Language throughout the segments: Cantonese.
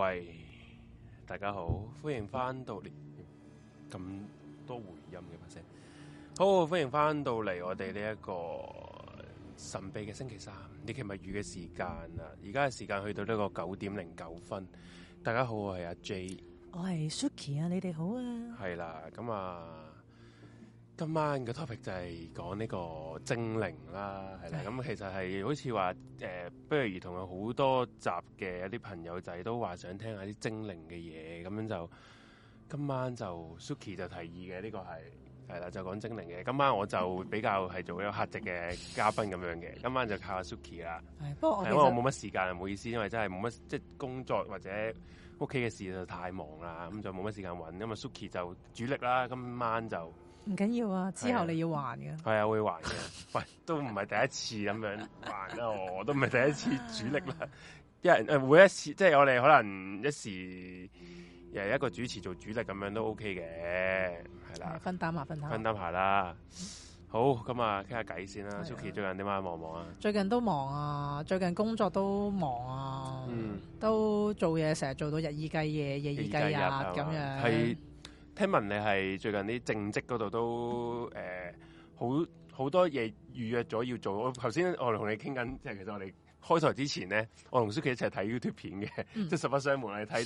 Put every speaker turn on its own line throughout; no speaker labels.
喂，大家好，歡迎翻到嚟咁多回音嘅把聲，好歡迎翻到嚟我哋呢一個神秘嘅星期三，獵奇物語嘅時間啊，而家嘅時間去到呢個九點零九分，大家好，我係阿 J，ay,
我係 Suki 啊，你哋好
啊，
係啦，咁、嗯、啊。今晚嘅 topic 就係講呢個精靈啦，係啦。咁的、嗯、其實係好似話誒，不如兒童有好多集嘅一啲朋友仔都話想聽一下啲精靈嘅嘢，咁樣就今晚就 Suki 就提議嘅呢、呢個係係啦，就講精靈嘅。今晚我就比較係做一個客席嘅嘉賓咁樣嘅。今晚就靠阿 Suki 啦，
不過我，冇乜
時間，唔好意思，因為真係冇乜即係工作或者屋企嘅事就太忙啦，咁就冇乜時間揾。因為，Suki 就主力啦，今晚就。
唔緊要啊，之後你要還
嘅。係啊，對，我會還嘅。 喂，都唔係第一次咁樣還啦，我都唔係第一次主力啦。 一人誒，會、呃、每一次，即係我哋可能一時又一個主持做主力咁樣都 OK 嘅，係啦。分擔啊，分擔。分擔下啦。好，咁啊，傾下偈先啦。Suki 最近點啊？忙唔忙啊？
最近都忙啊，最近工作都忙啊。
嗯、
都做嘢，成日做到日以繼夜，夜以繼日咁樣。係。
聽聞你係最近啲正職嗰度都誒，好好多嘢預約咗要做。我頭先我同你傾緊，即係其實我哋開台之前咧，我同 Suki 一齊睇 YouTube 片嘅，即係十八相門你睇啲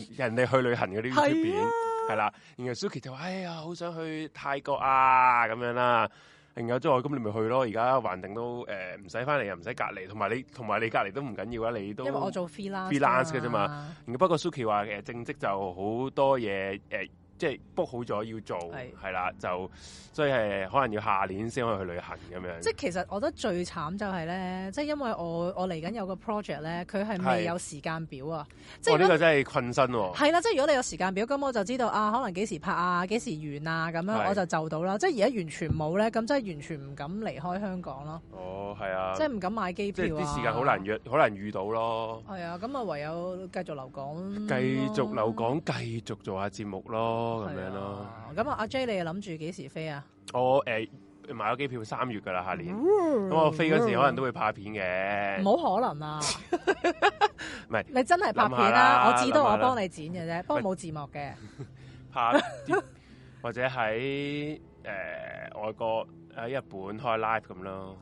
去人哋去旅行嗰啲 YouTube 片，係啦。然後 Suki 就話：哎呀，好想去泰國啊！咁樣啦。然後之後我：咁你咪去咯，而家環境都誒唔使翻嚟又唔使隔離，同埋你同埋你隔離都唔緊要啊！你都因為我做 freelance 嘅啫嘛。不過 Suki 話：誒，正職就好多嘢誒。即係 book 好咗要做係啦是的，就即係可能要下年先可以去旅行咁樣。即係
其實我覺得最慘就係咧，即係因為我我嚟緊有個 project 咧，佢係未有時間表啊！是的 即係我呢個
真係困身喎。係
啦，即係如果你有時間表，咁我就知道啊，可能幾時拍啊，幾時完啊，咁樣我就就到啦。是的 即係而家完全冇咧，咁即係完全唔敢離開香港咯。哦，
係啊，即係唔敢買機票啊，即係啲時間好難約，好難遇到咯。
係啊，咁啊唯有繼續留港，
繼續留港，繼續做下節目咯。咁
樣咯，咁阿、oh, like 啊、阿 J 你又諗住幾時飛啊？
我誒、呃、買咗機票三月噶啦，下年咁、mm hmm. 嗯、我飛嗰時可能都會拍片嘅，冇可能啊，唔 係 是你真係拍片啊？想想啦，我知道我幫你剪嘅啫，想想不過冇
字幕嘅片，
拍 或者喺誒外國喺日本、， 呃、日本開 live 咁咯，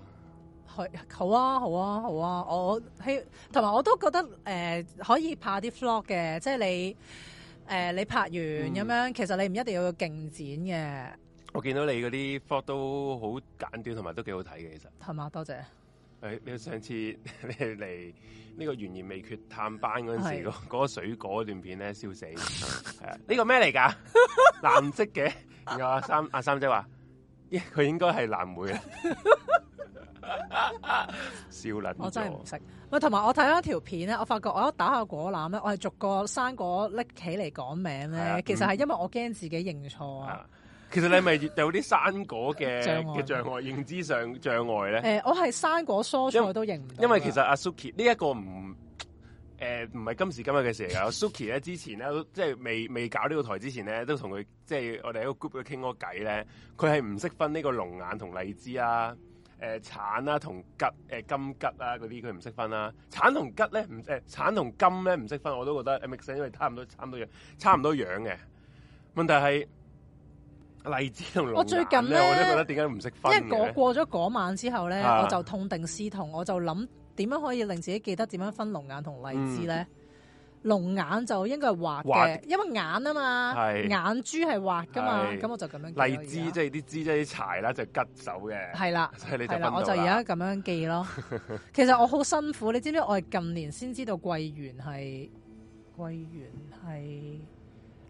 係好啊好啊好啊！我喺同埋我都覺得誒、呃、可以拍啲 vlog 嘅，即、就、係、是、你。誒、呃，你拍完咁、嗯、樣，其實你唔一定要有勁剪嘅。
我見到你嗰啲 foot 都好簡短，同埋都幾好睇嘅，其實。
係嘛？多謝。
誒，你上次你嚟呢個懸疑未決探班嗰陣時候，嗰是水果那段片咧，燒死。係呢個咩嚟㗎？ 藍色嘅。 然後阿三阿、啊、三姐話，佢應該係藍莓啊。 笑捻惰我真係唔識
喂，同埋我睇咗條片咧，我發覺我一打下果籃咧，我係逐個生果拎起嚟講名咧，其實係因為我驚自己認錯啊、嗯、啊。
其實你係咪有啲生果嘅嘅 障礙礙 嗎認知上障礙咧？誒、欸，
我係生果蔬菜因都認唔到。
因為其實阿 Suki、啊、呢一個唔誒，唔、呃、係今時今日嘅事噶。Suki 咧之前咧，即係未未搞呢個台之前咧，都同佢即係我哋喺個 group 度傾過偈咧，佢係唔識分呢個龍眼同荔枝啊。誒橙啦同桔，誒金桔啊嗰啲佢唔識分啦，橙同桔咧唔，誒橙同、呃、金咧唔識分，我都覺得 M X 因為差唔多差唔多樣差唔多樣嘅問題。係荔枝同龍眼咧，我最近咧我都覺得點解唔識分，因為我過
咗嗰晚之後咧我就痛定思痛，我就諗點樣可以令自己記得點樣分龍眼同荔枝咧。嗯龍眼就應該係滑嘅，滑因為眼啊嘛，是 眼珠係滑噶嘛，咁是 我就咁樣記。荔枝
即係啲枝即係啲柴啦，就吉手嘅。係啦，係啦，我就而家
咁樣記咯。其實我好辛苦， 你知唔知？我係近年先知道桂圓係桂圓係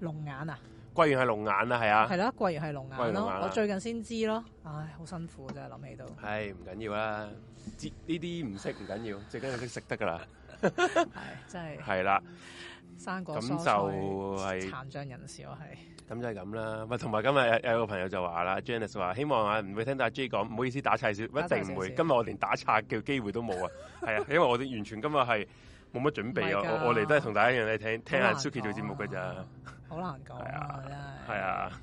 龍眼啊。
桂圓係龍眼啊，係啊。係啦，桂圓係龍眼咯。眼我最
近先知咯，唉，好辛苦啊，真係諗起都。
係唔緊要啦，呢啲唔識唔緊要，最緊要識得噶啦。係真係係啦，
生果咁就係殘障人士我係，
咁就係咁啦。唔同埋今日有個朋友就話啦，Janice 話希望啊唔會聽到阿 J 講，唔好意思打岔，少，一定唔會。今日我連打岔嘅機會都冇啊，係啊，因為我哋完全今日係冇乜準備啊。我我嚟都係同大家一樣，聽聽下 Suki 做節目噶咋，
好難
講啊，係啊。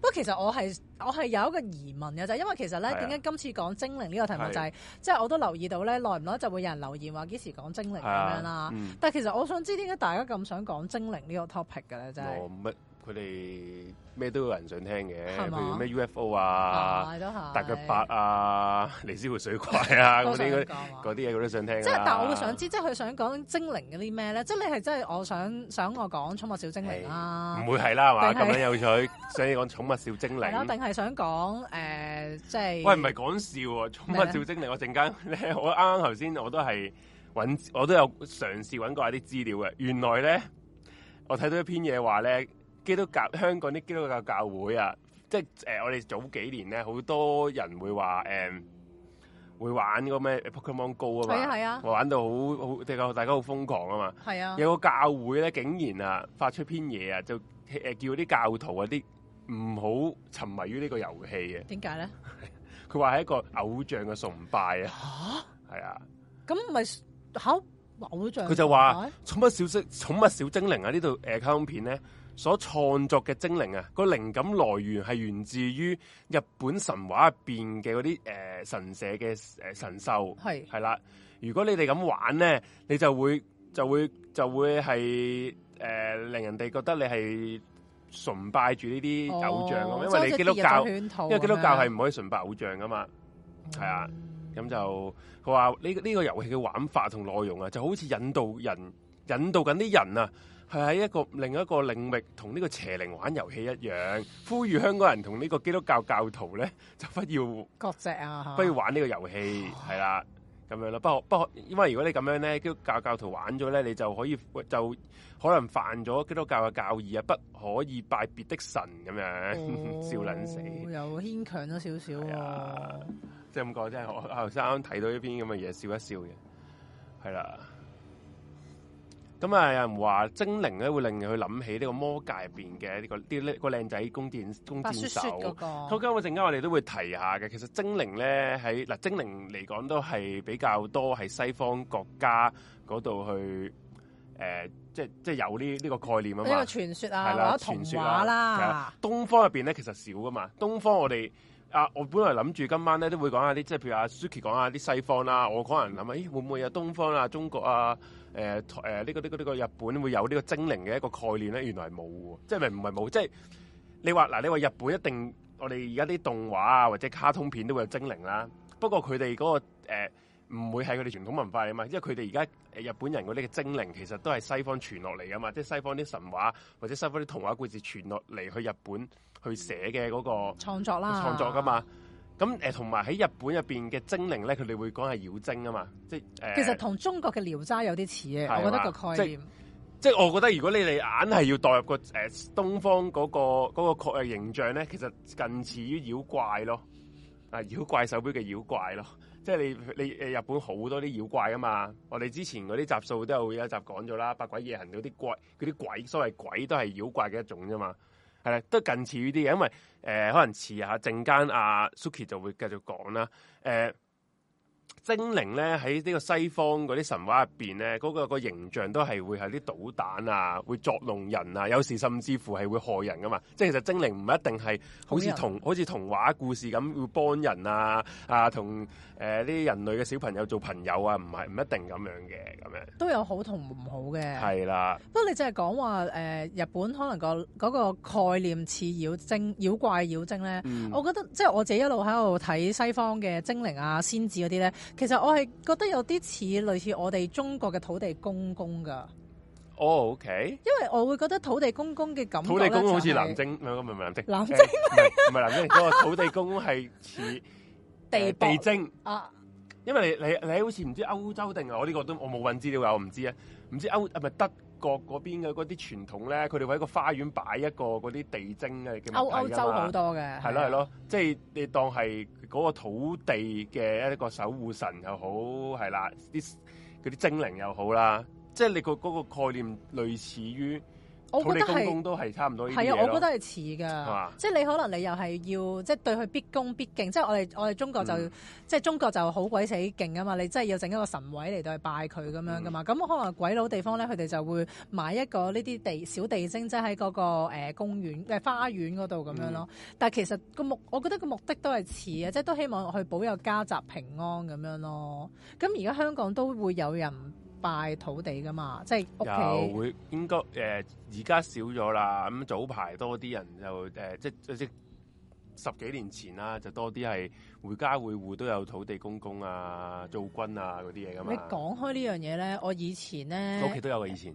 不過其實我係我係有一個疑問嘅，就係因為其實咧，點解今次講精靈呢個題目就係、是，即係、啊、我都留意到咧，耐唔耐就會有人留言話幾時講精靈咁樣啦。啊嗯、但係其實我想知點解大家咁想講精靈呢個 topic 嘅咧，真、就、係、
是。哦。佢哋咩都有人想聽嘅，嗎譬如咩 UFO 啊、大腳八啊、尼斯湖水怪啊，嗰啲嗰啲嘢，佢都想聽。即係，但我會想
知道，即係佢想講精靈嗰啲咩咧？即係你係真係，我想想我講寵物小精靈啦、啊，唔會係啦，係嘛咁樣有
趣，想你講寵物小精靈。係咯？ 定
係想講誒，即、呃、係、就是、喂，唔係
講笑，寵物小精靈。我陣間咧， 我啱啱頭先我都係搵，我都有嘗試搵過一啲資料嘅。原來咧，我睇到一篇嘢話咧。基督教香港啲基督教教會啊，即係誒，我哋早幾年咧，好多人會話誒，會玩個咩 Pokemon Go 啊嘛，係啊係啊。我玩到好好，即係大家好瘋狂啊嘛，係啊。有個教會咧，竟然啊，發出篇嘢啊，就誒叫啲教徒啊啲唔好沉迷於呢個遊戲啊。點解咧？佢話係一個偶像嘅崇拜啊。吓，係啊。
咁咪考偶像？佢就話
寵物小精寵物小精靈啊，呢度誒卡通片咧。所創作嘅精靈啊，個靈感來源係源自於日本神話入邊嘅嗰啲誒神社嘅誒、呃、神獸，係係啦。如果你哋咁玩咧，你就會就會就會係誒、呃、令人哋覺得你係崇拜住呢啲偶像咯，哦、因為你基督教，哦、因為基督教係唔可以崇拜偶像噶嘛，係啊、嗯。咁就佢話呢呢個遊戲嘅玩法同內容啊，就好似引導人引導緊啲人啊。係喺一個另一個領域，同呢個邪靈玩遊戲一樣，呼籲香港人同呢個基督教教徒咧，就不要，
割蓆啊，吓，不要
玩呢個遊戲，係啦、哦，咁樣咯。不過不過因為如果你咁樣咧，基督教教徒玩咗咧，你就可以就可能犯咗基督教嘅教義啊，不可以拜別的神咁樣，哦、笑撚死，
又牽強咗少少。啊，
即係咁講，即係我後生睇到呢篇咁嘅嘢，笑一笑嘅，係啦。咁啊、嗯，有人話精靈咧會令佢諗起呢個魔界入邊嘅呢個啲靚、呢個呢個、仔弓箭弓箭手。咁嗰陣間我哋都會提下嘅。其實精靈咧喺嗱，精靈嚟講都係比較多係西方國家嗰度去誒、呃，即即有呢呢、呢個概念啊嘛。呢個傳說啊，啦或者話啦傳說啦、啊，東方入邊咧其實少噶嘛。東方我哋。啊！我本來諗住今晚咧都會講下啲，即係譬如阿 Suki 講下啲西方啦、啊。我可能諗下，咦、哎，會唔會有東方啊、中國啊、誒誒呢個呢、呢個呢、呢個日本會有呢個精靈嘅一個概念咧？原來係冇嘅喎，即係咪唔係冇。即係你話嗱，你話日本一定，我哋而家啲動畫啊或者卡通片都會有精靈啦。不過佢哋嗰個唔、呃、會係佢哋傳統文化嚟啊嘛，因為佢哋而家日本人嗰啲嘅精靈其實都係西方傳落嚟啊嘛，即係西方啲神話或者西方啲童話故事傳落嚟去日本。去寫嘅嗰個
創作啦，創作噶
嘛？咁誒、啊，同埋喺日本入邊嘅精靈咧，佢哋會講係妖精啊嘛，即係誒，呃、其實
同中國嘅聊齋有啲似啊，吧我覺得個
概念即，即係我覺得如果你哋硬係要代入個誒、呃、東方嗰、那個嗰、那個確嘅形象咧，其實近似於妖怪咯，啊妖怪手錶嘅妖怪咯，即係你你誒日本好多啲妖怪啊嘛，我哋之前嗰啲集數都有有一集講咗啦，百鬼夜行嗰啲鬼，嗰啲鬼所謂鬼都係妖怪嘅一種啫嘛。係啦，都近似於啲嘅，因為誒、呃、可能遲下陣間阿 Suki 就會繼續講啦，誒、呃。精靈咧，喺呢個西方嗰啲神話入面，咧，嗰個形象都係會係啲搗蛋啊，會作弄人啊，有時甚至乎係會害人噶嘛。即係其實精靈唔一定係好似同好似童話故事咁會幫人啊啊，同呢啲人類嘅小朋友做朋友啊，唔係唔一定咁樣嘅咁樣，
都有好同唔好嘅。係啦，不過你就係講話日本可能個嗰概念似妖精、妖怪、妖精咧，嗯、我覺得即係我自己一路喺度睇西方嘅精靈啊、仙子嗰啲咧。其實我係覺得有啲似類似我哋中國嘅土地公公噶。
哦，OK，
因為我會覺得土地公公嘅感覺、就係，土地公公好似藍
精，唔係唔係藍精，藍精唔係藍精，嗰 個土地公公係似
地薄地精啊，
因為你你你好似唔知歐洲定係，我呢個都我冇搵資料啊，我唔知啊，唔知歐係咪德。國嗰邊嘅嗰啲傳統咧，佢哋會喺個花園擺一個嗰啲地精嘅，歐歐洲好多嘅，係咯係咯，即係你當係嗰個土地嘅一個守護神又好，係啦，啲嗰啲精靈又好啦，即係你個嗰個概念類似於。我覺得係，係啊！我覺得係
似噶，
啊、
即
係你可能你又係要，即係對佢必恭必敬。即係我哋我哋中國就，嗯、即係中國就好鬼死勁啊嘛！你真係要整一個神位嚟到去拜佢咁樣噶嘛？咁、嗯、可能鬼佬地方咧，佢哋就會買一個呢啲地小地精，即係喺嗰個、呃、公園誒、啊、花園嗰度咁樣咯。嗯、但係其實個目，我覺得個目的都係似啊，嗯、即係都希望去保佑家宅平安咁樣咯。咁而家香港都會有人拜土地噶嘛，即係屋企
會應該誒，而、呃、家少咗啦。咁早排多啲人就誒、呃，即係即係十幾年前啦，就多啲係會家會戶都有土地公公啊，做軍啊嗰啲嘢噶嘛。你講
開這件事呢樣嘢咧，我以前咧，屋企
都有嘅以前。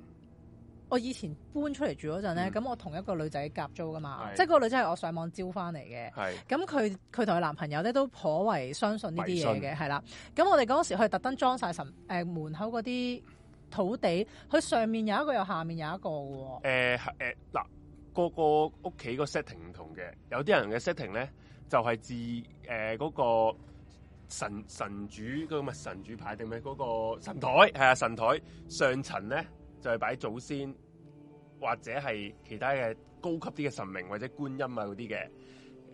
我以前搬出嚟住嗰陣咧，咁、嗯、我同一個女仔夾租噶嘛，是即係個女仔係我上網招翻嚟嘅。咁佢佢同佢男朋友咧都頗為相信呢啲嘢嘅，係啦信。咁我哋嗰時佢特登裝晒神誒、呃、門口嗰啲土地，佢上面有一個，又下面有一個嘅。
誒誒、呃，嗱、呃，呃、個個屋企個 setting 唔同嘅，有啲人嘅 setting 咧就係、是、自誒嗰、呃嗰個神神主嗰個乜神主牌，定係嗰個神台係啊神台上層咧就係、是、擺祖先。或者係其他嘅高級啲嘅神明或者觀音啊嗰啲嘅，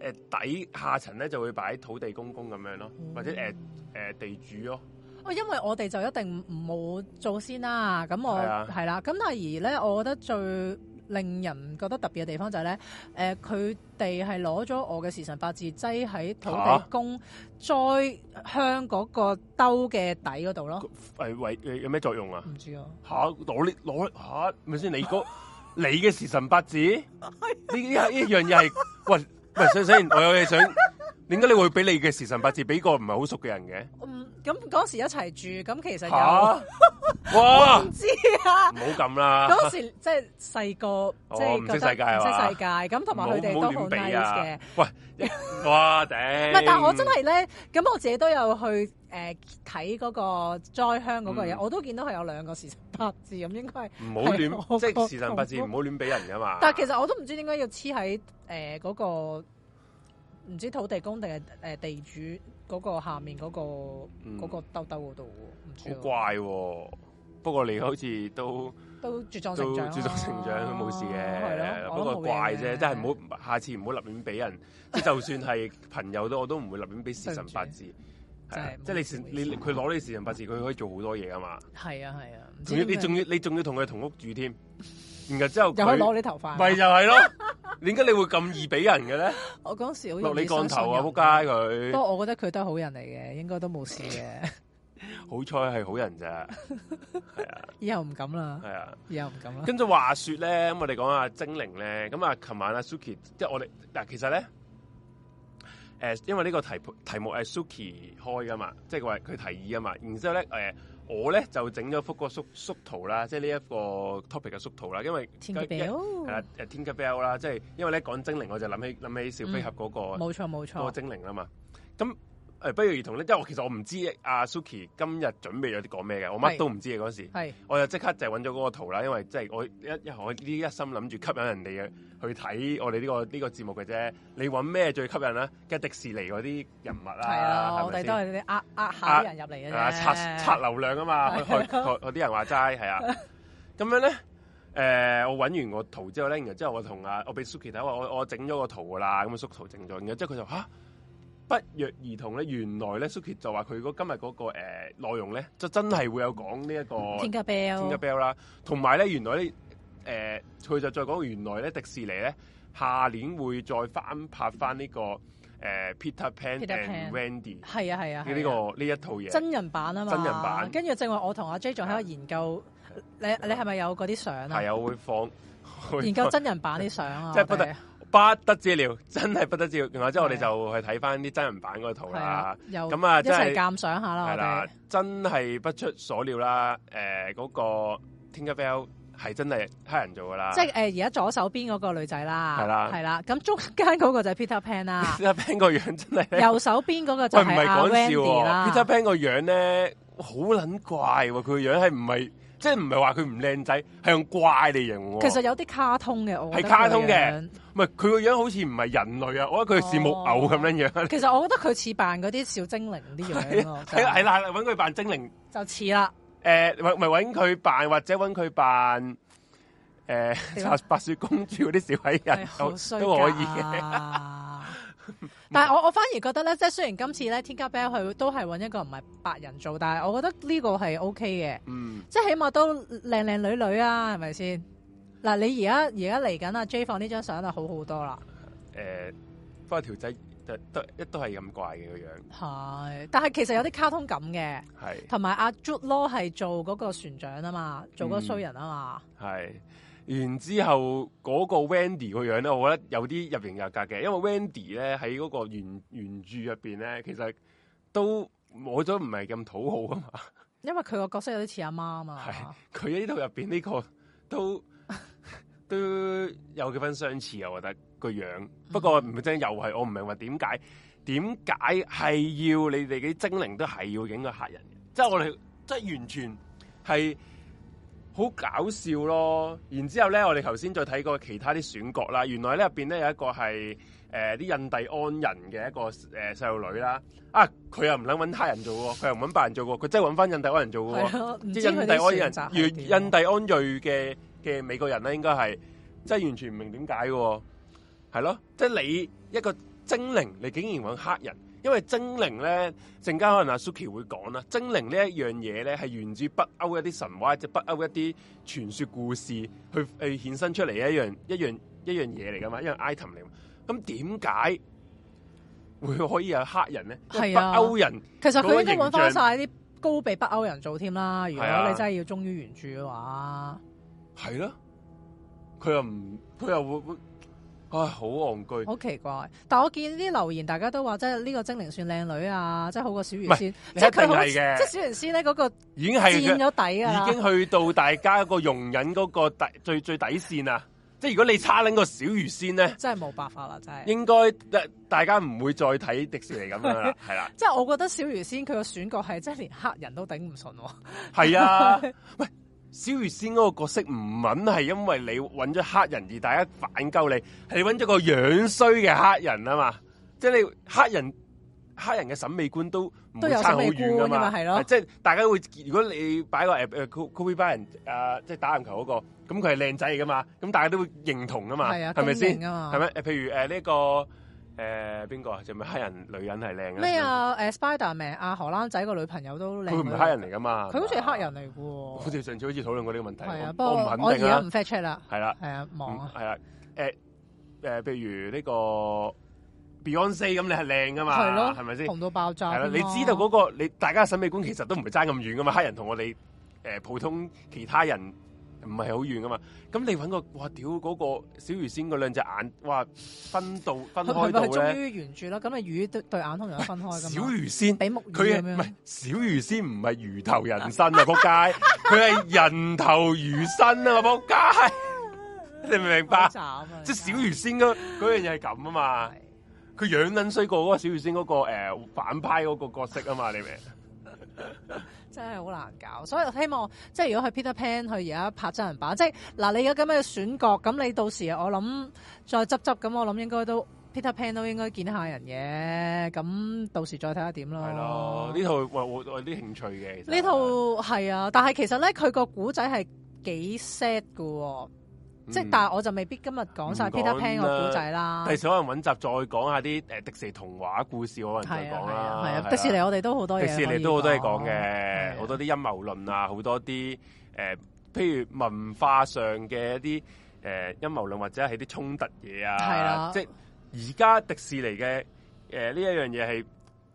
誒底下層咧就會擺土地公公咁樣咯，嗯、或者誒誒、呃呃、地主咯。
哦，因為我哋就一定唔冇祖先啦，咁我係啦，咁但係而咧，我覺得最令人覺得特別嘅地方就係、是、咧，誒佢哋係攞咗我嘅時辰八字擠喺土地公災鄉嗰個兜嘅底嗰度咯。
誒為有咩作用啊？唔知啊。嚇！攞呢，攞、啊、嚇，咪先你、那個 你嘅時辰八字呢？呢 一樣嘢係喂，唔係先先，我有嘢想。點解你會俾你嘅時辰八字俾個唔係好熟嘅人嘅？
嗯，咁嗰時一齊住，咁其實有。吓！哇！唔知啊！唔好
咁啦。嗰時
即係細個，即係唔識世界，唔識世界咁，同埋佢哋都好 nice 嘅。
喂！哇！頂。唔係，但我真係
咧，咁我自己都有去誒睇嗰個災鄉嗰個嘢，我都見到係有兩個時辰八字咁，應該係唔好亂即係時辰八字，唔好亂
俾人噶嘛。但係其實
我都唔知點解要黐喺誒嗰個。唔知土地公定係誒地主嗰個下面嗰、嗰個、嗰個兜兜嗰度，好、嗯、
怪、啊。不過你好似都
都茁壯成，、啊、成長，茁壯
成長都冇事嘅。嗰個、啊、怪啫，即係唔好，下次唔好立亂俾人。即、嗯、就算係朋友，都、嗯、我都唔會立亂俾時辰八字。係即係你你佢攞你時辰八字，佢可以做好多嘢噶嘛。係啊
係啊，仲要你仲要
你仲要同佢同屋住添。然後，之後又可以攞你
頭髮，咪就
係咯。點解 你會咁易俾人嘅咧？
我嗰時好似落你降頭啊，撲街
佢。不過我
覺得佢都係好人嚟嘅，應該都冇事嘅。
好彩係好人咋，係
啊！以後唔敢啦。
係啊，以後唔敢啦。跟住話說咧，咁我哋講下精靈咧。咁啊 uki,，琴晚阿 Suki，即係我哋嗱，其實咧，誒、呃，因為呢個題題目係 Suki 開噶嘛，即係佢佢提議啊嘛，然之後咧，誒、呃。我咧就整咗幅個縮縮，縮圖啦，即係呢一個 topic 嘅縮圖啦，因為誒誒 Tinker Bell 啦，啊、Tinker Bell，即係因為咧講精靈，我就諗起諗起小飛俠嗰、嗰個，冇
錯冇錯，嗰個精
靈啦嘛，咁。誒、嗯、不約而同咧，即係我其實我唔知阿、啊、Suki 今日準備咗啲講咩嘅，我乜都唔知嘅嗰是時候，是我就即刻就揾咗嗰個圖啦，因為即係、就是、我一一我呢一心諗住吸引人哋嘅去睇我哋呢、這個呢、這個節目嘅啫。你揾咩最吸引咧？即係迪士尼嗰啲人物啦、啊，係啦，我哋都係
啲呃呃下啲人入嚟嘅，刷刷流
量啊嘛，去去去啲人話齋係啊。咁樣咧，誒我揾完個圖之後咧，然後之後我同阿我俾 Suki 睇話，我我整咗個圖噶啦，咁縮圖整咗嘅，然之後佢就嚇。啊。不約而同咧，原來咧，Suki 就話佢嗰今日嗰、那個誒內、呃、容咧，就真係會有講呢一個《Tinker Bell》《Tinker Bell》啦。同埋咧，原來咧，誒、呃、佢就再講原來咧，迪士尼咧下年會再翻拍翻呢、這個誒、呃《Peter Pan》《Wendy》。
係啊係啊，呢、啊啊啊這
個呢一套嘢。真人版啊嘛，真人版。跟
住正話，我同阿 J 仲喺度研究，你你係咪有嗰啲相啊？係啊，啊，
會放，會放研究真人
版啲相啊。即係 不得。
不得之了，真係不得之了。然後之後我哋就去睇翻啲真人版嗰個圖啦。咁啊，真一齊鑒
賞下咯。係啦的，okay
真係不出所料啦。嗰、呃那個 Tinkerbell 係真係黑人做噶啦、就是。
即係而家左手邊嗰個女仔啦，係啦的，啦。咁中間嗰個就係 Peter Pan 啦、啊。
Peter Pan 個樣真係。右
手邊嗰個就唔係講笑喎 Randy，Peter
Pan 個樣咧好撚怪喎，佢個樣係唔係？即係唔係話佢唔靚仔，係用怪嚟形容的。其實
有啲卡通嘅，我係卡通嘅，
唔係佢個樣好似唔係人類啊！我覺得佢似木偶咁樣樣。哦、 其實
我覺得佢似扮嗰啲小精靈啲樣
咯。係係啦，揾佢扮精靈就似啦。誒、呃，咪咪揾佢扮，或者揾佢扮，誒、呃，嗎白雪公主嗰啲小矮人都都可以。
但係我我反而覺得咧，即係雖然今次咧，Tinker Bell 佢都係搵一個唔係白人做，但係我覺得呢個係 O K 嘅，即係、嗯、起碼都靚靚女女啊，係咪先？嗱、啊，你而家而家嚟緊阿 Jay 放呢張相就好好多啦。
誒，不過條仔都都係咁怪嘅個樣。
係，但係其實有啲卡通感嘅。係是。同埋阿 Jude Law 係做嗰個船長啊嘛，做嗰個衰人啊嘛。
係、嗯。然之後嗰、那個 Wendy 個樣咧，我覺得有啲入型入格嘅，因為 Wendy 咧喺嗰個原原著入邊咧，其實都摸咗唔係咁討好啊嘛。
因為佢個角色有啲似阿媽啊嘛。係
佢呢度入邊呢個面、這個、都 都有幾分相似，啊，我覺得個樣。不過唔知又係我唔明話點解點解係要你哋啲精靈都係要影個客人嘅，即係 我哋即係完全係。好搞笑咯！然之後咧，我哋頭先再睇過其他啲選角啦。原來邊呢入面咧有一個係啲、呃、印第安人嘅一個誒細路女啦。啊，佢又唔想搵黑人做喎，佢又唔揾白人做喎，佢真係搵翻印第安人做喎，啊。印第安人印第安裔嘅嘅美國人咧，應該係真係完全唔明點解喎。係咯，即係你一個精靈，你竟然搵黑人。因為精靈咧，陣間可能阿 Suki 會講啦，精靈呢一樣嘢咧，係源自北歐一啲神話或北歐一啲傳說故事去衍生，去去衍生出嚟一樣一樣一樣嘢嚟噶嘛因為 item 嚟，咁點解會可以有黑人咧？係啊，北歐人，其實佢應該揾翻晒
啲高鼻北歐人做添啦。如果你真係要忠於原著
嘅話，係咯、啊，佢、啊、又唔，佢又會。唉，好戇居，好奇
怪！但係我見啲留言，大家都話即係呢個精靈算靚女啊，即係好過小魚仙，的即係佢好，即係小魚仙咧嗰個已經係墊咗底啊，已經去
到大家一個容忍嗰個底最最底線啊！ 即係如果你差撚個小魚仙咧，真係冇辦法啦，真係應該，大家唔會再睇迪士尼咁樣啦，係啦。
即係我覺得小魚仙佢個選角係真係連黑人都頂唔順喎。
係啊，的 喂。小魚仙嗰個角色唔穩係因為你揾咗黑人而大家反鳩你，係你揾咗個樣衰嘅黑人啊嘛，即係你黑人黑人嘅審美觀都唔會差好遠噶嘛，即係大家會如果你擺個誒誒 Kobe Bryant 即係打籃球嗰個，咁佢係靚仔嚟噶嘛，咁大家都會認同噶嘛，係咪先？係咪吧？誒、呃，譬如誒呢、呃呢個。誒，邊個？就咪黑人女人係靚咧？咩啊？
誒，Spider man，阿荷蘭仔個女朋友都靚。佢唔係黑人嚟噶嘛？佢好似係黑人嚟
嘅。好似上次好似討論過呢個問題。係啊，不過我而家唔 fact check 啦。係啦，係啊，忙啊。係啦，誒誒，譬如呢個 Beyonce 咁，你係靚噶嘛？係咯，係咪先？紅
到爆炸。係啦，你知道嗰
個你大家審美觀其實都唔係爭咁遠噶嘛？黑人同我哋誒普通其他人。唔係好遠噶嘛？咁你揾個哇屌嗰個小魚仙嗰兩隻眼哇分到分開嘅咧？佢終於
圓住啦！咁啊魚對眼同樣分開噶嘛，小魚仙，比目魚佢唔
樣小魚仙唔係魚頭人身啊，仆街！佢係 人頭魚身啊，仆街！ 你明唔明白？啊、即係小魚仙嗰 樣嘢係咁啊嘛！佢樣捻衰過嗰小魚仙嗰、嗰個仙、嗰個呃、反派嗰個角色啊嘛！你明？
真係好難搞，所以我希望即係如果係 Peter Pan，佢而家拍真人版，即係嗱你有咁嘅選角，咁你到時我諗再執執，咁我諗應該都 Peter Pan 都應該見下人嘅，咁到時再睇下點咯。係咯，呢
套我我有啲興趣嘅。呢
套係啊，但係其實咧，佢個故仔係幾 sad 㗎喎。即係，嗯、但係我就未必今日講晒 Peter Pan 個古仔啦。第
時可能搵集再講下啲誒、呃、迪士尼童話故事，可能再講啦。係啊，啊啊啊迪士尼我哋都好多嘢。迪士尼都好多嘢講嘅，好多啲陰謀論啊，好多啲誒、啊呃，譬如文化上嘅一啲誒陰謀論，呃、或者係啲衝突嘢啊。係啦、啊。即係而家迪士尼嘅誒呢一樣嘢係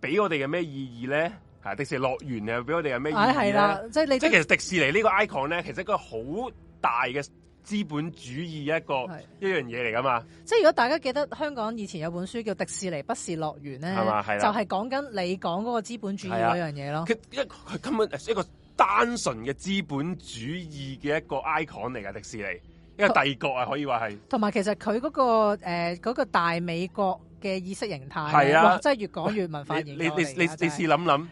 俾我哋嘅咩意義咧？吓、啊，迪士尼樂園又俾我哋係咩意義咧？啊是啊就是、即係你即係其實迪士尼呢個 icon 咧，其實一個好大嘅。資本主義一個是一樣嘢嚟噶嘛？
即係如果大家記得香港以前有本書叫《迪士尼不是樂園》咧，係嘛？係就係講緊你講嗰個資本主義嗰的樣嘢咯。佢
一佢根本一個單純嘅資本主義嘅一個 icon 嚟噶，迪士尼一個帝國啊，可以話係。
同埋其實佢嗰、嗰個誒、呃嗰個、大美國嘅意識形態，係啊的，即係越講越文化型。
你你你你試諗諗，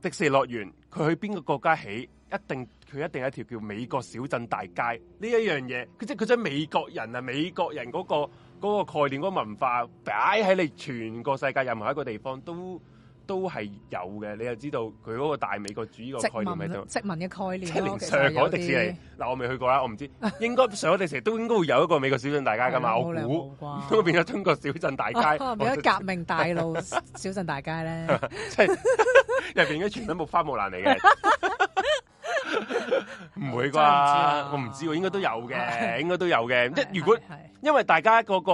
迪士尼樂園佢去邊個國家起一定？佢一定有一條叫美國小鎮大街呢一樣嘢，佢即係佢將美國人啊、美國人嗰個嗰個概念、嗰個文化擺喺你全個世界任何一個地方都都係有嘅。你又知道佢嗰個大美國主義個概念喺度民，殖
都民嘅概念咯、啊。即連上海迪士尼。
嗱，我未去過啦，我唔知道。應該上海迪士尼都應該會有一個美國小鎮大街噶嘛。 我估都變咗中國小鎮大街，啊、變咗革命
大路 小鎮大街咧。
即係入邊嗰全部木花木蘭嚟嘅。 唔 會啩吧？我唔知喎、啊，應該都有嘅，應該都有嘅。即係 如果，因為大家嗰、那個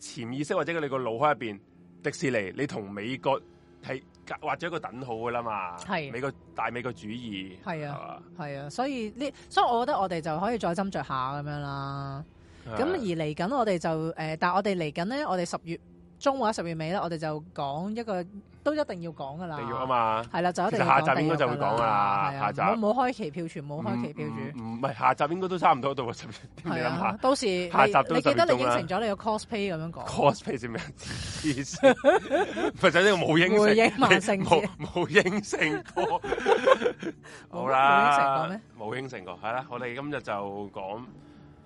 誒潛、呃、意識或者你哋個腦海入邊，迪士尼你同美國係畫咗一個等號噶啦嘛。係是、啊、美國大美國主義。
係是啊吧，係啊，所以呢，所以我覺得我哋就可以再斟酌下咁樣啦。
咁是、啊、
而嚟緊我哋就誒、呃，但係我哋嚟緊咧，我哋十月。中或十月尾咧，我哋就講一個都一定要講噶啦。定要
啊嘛，
係啦，就一定講。下集應該就會講啊，下集。我冇
開期票，全冇開期
票住。唔係，下集應該都差唔多到十月點樣下？到
時下集都十月。你記得你應承咗你個 cosplay 咁
樣講。cosplay
係咩意思？唔係，就呢個我冇應承。冇應承過咩？冇應承過。係啦，我哋今日就講。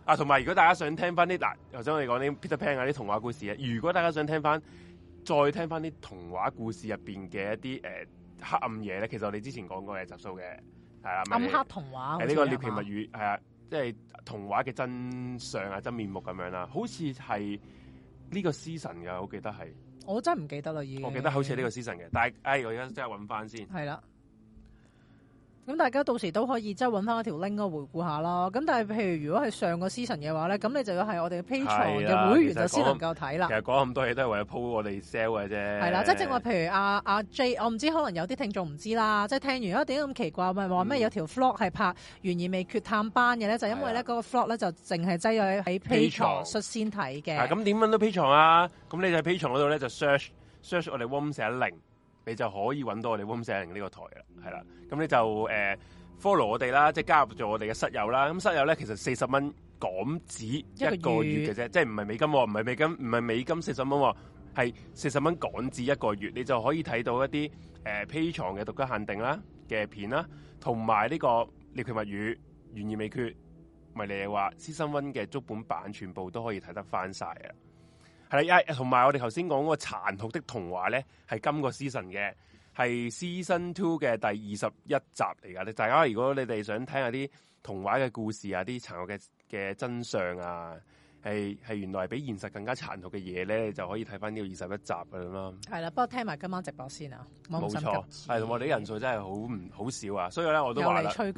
啊，同埋如果大家想聽翻啲嗱，啊、頭先我哋講啲 Peter Pan 啊啲童話故事啊，如果大家想聽翻，再聽翻啲童話故事入邊嘅一啲誒、呃、黑暗嘢咧，其實我哋之前講過嘅集數嘅，係啊，暗黑童話，呃、呢個獵奇物語，係啊吧，即係、就是、童話嘅真相啊真面目咁樣啦，好似係呢個獅神嘅，我記得係，
我真係唔記得啦已經，我記得好似係呢個獅神嘅，
但係唉、哎，我而家真係揾翻先，係啦。
咁大家到時都可以即係揾翻一條 link 去回顧一下啦。咁但係譬如如果係上個 season 嘅話咧，咁你就要係我哋嘅 Patreon
嘅會員就先能夠睇啦。其實講咁多嘢都係為咗鋪我哋 sell 嘅啫。係啦，即係正話，譬
如阿阿、啊啊、J，我唔知道可能有啲聽眾唔知啦。即係聽完一點咁奇怪，咪話咩有條 vlog 係拍懸疑未決探班嘅咧，了就是因為咧嗰個 vlog 咧就淨係擠喺喺 Patreon 率先睇嘅。咁點
揾都 Patreon 啊？咁、啊、你就喺 Patreon 嗰度咧就 search search 我哋 Room 410你就可以揾到我哋《Room410》呢個台、呃、啦，係啦，咁你就 follow 我哋啦，即係加入咗我哋嘅室友啦。咁室友咧，其實四十蚊港紙一個月嘅啫，即係唔係美金，唔係美金，唔係美金四十蚊，係四十蚊港紙一個月。你就可以睇到一啲 Patreon 嘅獨家限定啦嘅片啦，同埋呢個《獵奇物語》懸疑未決，迷離夜話 Season 1嘅足本版全部都可以睇得翻曬。係啦，同埋我哋頭先講嗰個殘酷的童話咧，係今個 season 嘅，係 season two 嘅第二十一集嚟噶。你大家如果你哋想聽下啲童話嘅故事啊，啲殘酷嘅嘅真相啊。係係原來比現實更加殘酷嘅嘢咧，就可以睇翻呢個二十一集咁咯。
係啦，不過聽埋今晚直播先啊。冇錯，
係同我哋人數真係好唔好少啊！所以咧，我都話啦，都要催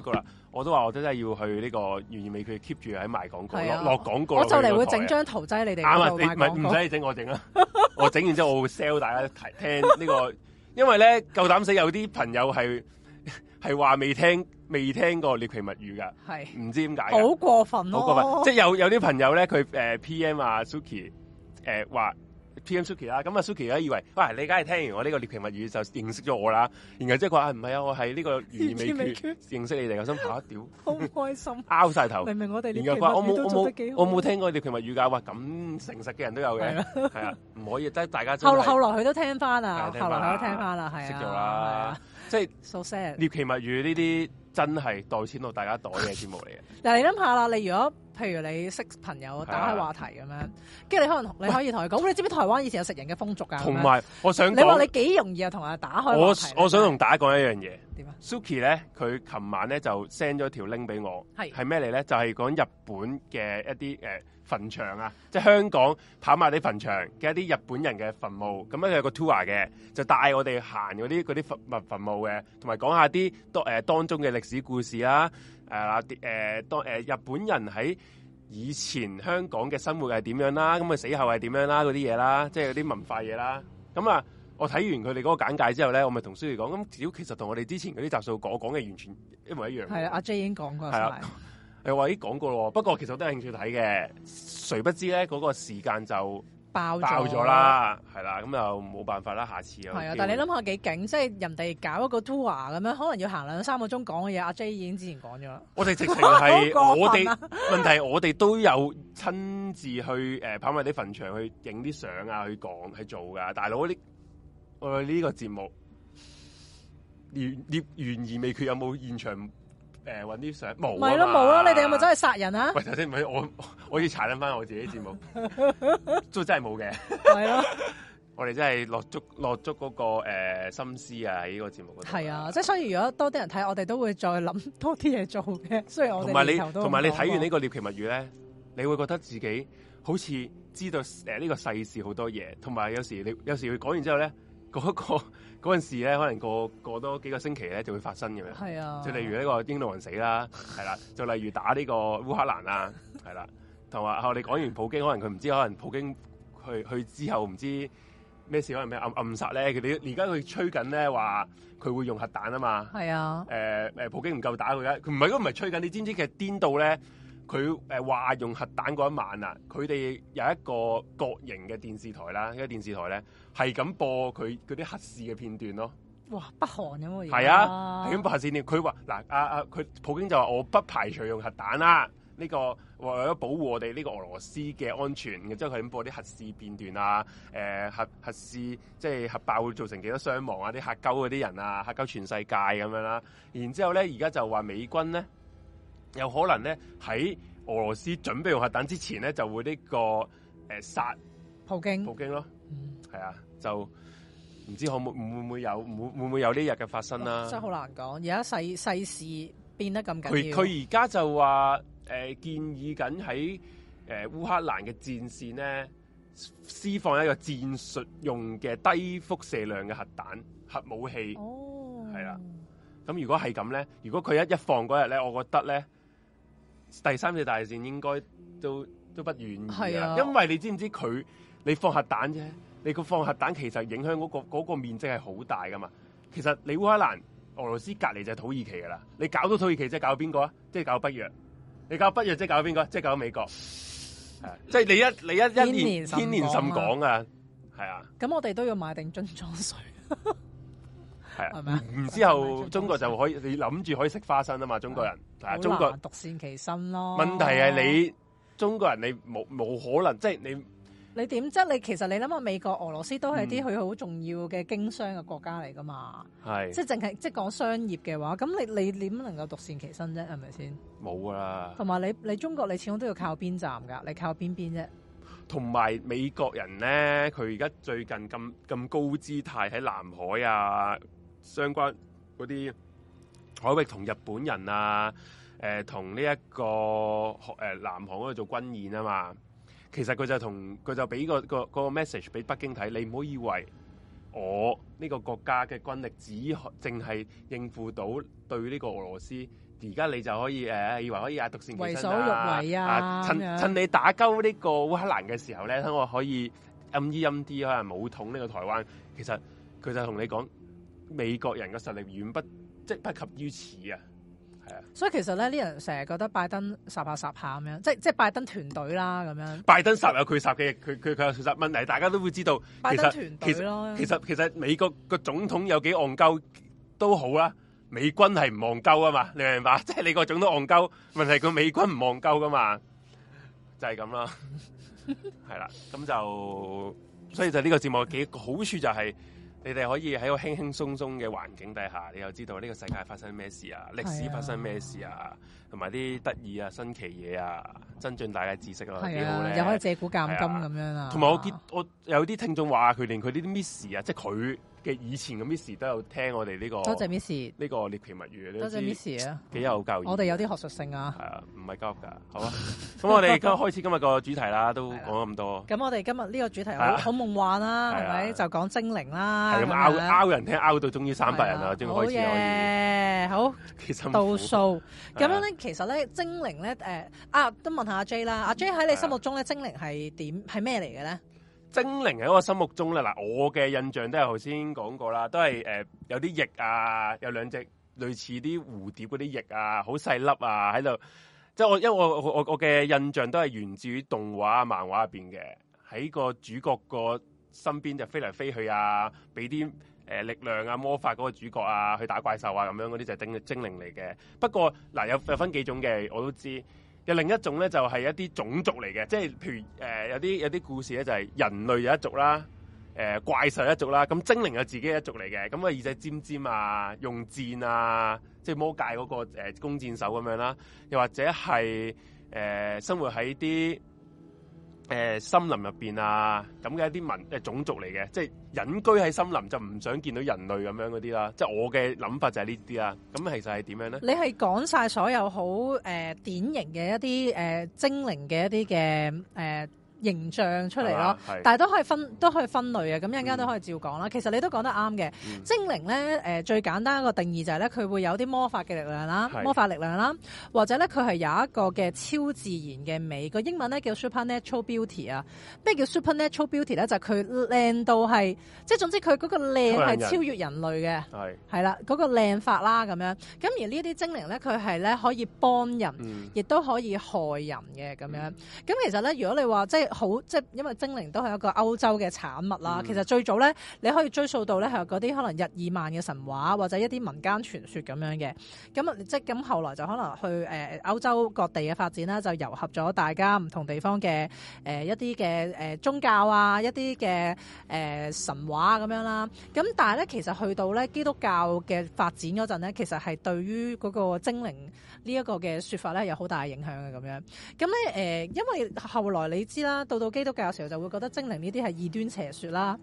谷啦。我都話 我真係要去呢個願意畀佢 keep 住喺賣廣告，落廣告。我就嚟會整張
圖仔你哋啊，你唔使，
你整，我整啦。我整完之後我會 sell 大家聽呢、這個，因為咧夠膽死有啲朋友係。係話未聽未聽過獵奇物語噶，係唔知點解嘅，好過
分咯！即係有
有啲朋友咧，佢誒 P M 啊 Suki，誒話 P M Suki 啦，咁啊 Suki 呢，以為喂你梗係聽完我呢個獵奇物語就認識咗我啦，然後即係話唔係啊，我係呢個懸疑未決認識你嚟噶，心吓屌，好開心，拗晒頭，明明我哋獵奇物語都做得幾好，我冇聽過獵奇物語噶，喂咁誠實嘅人都有嘅，係啊，唔可以，即係大家後後來
佢都聽翻啊，後來佢都聽翻啦，係啊。即係獵 So sad.
奇物語呢啲真係袋錢到大家袋嘅節目嚟
嘅。嗱，你諗下啦，你如果譬如你識朋友打開話題咁樣，跟住你可能你可以同佢講，你知唔知台灣以前有食人嘅風俗啊？同埋
我想你話你
幾容易啊，同人打開。我
我想同大家講一樣嘢。Suki 咧，佢琴晚咧就 send 咗條 link 俾我，係係咩嚟咧？就係、是、講日本嘅一啲誒墳場啊，即係香港跑馬地墳場嘅一啲日本人嘅墳墓，咁咧有個 tour 嘅，就帶我哋行嗰啲嗰啲墳墳墳墓嘅，同埋講下啲當誒當中嘅歷史故事啦、啊，誒嗱啲誒當誒、呃、日本人喺以前香港嘅生活係點樣啦、啊，咁啊死後係點樣啦、啊，嗰啲嘢啦，即係嗰啲文化嘢啦，咁啊。我睇完佢哋嗰個簡介之後咧，我咪同 Suki 講咁，其實同我哋之前嗰啲集數講講嘅完全一模一樣。
係啊，阿 J 已經講過係啊，
又話的的已經講過啦。不過其實都有興趣睇嘅。誰不知咧，嗰、那個時間就
爆爆咗啦，
係啦了，咁就冇辦法啦。下次又係啊，但係你
諗下幾勁，即係人哋搞一個 tour 咁樣，可能要行兩三個鐘講嘅嘢，阿 J 已經之前講咗。我
哋直情係 我哋問題，我哋都有親自去誒、呃、跑埋啲墳場去影啲相啊，去講去做噶，大佬你。我哋呢個節目，懸而未決，有冇現場誒搵啲相冇啊？咯冇咯，沒有你哋有冇真係
殺人啊？頭先
我我以查緊翻我自己啲節目， 都真係冇嘅。係咯，我哋真係落足落足嗰、那個誒、呃、心思啊！喺呢個節目，係啊，即
係所以如果多啲人睇，我哋都會再諗多啲嘢做嘅。所以我同埋你同埋你睇完呢
個獵奇物語咧，啊、你會覺得自己好似知道誒呢個世事好多嘢，同埋有，有時你有時講完之後咧。嗰、嗰個嗰陣時咧，可能過過多幾個星期咧就會發生咁樣。係啊，就例如呢個英國人死啦，係啦， 就例如打呢個烏克蘭啊，係啦，同埋我哋講完普京，可能佢唔知，可能普京去去之後唔知咩事，可能咩暗暗殺咧。佢你而家佢吹緊咧，話佢會用核彈啊嘛。
係啊，
誒誒、呃，普京唔夠打佢噶，佢唔係，如果唔係吹緊。你知唔知其實顛到咧？佢誒話用核彈嗰一晚啊，佢哋有一個國營嘅電視台啦，呢個電視台咧係咁播佢嗰啲核試嘅片段咯。
哇，北韓咁喎，係啊，係咁播核
試段。佢話嗱，阿阿佢普京就話我不排除用核彈啦。呢、這個為咗保護我哋呢個俄羅斯嘅安全嘅，之後佢咁播啲核試片段啊，誒、呃、核核試即係核爆會造成幾多傷亡啊？啲核鳩嗰啲人啊，核鳩全世界咁樣啦。然之後咧，而家就話美軍咧。有可能咧，喺俄羅斯準備用核彈之前咧，就會呢、這個誒殺、
呃、普京普京咯，
係、嗯、啊，就唔知可會會唔會有，會會唔會有呢日嘅發生啦、啊？真係好
難講，而家世世事變得咁緊要。佢佢而
家就話誒、呃、建議緊喺誒烏克蘭嘅戰線咧，施放一個戰術用嘅低輻射量嘅核彈核武器。哦、啊，係啦，咁如果係咁咧，如果佢一一放嗰日咧，我覺得咧。第三次大戰應該都都不遠，是啊、因為你知唔知佢？你放核彈啫，你個放核彈其實影響嗰、嗰個嗰個面積係好大噶嘛。其實你烏克蘭、俄羅斯隔離就係土耳其噶啦。你搞到土耳其即係搞邊個啊？即、就、係、是、搞北約。你搞北約即係搞邊個、啊？即、就、係、是、搞美國。係、 啊，即、就是、你一你一一年千年甚講啊，係啊。
咁、啊、我哋都要買定樽裝水。
係啊，唔之後中國就可以，你諗住可以食花生啊嘛，中國人。啊啊、中國人好難獨
善其身咯。問題係你是是
中國人你，你冇冇可能即係你？
你點即係你？其實你諗下，美國、俄羅斯都係啲佢好重要嘅經商嘅國家嚟噶嘛？係、嗯，即係淨係即係講商業嘅話，咁你你點能夠獨善其身啫？係咪先？
冇噶啦。
同埋你你中國，你始終都要靠邊站噶，你靠邊邊啫？
同埋美國人咧，佢而家最近咁咁高姿態喺南海啊。相關啲海域同日本人啊，誒同呢一個誒南韓度做軍演啊嘛，其實佢就同佢就俾、這個個、那個 message 俾北京睇，你唔好以為我呢個國家嘅軍力只淨係應付到對呢個俄羅斯，而家你就可以誒、呃、以為可以壓獨線、啊、為所欲為啊！啊趁趁你打鳩呢個烏克蘭嘅時候咧，等我可以暗啲 M D 可能冇捅呢個台灣，其實佢就同你講。美國人嘅實力遠不即不及於此啊，係啊，
所以其實咧，呢人成日覺得拜登殺下殺下咁樣，即即拜登團隊啦咁樣。
拜登殺有佢殺嘅，佢佢佢有問題大家都會知道，拜登團隊其實其實，其實美國個總統有幾戇鳩都好啦，美軍係唔戇鳩啊嘛，你明唔明白？即係你個總統戇鳩，問題佢美軍唔戇鳩噶嘛，就係咁咯，係啦， 咁就所以就呢個節目嘅幾個好處就係。你哋可以喺個輕輕鬆鬆嘅環境底下，你又知道呢個世界發生咩事啊，歷史發生咩事啊，同埋啲得意啊、新奇嘢啊，增進大家知識啊，幾好又可以借古鑑今咁、啊、樣啊！同埋我見我有啲聽眾話佢連佢呢啲 miss 啊，即係佢。以前嘅 Miss 都有聽我哋呢個，多謝 Miss 呢個獵奇物語，多謝 Miss 啊，幾有教義，我哋
有啲學術性啊，係啊，
唔係教育噶，好啊，咁我哋而家開始今日個主題啦，都講咁多，
咁我哋今日呢個主題好好夢幻啦，係咪？就講精靈啦，係咁拗
人聽，拗到終於三百人啦，先開始
可以，好，倒數，咁樣咧，其實咧精靈咧，誒啊，都問下阿 J 啦，阿 J 喺你心目中咧精靈係點係咩嚟嘅咧？
精靈喺我心目中咧，嗱，我嘅印象都係頭先講過啦，都係誒、呃、有啲翼啊，有兩隻類似啲蝴蝶嗰啲翼啊，好細粒啊，喺度，即係我因為我我我嘅印象都係源自於動畫、漫畫入邊嘅，喺個主角個身邊就飛嚟飛去啊，俾啲誒力量啊魔法嗰個主角啊去打怪獸啊咁樣嗰啲就係精靈嚟嘅。不過嗱有、呃、有分幾種嘅，我都知道。有另一種咧，就係、是、一啲種族嚟嘅，即係譬如誒、呃、有啲有啲故事咧，就係人類有一族啦，誒、呃、怪獸一族啦，咁精靈有自己一族嚟嘅，咁啊耳仔尖尖啊，用箭啊，即係魔戒嗰、那個、呃、弓箭手咁樣啦，又或者係誒、呃、生活喺啲。誒、呃，森林入邊啊，咁嘅一啲民誒種族嚟嘅，即係隱居喺森林就唔想見到人類咁樣嗰啲啦。即係我嘅諗法就係呢啲啦。咁其實係點樣咧？你係
講晒所有好誒、呃、典型嘅一啲誒、呃、精靈嘅一啲嘅誒。呃形象出嚟咯，啊、但係都可以分都可以分類嘅，咁陣間都可以照講啦。嗯、其實你都講得啱嘅，嗯、精靈咧、呃、最簡單一個定義就係咧佢會有啲魔法嘅力量啦，是魔法力量啦，或者咧佢係有一個嘅超自然嘅美，個是英文咧叫 supernatural beauty 啊。咩叫 supernatural beauty 咧？就係佢靚到係，即係總之佢嗰個靚係超越人類嘅，係啦，嗰個靚法啦咁樣。咁而呢啲精靈咧，佢係咧可以幫人，亦都、嗯、可以害人嘅咁樣。咁、嗯、其實咧，如果你話即好即係因為精靈都係一個歐洲嘅產物啦，嗯、其實最早咧你可以追溯到咧係啲可能日耳曼嘅神話或者一啲民間傳說咁樣嘅，咁啊即係咁後來就可能去誒歐洲各地嘅發展啦，就糅合咗大家唔同地方嘅誒一啲嘅誒宗教啊、一啲嘅誒神話咁樣啦，咁但係咧其實去到咧基督教嘅發展嗰陣咧，其實係對於個精靈呢一個嘅說法咧有好大嘅影響嘅咁樣，咁咧誒因為後來你知啦。到到基督教嘅時候，就會覺得精靈呢啲係異端邪說啦。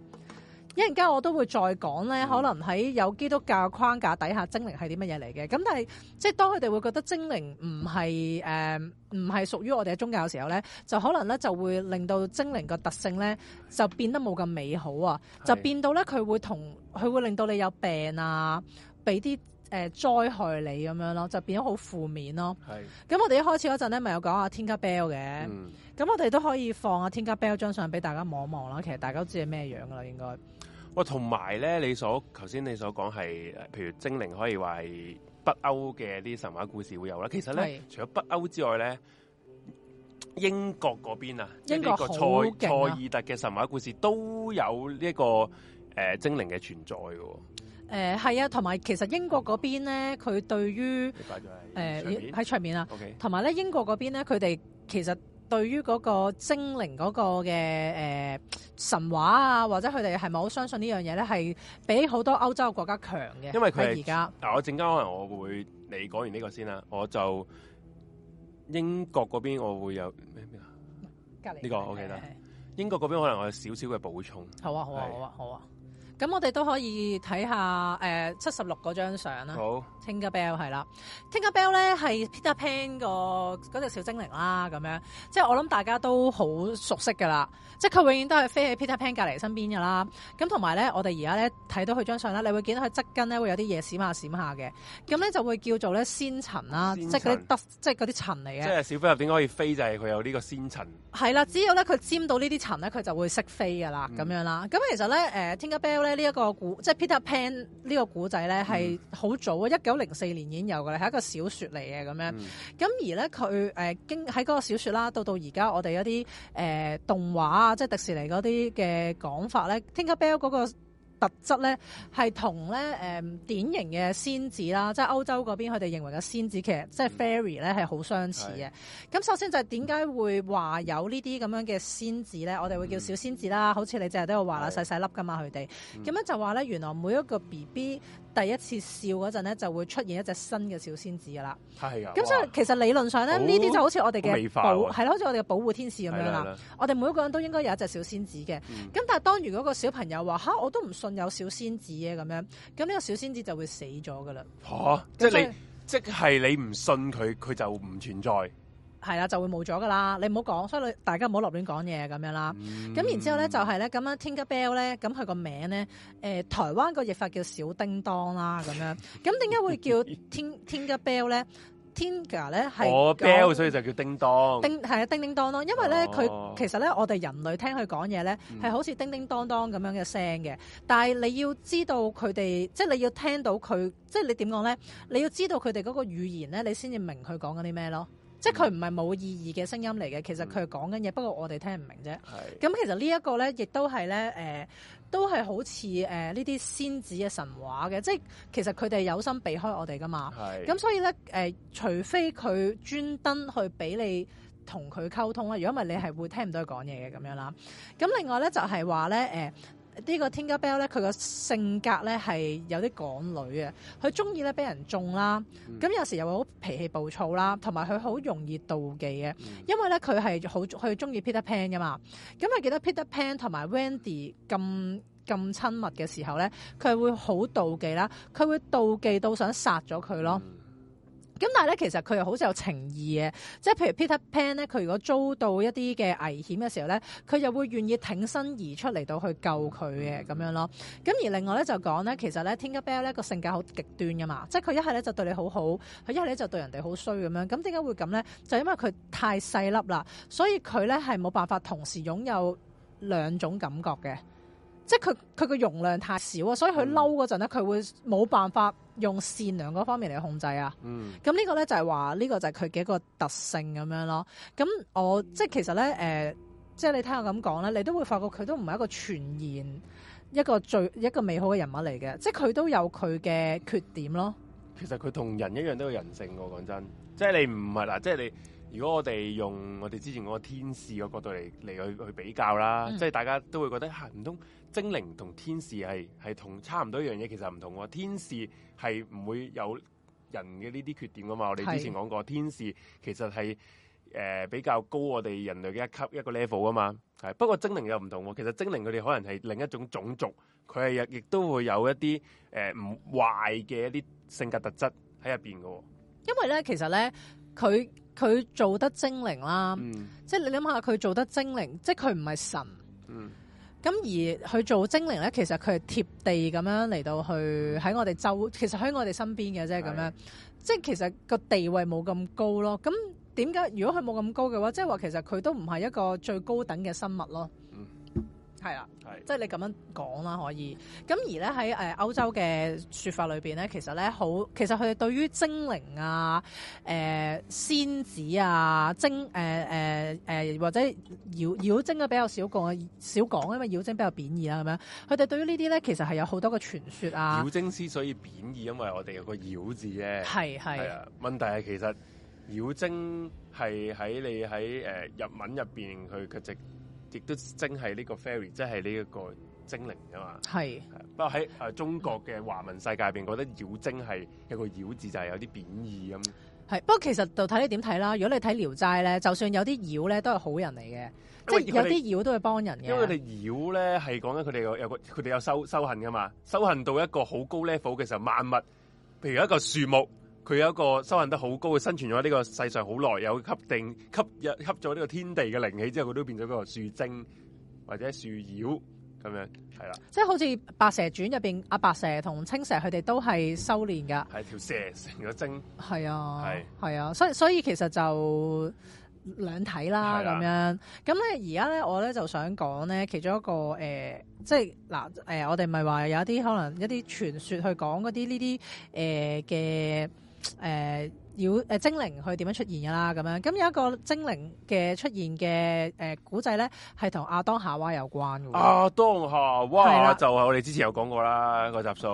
一陣間我都會再講咧，可能喺有基督教框架底下，精靈係啲乜嘢嚟嘅？咁但係，即係當佢哋會覺得精靈唔係誒，唔係屬於我哋嘅宗教嘅時候咧，就可能咧就會令到精靈嘅特性咧就變得冇咁美好啊，就變到咧佢會同佢會令到你有病啊，俾啲。誒災害你咁樣咯，就變咗好負面咯。係是。咁我哋一開始嗰陣咧，咪有講阿 Tinker Bell 嘅。咁、嗯、我哋都可以放阿 Tinker Bell 張相俾大家望一望啦。其實大家都知係咩樣噶啦，應該。
哇！同埋咧，你所頭先你所講係，譬如精靈可以話係北歐嘅啲神話故事會有啦。其實咧，是除咗北歐之外咧，英國嗰邊啊，英國塞塞、啊、爾特嘅神話故事都有呢、這、一個誒、呃、精靈嘅存在嘅、啊。
誒係、呃、啊，同埋其實英國嗰邊咧，佢、哦、對於
誒喺出面啊，
同埋咧英國嗰邊咧，佢哋其實對於嗰個精靈嗰個嘅誒、呃、神話啊，或者佢哋係咪好相信這件事呢樣嘢咧，係比好多歐洲國家強
嘅。因為佢而家嗱，我
陣間可能我會你講完呢個先啦，我就英國嗰邊我會有咩咩啊？
隔籬呢
個 OK 啦。英國嗰邊可能我有少少嘅補充。好啊，好啊，的好啊，好啊。
咁我哋都可以睇下誒七十六嗰張相啦，Tinker Bell 係啦，Tinker Bell 咧係 Peter Pan 個嗰隻小精靈啦，咁樣，即係我諗大家都好熟悉㗎啦，即係佢永遠都係飛喺 Peter Pan 隔離身邊㗎啦。咁同埋咧，我哋而家咧睇到佢張相啦，你會見到佢側跟咧會有啲嘢閃下閃下嘅，咁咧就會叫做咧仙塵啦，塵即係嗰啲得，即係嗰啲塵
嚟嘅。即係小飛俠點可以飛就係佢有呢個仙塵。
係啦，只要咧佢沾到呢啲塵咧，佢就會識飛噶啦，咁、嗯、樣啦。咁其實咧誒。呃、Tinker Bell 呢一個古，即係 Peter Pan 呢個古仔咧，係好早啊，一九零四年已經有嘅啦，係一個小説嚟嘅咁樣。咁、嗯、而咧佢誒經喺嗰個小説啦，到到而家我哋一啲誒、呃、動畫啊，即係迪士尼嗰啲嘅講法咧、嗯、，Tinker Bell 嗰、嗰個。特質咧係同咧誒典型嘅仙子啦，即係歐洲嗰邊佢哋認為嘅仙子，仙子嗯、其實即係 fairy 咧係好相似嘅。咁是的 首先就係點解會話有呢啲咁樣嘅仙子咧？我哋會叫小仙子啦，嗯、好似你淨係都有話啦，是的 細細粒㗎嘛佢哋。咁、嗯、樣就話咧，原來每一個 BB 第一次笑嗰陣咧，就會出現一隻新嘅小仙子噶啦。
係噶、啊。咁所以
其實理論上咧，呢啲、哦、就好似我哋嘅保係咯，好似保對我哋嘅保護天使咁樣啦。我哋每一個人都應該有一隻小仙子嘅。咁、嗯、但係當如果個小朋友話吓、啊，我都唔信有小仙子嘅咁樣，咁呢個小仙子就會死咗噶啦。嚇、
啊！嗯、即係你唔，即係你唔信佢，佢就唔存在。
係啦、啊，就會冇咗噶啦。你唔好講，所以大家唔好立亂講嘢咁樣啦。
咁然、嗯、之後咧，
就係、是、咧咁樣 Tinker Bell 咧。咁佢個名咧、呃，台灣個譯法叫小叮當啦。咁樣咁點解會叫 Tinker Bell 咧？ting 咧係我 bell，所
以就叫叮當，叮
係叮叮當當咯。因為咧，佢、oh. 其實咧，我哋人類聽佢講嘢咧，係好似叮叮當當咁樣嘅聲嘅。嗯、但係你要知道佢哋，即係你要聽到佢，即係你點講咧？你要知道佢哋嗰個語言咧，你先至明佢講緊啲咩咯。即係佢唔係冇意義嘅聲音嚟嘅，其實佢講緊嘢，嗯、不過我哋聽唔明啫。咁是的 其實呢一個呢，亦都係呢，誒、呃，都係好似誒呢啲仙子嘅神話嘅，即係其實佢哋有心避開我哋噶嘛。咁是的 所以呢，誒、呃，除非佢專登去俾你同佢溝通啦，如果唔係你係會聽唔到佢講嘢嘅咁樣啦。咁另外呢，就係、係、話呢。呃呢個 Tinker Bell 咧，佢個性格咧係有啲港女嘅，佢中意咧俾人縱啦，咁有時又會好脾氣暴躁啦，同埋佢好容易妒忌嘅，因為咧佢係好佢中意 Peter Pan 嘅嘛，咁啊記得 Peter Pan 同埋 Wendy 咁咁親密嘅時候咧，佢會好妒忌啦，佢會妒忌到想殺咗佢咯。咁但係咧，其實佢又好似有情義嘅，即係譬如 Peter Pan 咧，佢如果遭到一啲嘅危險嘅時候咧，佢又會願意挺身而出嚟到去救佢嘅咁樣咯。咁而另外咧就講咧，其實咧 Tinker Bell 咧個性格好極端㗎嘛，即係佢一係咧就對你好好，佢一係咧就對人哋好衰咁樣。咁點解會咁咧？就因為佢太細粒啦，所以佢咧係冇辦法同時擁有兩種感覺嘅。即係佢佢嘅容量太少啊，所以佢嬲嗰陣咧，佢、嗯、會冇辦法用善良嗰方面嚟控制啊。咁呢個咧就係話呢個就係佢嘅一個特性咁樣咯。咁我即係其實咧誒、呃，即係你聽我咁講咧，你都會發覺佢都唔係一個傳言，一個最一個美好嘅人物嚟嘅。即係佢都有佢嘅
缺點咯。其實佢同人一樣都有人性㗎，講真。即係你唔係啦，即係你如果我哋用我哋之前嗰個天使個角度嚟嚟去去比較啦，嗯、即係大家都會覺得吓唔通。精靈同天使係係同差唔多一樣嘢，其實唔同喎。天使係唔會有人嘅呢啲缺點噶嘛。我哋之前講過，係天使其實係誒、呃、比較高我哋人類嘅一級一個 level 噶嘛。係，不過精靈又唔同喎。其實精靈佢哋可能係另一種種族，佢係亦都會有一啲誒唔壞嘅一啲性格特質喺入邊嘅。
因為咧，其實咧，佢佢做得精靈啦，嗯、即係你諗下佢做得精靈，即係佢唔係神。嗯。咁而佢做精靈咧，其實佢係貼地咁樣嚟到去喺我哋周，其實喺我哋身邊嘅啫咁樣，即係其實個地位冇咁高咯。咁點解如果佢冇咁高嘅話，即係話其實佢都唔係一個最高等嘅生物咯。係啦，係即係你咁樣講啦，可以。咁而咧喺誒歐洲嘅說法裏邊咧，其實咧好，其實佢哋對於精靈啊、誒、呃、仙子啊、精誒誒誒或者妖妖精啊比較少講，少講，因為妖精比較貶義啦咁樣。佢哋對於呢啲咧，其實係有好多嘅傳說啊。妖
精之所以貶義，因為我哋有個妖字啫。係係、啊。問題係其實妖精係喺你喺誒、呃、日文入邊去直。亦都精係呢個 fairy，即係呢一個精靈啊嘛。係是。不過喺誒中國嘅華文世界入邊，覺得妖精係有個妖字就係、是、有啲貶義咁。
係，不過其實就睇你點睇啦。如果你睇《聊齋》，咧，就算有啲妖咧，都係好人嚟
嘅，即係有啲妖
都係幫人嘅。因為佢哋
妖咧係講緊佢哋有有個佢哋有修修行㗎嘛，修行到一個好高 level 嘅時候，萬物譬如一個樹木，佢有一個修行得好高，嘅生存咗呢個世上好耐，有吸定吸入吸咗呢個天地嘅靈氣之後，佢都變咗個樹精或者樹妖咁樣，係啦。
即係好似白蛇傳入邊阿白蛇同青蛇們都是修的是，佢哋都係修煉㗎。
係條蛇成咗精。
係啊，係係，對，啊，所以所以其實就兩睇啦。係啊。咁樣。咁咧而家咧，我咧就想講咧其中一個誒、呃，即係嗱誒，我哋唔係話有一啲可能一啲傳說去講嗰啲呢啲誒嘅。誒妖誒精靈去點樣出現嘅啦？咁樣咁有一個精靈嘅出現嘅誒古仔咧，係同亞當夏娃有關
嘅。亞、啊、當夏娃了就係我哋之前有講過啦，個集數。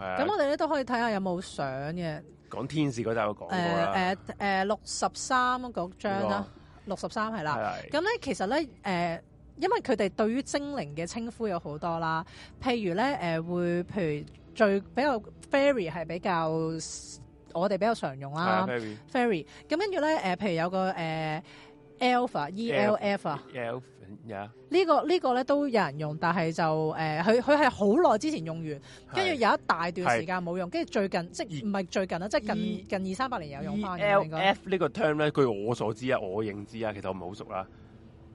咁我哋
咧都可以睇下有冇相嘅。
講天使嗰集有講過啦。誒誒
誒六十三嗰張啦，六十三係啦。咁咧的的其實咧誒、呃，因為佢哋對於精靈嘅稱呼有好多啦，譬如咧誒、呃、會，譬如最比較 fairy 係比較。我哋比較常用啦，Fairy，咁跟住咧，譬如有個誒，Alpha，E L F 啊
Elf 呢
個呢個咧都有人用，但係就誒，佢佢係好耐之前用完，跟住有一大段時間冇用，跟住最近即唔係最近啦，即係近近二三百年有用翻嘅應
該 E L F 呢個 term 咧，據我所知啊，我認知啊，其實我唔係好熟啦。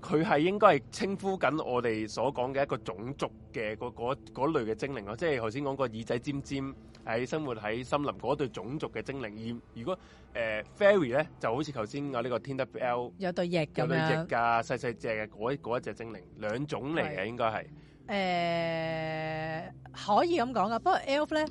佢係應該係稱呼緊我哋所講嘅一個種族嘅嗰類嘅精靈咯，即係頭先講個耳仔尖尖喺生活喺森林嗰對種族嘅精靈。而如果、呃、fairy 咧，就好似頭先我呢個 Tinker Bell 有
一對翼咁樣，有一對翼
㗎，細細隻嘅嗰一小小隻精靈，兩種嚟嘅應該係、
呃、可以咁講噶。不過 elf 咧，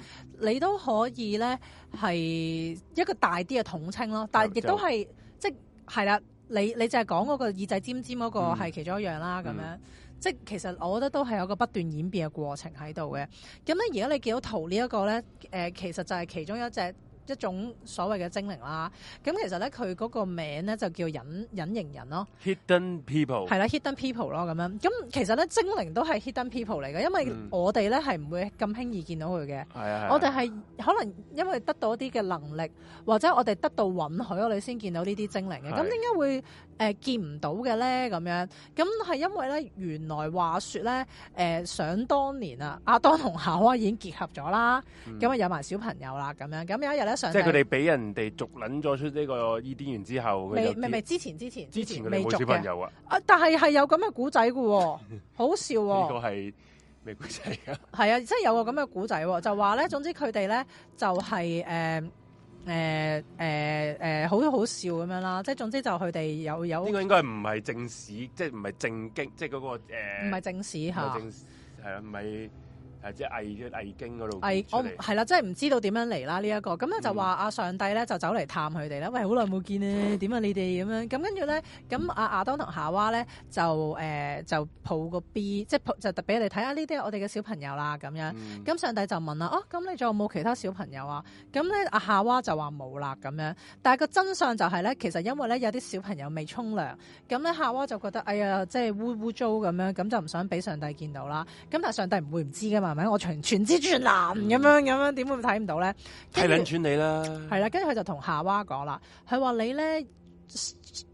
你都可以咧係一個大啲嘅統稱咯，但係亦都係即係啦。你你就係講嗰個耳仔尖尖嗰個係其中一樣啦，咁、嗯、樣、嗯、即係其實我覺得都係有個不斷演變嘅過程喺度嘅。咁咧，而家你見到圖呢一個咧，誒其實就係其中一隻，一種所謂嘅精靈啦，咁其實咧佢嗰個名咧就叫隱隱形人咯
，Hidden People，係啦
，Hidden People 咯咁樣。咁其實咧精靈都係 Hidden People 嚟嘅，因為我哋咧係唔會咁輕易見到佢嘅。
係啊，我哋
係可能因為得到一啲嘅能力，或者我哋得到允許我哋先見到呢啲精靈嘅。咁點解會？誒、呃、見唔到嘅咧咁樣，咁係因為咧，原來話說咧，誒、呃、想當年啊，阿當同夏娃已經結合咗啦，咁啊、嗯、有埋小朋友啦咁樣，咁有一日咧上即係佢哋
俾人哋逐撚咗出呢個伊甸園之後，未未未之前
之前之前未小朋友未啊！但係係有咁嘅古仔㗎喎， 好笑喎、哦！呢個係咩古仔啊？係啊，即係有個咁嘅古仔喎，就話咧，總之佢哋咧就係、是呃誒誒誒，好多好笑咁樣啦，即係總之就佢哋有有，呢個應該
唔係正史，即係唔係正經，即係嗰個唔係，呃、正史吓，係啊，唔係即係偽經嗰度，係我係啦，
即係唔知道點樣嚟啦呢一個，咁咧就話阿上帝咧就走嚟探佢哋啦，嗯、喂，好耐冇見咧，點 啊你哋咁樣？咁跟住咧，咁阿亞當同夏娃咧就誒、呃、就抱個 B，即係抱就特俾你睇下呢啲我哋嘅小朋友啦咁樣。咁、嗯、上帝就問啦，哦，咁你仲有冇其他小朋友啊？咁咧阿夏娃就話冇啦咁樣。但係個真相就係、是、咧，其實因為咧有啲小朋友未沖涼，咁咧夏娃就覺得哎呀，即係污污糟咁樣，咁就唔想俾上帝見到啦。咁但係上帝唔會唔知噶嘛。係咪我全全知全能咁樣咁樣，點會睇唔到咧？係諗串你啦，係啦、啊。他跟住佢就同夏娃講啦，佢話你咧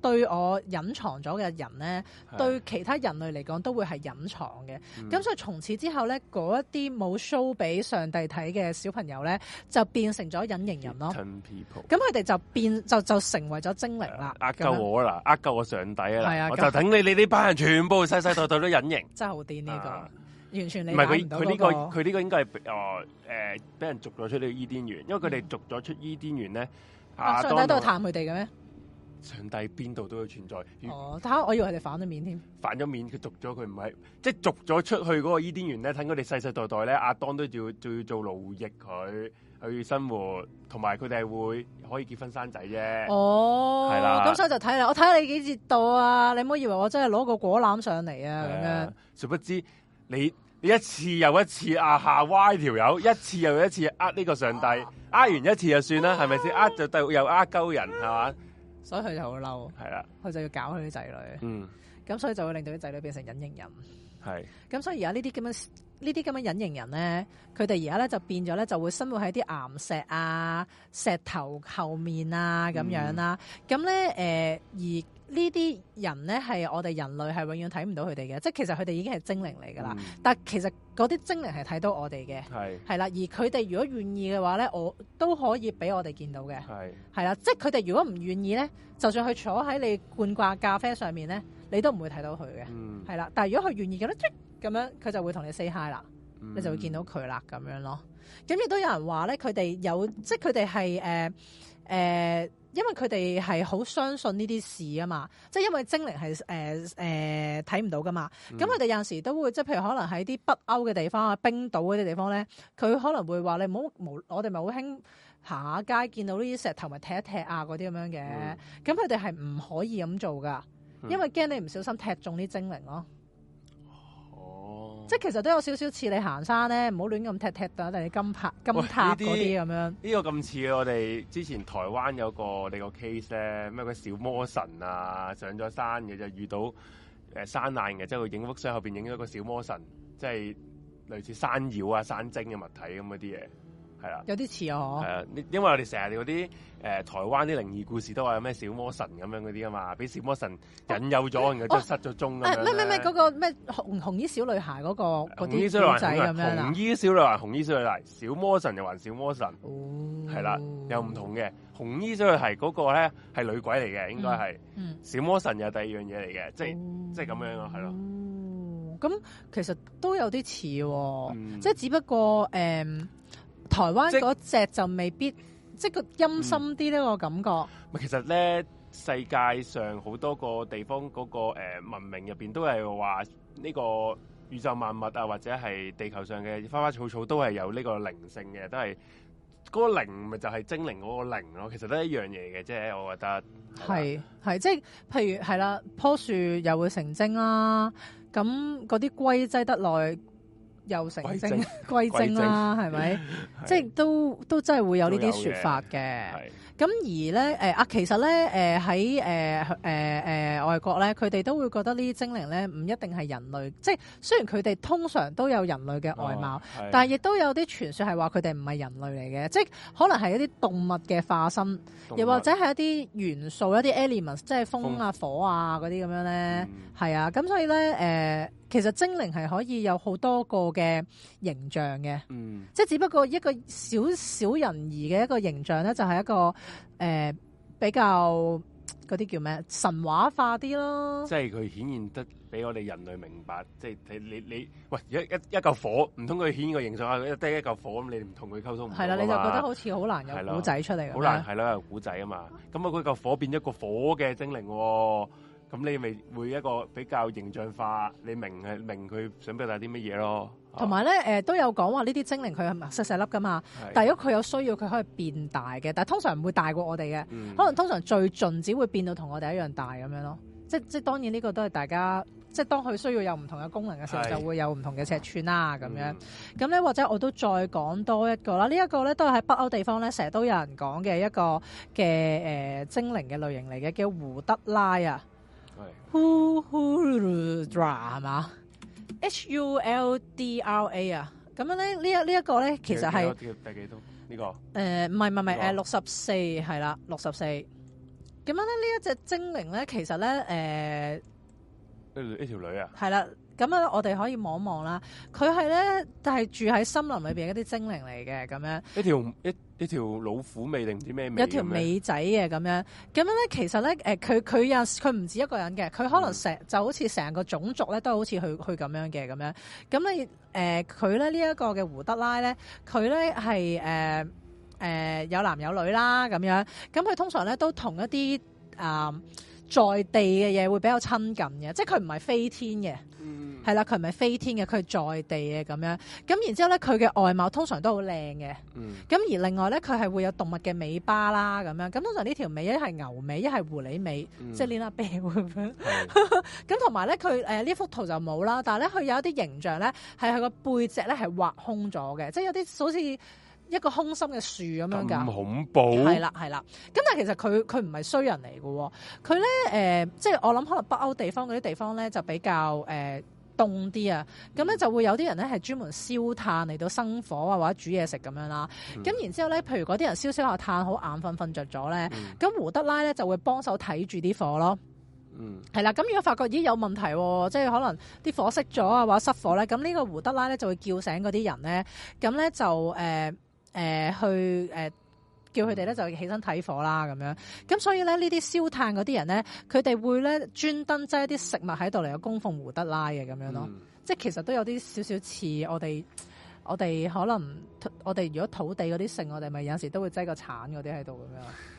對我隱藏咗嘅人咧，對其他人類嚟講都會係隱藏嘅。咁所以從此之後咧，嗰一啲冇 show 俾上帝睇嘅小朋友咧，就變成咗隱形人咯。咁佢哋就變就就成為咗精靈啦。
呃夠
我啦，呃夠我上帝啦，的我就等你這你呢班人全部世世代代都隱形。
真好癲呢個、啊。完全理解唔到佢呢個佢
呢個應該係哦誒，俾人逐咗出呢個伊甸園。因為佢哋逐咗出伊甸園咧，嗯、阿上帝都探佢哋嘅咩？上帝邊度都有存在哦！吓，
我以為佢哋反咗面
添，反咗面佢逐咗佢唔係即係逐咗出去嗰個伊甸園咧，睇佢哋世世代代咧，阿當都要仲要做勞役佢去生活，同埋佢哋係會可以結婚生仔啫。哦，係啦的，咁、哦、所以
就睇啦，我睇下你幾熱度啊！你唔好以為我真係攞個果籃上嚟啊，咁、嗯、樣。
殊不知你。一次又一次啊，下歪條友一次又一次呃呢個上帝，呃、啊、完一次就算啦，係咪先？呃就又呃鳩人係嘛，所以佢就好嬲，
係啦，佢就要搞佢啲仔女，嗯，咁所以就會令到啲仔女變成隱形人。係，咁、嗯、所以而家呢啲咁樣呢啲咁樣隱形人咧，佢哋而家咧就變咗咧，就會生活喺啲岩石啊、石頭後面啊咁樣啦、啊。咁咧誒，而呢啲人咧係我哋人類係永遠睇唔到佢哋嘅，即係其實佢哋已經係精靈嚟㗎啦。嗯、但係其實嗰啲精靈係睇到我哋嘅，係係啦。而佢哋如果願意嘅話咧，我都可以俾我哋見到嘅，係係啦。即係佢哋如果唔願意咧，就算佢坐喺你罐掛咖啡上面咧。你都唔會睇到佢嘅，係啦、嗯。但係如果佢願意嘅咧，咁樣佢就會同你 say hi 啦，嗯、你就會見到佢啦咁樣咯。咁亦都有人話咧，佢哋有即係佢哋係誒誒，因為佢哋係好相信呢啲事啊嘛。即係因為精靈係誒誒睇唔到噶嘛。咁佢哋有陣時都會即譬如可能喺啲北歐嘅地方啊、冰島嗰啲地方咧，佢可能會話你唔好無，我哋咪好興行下街，見到呢啲石頭咪踢，踢一踢啊嗰啲咁樣嘅。咁佢哋係唔可以咁做噶。因為驚你唔小心踢中啲精靈咯、啊，哦！即係其實都有少少似你行山咧，唔好亂咁踢踢，踢到，例如金爬、金塔嗰啲咁
樣。呢個咁似我哋之前台灣有一個你個 case 咧，咩個小魔神啊，上咗山嘅就遇到誒、呃、山難嘅，即係佢影幅相後邊影咗個小魔神，即係類似山妖啊、山精嘅物體咁嗰啲嘢。係啦，有啲似哦，嗬。啊，因為我哋成日哋啲誒台灣啲靈異故事都話有咩小魔神咁樣嗰啲啊嘛，俾小魔神引誘咗，然後就失咗蹤咁。咩咩、哦，係唔嗰
個咩紅紅衣小女孩嗰、嗰個小小孩衣小女孩，咁紅、嗯、紅衣
小女孩，紅衣小女孩，小魔神又話小魔神，係、哦、啦，又唔同嘅。紅衣小女孩嗰個咧係女鬼嚟嘅，應該係。嗯嗯、小魔神又係第二樣嘢嚟嘅，即係即係咁樣咯，係咯。哦，咁、哦、其實都有啲似喎，嗯、即係只
不過誒。嗯台灣嗰隻就未必，即佢陰森啲呢個感覺。
其實咧，世界上好多個地方嗰、嗰個、呃、文明入邊都係話呢個宇宙萬物啊，或者係地球上嘅花花草草都係有呢個靈性嘅，都係嗰、嗰個靈咪就係精靈嗰個靈咯。其實都係一樣嘢嘅，啫，我覺得
係係是吧即係，譬如係啦，棵樹又會成精啦、啊，咁嗰啲龜擠得耐。又成正歸正啦，係咪？即係都都真係會有呢啲説法嘅。係。咁而咧，誒啊，其實咧，誒喺誒誒外國咧，佢哋都會覺得呢啲精靈咧，唔一定係人類，即係雖然佢哋通常都有人類嘅外貌，哦、但係亦都有啲傳說係話佢哋唔係人類嚟嘅，即係可能係一啲動物嘅化身，又物或者係一啲元素，一啲 elements，即係風啊、風火啊嗰啲咁樣咧，係、嗯、啊，咁所以咧，誒、呃、其實精靈係可以有好多個嘅形象嘅，嗯，即係只不過一個小小人兒嘅一個形象咧，就係、是、一個。誒、呃，比較嗰啲叫咩？神話化啲咯，即係
佢顯現得俾我哋人類明白，即係你你你，喂一一一嚿火，唔通佢顯現個形象啊？一得一嚿火咁，你唔同佢溝通，係啦，你就覺得好
似好難有古仔出嚟，好難係
啦有古仔啊嘛，咁啊，嗰嚿火變成一個火嘅精靈，哦。咁你咪會有一個比較形象化，你明係明佢想表達啲乜嘢咯？
同埋咧，誒、呃、都有講話呢啲精靈佢係咪細細粒㗎嘛？是的 但係如果佢有需要，佢可以變大嘅。但係通常唔會大過我哋嘅，嗯、可能通常最盡只會變到同我哋一樣大咁樣咯。即即當，這即當然呢個都係大家即當佢需要有唔同嘅功能嘅時候，是的 就會有唔同嘅尺寸啦、啊、咁樣。咁咧、嗯、或者我都再講多一個啦。這個、呢一個咧都係喺北歐地方咧，成日都有人講嘅一個嘅誒、呃、精靈嘅類型嚟嘅，叫胡德拉啊。Huldra 係嘛？Huldra 啊，咁樣咧，呢一、這個、呢一個咧，其實係 第幾多？呢個？誒、呃，唔係唔係誒，六十四係啦，六十四。咁樣咧？呢一隻精靈咧，其實咧，誒、呃，呢呢條女啊，係啦。咁啊！我哋可以望望啦。佢係咧，就係住喺森林裏邊一啲精靈嚟嘅，咁樣一
條一一條老虎尾定唔知咩尾，一條尾
仔嘅咁樣。咁樣咧，其實咧，誒、呃，佢佢又佢唔止一個人嘅，佢可能成就好似成個種族咧，都好似佢佢咁樣嘅咁樣。咁你誒，佢咧呢一個嘅胡德拉咧，佢咧係誒誒有男有女啦，咁樣。咁佢通常咧都同一啲誒、呃、在地嘅嘢會比較親近嘅，即係佢唔係飛天嘅。係啦，佢唔係飛天嘅，佢係在地嘅咁樣。咁然之後咧，佢嘅外貌通常都好靚嘅。咁、嗯、而另外咧，佢係會有動物嘅尾巴啦，咁樣。咁通常呢條尾一係牛尾，一係狐狸尾，嗯、即係攣下辮咁樣。咁同埋咧，佢誒 呢、呃、幅圖就冇啦。但係咧，佢有一啲形象咧，係佢個背脊咧係挖空咗嘅，即係有啲好似。一個空心嘅樹咁樣㗎，咁恐
怖。係啦，
係啦。咁但係其實佢佢唔係衰人嚟嘅喎，佢咧誒，即、呃、係、就是、我諗可能北歐地方嗰啲地方咧就比較誒凍啲啊。咁、呃、咧就會有啲人咧係專門燒炭嚟到生火啊，或者煮嘢食咁樣啦。咁、嗯、然後之後然之後咧，譬如嗰啲人燒燒下炭，好眼瞓瞓着咗咧，咁、嗯、胡德拉咧就會幫手睇住啲火咯。嗯，係啦。咁如果發覺咦有問題，即係可能啲火熄咗啊，或者失火咧，咁呢個胡德拉咧就會叫醒嗰啲人咧，咁咧就誒。呃誒、呃、去誒、呃、叫佢哋咧就起身睇火啦咁樣，咁所以咧呢啲燒炭嗰啲人咧，佢哋會咧專登擠一啲食物喺度嚟有供奉胡德拉嘅咁樣咯，嗯、即係其實都有啲少少似我哋我哋可能我哋如果土地嗰啲性，我哋咪有時都會擠個橙嗰啲喺度咁樣。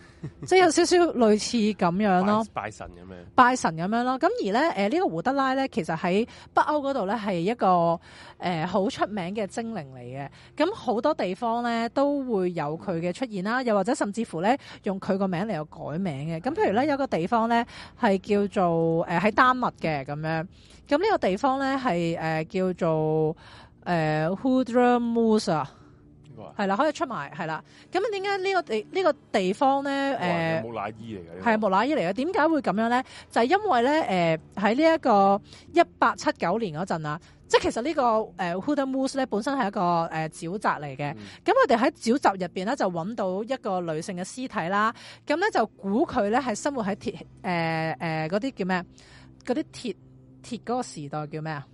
即係 有少少類似咁樣咯，
拜神咁樣，
拜神咁樣咯。咁而咧，誒、呃、呢、這個胡德拉咧，其實喺北歐嗰度咧係一個誒好、呃、出名嘅精靈嚟嘅。咁好多地方咧都會有佢嘅出現啦，又或者甚至乎咧用佢個名嚟有改名嘅。咁譬如咧有一個地方咧係叫做誒喺、呃、丹麥嘅咁樣。咁呢個地方咧係誒叫做誒、呃、Hudra Musa。係啦，可以出埋係啦。咁點解呢個地呢、這個地方咧？誒，木
乃伊嚟嘅，係木
乃伊嚟嘅。點解會咁樣咧？就係、是、因為咧，誒喺呢一個一八七九年嗰陣啦，即係其實呢個誒 Hooton Moors 咧本身係一個誒沼澤嚟嘅。咁、嗯、我哋喺沼澤入邊咧就揾到一個女性嘅屍體啦。咁咧就估佢咧係生活喺鐵誒誒嗰啲叫咩？嗰啲鐵鐵嗰個時代叫咩啊？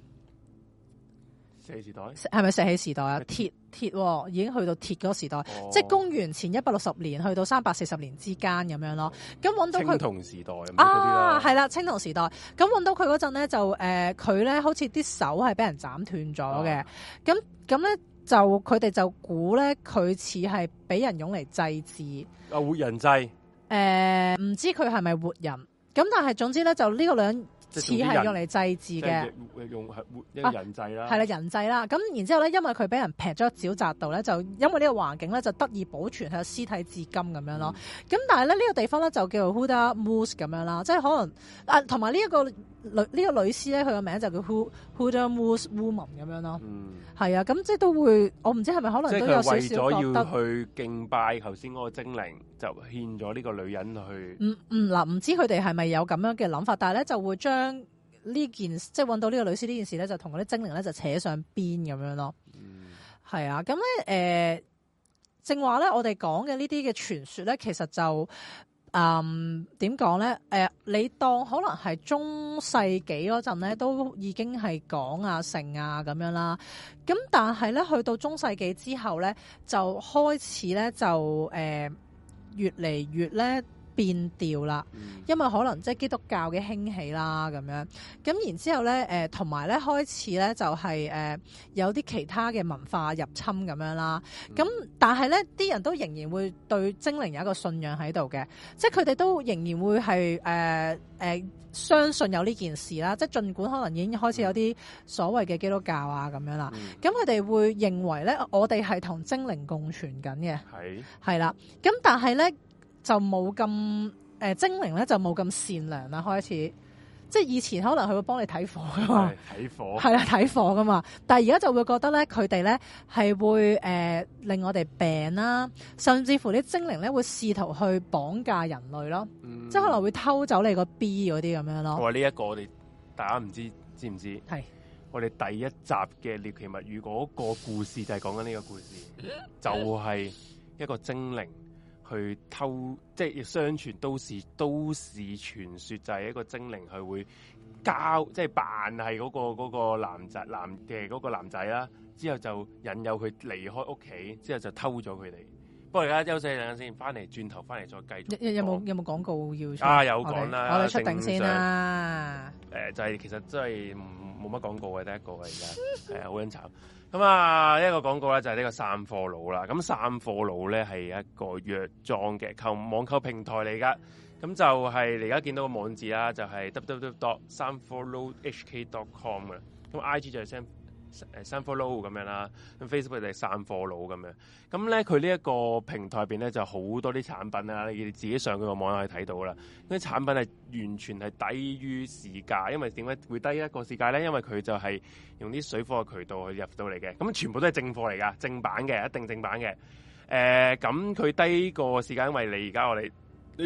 石器時代係咪石器時代啊麼？鐵鐵、喔、已經去到鐵嗰個時代，oh. 即係公元前一百六十年去到三百四十年之間咁樣咯。咁揾到佢銅
時代啊，係
啦，青銅時代。咁揾、啊、到佢嗰陣咧，就誒佢咧好似啲手係俾人斬斷咗嘅。咁咁咧就佢哋就估咧，佢似係俾人用嚟祭祀啊活人祭誒，唔、呃、知佢係咪活人？咁但係總之咧，就呢個兩。似係用嚟祭祀嘅，
用係用人祭啦，係啦、啊、人
祭啦。咁然之後咧，因為佢俾人劈咗一沼澤度咧，就因為個環呢個環境咧，就得以保存佢嘅屍體至今咁樣咯。咁、嗯、但係咧，呢、這個地方咧就叫做 Huldremose 咁樣啦，即係可能啊，同埋呢一個。呢、這個女屍咧，佢個名就叫 Huldremose、erm、Woman 咁、嗯、樣咯，係啊，咁即係都會，我唔知係咪可能都有少少覺得，即為咗要去
敬拜頭先嗰個精靈，就獻咗呢個女人去。
唔唔嗱，唔、嗯、知佢哋係咪有咁樣嘅諗法，但係咧就會將呢件即係搵到呢個女屍呢件事咧，就同嗰啲精靈咧就扯上邊咁樣咯。係、嗯、啊，咁咧誒，正話咧，我哋講嘅呢啲嘅傳說咧，其實就。嗯，點講呢？誒、呃，你當可能係中世紀嗰陣咧，都已經係講啊、成啊咁樣啦。咁但係呢，去到中世紀之後呢，就開始呢，就、呃、誒，越嚟越呢。變調啦，因為可能即係基督教嘅興起啦，咁樣咁然之後咧，誒同埋咧開始咧就係誒有啲其他嘅文化入侵咁樣啦。咁但係咧，啲人都仍然會對精靈有一個信仰喺度嘅，即係佢哋都仍然會係誒誒相信有呢件事啦。即係儘管可能已經開始有啲所謂嘅基督教啊咁樣啦，咁佢哋會認為咧，我哋係同精靈共存緊嘅，係係啦。咁但係咧。就冇咁、呃、精靈咧，就冇咁善良啦。開始即係以前可能佢會幫你睇火噶嘛，
睇火係啦，
睇火噶嘛。但係而家就會覺得咧，佢哋咧係會、呃、令我哋病啦、啊，甚至乎啲精靈咧會試圖去綁架人類咯，嗯、即係可能會偷走你個 B 嗰啲咁樣咯、哦。話呢一
個我哋大家唔知知唔知？係是的 我哋第一集嘅《獵奇物語》嗰個故事就係講緊呢個故事，
就係、
是就是、一個精靈。去偷，即係相傳都市都市傳說就係、是、一個精靈，佢會交即係扮係嗰、那個、那個男仔男嘅嗰、那個男仔啦，之後就引誘佢離開屋企，之後就偷咗佢哋。不過而家休息兩陣先，翻嚟轉頭翻嚟再繼續
有。有冇有冇廣告要？啊有講啦，我哋們出定先啦。
誒、呃，就係、是、其實真係冇乜廣告嘅，第一個啊而家好慘。 咁啊，呢一個廣告咧就係呢個散貨佬啦。咁散貨佬咧係一個藥妝嘅購網購平台嚟噶。咁就係你而家見到個網址啦，就係 www. 三貨佬 hk.com 嘅。咁 I G 就係 Sam 誒散貨佬咁樣啦，咁 Facebook 就係散貨佬咁樣。咁咧佢呢一個平台入邊咧，就好多啲產品啦。你哋自己上佢個網可以睇到啦。啲產品係完全係低於市價，因為點解會低一個市價咧？因為佢就係用啲水貨嘅渠道去入到嚟嘅。咁全部都係正貨嚟㗎，正版嘅，一定正版嘅。誒、呃，咁佢低個市價，因為你而家我哋。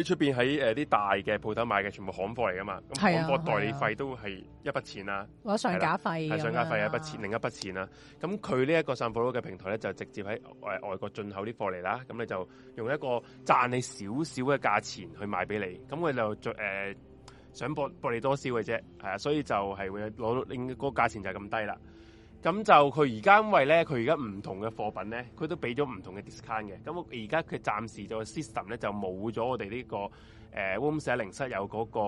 啲出邊喺誒啲大嘅鋪頭買嘅全部行貨嚟噶嘛，咁行貨代理費都係一筆錢啦、啊，或者、啊啊啊、上架費，係上架費一筆錢，另一筆錢啦、啊。咁佢呢一個散貨佬嘅平台咧，就直接喺誒外國進口啲貨嚟啦。咁你就用一個賺你少少嘅價錢去賣俾你，咁佢就誒、呃、想博博你多少嘅啫，係啊，所以就係會攞到，應該個價錢就係咁低啦。咁就佢而家因為咧，佢而家唔同嘅貨品咧，佢都俾咗唔同嘅 discount 嘅。咁而家佢暫時就 system 咧就冇咗我哋呢、這個誒、呃、Room 舍零室有嗰、那個、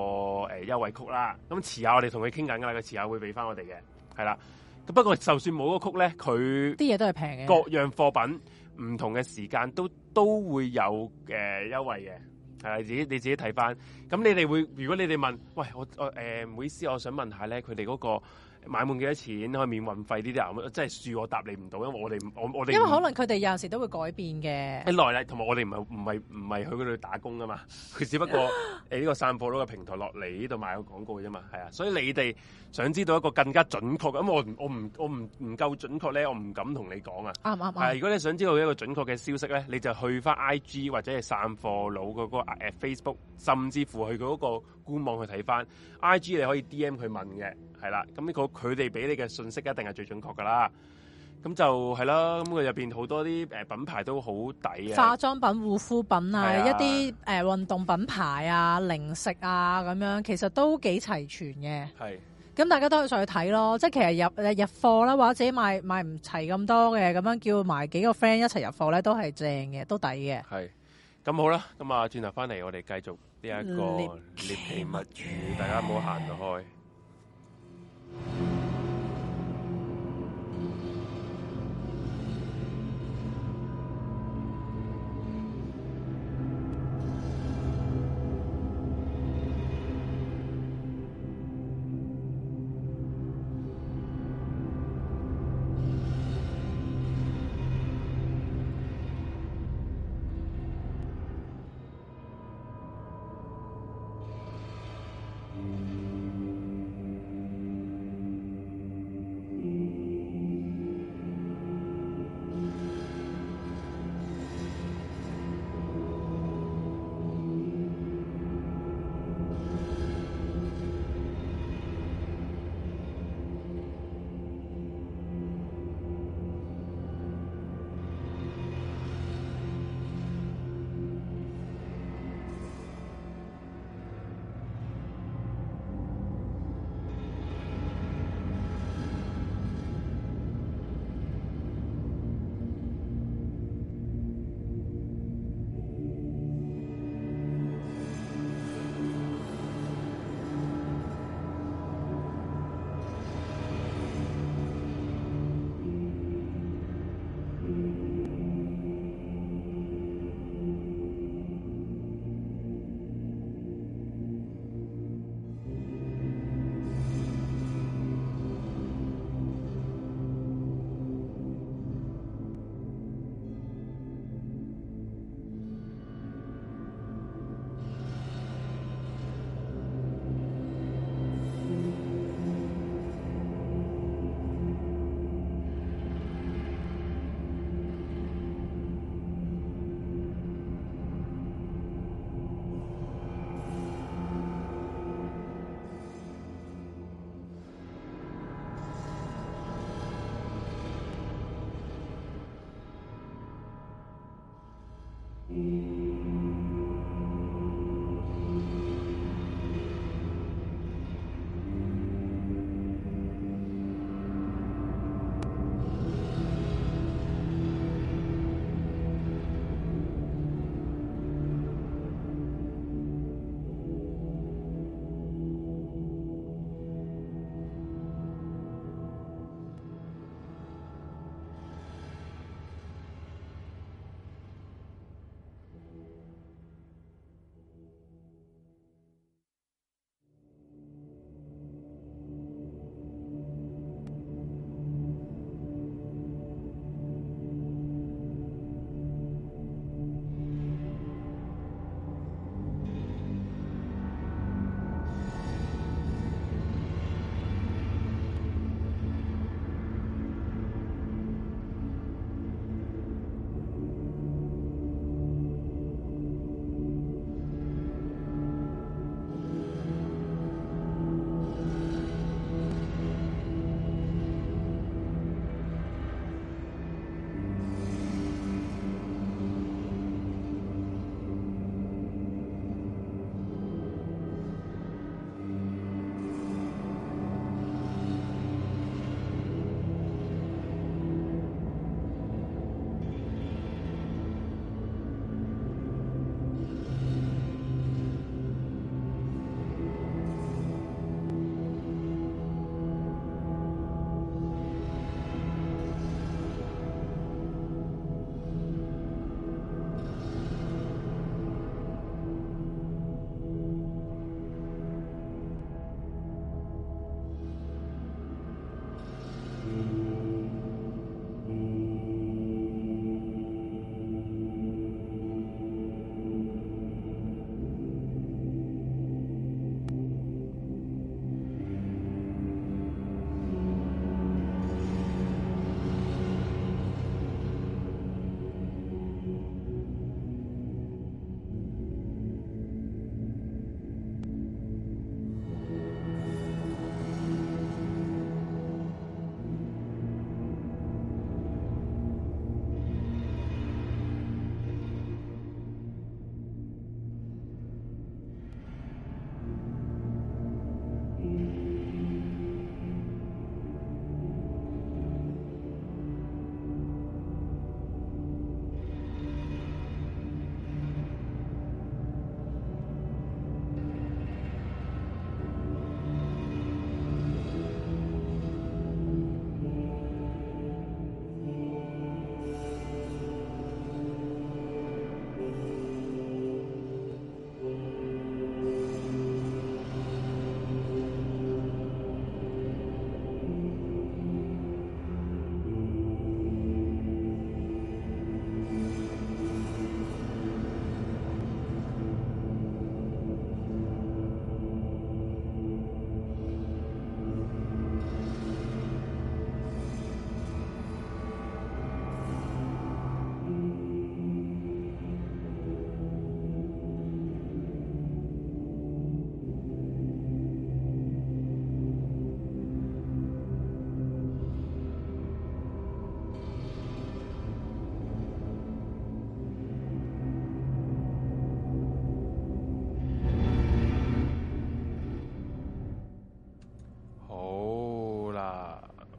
呃、優惠 code 啦。咁遲下我哋同佢傾緊噶啦，佢遲下會俾翻我哋嘅，係啦。不過就算冇嗰 code 咧，佢啲
嘢都係平嘅。各
樣貨品唔同嘅時間都都會有、呃、優惠嘅，係自己你自己睇翻。咁你哋會，如果你哋問，喂，我誒，唔、呃、好意思，我想問下咧，佢哋嗰個。買滿幾多錢可以免運費呢啲啊？即係恕我答你唔到，因為我哋我我哋因為可能
佢哋有時都會改變嘅。
耐啦、哎，同埋我哋唔係唔係唔係去嗰度打工㗎嘛。佢只不過你呢、 呃呢個散貨佬嘅平台落嚟呢度買個廣告啫嘛。係啊，所以你哋想知道一個更加準確咁，我我唔我唔唔夠準確咧，我唔敢同你講啊。啱啱係如果你想知道一個準確嘅消息咧，你就去翻 I G 或者係散貨佬嗰、嗰個 Facebook，甚至乎去嗰、嗰個。官網去睇翻，I G 你可以 D M 佢問嘅，係啦，咁呢個佢哋俾你嘅信息一定係最準確噶啦。咁就係啦，咁佢入邊好多啲誒品牌都好抵啊，化
妝品、護膚品啊，一啲誒運動品牌啊、零食啊咁樣，其實都幾齊全嘅。係是，咁大家都可以上去睇咯，即係其實入誒入貨啦，或者買買唔齊咁多嘅，咁樣叫埋幾個 friend 一齊入貨咧，都係正嘅，都抵嘅。係。
咁好啦，咁啊，轉頭返嚟，我哋繼續呢一個獵奇物語，大家唔好行開。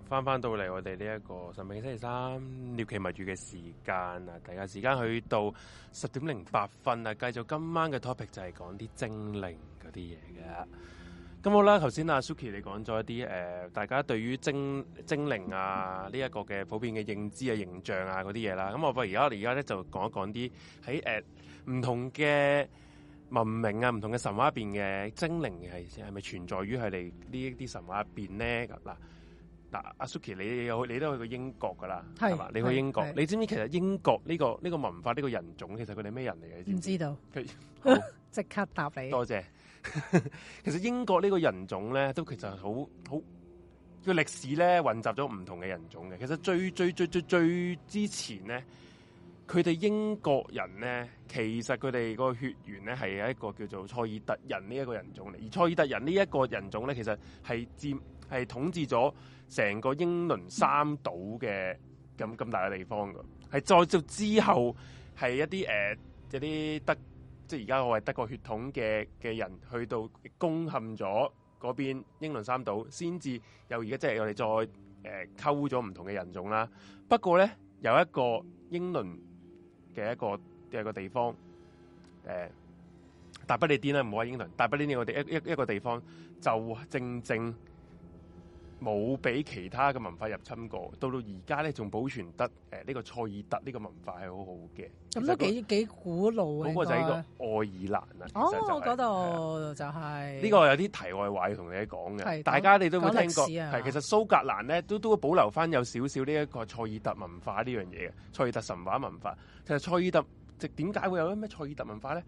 翻翻到嚟，我哋呢一個神秘星期三《獵奇物語》嘅時間啊，大家時間去到十點零八分啊，繼續今晚嘅 topic 就係講啲精靈嗰啲嘢嘅。咁好啦，頭先阿 Suki 你講咗一啲誒、呃，大家對於精精靈啊呢一個嘅普遍嘅認知啊、形象啊嗰啲嘢啦，咁我不如而家我哋而家咧就講一講啲喺誒唔同嘅文明啊、唔同嘅神話入邊嘅精靈係係咪存在於佢哋呢一啲神話入邊咧？嗱。嗱，阿、啊、Suki，你有你都去過英國噶啦，係嘛是？你去英國，你知唔知其實英國呢、這個呢、這個文化呢、這個人種，其實佢哋咩人嚟嘅？你知唔知，知道，
即 好 刻答你。多
謝。 其實英國呢個人種咧，都其實好好、這個歷史咧，混雜咗唔同嘅人種嘅。其實最最最最最之前咧，佢哋英國人咧，其實佢哋個血緣，咧係一個叫做賽爾特人呢一個人種嚟，而賽爾特人呢一個人種咧，其實係佔係統治咗。成個英倫三島嘅咁咁大嘅地方㗎，係再就之後係一啲誒、呃、一啲德即係而家我係德國血統嘅嘅人去到攻陷咗嗰邊英倫三島，先至又而家即係我哋再誒溝咗唔同嘅人種啦。不過咧有一個英倫嘅一個嘅一個地方誒、呃、大不列顛啦，唔好話英倫大不列顛，我哋一一一個地方就正正。冇俾其他嘅文化入侵過，到到而家咧仲保存得誒呢、呃這個賽爾特呢個文化係好好嘅。
咁、那個、都幾幾古老啊！嗰個就係呢個
愛爾蘭啊。哦，我嗰
度就係、是、呢個有啲
題外話要同你講嘅。係是，大家你都冇聽過係、啊、其實蘇格蘭咧都都保留翻有少少呢一個賽爾特文化呢樣嘢嘅賽爾特神話文化。其實賽爾特即點解會有啲咩賽爾特文化咧？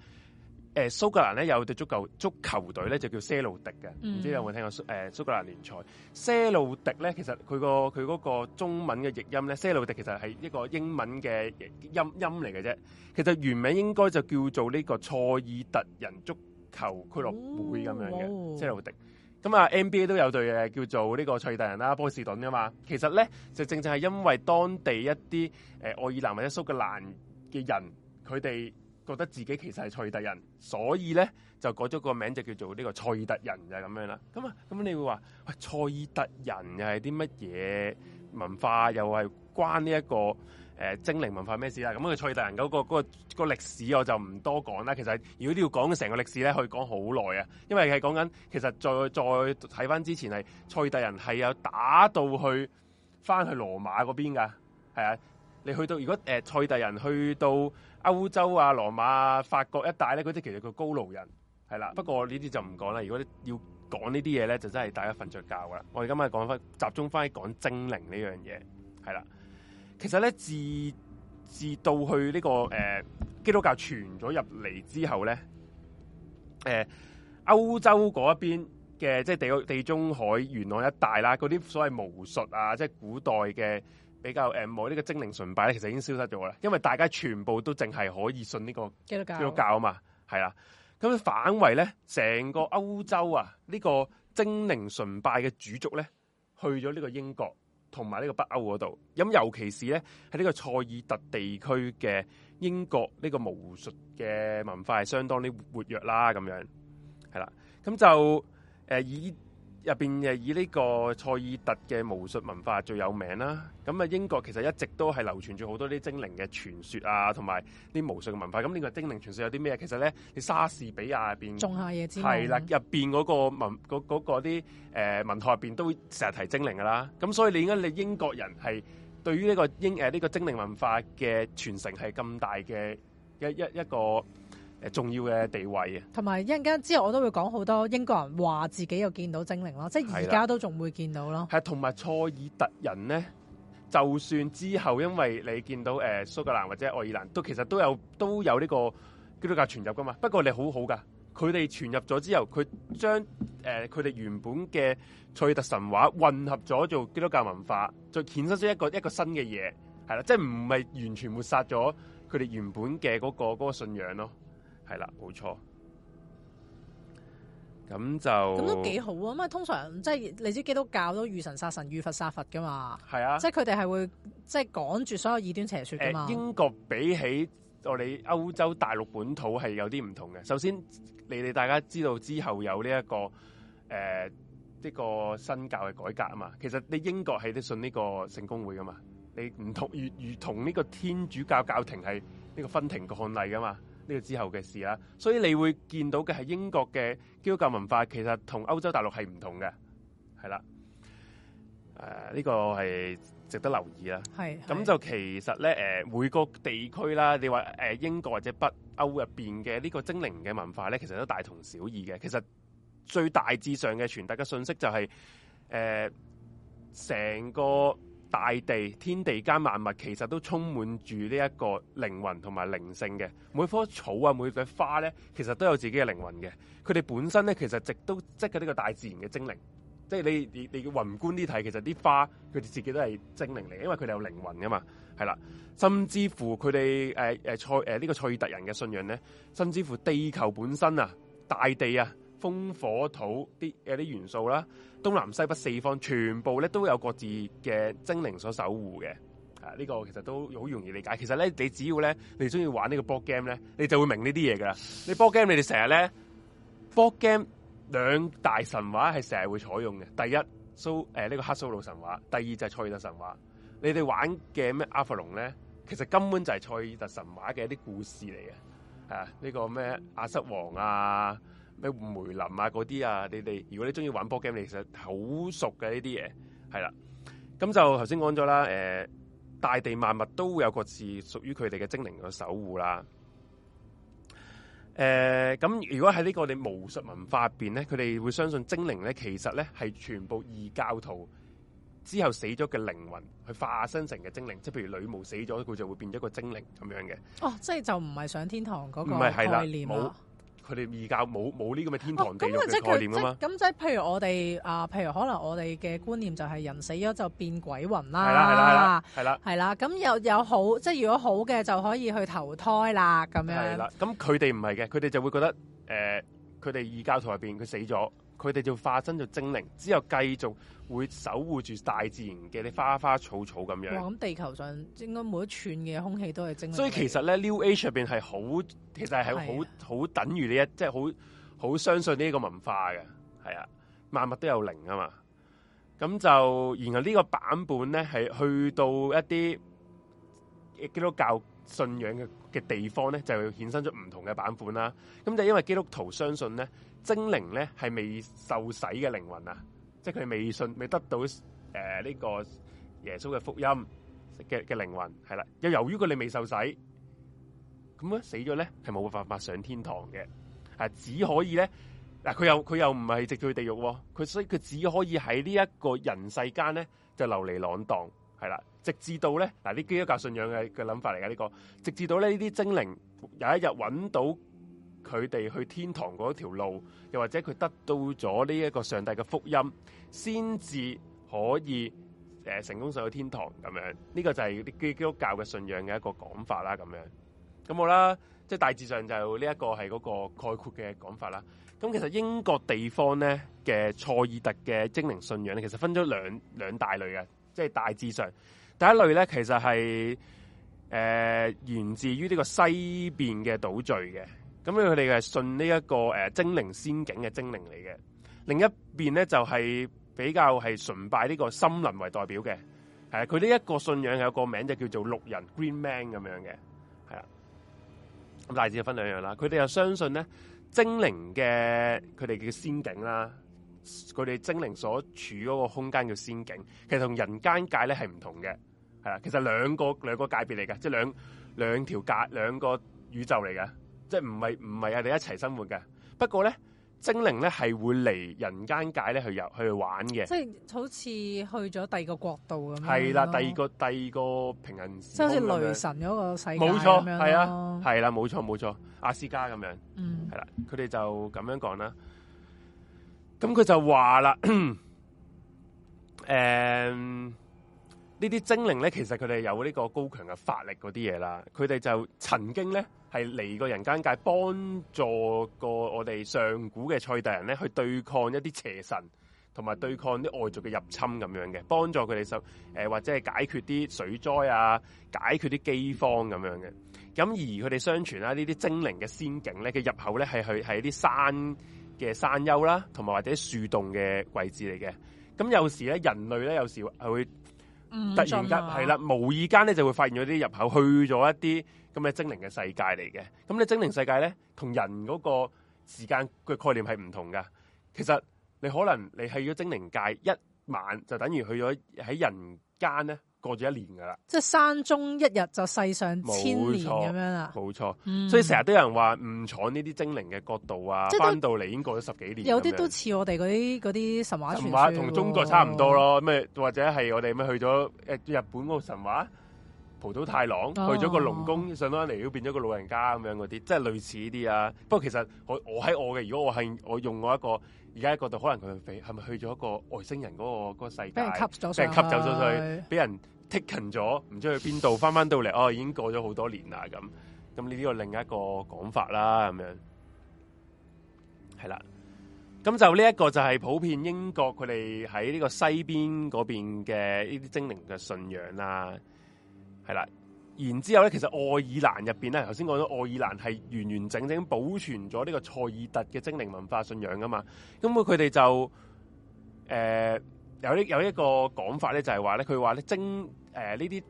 誒、呃、蘇格蘭咧有隊足球足球隊咧就叫西路迪嘅，唔、嗯、知有冇聽過蘇誒、呃、蘇格蘭聯賽。西路迪咧其實佢、嗰個佢嗰個中文嘅譯音咧，西路迪其實係一個英文嘅音音嚟嘅啫。其實原名應該就叫做呢個賽爾特人足球俱樂會咁樣嘅西、哦、路迪。咁、嗯、啊 NBA 都有隊嘅叫做呢個賽爾特人啦，波士頓吖嘛。其實咧就正正係因為當地一啲誒愛爾蘭或者蘇格蘭嘅人，佢哋。覺得自己其實係塞特人，所以咧就改咗個名，就叫做呢個塞特人就咁、是、樣啦。咁啊，咁你會話喂塞特人又係啲乜嘢文化，又係關呢、這、一個、呃、精靈文化咩事啦？咁、嗯、啊，塞特人嗰、那個、那個、那個歷史我就唔多講啦。其實如果要講成個歷史咧，可以講好耐啊，因為係講緊其實再再睇翻之前係塞特人係有打到去翻去羅馬嗰邊噶，係啊。你去到如果誒賽第人去到歐洲啊、羅馬啊、法國一帶咧，嗰啲其實個高盧人係啦。不過呢啲就唔講啦。如果要講呢啲嘢咧，就真係大家瞓著覺啦。我哋今日講翻，集中翻喺講精靈呢樣嘢係啦。其實咧，自自到去呢個誒基督教傳咗入嚟之後咧，誒歐洲嗰一邊嘅即係地地中海沿岸一帶啦，嗰啲所謂巫術啊，即係古代嘅。比較誒冇呢個精靈崇拜咧，其實已經消失咗啦，因為大家全部都淨係可以信呢、呢個
基督教
啊嘛，係啦。咁反為咧，成個歐洲啊，呢、呢個精靈崇拜嘅主族咧，去咗呢個英國同埋呢個北歐嗰度。咁尤其是咧，喺呢個塞爾特地區嘅英國呢個巫術嘅文化係相當啲活躍啦，咁樣係啦。咁就誒、呃、以。入邊誒以呢個塞爾特嘅巫術文化最有名啦，咁啊英國其實一直都係流傳住好多啲精靈嘅傳說啊，同埋啲巫術嘅文化。咁呢個精靈傳說有啲咩？其實咧，你莎士比亞入邊仲
夏夜之夢知冇？係啦，
入邊嗰個文嗰個啲誒文套入邊都會成日提精靈噶啦。咁所以你而家你英國人係對於呢個英誒呢、呢個精靈文化嘅傳承係咁大嘅一一一個誒重要嘅地位啊，
同埋一陣間之後我都會講好多英國人話自己又見到精靈咯，即係而家都仲會見到咯。
係，同埋塞爾特人咧，就算之後，因為你見到誒蘇格蘭或者愛爾蘭都其實都有都有呢個基督教傳入噶嘛不過你好好噶，佢哋傳入咗之後，佢將誒佢哋原本嘅塞爾特神話混合咗做基督教文化，再衍生出一個一個新嘅嘢，係啦，即係唔係完全抹殺咗佢哋原本嘅嗰個嗰個信仰咯。係啦，冇錯。咁就咁都幾好
啊！因為，通常即係你知基督教都遇神殺神遇佛殺佛噶嘛。係啊的，即係佢哋係會即係趕住所有異端邪說噶嘛。英
國比起我哋歐洲大陸本土係有啲唔同嘅。首先，你哋大家知道之後有呢、這、一個誒呢、呃這個新教嘅改革啊嘛。其實你英國係都信呢個聖公會噶嘛。你唔同如同呢個天主教教廷係呢個分庭抗禮噶嘛。呢個之後嘅事啦，所以你會見到嘅係英國嘅基督教文化，其實同歐洲大陸係唔同嘅，係啦，誒、呃、呢、這個係值得留意啦。係咁是的 就其實咧，誒、呃、每個地區啦，你話誒、呃、英國或者北歐入邊嘅呢個精靈嘅文化咧，其實都大同小異嘅。其實最大致上嘅傳達嘅信息就係、是，誒、呃、成個。大地、天地間萬物其實都充滿住呢一個靈魂同埋靈性嘅，每棵草啊、每朵花咧，其實都有自己嘅靈魂嘅。佢哋本身咧，其實直都即係呢個大自然嘅精靈。即係你你你要宏觀啲睇，其實啲花佢哋自己都係精靈嚟，因為佢哋有靈魂噶嘛，係啦。甚至乎佢哋誒誒塞誒呢、呃呃呢個塞爾特人嘅信仰咧，甚至乎地球本身啊、大地啊。風火土啲有啲元素啦，東南西北四方全部咧都有各自嘅精靈所守護嘅。啊，呢、這個其實都好容易理解。其實咧，你只要咧，你中意玩呢個博 game 咧，你就會明呢啲嘢噶啦。你博 game，你哋成日咧博 game 兩大神話係成日會採用嘅。第一蘇誒呢個黑蘇魯神話，第二就係賽爾特神話。你哋玩嘅咩阿佛隆咧，其實根本就係賽爾特神話嘅一啲故事嚟嘅。啊，呢、這個咩阿瑟王啊？咩梅林啊嗰啲啊，你哋如果你中意玩波 game，你其實好熟嘅呢啲嘢，係啦。咁就頭先講咗啦，誒、呃、大地萬物都會有各自屬於佢哋嘅精靈去守護啦。誒、呃、咁，如果喺呢個你巫術文化入邊咧，佢哋會相信精靈咧，其實咧係全部異教徒之後死咗嘅靈魂去化身成嘅精靈，即係譬如女巫死咗，佢就會變咗個精靈咁樣嘅。
哦，即係就唔係上天堂嗰個概念啊！
佢哋異教冇冇呢咁嘅天堂地獄嘅概念啊嘛，咁、哦、即
係譬如我哋啊、呃，譬如可能我哋嘅觀念就係人死咗就變鬼魂啦，係啦係啦
係啦，
係
啦，咁有有好，即係如果好嘅就可以去投胎啦，咁樣，係啦，
咁佢哋唔係嘅，佢哋就會覺得誒，佢哋異教徒入面佢死咗，佢哋就化身咗精靈，之後繼續。會守護住大自然嘅啲花花草草咁樣。我諗
地球上應該每一寸嘅空氣都係精靈。所以其實
咧，New Age 入邊係好，其實係好好等於呢一，即係好好相信呢一個文化嘅。係啊，萬物都有靈啊嘛。咁就然後呢個版本咧係去到一啲基督教信仰嘅嘅地方咧，就衍生出唔同嘅版本啦。咁就因為基督徒相信咧，精靈咧係未受洗嘅靈魂啊。即係佢未信，未得到誒呢、呃呢個耶穌嘅福音嘅嘅靈魂係啦。又由於佢哋未受洗，咁咧死咗咧係冇辦法上天堂嘅，啊只可以咧嗱佢又佢又唔係直去地獄、哦，佢所以佢只可以喺呢一個人世間咧就流離浪蕩係啦，直至到咧嗱啲基督教信仰嘅嘅諗法嚟噶呢個，直至到咧呢啲精靈有一日揾到。佢哋去天堂嗰條路，又或者佢得到咗呢一個上帝嘅福音，先至可以誒、呃、成功上到天堂咁樣呢、這個就係啲基督教嘅信仰嘅一個講法啦。咁樣，咁好啦，即係大致上就呢一個係嗰個概括嘅講法啦。咁其實英國地方咧嘅塞爾特嘅精靈信仰咧，其實分咗兩兩大類嘅，即係大致上第一類咧，其實係誒、呃、源自於呢個西邊嘅島嶼嘅。咁佢哋係信呢一個誒精靈仙境嘅精靈嚟嘅。另一邊咧就係、是、比較係崇拜呢個森林為代表嘅。係啊，佢呢一個信仰有個名字就叫做綠人 Green Man 咁樣嘅。係咁大致分兩就分兩樣啦。佢哋又相信咧精靈嘅佢哋嘅仙境啦，佢哋精靈所處嗰個空間叫仙境，其實人間同人間界咧係唔同嘅。係啊，其實兩個兩個界別嚟嘅，即係兩兩條界兩個宇宙嚟嘅。即係唔係唔係我哋一齊生活嘅，不過咧精靈咧係會嚟人間界咧去遊去玩嘅，即
係好似去咗第二個國度咁樣。係啦，第二
個第二個平行，即係好似雷神
嗰個世界，冇錯，係啊，
係啦、啊，冇錯冇錯，阿斯加咁樣，係啦、嗯，佢哋、啊、就咁樣講啦。咁佢就話啦，誒，嗯、這些靈呢啲精靈咧，其實佢哋有呢個高強嘅法力嗰啲嘢啦，佢哋就曾經咧。係嚟個人間界幫助過我哋上古嘅賽特人咧，去對抗一啲邪神，同埋對抗啲外族嘅入侵咁樣嘅，幫助佢哋受、呃、或者係解決啲水災啊，解決啲饑荒咁樣嘅。咁而佢哋相傳啦，呢啲精靈嘅仙境咧，嘅入口咧係去喺一啲山嘅山丘啦，同埋或者樹洞嘅位置嚟嘅。咁有時咧人類咧有時係會。
突然間係啦、嗯，
無意間咧就會發現咗啲入口，去咗一啲咁嘅精靈嘅世界嚟嘅。咁你精靈世界咧，同人嗰個時間嘅概念係唔同㗎。其實你可能你去咗精靈界一晚，就等於去咗喺人間咧，過咗一年噶啦，
即係山中一日就世上千年咁樣啦，
冇錯，所以成日都有人話唔採呢啲精靈嘅角度啊，翻到嚟已經過咗十幾年有些些，有
啲都似我哋嗰啲啲神話傳說，同、哦、中國差
唔多咯，咁或者係我哋咪去咗誒日本嗰個神話，浦島太郎去咗個龍宮上翻嚟都變咗個老人家咁樣嗰啲，即係類似啲啊。不過其實我我喺我嘅，如果我係我用我一個。而家喺嗰度，可能佢係咪去咗一個外星人嗰個嗰個世界？吸咗，俾人吸走咗佢，俾人剔是的 勤咗，唔知去邊度，翻翻到嚟哦，已經過咗好多年啦咁。咁呢啲係另一個講法啦，咁樣係啦。咁就呢一個就係普遍英國佢哋喺呢個西邊嗰邊嘅呢啲精靈嘅信仰啦，係啦。然之後咧，其實愛爾蘭入邊咧，頭先講咗愛爾蘭係完完整整保存咗呢個賽爾特嘅精靈文化信仰噶嘛，咁佢哋就誒、呃、有一有一個講法咧，就係話咧，佢話咧精誒呢啲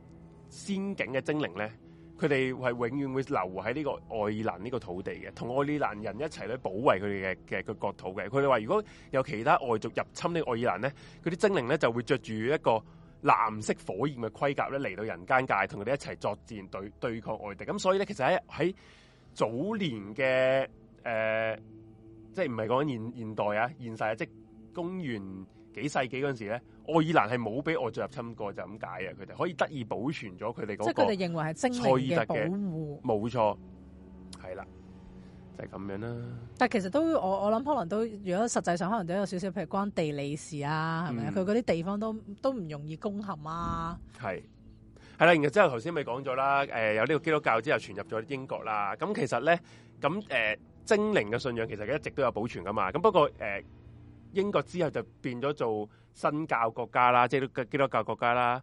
仙境嘅精靈咧，佢哋係永遠會留喺呢個愛爾蘭呢個土地嘅，同愛爾蘭人一齊去保衞佢哋嘅嘅個國土嘅。佢哋話如果有其他外族入侵爾蘭呢，愛爾蘭咧，嗰啲精靈咧就會穿着住一個藍色火焰嘅盔甲咧嚟到人間界，同佢哋一齊作戰對對抗外敵。咁所以咧，其實喺喺早年嘅誒、呃，即係唔係講現現代啊，現世啊，即公元幾世紀嗰陣時咧，愛爾蘭係冇俾外族入侵過，就咁解啊！佢哋可以得以保存咗佢哋嗰，即係佢哋認為係精靈嘅保護，冇錯，係啦。係咁樣啦，
但係其實都我我諗可能都如果實際上可能都有少少，譬如關地理事啊，係咪啊？佢嗰啲地方都都唔容易攻陷啊。
係係啦，然之後頭先咪講咗啦，誒、呃、有呢個基督教之後傳入咗英國啦。咁、嗯、其實咧咁誒精靈嘅信仰其實一直都有保存噶嘛。咁、嗯、不過誒、呃、英國之後就變咗做新教國家啦，即係基督教國家啦。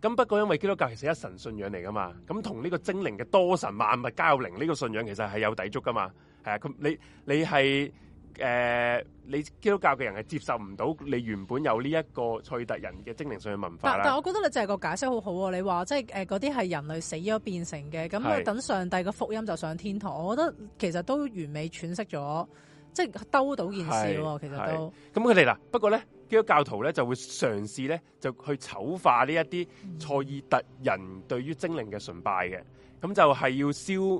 咁、嗯、不過因為基督教其實係一神信仰嚟噶嘛，咁同呢個精靈嘅多神萬物交靈呢個信仰其實係有抵觸噶嘛。係啊，佢你你係誒、呃，你基督教嘅人係接受唔到你原本有呢一個賽爾特人嘅精靈上嘅文化，但係我
覺得你即係個解釋好好啊，你話即係誒嗰啲係人類死咗變成嘅，咁啊等上帝嘅福音就上天堂。是的 我覺得其實都完美詮釋咗，即係兜到件事啊。其實都
咁佢哋嗱，不過咧基督教徒咧就會嘗試咧就去醜化呢一啲賽爾特人對於精靈嘅崇拜嘅。咁就係要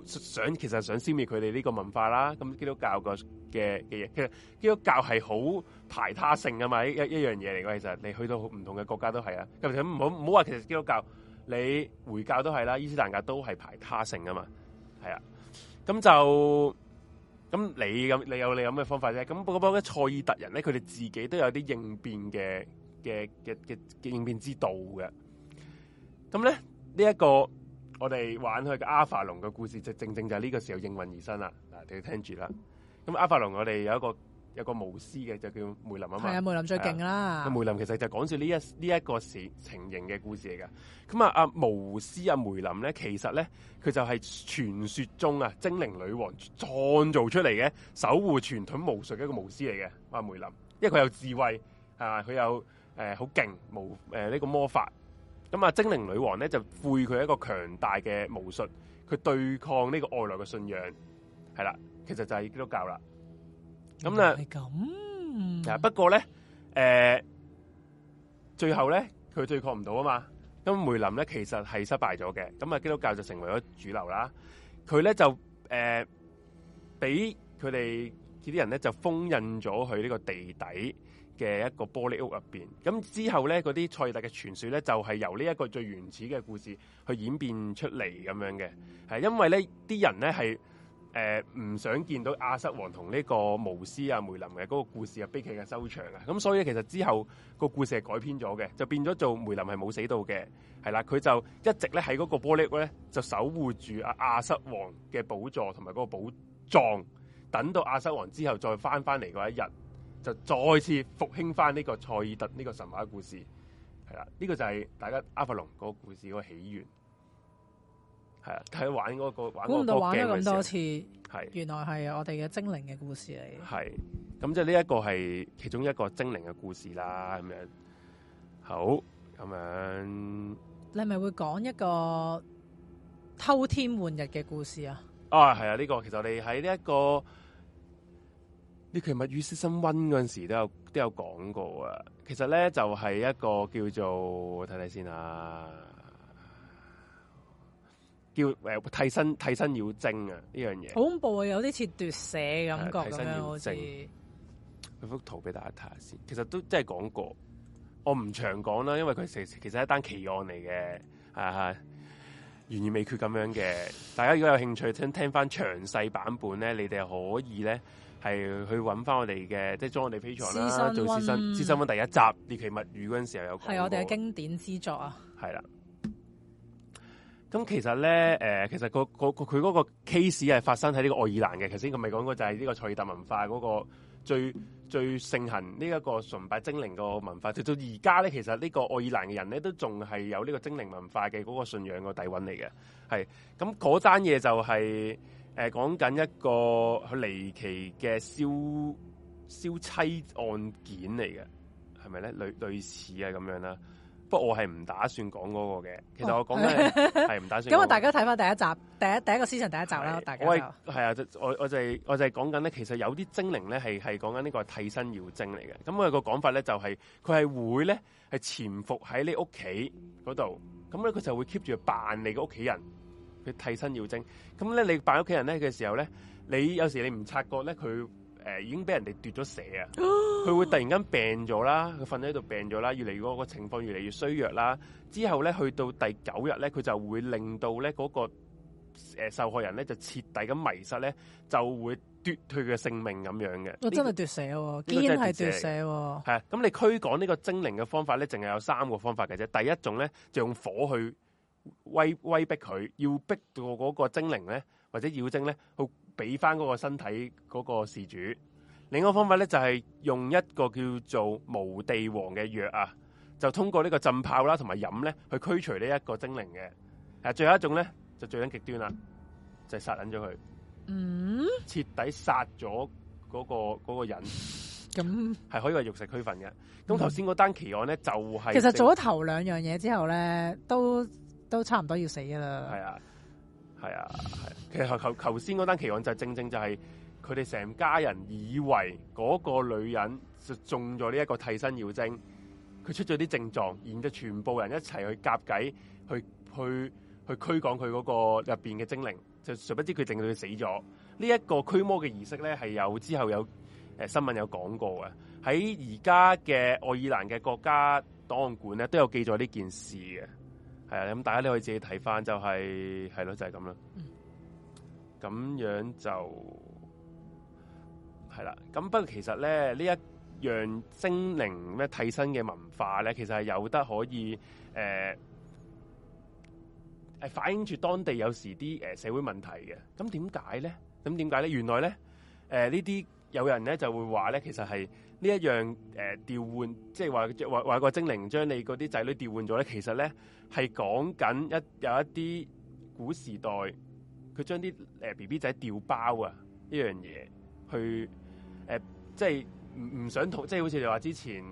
消想，其實想消滅佢哋呢個文化啦。咁基督教嘅嘅嘅嘢，其實基督教係好排他性㗎嘛，一一樣嘢嚟嘅。其實你去到唔同嘅國家都係啊。咁唔好唔好話，其實基督教你回教都係啦，伊斯蘭教都係排他性㗎嘛。係啊，咁就咁你咁你有你有咩方法啫？咁不過不過咧，塞爾特人咧，佢哋自己都有啲應變嘅嘅嘅嘅應變之道嘅。咁咧呢一、呢個。我哋玩佢嘅阿法龍嘅故事，就正正就係呢個時候應運而生啦。嗱，你要聽住啦。咁阿法龍，我哋有一個有個巫師嘅，就叫梅林啊嘛。係啊，吧梅林最勁啦、啊。梅林其實就講住呢一呢一個事情形嘅故事嚟嘅。咁啊，阿巫師啊梅林咧，其實咧佢就係傳說中啊精靈女王創造出嚟嘅，守護傳統巫術嘅一個巫師嚟嘅。阿梅林，因為佢有智慧，啊佢有好勁巫呢個魔法。咁啊、嗯，精靈女王咧就賦予佢一個強大嘅巫術，佢對抗呢個外來嘅信仰，係啦，其實就係基督教啦。咁、嗯、啊，係咁、嗯。不過咧，誒、呃，最後咧，佢對抗唔到啊嘛，咁、嗯、梅林咧其實係失敗咗嘅，咁、嗯、啊基督教就成為咗主流啦。佢咧就誒，俾佢哋呢啲人咧就封印咗佢呢個地底嘅一個玻璃屋入邊，咁之後咧，嗰啲賽特嘅傳說咧，就係由呢一個最原始嘅故事去演變出嚟咁樣嘅，係因為咧啲人咧係誒唔想見到亞瑟王同呢個巫師啊梅林嘅嗰個故事嘅悲劇嘅收場啊，咁所以呢其實之後個故事係改編咗嘅，就變咗做梅林係冇死到嘅，係啦，佢就一直咧喺嗰個玻璃屋咧就守護住阿亞瑟王嘅寶座同埋嗰個寶藏，等到亞瑟王之後再翻翻嚟嗰一日。就再次復興翻呢個賽爾特呢個神話故事，係啦，呢個就係大家阿法龍個故事嗰個起源，係啊，睇玩嗰個，估唔到玩咗咁多次，係
原來係我哋嘅精靈嘅故事嚟，
係咁即係呢一個係其中一個精靈嘅故事啦，咁樣好咁樣，你係咪會
講一個偷天換日嘅故事啊？
啊，係啊，呢個其實我哋喺呢一個。呢期物語，雪生溫嗰陣時都有都有講過啊。其實咧就係，是，一個叫做睇睇先啊，叫誒，呃、替身替身妖精啊呢樣嘢好恐怖，哦，
啊，有啲似奪舍感覺咁樣好似像。
嗰幅圖俾大家睇下先。其實都真係講過，我唔長講啦，因為佢其實實係一單奇案嚟嘅，係啊，懸而未決咁樣嘅。大家如果有興趣聽聽翻詳細版本咧，你哋可以咧。係去搵翻我哋嘅，即係裝我哋 Patreon 啦，做《私生私生第一集《獵奇物語》嗰陣時候有講過。係我哋
經典之作啊！
係啦，咁其實咧，誒、呃，其實個佢嗰個 case 係發生喺呢個愛爾蘭嘅。頭先佢咪講過就係呢個賽爾特文化嗰個最最盛行呢一個崇拜精靈個文化，直到而家咧，其實呢個愛爾蘭嘅人咧都仲係有呢個精靈文化嘅嗰個信仰個底蘊嚟嘅。係，咁嗰單嘢就係、是。誒，講緊、呃、一個佢離奇嘅燒燒妻案件嚟嘅，係咪咧？類類似啊，咁樣啦。不過我係唔打算講嗰個嘅。其實我講緊係唔打算講。咁啊，大家
睇翻第一集，第一第一個 season 第一集啦，的大家。喂，
係啊，我我就係、是、我就係講緊咧，其實有啲精靈咧係係講緊呢個替身妖精嚟嘅。咁我有個講法咧就係、是，佢係會咧係潛伏喺你屋企嗰度，咁咧佢就會 keep 住扮你嘅屋企人。佢替身妖精，咁咧你扮屋企人咧嘅時候咧，你有時你唔察覺咧，佢誒已經俾人哋奪咗蛇啊！佢會突然間病咗啦，佢瞓喺度病咗啦，越嚟越個情況越嚟越衰弱啦。之後咧去到第九日咧，佢就會令到咧嗰個誒受害人咧就徹底咁迷失咧，就會奪佢嘅性命咁樣嘅。哦，真係奪蛇，
堅係奪蛇。
係啊，咁你驅趕呢個精靈嘅方法咧，淨係有三個方法嘅啫。第一種咧就用火去。威威逼佢，要逼到嗰個精靈咧，或者妖精咧，去俾翻嗰個身體嗰個事主。另一個方法咧，就係、是、用一個叫做無地王嘅藥啊，就通過呢個浸泡啦、啊，同埋飲咧，去驅除呢一個精靈嘅。誒、啊，最後一種咧，就最緊極端啦，就係殺捻咗佢，
嗯，
徹、嗯、底殺咗嗰個嗰、那個人，咁係、嗯、可以話玉石俱焚嘅。咁頭先嗰單奇案咧，就係、是、其實做咗
頭兩樣嘢之後咧，都。都差唔多要死啦！係啊，係啊，
係、啊。其實頭頭先嗰單奇案就是、正正就係佢哋成家人以為嗰個女人就中咗呢一個替身妖精，佢出咗啲症狀，然之後全部人一齊去夾計，去去去驅趕佢嗰個入邊嘅精靈，就殊不知佢整到佢死咗。這個、驅呢一個驅魔嘅儀式咧，係有之後有誒、呃、新聞有講過嘅，喺而家嘅愛爾蘭嘅國家檔案館咧都有記載呢件事嘅。係啊，咁大家你可以自己睇返，就係係咯，就係咁啦。咁樣就係啦。咁不過其實咧，呢一樣精靈咩替身嘅文化咧，其實係有得可以誒誒、呃、反映住當地有時啲誒社會問題嘅。咁點解咧？咁點解咧？原來咧，誒呢啲有人咧就會話咧，其實係。呢一樣誒調換，即係話話話，個精靈將你嗰啲仔女調換咗咧，其實咧係講緊一有一啲古時代，佢將啲誒 B B 仔調包啊呢樣嘢，去誒即係唔唔想同，即係好似你話之前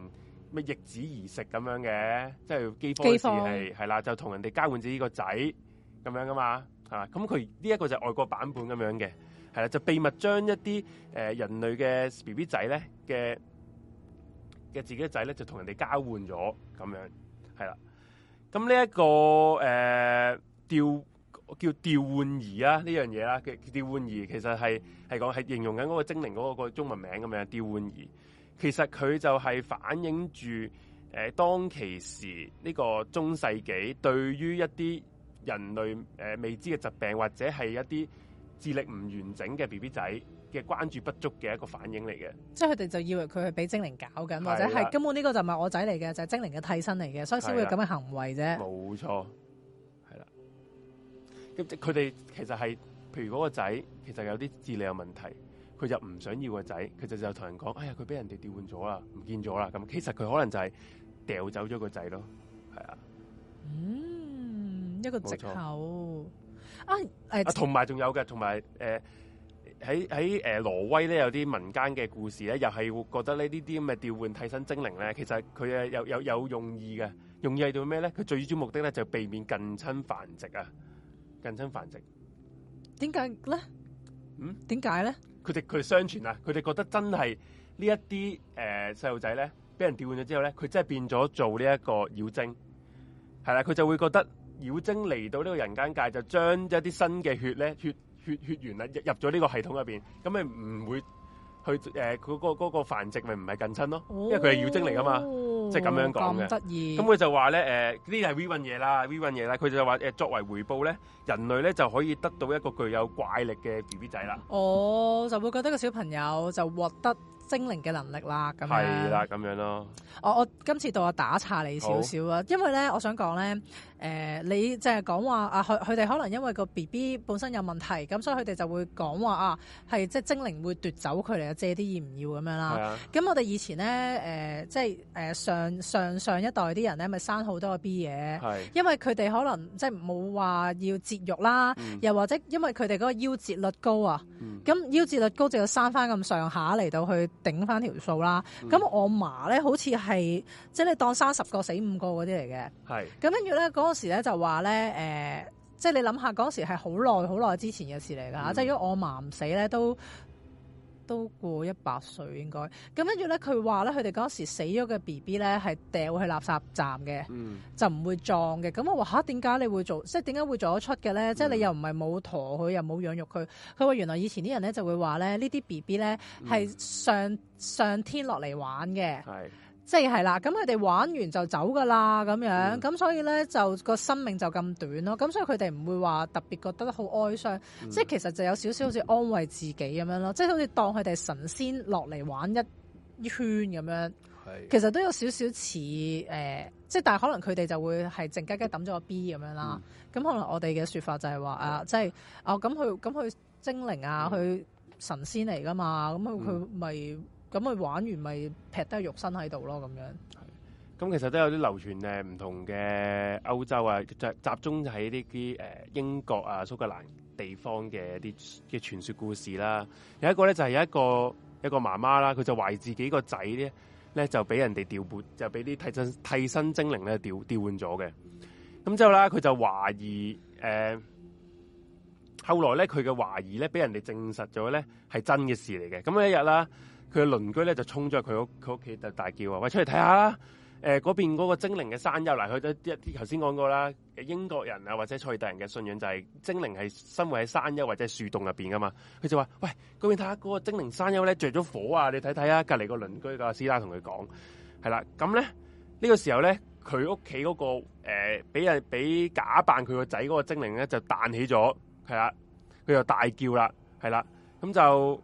咩逆子而食咁樣嘅，即係饑荒時係係啦，就同人哋交換自己個仔咁樣噶嘛嚇。咁佢呢一個就係外國版本咁樣嘅，係啦，就秘密將一啲誒人類嘅 B B 仔咧嘅。自己嘅仔咧就同人哋交換咗，咁樣係啦。咁呢一個誒調、呃、叫調換兒啊，呢樣嘢啦嘅調換兒，其實係係講係形容緊嗰個精靈嗰個中文名咁樣調換兒，其實佢就係反映住誒、呃、當其時呢個中世紀對於一啲人類誒、呃、未知嘅疾病或者係一啲智力唔完整嘅 B B 仔。嘅關注不足嘅一個反應嚟嘅，
即係佢哋就以為佢係俾精靈搞緊，或者係根本呢個就唔係我仔嚟嘅，就係精靈嘅替身嚟嘅，所以先會有咁嘅行為啫。
冇錯，係啦。咁佢哋其實係，譬如嗰個仔其實有啲智力有問題，佢就唔想要個仔，佢就就同人講，哎呀，佢俾人哋調換咗啦，唔見咗啦。咁其實佢可能就係掉走咗個仔咯。係啊。
嗯，
一個藉口，冇錯，啊，誒、欸，同埋
仲有嘅，同埋誒。呃喺喺誒挪威咧，有啲民間嘅故事咧，又係會覺得咧呢啲咁嘅調換替身精靈咧，其實佢誒有有有用意嘅，用意係做咩咧？佢最主要的目的咧，就避免近親繁殖啊，近親繁殖
點解咧？呢，嗯，點解
咧？佢哋佢哋相傳啊，佢哋覺得真係、呃、呢一啲誒細路仔咧，俾人調換咗之後咧，佢真係變咗做呢一個妖精，係啦，佢就會覺得妖精嚟到呢個人間界，就將一啲新嘅血咧血，血血緣啦，入咗呢個系統入邊，咁咪唔會去誒嗰、呃嗰個嗰、嗰個、繁殖，咪唔係近親咯，因為佢係妖精嚟噶嘛，即係咁樣講嘅。咁佢就話咧誒，嗯、呢啲係、呃、win win 嘢啦 win win 嘢啦，佢就話誒、呃、作為回報咧，人類咧就可以得到一個具有怪力嘅 B B 仔啦。
我、
哦、就會覺得個小朋友就獲得。精靈嘅能力啦，咁、嗯、
樣
係啦，咁樣咯。我我今次到我打岔你少少啊，好因為咧，我想講咧、呃，你即係講話啊，佢佢哋可能因為個 B B 本身有問題，咁所以佢哋就會講話啊，係即係精靈會奪走佢嚟借啲嘢唔要咁樣啦。咁的、嗯嗯、我哋以前咧、呃，即係、呃、上上上一代啲人咧，咪生好多個 B 嘢，的因為佢哋可能即係冇話要節育啦，嗯、又或者因為佢哋嗰個夭折率高啊，咁夭折率高就要生翻咁上下嚟到去，整翻條數啦，咁我阿嫲咧好似係、嗯、即係你當生十個死五個嗰啲嚟嘅，係咁，跟住咧嗰陣時咧就話咧誒，即係你諗下嗰陣時係好耐好耐之前嘅事嚟㗎，嗯、即係如果我阿嫲唔死咧都。都過一百歲應該，咁跟住咧，佢話咧，佢哋嗰時死咗嘅 B B 咧，係掉去垃圾站嘅，嗯、就唔會撞嘅。咁我話嚇，點、啊、解你會做？即係點解會做得出嘅咧？嗯、即係你又唔係冇陀佢，又冇養育佢。佢話原來以前啲人咧就會話咧，BB 呢啲 B B 咧係上、嗯、上天落嚟玩嘅。即係啦，咁佢哋玩完就走噶啦，咁樣咁、mm. 所以咧就個生命就咁短咯，咁所以佢哋唔會話特別覺得好哀傷，mm. 即係其實就有少少好似安慰自己咁樣咯，mm. 即係好似當佢哋神仙落嚟玩一圈咁樣，mm. 其實都有少少似誒，即係但係可能佢哋就會係靜雞雞抌咗個 B 咁樣啦，咁、mm. 可能我哋嘅說法就係話、mm. 啊，即係哦咁佢咁佢精靈啊，佢、mm. 神仙嚟噶嘛，咁佢咪。Mm. 咁佢玩完咪劈低肉身喺度咯，咁
樣。
咁其實都有啲流傳誒唔同嘅歐洲啊，集集中喺呢啲誒英國啊、蘇格蘭地方嘅啲嘅傳說故事啦。有一個咧就係、是、有一個一個媽媽啦，佢就懷疑自己個仔咧咧就俾人哋調換，就俾啲替身替身精靈咧調調換咗嘅。咁之後咧，佢就懷疑誒、呃。後來咧，佢嘅懷疑咧，俾人哋證實咗咧係真嘅事嚟嘅。咁一日啦。佢嘅鄰居咧就衝咗去屋佢屋企，就大叫話：喂，出嚟睇下啦！誒、呃、嗰邊嗰個精靈嘅山丘嗱，佢都一啲頭先講過啦。英國人啊，或者賽爾人嘅信仰就係、是、精靈係生活喺山丘或者樹洞入邊噶嘛。佢就話：喂，嗰邊睇下嗰個精靈山丘咧着咗火啊！你睇睇啊，隔離個鄰居個師奶同佢講係啦。咁咧呢、這個時候咧，佢屋企嗰個誒俾人俾假扮佢個仔嗰個精靈咧就彈起咗，係啦，佢就大叫啦，係啦，咁就誒。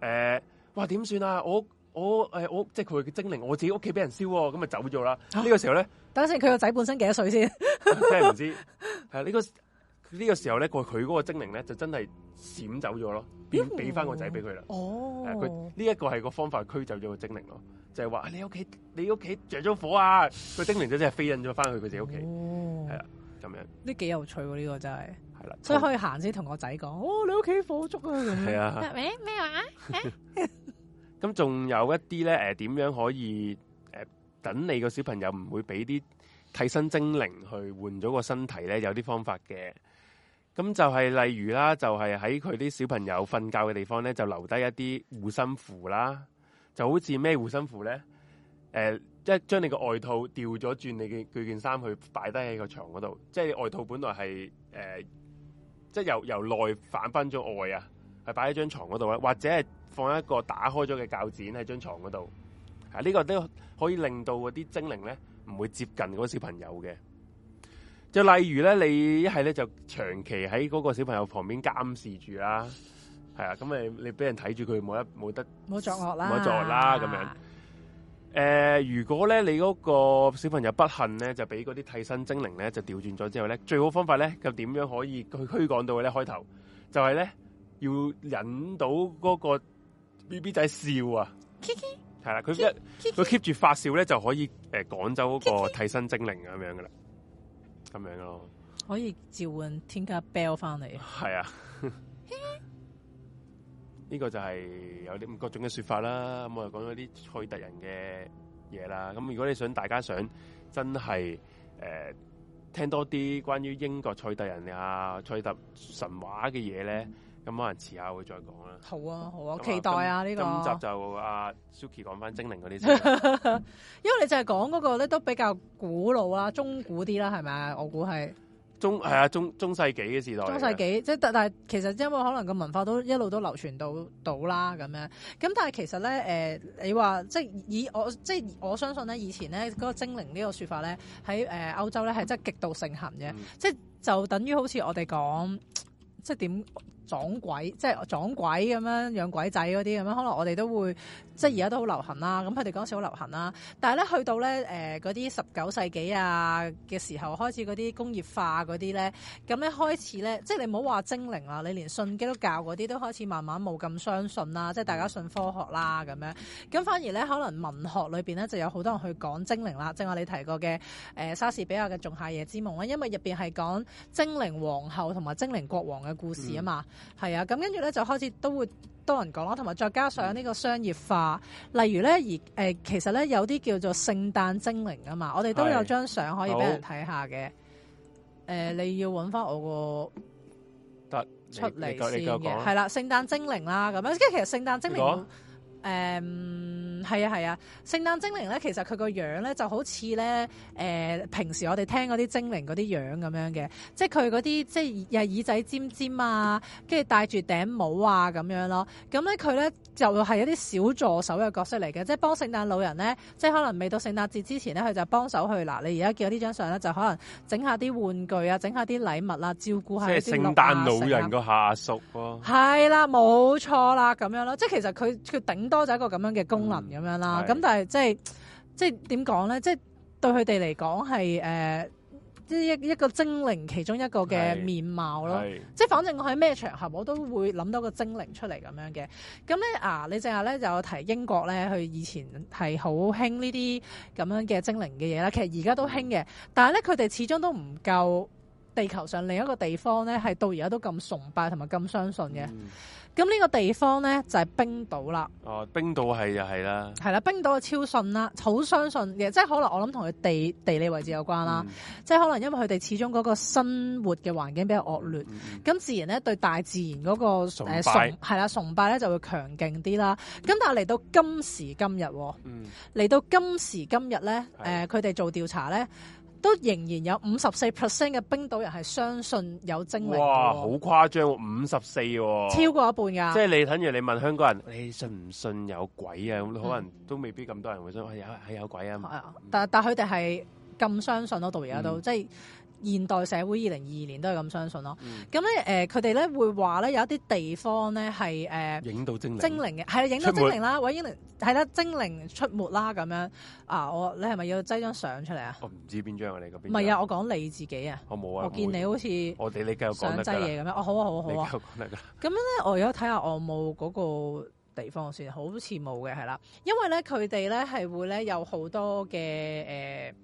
呃哇，點算啊！我我誒我即係佢嘅精靈，我自己屋企俾人燒喎，咁咪走咗啦。呢、啊、個時候咧，
等陣先，佢個仔本身幾多歲先？
真係唔知。啊、這個，呢個呢個時候咧，佢嗰個精靈咧就真係閃走咗咯，俾俾翻個仔俾佢啦。哦，佢呢一個係個方法驅走咗個精靈咯，就係話你屋企你屋企着咗火啊！佢精靈就真係飛印咗翻去佢自己屋企，啊、哦。
呢幾有趣喎，呢個真係，的所以可以行先同個仔講，哦，你屋企火燭啊，係啊的，咩 話？
咁仲 有一啲咧，誒、呃，點樣可以誒、呃，等你個小朋友唔會俾啲替身精靈去換咗個身體咧？有啲方法嘅，咁就係例如啦，就係喺佢啲小朋友瞓覺嘅地方咧，就留低一啲護身符啦，就好似咩護身符咧？誒、呃。即係將你個外套掉咗轉，你件佢件衫，去擺低喺個床嗰度。即係外套本來係誒、呃，即係由由內反翻咗外啊，係擺喺張床嗰度咧，或者係放一個打開咗嘅鉸剪喺張床嗰度。啊，呢個都可以令到嗰啲精靈咧唔會接近嗰個小朋友嘅。就例如咧，你一係咧就長期喺嗰個小朋友旁邊監視住啦，係啊，咁咪你俾人睇住佢冇得冇得，冇作惡啦，冇作惡啦，咁樣。誒、呃，如果咧你嗰個小朋友不幸咧，就俾嗰啲替身精靈咧就調轉咗之後咧，最好方法咧，就點樣可以去驅趕到嘅咧？開頭就係咧要引到嗰個 B B 仔笑啊，係啦キ，佢キ一佢 keep 住發笑咧就可以誒趕、呃、走嗰個替身精靈咁、啊、キ樣嘅啦，咁樣咯，
可以
召喚 Tinker Bell 翻嚟，係
是啊。 呢個就係有啲各種嘅說法啦，咁我又講咗啲賽特人嘅嘢啦。咁如果你想大家想真係誒、呃、聽多啲關於英國賽特人啊賽特神話嘅嘢咧，咁可能遲下會再講啦。好啊，好啊，期待啊！呢今、這個今集就阿、啊、Suki 講翻精靈嗰啲， 嗯、因
為你就係講嗰個咧都比較古老啦，中古啲啦，係咪啊？我估係。中係啊，
中中世紀嘅時代，中世
紀即係但但係其實因為可能個文化都一路都流傳到到啦咁樣，咁但係其實咧誒、呃，你話即係以我即係我相信咧以前咧嗰個精靈呢個說法咧喺誒歐洲咧係真係極度盛行嘅，嗯、即係就等於好似我哋講即係點。撞鬼，即係撞鬼咁樣養鬼仔嗰啲咁樣，可能我哋都會即係而家都好流行啦。咁佢哋嗰時好流行啦。但係咧去到咧誒嗰啲十九世紀啊嘅時候，開始嗰啲工業化嗰啲咧，咁咧開始咧，即係你唔好話精靈啊，你連信基督教嗰啲都開始慢慢冇咁相信啦。即係大家信科學啦咁樣，咁反而咧可能文學裏面咧就有好多人去講精靈啦，正話你提過嘅誒莎士比亞嘅《仲夏夜之夢》啦，因為入面係講精靈皇后同埋精靈國王嘅故事啊嘛。嗯。係啊，咁跟住咧就開始都會多人講啦，同埋再加上呢個商業化，例如咧而、呃、其實咧有啲叫做聖誕精靈啊嘛，我哋都有張相可以俾人睇下嘅好、呃。你要揾翻我個
出嚟先嘅，係、啊、啦，
聖誕精靈啦咁樣，跟其實聖誕精靈。誒，係啊係啊！聖誕精靈咧，其實佢個樣咧就好似咧誒，平時我哋聽嗰啲精靈嗰啲樣咁樣嘅，即係佢嗰啲即係耳耳仔尖尖啊，跟住戴住頂帽啊咁樣咯。咁咧佢咧就係一啲小助手嘅角色嚟嘅，即係幫聖誕老人咧，即係可能未到聖誕節之前咧，佢就幫手去嗱。你而家見到呢張相咧，就可能整下啲玩具啊，整下啲禮物啦，照顧下啲。即係聖誕老人個下屬喎。係啦，冇錯啦，咁樣咯。即係其實佢佢頂多。多咗一個咁樣嘅功能咁樣啦，咁但係即係即係點講咧？即係對佢哋嚟講係誒，即係一、呃、一個精靈其中一個嘅面貌咯。即係反正我喺咩場合，我都會諗到個精靈出嚟咁樣嘅。咁咧啊，你正話咧就有提英國咧，佢以前係好興呢啲咁樣嘅精靈嘅嘢啦。其實而家都興嘅，嗯、但係咧佢哋始終都唔夠地球上另一個地方咧，係到而家都咁崇拜同埋咁相信嘅。嗯咁呢個地方咧就係、是、冰島啦。
哦，冰島係就係、是、啦。
係啦，冰島嘅超信啦，好相信嘅，即係可能我諗同佢地地理位置有關啦。嗯、即係可能因為佢哋始終嗰個生活嘅環境比較惡劣，咁、嗯、自然咧對大自然嗰、那個崇拜係啦、呃，崇拜咧就會強勁啲啦。咁但係嚟到今時今日，喎、嗯，嚟到今時今日咧，佢哋、嗯呃、做調查咧。都仍然有五十四 percent 嘅冰島人係相信有精靈。哇！好
誇張，五十四喎，超過一半㗎。即係你等如你問香港人，你信唔信有鬼啊？咁、嗯、可能都未必咁多人會信。係、哎、有係有鬼啊！係啊、嗯，
但但佢哋係咁相信囉，到而家都、嗯、即係。現代社會二零二二年都係咁相信咯、嗯嗯。咁咧，誒佢哋咧會話咧，有一啲地方咧係誒影到精靈精靈嘅係啊，影到精靈啦，或者精靈係啦，精靈出沒啦咁樣啊。我你係咪要擠張相出嚟啊？我
唔知邊張啊，你嗰邊？唔係啊，我
講你自己啊。我
冇啊，我見你
好似我哋
你繼續講得㗎。想擠嘢咁樣哦，好啊，好啊，好啊。好啊你
咁樣咧，我而家睇下我冇嗰個地方先，好似冇嘅係啦，因為咧佢哋咧係會咧有好多嘅誒、呃，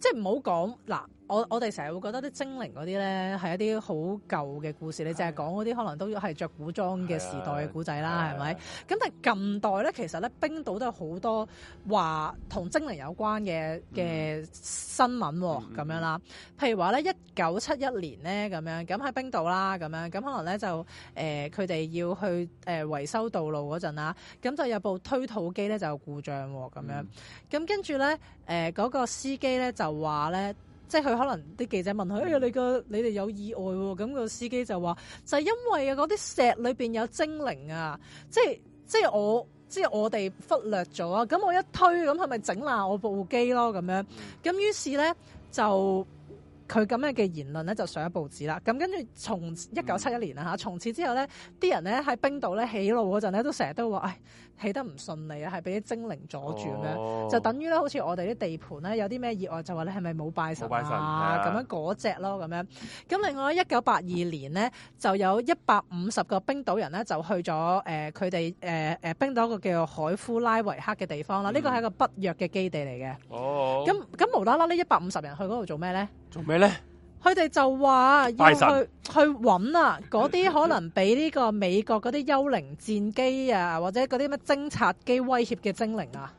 即係唔好講嗱。我我哋成日會覺得啲精靈嗰啲咧係一啲好舊嘅故事，的你淨係講嗰啲可能都係着古裝嘅時代嘅古仔啦，係咪？咁但係近代咧，其實咧冰島都有好多話同精靈有關嘅嘅新聞咁、哦嗯、樣啦。譬如話咧，一九七一年咧咁樣，咁喺冰島啦咁樣，咁可能咧就誒佢哋要去誒、呃、維修道路嗰陣啦，咁就有部推土機咧就有故障咁、哦、樣，咁跟住咧誒嗰個司機咧就話咧。即係佢可能啲記者問佢，哎，你個你哋有意外喎、哦。咁，那個司機就話就係，因為啊嗰啲石裏面有精靈啊，即係即係我即係我哋忽略咗啊，咁我一推咁，係咪整爛我部機咯？咁樣咁於是咧就佢咁樣嘅言論咧就上咗報紙啦。咁跟住從一九七一年啊吓，從此之後咧啲人咧喺冰島咧起路嗰陣咧都成日都話誒。哎起得唔順利啊，係俾啲精靈阻住，咁樣，就等於咧，好似我哋啲地盤咧，有啲咩意外就話你係咪冇拜神，冇拜神啊咁樣嗰隻咯咁樣。咁另外一九八二年咧，就有一百五十個冰島人咧就去咗誒佢哋誒冰島一個叫做海夫拉維克嘅地方啦。呢個係一個北約嘅基地嚟嘅。哦。咁咁無啦啦呢一百五十人去嗰度做咩咧？做咩咧？佢哋就話要去壞神 去揾啊，嗰啲可能俾呢個美國嗰啲幽靈戰機啊，或者嗰啲咩偵察機威脅嘅精靈啊。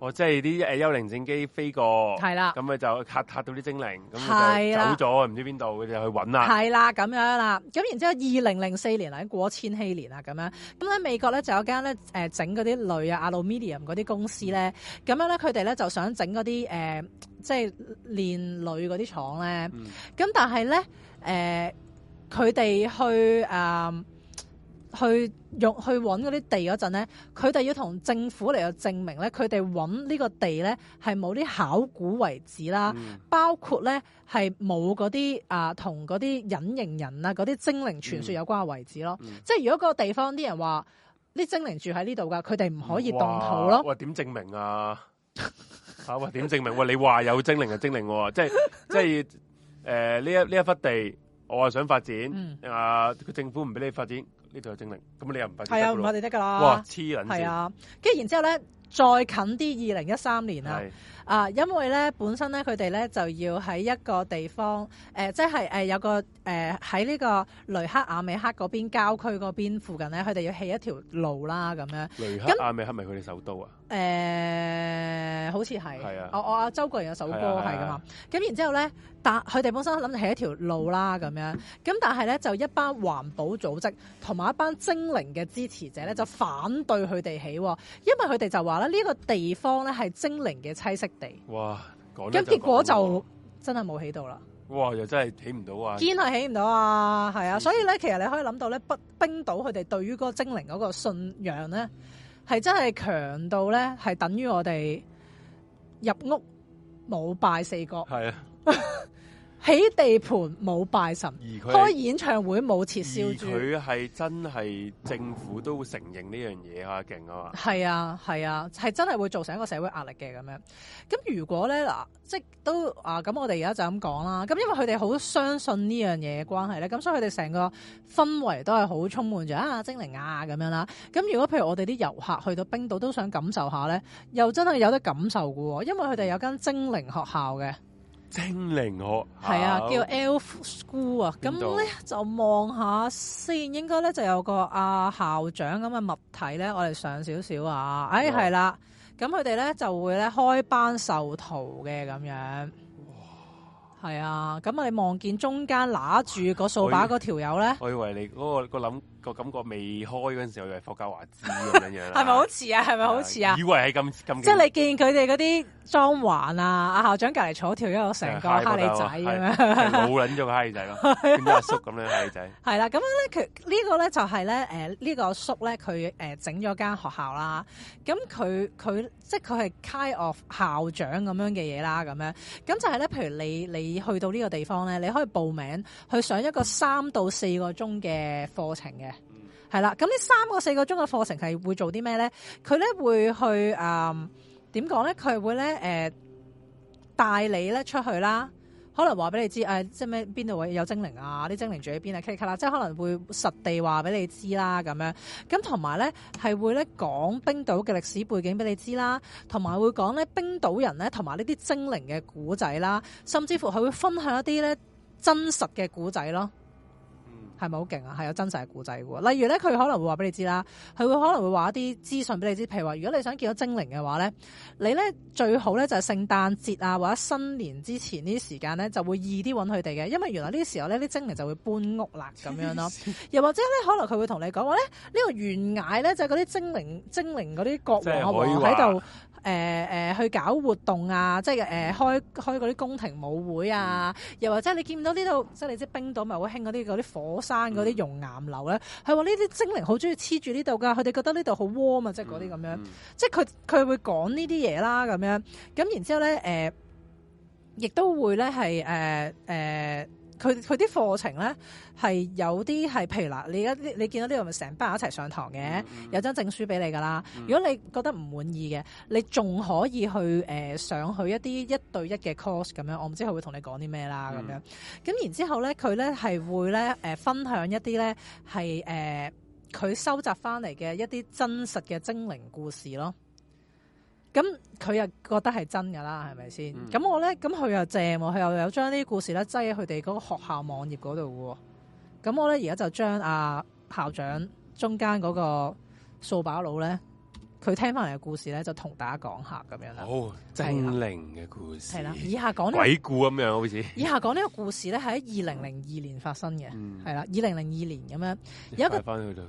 哦，即係啲誒幽靈戰機飛過，係啦，咁佢就嚇嚇到啲精靈，咁就走咗，唔對了 知邊度，佢就去揾啦。係
啦，咁樣啦。咁然之後，二零零四年喺過千禧年啦，咁樣，咁咧美國咧就有間咧整嗰啲鋁啊 aluminium 嗰啲公司咧，咁、嗯、樣咧佢哋咧就想整嗰啲誒即係煉鋁嗰啲廠咧，咁、嗯、但係咧誒佢哋去啊。呃去用去揾嗰啲地嗰陣咧，佢哋要同政府嚟到證明咧，佢哋揾呢個地咧係冇啲考古遺址啦，嗯、包括咧係冇嗰啲啊同嗰啲隱形人啊嗰啲精靈傳說有關嘅遺址咯。嗯、即係如果個地方啲人話啲精靈住喺呢度噶，佢哋唔可以動土咯。
喂，點證明啊？ 啊，喂，點證明？你話有精靈啊，精靈即係即係誒呢一呢一忽地，我啊想發展、嗯、啊，政府唔俾你發展。呢度有精靈，咁你又唔係。係啊，我哋得噶啦。哇黐撚線，跟
住、啊、然之後咧，再近啲二零一三年啦。啊，因為咧本身咧佢哋咧就要喺一個地方，誒、呃，即係、呃、有個誒喺呢個雷克雅美克嗰邊郊區嗰邊附近咧，佢哋要起一條路啦咁樣。雷克雅
未克咪佢哋首都啊？
誒、嗯呃，好似係啊，我我阿、啊、周國賢有首歌係㗎、啊啊、嘛。咁、啊、然之後咧，但佢哋本身諗起一條路啦咁樣，咁但係咧就一班環保組織同埋一班精靈嘅支持者咧就反對佢哋起，因為佢哋就話咧呢個地方咧係精靈嘅棲息。
哇！咁結果就
真係冇起到啦。
哇！又真係起唔到啊。堅係
起唔到啊，係啊。所以咧，其實你可以諗到咧，北冰島佢哋對於嗰個精靈嗰個信仰咧，係真係強到咧，係等於我哋入屋冇拜四角。係啊。起地盤冇拜神，而開演唱會冇撤銷。佢
係真係政府都會承認呢樣嘢嚇，勁啊！係
啊，係啊，係真係會造成一個社會壓力嘅咁樣。咁如果咧嗱，即都啊咁，我哋而家就咁講啦。咁因為佢哋好相信呢樣嘢嘅關係咧，咁所以佢哋成個氛圍都係好充滿住啊精靈啊咁樣啦。咁如果譬如我哋啲遊客去到冰島都想感受下咧，又真係有得感受嘅喎，因為佢哋有間精靈學校嘅。
精靈學系啊，叫
Elf School 啊兒，咁咧就望下先，應該咧就有個阿、啊、校長咁嘅物體咧，我哋上少少、哎、啊，哎係啦，咁佢哋咧就會咧開班授徒嘅咁樣，係哇啊，咁啊你望見中間拿住個掃把嗰條友咧？
我以為你嗰、嗰個、嗰個諗。個感覺未開嗰陣時候，又係霍家華子咁樣樣，
係咪好似啊？係咪好似啊？以為係
咁咁。即係你
見佢哋嗰啲裝潢啊，阿校長隔籬坐條一個成個哈利仔咁
樣，冇捻咗個蝦仔咯，咁 樣阿叔咁樣蝦仔。
係啦，咁樣咧，佢呢、這個咧就係、是、咧，誒、呃，呢、這個阿叔咧，佢誒、呃、整咗間學校啦。咁佢佢即係佢係 kind of 校長咁樣嘅嘢啦。咁樣咁就係、是、咧，譬如你你去到呢個地方咧，你可以報名去上一個三到四個鐘嘅課程嘅。係啦，咁呢三個四個鐘嘅課程係會做啲咩咧？佢咧會去誒點講咧？佢、呃、會咧誒、呃、帶你咧出去啦，可能話俾你知誒、哎，即係咩邊度有精靈啊？啲精靈住喺邊啊啦，即係可能會實地話俾你知啦，咁樣。咁同埋咧係會咧講冰島嘅歷史背景俾你知啦，同埋會講咧冰島人咧同埋呢啲精靈嘅古仔啦，甚至乎佢會分享一啲咧真實嘅古仔咯。係咪好勁啊？係有真實嘅故仔喎。例如咧，佢可能會話俾你知啦，佢會可能會話一啲資訊俾你知。譬如話，如果你想見到精靈嘅話咧，你咧最好咧就係聖誕節啊或者新年之前呢啲時間咧就會易啲揾佢哋嘅，因為原來呢啲時候咧啲精靈就會搬屋啦，咁樣咯。又或者咧，可能佢會同你講話咧，呢個懸崖咧就係嗰啲精靈精靈嗰啲國王喺度。誒誒、呃呃、去搞活動啊！即係誒、呃、開開嗰啲宮廷舞會啊！嗯、又或者你見到呢度，即係你知冰島咪好興嗰啲嗰啲火山嗰啲、嗯、熔岩流咧？係話呢啲精靈好中意黐住呢度㗎，佢哋覺得呢度好 warm 啊！嗯、即係嗰啲咁樣，即係佢佢會講呢啲嘢啦咁樣。咁然之後咧誒、亦都會咧係誒誒。呃呃佢佢啲課程咧係有啲係，譬如嗱，你而家你見到呢度咪成班一齊上堂嘅，mm hmm. 有張證書俾你噶啦。如果你覺得唔滿意嘅，你仲可以去誒上去一啲一對一嘅 course 咁樣，我唔知佢會同你講啲咩啦咁樣。咁然之後咧，佢咧係會咧誒分享一啲咧係誒佢收集翻嚟嘅一啲真實嘅精靈故事咯。咁佢又覺得係真噶啦，係咪先？咁、嗯、我咧，咁佢又正，佢又有將啲故事咧擠喺佢哋嗰個學校網頁嗰度喎。咁我咧而家就將阿、啊、校長中間嗰個掃把佬咧，佢聽翻嚟嘅故事咧，就同大家講下咁樣啦。好、哦，啊、精
靈嘅故事。係啦，以下講鬼故咁樣好似。
以下講呢個故事咧，係喺二零零二年發生嘅，係、嗯、啦，二零零二年咁
樣。有個。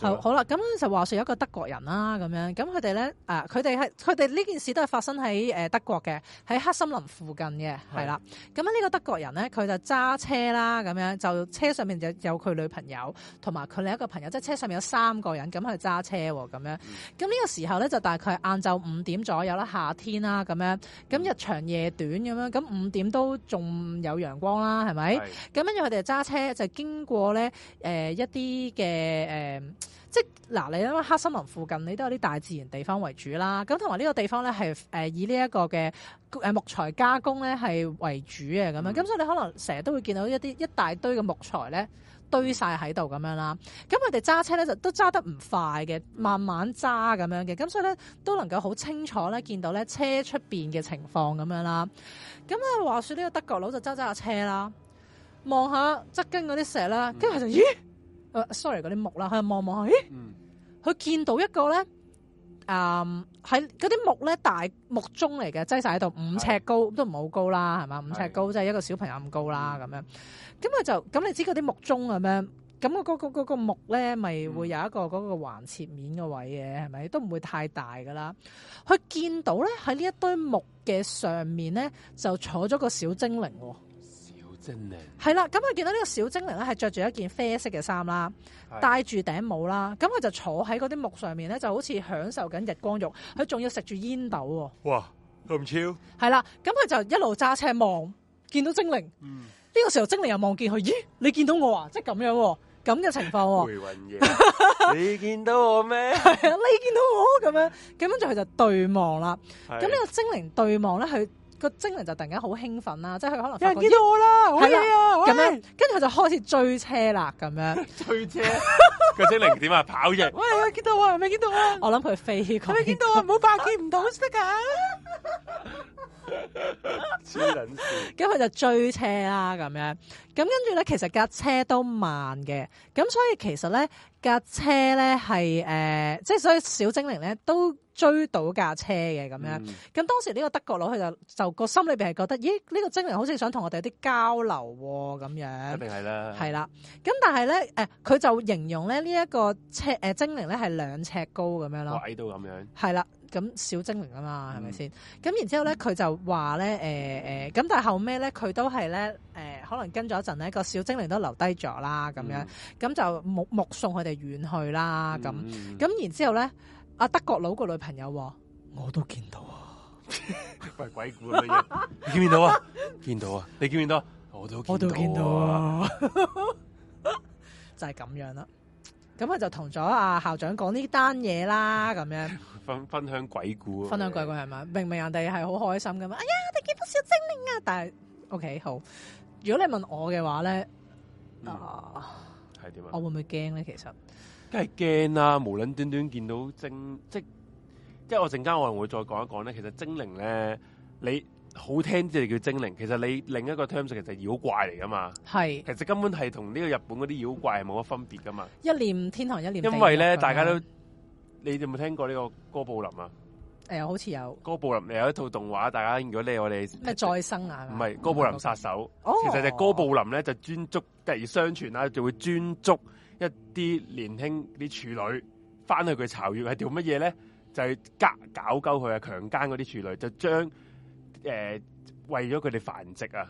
好，好啦，
咁就話説有一個德國人啦，咁樣，咁佢哋咧，佢哋係，佢哋呢件事都係發生喺德國嘅，喺黑森林附近嘅，係啦是，咁呢個德國人咧，佢就揸車啦，咁樣就車上面就有佢女朋友，同埋佢另一個朋友，即係車上面有三個人咁去揸車喎，咁樣，咁呢、嗯、個時候咧就大概晏晝五點左右啦，夏天啦，咁樣，咁日長夜短咁樣，咁五點都仲有陽光啦，係咪？咁跟住佢哋就揸車，就經過咧、呃，一啲嘅即係嗱、呃，你喺黑森林附近，你都有啲大自然地方為主啦。咁同埋呢個地方咧，係、呃、誒以呢一個嘅誒木材加工咧係為主嘅。咁樣、嗯，咁所以你可能成日都會見到一啲一大堆嘅木材咧堆晒喺度咁樣啦。咁佢哋揸車咧就都揸得唔快嘅，慢慢揸咁樣嘅。咁所以咧都能夠好清楚咧見到咧車出邊嘅情況咁樣啦。咁啊，話說呢個德國佬就揸揸下車啦，望下側根嗰啲石啦，跟住、嗯、就咦？s o r r y 嗰啲木啦，佢望望佢，咦？佢、嗯、見到一個咧，誒、嗯，喺嗰啲木咧大木鐘嚟嘅，擠晒喺度，五尺高的都唔好高啦，係嘛？五尺高即係一個小朋友咁高啦，咁的樣。咁佢就咁你知嗰啲木鐘咁樣，咁個嗰個個木咧，咪、那個、會有一個嗰個橫切面嘅位嘅，係咪？都唔會太大噶啦。佢見到咧喺呢一堆木嘅上面咧，就坐咗個小精靈。精靈係啦，咁佢見到呢個小精靈咧，係着住一件啡色嘅衫啦，的戴住頂帽啦，咁佢就坐喺嗰啲木上面咧，就好似享受緊日光浴，佢仲要食住煙斗、哦。
哇！咁
超
係啦，咁佢就一路揸車望，見到精靈。呢、嗯、個時候精靈又望見佢，咦？你見到我啊？即係咁樣咁嘅情況。回
魂夜。 你見到我咩？
係啊， 你見到我咁樣，咁樣跟住佢就對望啦。咁呢的個精靈對望咧，佢。個精靈就突然間好興奮啦，即係佢可能有人見到我啦，係啊，咁樣，跟住佢就開始追車啦，咁樣
追
車，個精靈點啊跑，喂我哋
見到啊，
未見到啊，我諗佢飛，未見到啊，唔好白見唔到得噶，咁佢就追車啦，咁樣，咁跟住咧，其實架車都慢嘅，咁所以其實咧架車咧係誒，即係所以小精靈咧都。追到架車嘅咁樣，咁、嗯、當時呢個德國佬佢就就個心裏邊係覺得，咦？呢、這個精靈好似想同我哋有啲交流咁、啊、樣，
係啦，啦。啦
咁但係咧，誒、呃，佢就形容咧呢一個車誒、呃、精靈咧係兩尺高咁樣咯，矮
到咁樣。
係啦，咁小精靈啊嘛，係咪先？咁然之後咧，佢就話咧，誒、呃、誒，咁、呃、但係後屘咧，佢都係咧，誒、呃，可能跟咗一陣咧，個小精靈都留低咗啦，咁樣，咁、嗯、就目目送佢哋遠去啦，咁，咁、嗯、然之後咧。阿德國佬個女朋友，我都見到
啊！啲鬼鬼故乜嘢，你見唔見到啊？見到啊！你見唔見到？我都見到。我都見到啊 就
是這！就係咁樣啦。咁佢就同咗阿校長講呢單嘢啦，咁樣
分分享鬼故，分享
鬼故係嘛？明明人哋係好開心噶嘛！哎呀，我哋見到小精靈啊！但係 OK 好。如果你問我嘅話咧，啊係點啊？樣我會唔會驚咧？其實？
真係驚啊，無論端端見到精即即，即我陣間我會再講一講咧。其實精靈咧，你好聽啲嚟叫精靈，其實你另一個 terms 其實係妖怪嚟噶嘛。係是，其實根本係同呢個日本嗰啲妖怪係冇乜分別噶嘛。
一念天堂，一念地獄。因為咧，樣大家都
你哋有冇聽過呢個哥布林啊？
誒、哎，好似有
哥布林，你有一套動畫，大家如果叻，我哋咩再
生啊？唔
係哥布林殺手，哦、其實就哥布林咧就專捉，第二相傳啦、啊，就會專捉。一啲年輕啲處女翻去佢巢穴係做乜嘢咧？就係夾搞鳩佢啊，強姦嗰啲處女，就將誒、呃、為咗佢哋繁殖啊，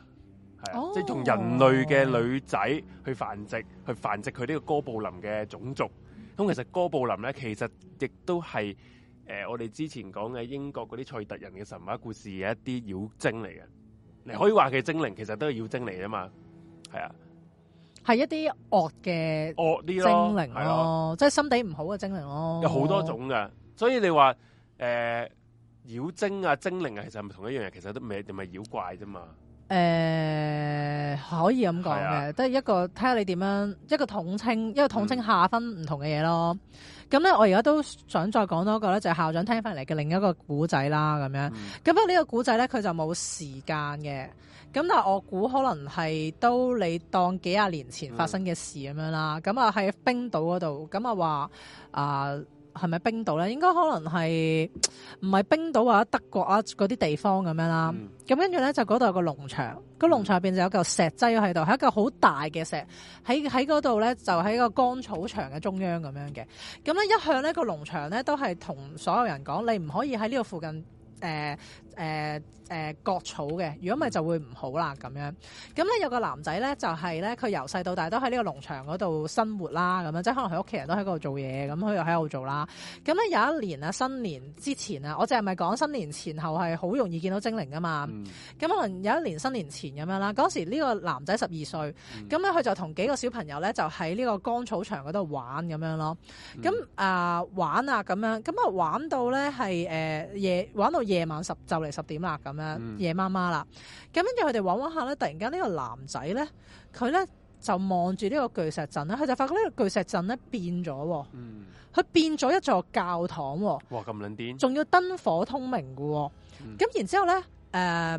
係啊，oh. 即係同人類嘅女仔去繁殖，去繁殖佢呢個哥布林嘅種族。咁其實哥布林咧，其實亦都係誒我哋之前講嘅英國嗰啲賽特人嘅神話故事嘅一啲妖精嚟嘅。你可以話佢精靈，其實都係妖精嚟啊嘛，係啊。
係一啲惡嘅惡啲咯，精靈咯，啊、即係心底唔好嘅精靈咯。有好多種
㗎，哦、所以你話誒、呃、妖精啊精靈啊，其實唔同一樣嘢，其實都未定係妖怪啫嘛。
誒、呃，可以咁講嘅，得、啊、一個睇下你點樣一個統稱，一個統稱下分唔同嘅嘢咯。咁咧、嗯，我而家都想再講多一個咧，就係、是、校長聽翻嚟嘅另一個古仔啦。咁樣咁，不過個呢個古仔咧，佢就冇時間嘅。咁但係我估可能係都你當幾廿年前發生嘅事咁樣啦。咁啊喺冰島嗰度，咁啊話啊係咪冰島咧、呃？應該可能係唔係冰島或者德國啊嗰啲地方咁樣啦。咁跟住咧就嗰度有個農場，嗯、個農場入面就有個石擠喺度，係一嚿好大嘅石，喺喺嗰度咧就喺個乾草場嘅中央咁樣嘅。咁咧一向咧、個農場咧都係同所有人講，你唔可以喺呢個附近誒。呃誒誒、呃呃、割草嘅，如果唔係就會唔好啦咁樣。咁咧有個男仔咧，就係咧佢由細到大都喺呢個農場度生活啦，咁樣，即係可能佢屋企人都喺度做嘢，咁佢又喺度做啦。咁咧有一年啊，新年之前啊，我淨係咪講新年前後係好容易見到精靈噶嘛？咁可能有一年新年前咁樣啦。嗰時呢個男仔十二歲，咁咧佢就同幾個小朋友咧就喺呢個乾草場度玩咁樣咯。咁啊、呃、玩啊咁樣，咁啊玩到咧係誒夜玩到夜晚十嚟十點啦，咁樣夜媽媽啦，咁跟住佢哋玩玩下咧，突然間呢個男仔咧，佢咧就望住呢個巨石陣咧，佢就發覺呢個巨石陣咧變咗，嗯，佢變咗一座教堂，哇
咁撚點仲
要燈火通明嘅，咁、嗯、然之後咧，誒、呃。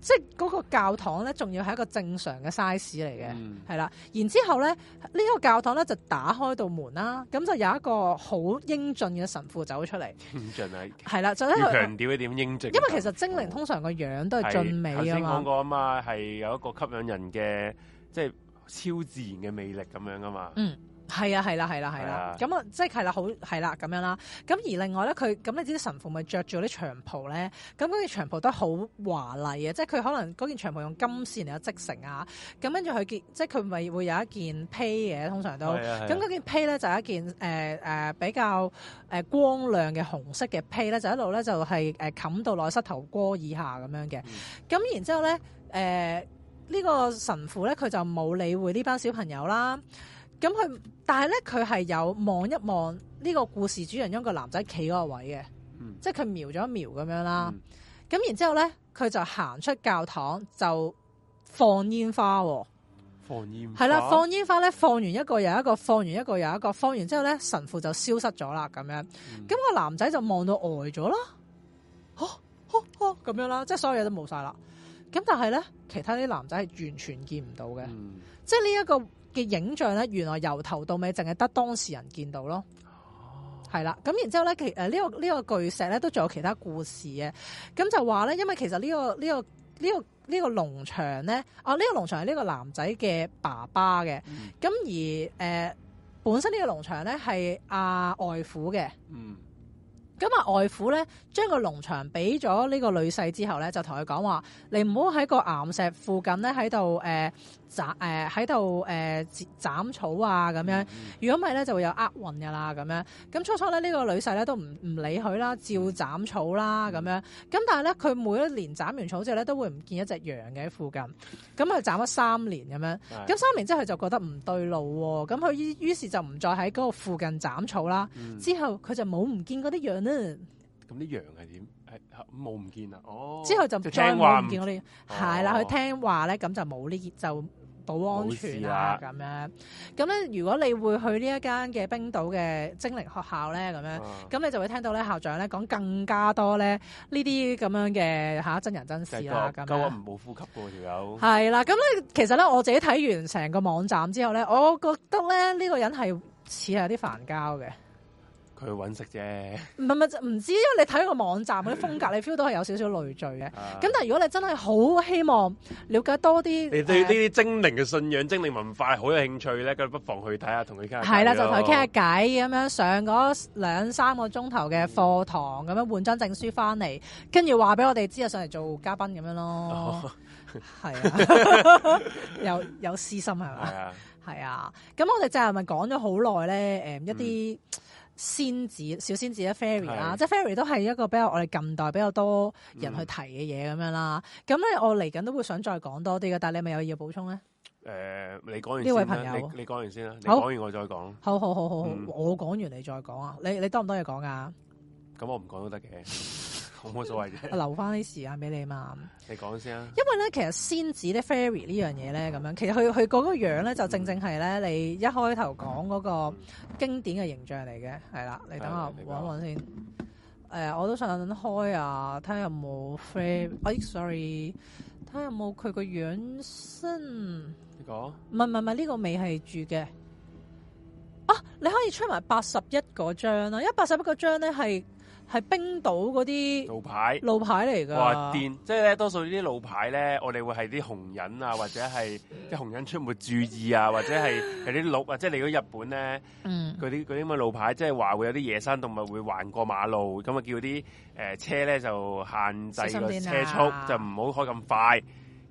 即係嗰個教堂咧，仲要係一個正常嘅 size 嚟嘅，係啦、嗯。然之後咧，呢、呢個教堂咧就打開道門啦，咁就有一個好英俊嘅神父走出嚟。
英俊啊！
係啦的，就喺度要強
調一點英俊。因為
其實精靈、哦、通常個樣都係俊美啊嘛。頭先講過
啊嘛，係有一個吸引人嘅，即係超自然嘅魅力咁樣啊嘛。嗯。
係啊，係啦，係啦，係啦，咁啊，即係啦，好、啊，係啦、啊，咁、就是啊啊、樣啦。咁而另外咧，佢咁你知啲神父咪着住啲長袍咧？咁嗰件長袍都好華麗嘅，即係佢可能嗰件長袍用金線嚟到織成啊。咁跟住佢即係佢咪會有一件披嘅，通常都。咁嗰、啊啊、件披咧就係、一件誒、呃呃、比較誒光亮嘅紅色嘅披咧，就一路咧就係誒冚到內膝頭哥以下咁樣嘅。咁、嗯、然之後咧，呢、呃呢個神父咧佢就冇理會呢班小朋友啦。咁佢，但係咧佢係有望一望呢個故事主人翁個男仔企嗰個位嘅，嗯、即係佢瞄咗一瞄咁樣啦。咁、嗯、然之後咧，佢就行出教堂就放煙花，放煙
花係啦，放煙
花咧放完一個又一個，放完一個又一個，放完之後咧神父就消失咗啦，咁樣。咁個、嗯、男仔就望到呆咗啦，吓吓咁樣啦，即係所有嘢都冇晒啦。咁但係咧，其他啲男仔係完全見唔到嘅，嗯、即係呢一個。嘅影像咧，原來由頭到尾淨係得當事人見到咯，係啦。咁然之後咧，其、誒、呢個呢、呢個巨石咧，都仲有其他故事嘅。咁就話咧，因為其實、這個這個這個這個、呢個呢個呢個呢個農場咧，啊呢、呢個農場係呢個男仔嘅爸爸嘅。咁、嗯、而、呃、本身個農呢個農場咧係阿外父嘅。嗯。咁啊，外父咧將個農場俾咗呢個女婿之後咧，就同佢講話，你唔好喺個岩石附近咧喺度誒摘誒喺度誒斬草啊咁樣，如果唔係咧就會有厄運噶啦咁樣。咁初初咧呢個女婿咧都唔唔理佢啦，照斬草啦咁樣。咁但係咧佢每一年斬完草之後咧都會唔見一隻羊嘅喺附近。咁佢斬咗三年咁樣，咁三年之後佢就覺得唔對路喎。咁佢於是就唔再喺嗰個附近斬草啦。之後佢就冇唔見嗰啲羊咧。
咁啲、嗯、羊係點？冇唔見啦，哦、之後就聽唔見我哋係啦，佢
聽話咧咁、啊哦、就冇呢就保安全啦、啊、咁樣。咁咧如果你會去呢一間嘅冰島嘅精靈學校咧，咁樣咁你就會聽到咧校長咧講更加多咧呢啲咁樣嘅吓、啊、真人真事啦、啊、咁。狗
唔冇呼吸噶條友。
係、這、啦、個，咁咧、啊、其實咧我自己睇完成個網站之後咧，我覺得咧呢、這個人係似係有啲煩交嘅。
佢搵食啫，
唔係唔係唔知，因為你睇個網站嗰啲 風格，你 feel 到係有少少累贅嘅。咁、啊、但係如果你真係好希望了解多啲，你對呢啲
精靈嘅信仰、精靈文化好有興趣咧，咁不妨去睇下同佢傾。係啦，就同佢傾下
偈咁樣，上咗兩三個鐘頭嘅課堂，咁樣換張證書翻嚟，跟住話俾我哋知啊，上嚟做嘉賓咁樣咯。
係
啊，有有私心係咪？係啊，係啊是的 的。咁我哋就係咪講咗好耐咧？誒，一啲。嗯仙子、小仙子咧，fairy 啦、啊，是的 即係 fairy 都係一個比較我哋近代比較多人去提嘅嘢咁樣啦。咁咧，我嚟緊都會想再講多啲嘅，但係你係咪有要補充咧？
誒、呃，你講完呢位朋友，你講完先啦。好 你講完我再講。好好好好好，嗯、我
講完你再講啊。你你多唔多嘢講啊？
咁、嗯、我唔講都得嘅。 冇所謂嘅， 留翻
啲時間俾你嘛。你講先啊。因為咧，其實仙子咧，fairy 呢樣嘢咧，咁樣，其實佢佢嗰個樣咧，就正正係咧，你一開頭講嗰個經典嘅形象嚟嘅，係啦。你等下搵搵先。誒好、呃，我都想開啊，睇下有冇 fairy。Oh, sorry，睇下有冇佢說、這個樣身。你
講。
唔係唔係唔係，呢個未係住嘅。啊，你可以出埋八十一嗰張啦，因為八十一嗰張咧係。係冰島嗰啲路，路牌，路牌嚟㗎。哇！癲，
即係咧多數呢啲路牌咧，我哋會係啲熊人啊，或者係即係熊人出沒注意啊， 或者係係啲鹿啊，即係你去日本咧，嗯，嗰啲嗰啲咁嘅路牌，即係話會有啲野生動物會橫過馬路，咁啊叫啲誒、呃、車咧就限制個車速，啊、就唔好開咁快。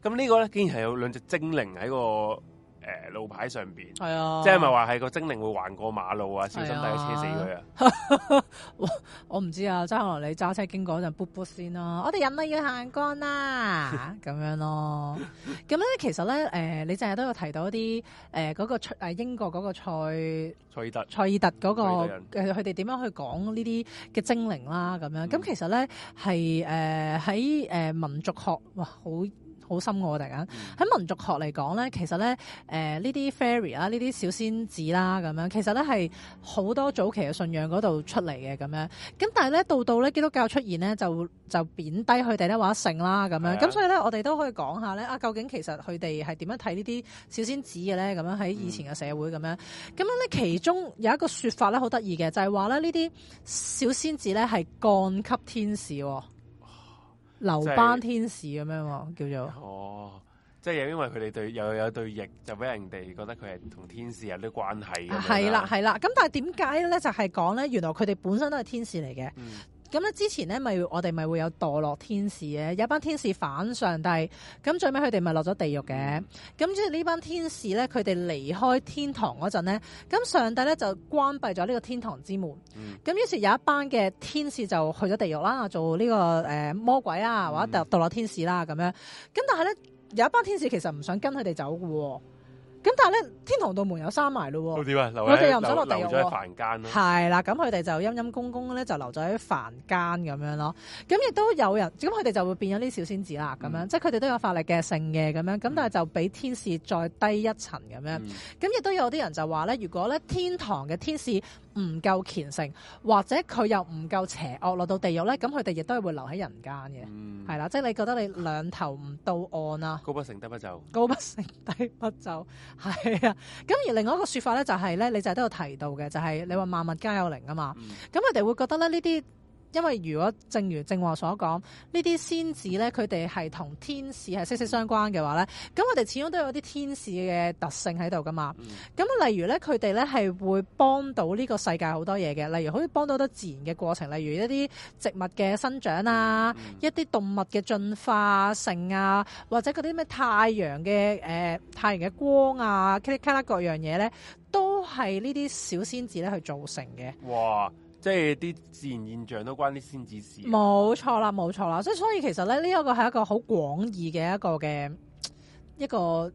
咁呢個咧竟然係有兩隻精靈喺個誒、呃、路牌上面，係啊，即係咪話係個精靈會橫過馬路啊？啊，小心駕車死
佢啊， 啊，啊！我唔知啊，真係可能你揸車經過就卜卜先咯。我哋人類要行幹啦，咁 樣咯。咁咧其實咧、呃、你成日都有提到一啲嗰、呃嗰個英國嗰個賽
賽爾特賽爾特嗰個，
佢哋點樣去講呢啲嘅精靈啦咁樣。咁、嗯、其實咧係喺民族學哇好。好深我哋啊！喺民族學嚟講咧，其實咧，呢、呃、啲 fairy 啦，呢啲小仙子啦，咁樣其實咧係好多早期嘅信仰嗰度出嚟嘅咁樣。咁但係咧，到到咧基督教出現咧，就就貶低佢哋咧話性啦咁樣。咁的所以咧，我哋都可以講下咧啊，究竟其實佢哋係點樣睇呢啲小仙子嘅咧？咁樣喺以前嘅社會咁樣。咁樣咧，其中有一個說法咧，好得意嘅就係話咧，呢啲小仙子咧係降級天使喎。留班天使咁樣，就是、
叫做哦，即、就、係、是、因為佢哋對又有，有對翼，就俾人哋覺得佢係同天使有啲關係嘅。係啦，
係啦。咁但係點解咧？就係講咧，原來佢哋本身都係天使嚟嘅。嗯。咁咧之前咧咪我哋咪會有墮落天使嘅，有一班天使反上帝，咁最尾佢哋咪落咗地獄嘅。咁即係呢班天使咧，佢哋離開天堂嗰陣咧，咁上帝咧就關閉咗呢個天堂之門。咁、嗯、於是有一班嘅天使就去咗地獄啦，做呢個誒魔鬼啊，或者墮落天使啦咁樣。咁但係咧有一班天使其實唔想跟佢哋走嘅喎。咁但係咧，天堂道門有閂埋咯，佢哋又唔使落地獄，係啦，咁佢哋就陰陰公公咧，就留咗喺凡間咁樣咯。咁亦都有人，咁佢哋就會變咗啲小仙子啦，咁樣，嗯、即係佢哋都有法力嘅、性嘅咁樣。咁但係就比天使再低一層咁樣。咁亦都有啲人就話咧，如果咧天堂嘅天使。唔夠虔誠，或者佢又唔夠邪惡，落到地獄咧，咁佢哋亦都係會留喺人間嘅，係啦、嗯，即係你覺得你兩頭唔到岸啊？高不，不高不成低不就，高不成低不就，係啊。咁而另外一個説法咧，就係、是、咧，你就係都有提到嘅，就係、是、你話萬物皆有靈啊嘛。咁佢哋會覺得咧呢啲。因為如果正如正話所講，呢啲仙子咧，佢哋係同天使係息息相關嘅話咧，咁我哋始終都有啲天使嘅特性喺度噶嘛。咁、嗯嗯、例如咧，佢哋咧係會幫到呢個世界好多嘢嘅，例如可以幫到好多自然嘅過程，例如一啲植物嘅生長啊，嗯、一啲動物嘅進化性啊，或者嗰啲咩太陽嘅誒、呃、太陽嘅光啊，卡啦卡各樣嘢咧，都係呢啲小仙子咧去造成嘅。
哇！即係啲自然現象都關啲仙子事，
冇錯啦，冇錯啦。所以所以其實咧，呢一個係一個好廣義嘅一個嘅一個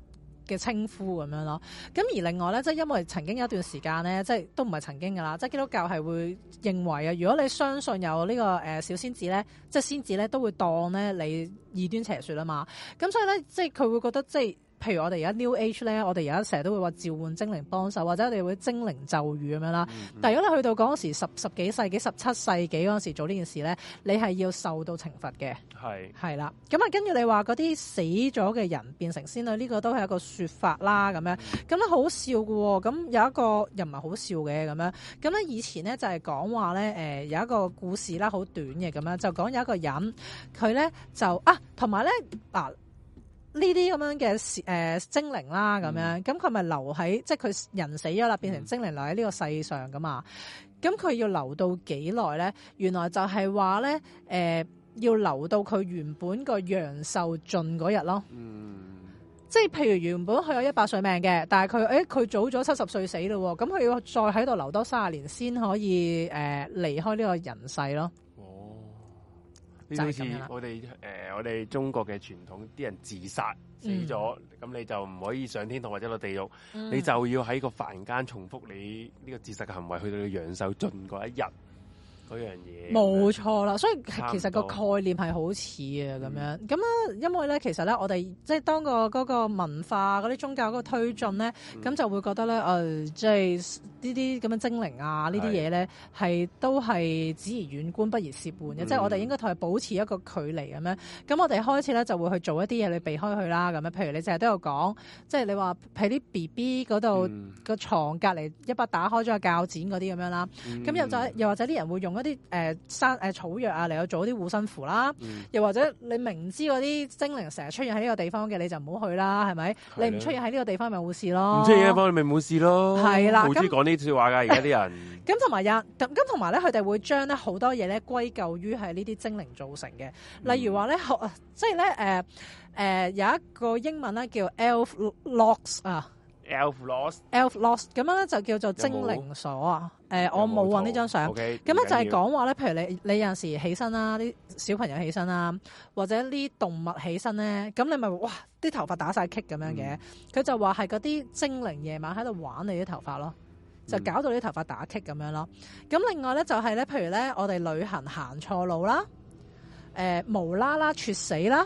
嘅稱呼咁樣咯。咁而另外咧，即係因為曾經有一段時間咧，即係都唔係曾經噶啦，即係基督教係會認為啊，如果你相信有呢個誒小仙子咧，即係仙子咧，都會當咧你異端邪説啊嘛。咁所以咧，即係佢會覺得即係。譬如我哋而家 New Age 咧，我哋而家成日都會話召喚精靈幫手，或者我哋會精靈咒語咁樣啦。嗯嗯、但如果你去到嗰時十十幾世紀、十七世紀嗰時做呢件事咧，你係要受到懲罰嘅。係係啦，咁啊跟住你話嗰啲死咗嘅人變成仙女，呢個都係一個說法啦咁樣。咁好笑㗎喎，咁有一個又唔係好笑嘅咁樣。咁咧以前咧就係講話咧，誒有一個故事啦，好短嘅咁樣，就講有一個人佢咧就啊，同埋咧呢啲咁樣嘅，誒精靈啦，咁樣，咁佢咪留喺，即係佢人死咗啦，變成精靈留喺呢個世上噶嘛？咁佢、嗯、要留到幾耐咧？原來就係話咧，誒、呃、要留到佢原本個陽壽盡嗰日咯。嗯，即係譬如原本佢有一百歲命嘅，但係佢，誒、欸、佢早咗七十歲死咯，咁佢要再喺度留多三十年先可以，誒、呃、離開呢個人世咯。
就好似
我哋誒我哋中國嘅傳統，啲人自殺死咗，咁你就唔可以上天堂或者落地獄，你就要喺個凡間重複你呢個自殺嘅行為去到你陽壽盡嗰一日。嗰樣嘢冇錯
啦，所以其實個概念係好似嘅咁樣。咁啊，因為咧，其實咧，我哋即係當個嗰個文化嗰啲宗教嗰個推進咧，咁、嗯、就會覺得咧，誒、呃，即係呢啲咁樣精靈啊，呢啲嘢咧，係是都係只宜遠觀不，不宜褻玩嘅。即係我哋應該同佢保持一個距離咁樣。咁我哋開始咧就會去做一啲嘢，你避開佢啦咁樣。譬如你成日都有講，即係你話喺啲 B B 嗰度個床隔籬一把打開咗個鉸剪嗰啲咁樣啦。
咁又、嗯、又
或者啲人會用一呃、生一啲誒生誒草藥啊，嚟到做啲護身符啦，嗯、又或者你明知嗰啲精靈成日出現喺呢個地方嘅，你就唔好去啦，係咪？是的你唔出現喺呢個地方咪冇事咯。唔出現嘅地方
你咪冇事咯。係啦的，好中意講呢啲話噶，而家啲人。
咁同埋有咁同埋咧，佢哋會將咧好多嘢咧歸咎於係呢啲精靈造成嘅。例如話咧、嗯，即係咧誒誒有一個英文咧叫 elf locks 啊
，elf locks，elf
locks 咁樣咧就叫做精靈鎖啊。有誒、呃，我冇運張 OK, 說說
呢張相，咁咧就係講
話咧，譬如你你有陣時起身啦，啲小朋友起身啦，或者啲動物起身咧，咁你咪哇啲頭髮打晒棘咁樣嘅，佢、嗯、就話係嗰啲精靈夜晚喺度玩你啲頭髮咯，
就搞
到你啲頭髮打棘咁樣咯。咁、嗯、另外咧就係咧，譬如咧我哋旅行行錯路啦，誒、呃、無啦啦猝死啦，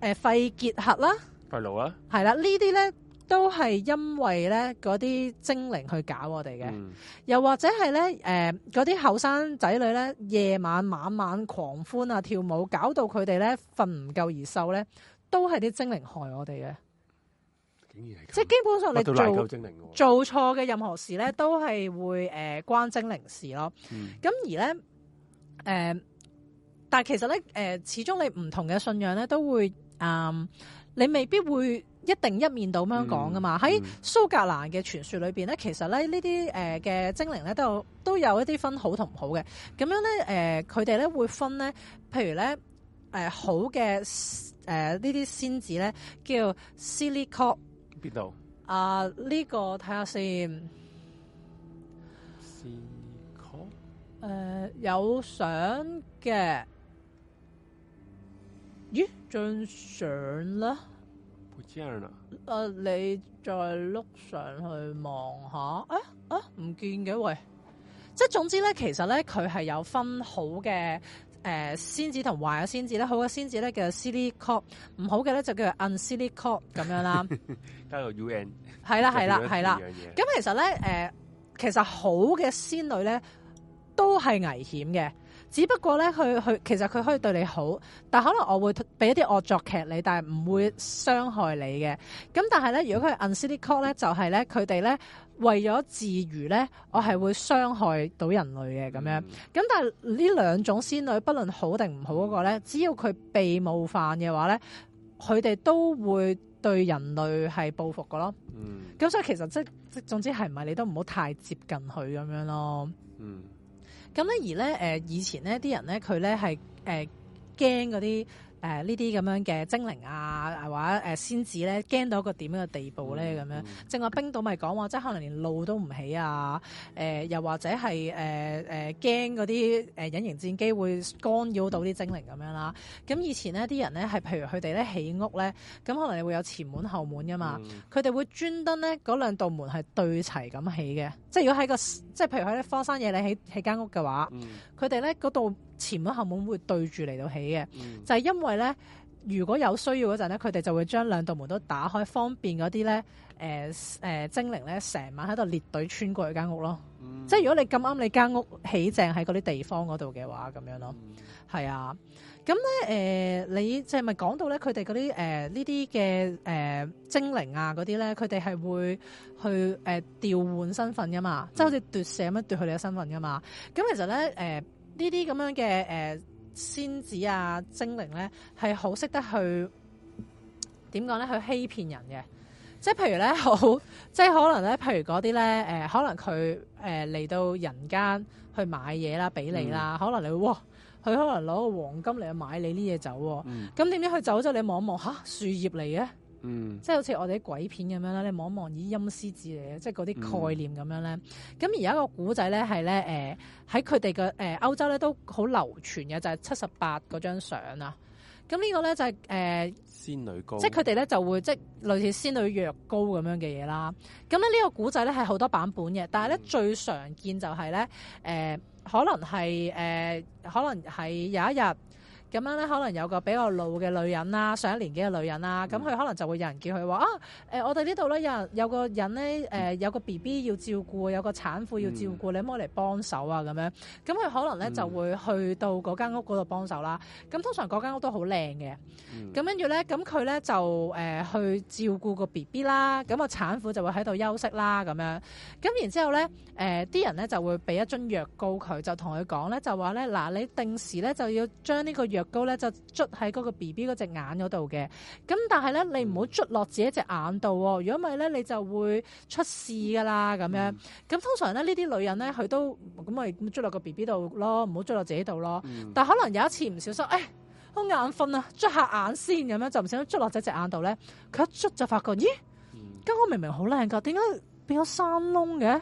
肺、呃、結核啦，肺癆啦，係啦呢啲咧。都係因為咧嗰啲精靈去搞我哋嘅，嗯、又或者係咧誒嗰啲後生仔女咧夜晚晚晚狂歡啊跳舞，搞到佢哋咧瞓唔夠而瘦咧，都係啲精靈害我哋嘅。竟然係即係基本上你做都、啊、做錯嘅任何事咧，都係會誒關精靈事咯。咁、嗯、而咧誒、呃，但係其實咧誒、呃，始終你唔同嘅信仰咧，都會嗯、呃、你未必會。一定一面到咁樣講㗎嘛？喺蘇格蘭嘅傳說裏邊咧，嗯、其實咧呢啲誒嘅精靈咧都有都有一啲分好同唔好嘅。咁樣咧誒，佢哋咧會分咧，譬如咧誒、呃、好嘅誒呢啲仙子咧叫 Silico 邊度啊裏？呢、呃這個睇下先。
Silico ical ?
誒、呃、有相嘅，咦仲有張相啦。誒、啊，你再碌上去望下，誒、啊、誒，唔、啊、見嘅喂，即係總之咧，其實咧佢係有分好嘅誒、呃、仙子同壞嘅仙子咧，好嘅仙子咧叫 Seelie Court 唔好嘅咧就叫 Unseelie Court 咁樣啦。
加個 un 係啦係啦係啦，咁其
實咧誒、呃，其實好嘅仙女咧都係危險嘅。只不過咧，佢佢其實佢可以對你好，但可能我會俾一啲惡作劇你，但係唔會傷害你嘅。咁但係咧，如果佢係 Unseelie Court 咧，就係、是、咧，佢哋咧為咗自娛咧，我係會傷害到人類嘅咁樣。咁、嗯、但係呢兩種仙女，不論好定唔好嗰個咧，只要佢被冒犯嘅話咧，佢哋都會對人類係報復㗎咯。嗯。咁所以其實即即總之係唔係你都唔好太接近佢咁樣咯。嗯。咁咧，而咧、呃，以前咧，啲人咧，佢咧係誒驚嗰啲。呃誒呢啲咁樣嘅精靈啊，或者、呃、仙子咧，驚到一個點樣嘅地步咧咁樣？嗯嗯、正話冰島咪講話，即係可能連路都唔起啊、呃！又或者係驚嗰啲誒隱形戰機會干擾到啲精靈咁樣啦。咁以前呢啲人咧，係譬如佢哋咧起屋咧，咁可能你會有前門後門噶嘛。佢哋、嗯、會專登咧嗰兩道門係對齊咁起嘅。即係如果喺個即係譬如喺啲荒山野嶺起起間屋嘅話，佢哋咧嗰度。前門後門會對住嚟到起嘅，就係、是、因為咧，如果有需要嗰陣咧，佢哋就會將兩道門都打開，方便嗰啲咧，誒、呃、誒、呃、精靈咧，成晚喺度列隊穿過去間屋咯。嗯、即係如果你咁啱你間屋起正喺嗰啲地方嗰度嘅話，咁樣咯，係、嗯、啊。咁咧誒，你即係咪講到咧，佢哋嗰啲誒呢啲嘅誒精靈啊嗰啲咧，佢哋係會去誒、呃、調換身份噶嘛？即係、嗯、好似奪舍咁樣奪佢哋嘅身份噶嘛？咁其實咧誒。呃呢啲咁樣嘅誒、呃、仙子啊、精靈咧，係好識得去點講咧？去欺騙人嘅，即係譬如咧，好即係可能咧，譬如嗰啲咧，誒、呃、可能佢誒嚟到人間去買嘢啦，俾你啦，嗯、可能你哇，佢可能攞個黃金嚟買你啲嘢走喎、啊，咁點、嗯、知佢走咗你望一望吓，樹葉嚟嘅。嗯，即係好似我哋啲鬼片咁樣啦，你望一望啲陰屍字嚟嘅，即係嗰啲概念咁樣咧。咁、嗯、而家個個古仔咧，係咧喺佢哋嘅誒歐洲咧都好流傳嘅，就係七十八嗰張相啦。咁呢個咧就係、是、誒、呃、
仙女膏，即係佢哋
咧就會即係類似仙女藥膏咁樣嘅嘢啦。咁咧呢個古仔咧係好多版本嘅，但係咧、嗯、最常見就係咧誒，可能係誒、呃，可能係有一日。咁樣咧，可能有個比較老嘅女人啦、啊，上一年紀嘅女人啦、啊，咁佢可能就會有人叫佢話啊，誒、呃、我哋呢度咧有有個人咧，誒、呃、有個 B B 要照顧，有個產婦要照顧、嗯、你可唔可以嚟幫手啊？咁樣，咁佢可能咧就會去到嗰間屋嗰度幫手啦。咁通常嗰間屋都好靚嘅。咁跟住咧，咁佢咧就誒、呃、去照顧個 B B 啦。咁、個產婦就會喺度休息啦。咁樣，咁然之後咧，誒、呃、啲人咧就會俾一樽藥膏佢，就同佢講咧，就話咧，嗱，你定時咧就要將呢個藥。高咧就捽喺嗰個 B B 嗰隻眼嗰度嘅，咁但係咧你唔好捽落自己隻眼度，如果唔係咧你就會出事噶啦咁樣。咁通常咧呢啲女人咧佢都咁咪捽落個 B B 度咯，唔好捽落自己度咯。嗯、但係可能有一次唔小心，哎，好眼瞓啊，捽下眼先咁樣，就唔小心捽落自己隻眼度咧，佢一捽就發覺咦，咁我明明好靚噶，點解變咗山窿嘅？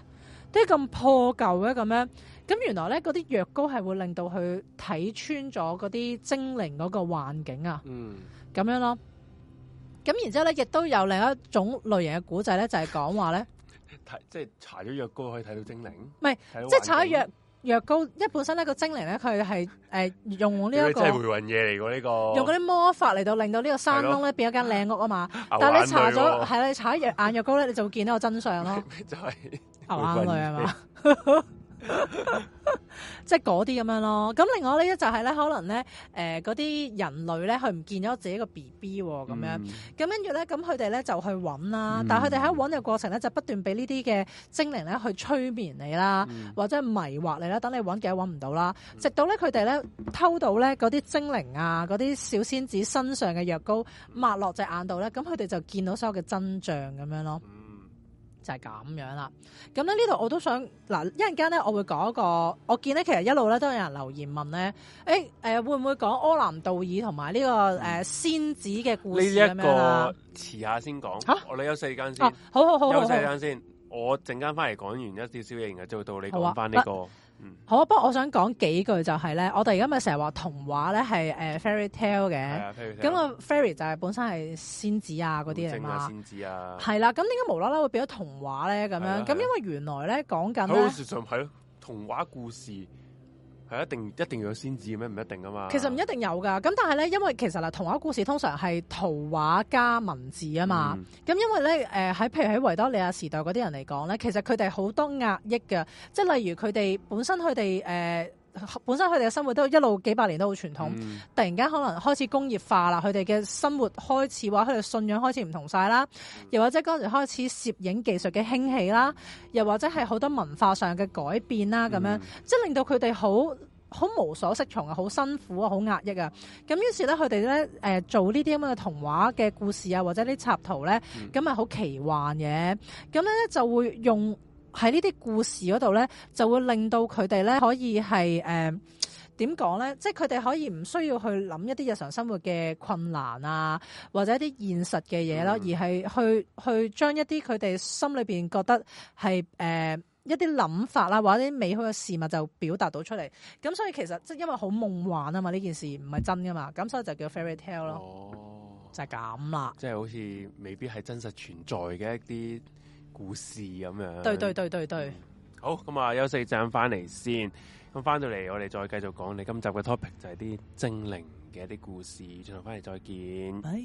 點解咁破舊嘅咁樣。咁原來咧嗰啲藥膏係會令到佢睇穿咗嗰啲精靈嗰個環境啊，咁、嗯、樣咯。咁然之後咧，亦都有另一種類型嘅古仔咧，就係講話咧，
睇即係搽咗藥膏可以睇到精靈，唔係是即係搽咗藥
藥膏，因為本身呢、呢個精靈咧佢係誒用呢一個即係回
魂嘢嚟嘅呢個，這個、用嗰啲
魔法嚟到令到呢個山窿咧了變咗間靚屋啊嘛。啊但係你搽咗係啦，你搽眼藥膏咧，你就會見到個真相咯，就係牛眼淚啊嘛。 即係嗰啲咁樣咯，咁另外呢一就係咧，可能咧，誒嗰啲人類咧，佢唔見咗自己個 BB 咁樣，咁跟住咧，咁佢哋咧就去揾啦，嗯、但係佢哋喺揾嘅過程咧，就不斷俾呢啲嘅精靈咧去催眠你啦，嗯、或者迷惑你啦，等你揾幾多揾唔到啦，嗯、直到咧佢哋咧偷到咧嗰啲精靈啊，嗰啲小仙子身上嘅藥膏抹落隻眼度咧，咁佢哋就見到所有嘅真相咁樣咯。就係咁樣、嗯、啦，咁咧呢度我都想嗱一陣間咧，我會講一個，我見咧其實一路咧都有人留言問咧，誒、欸、誒、呃、會唔會講柯南道爾同埋呢個誒仙、嗯、子嘅故事呢？這個、一個
遲下、啊、有先講，我哋休息間先，好好好好休息間先，我陣間翻嚟講完一少少嘢，然後就到你講翻呢個。
嗯、好，不過我想講幾句就係、是、咧，我哋而家咪成日話童話咧係誒 fairy tale 嘅，咁個 fairy 就係本身係仙子啊嗰啲啊嘛，仙
子啊，係
啦、啊，咁點解無啦啦會變咗童話咧？咁樣咁因為原來咧講緊咧，故事、
啊、童話故事。係一定一定要有文字咩？唔一定啊嘛。其實唔
一定有噶，咁但係咧，因為其實啦，童話故事通常係圖畫加文字啊嘛。咁、嗯、因為咧，誒、呃、喺譬如喺維多利亞時代嗰啲人嚟講咧，其實佢哋好多壓抑嘅，即係例如佢哋本身佢哋誒。呃本身佢哋嘅生活都一路幾百年都好傳統，突然間可能開始工業化啦，佢哋嘅生活開始話佢哋信仰開始唔同晒啦，又或者嗰陣開始攝影技術嘅興起啦，又或者係好多文化上嘅改變啦，咁、嗯、樣即係令到佢哋好好無所適從啊，好辛苦啊，好壓抑啊，咁於是咧佢哋咧誒做呢啲咁嘅童話嘅故事啊，或者啲插圖咧，咁啊好奇幻嘅，咁咧咧就會用。喺呢啲故事嗰度咧，就會令到佢哋咧可以係誒點講咧？即係佢哋可以唔需要去諗一啲日常生活嘅困難啊，或者一啲現實嘅嘢啦，而係去去將一啲佢哋心裏邊覺得係誒、呃、一啲諗法啦、啊，或者美好嘅事物就表達到出嚟。咁所以其實即係因為好夢幻啊嘛，呢件事唔係真噶嘛，咁所以就叫 fairy tale 咯，
哦、就係咁啦。即係好似未必係真實存在嘅一啲。故事咁樣，對對對對對，好，咁啊，休息一陣翻嚟先，咁翻到嚟我哋再繼續講，你今集嘅 topic 就係啲精靈嘅一啲故事，轉頭翻嚟再見，拜。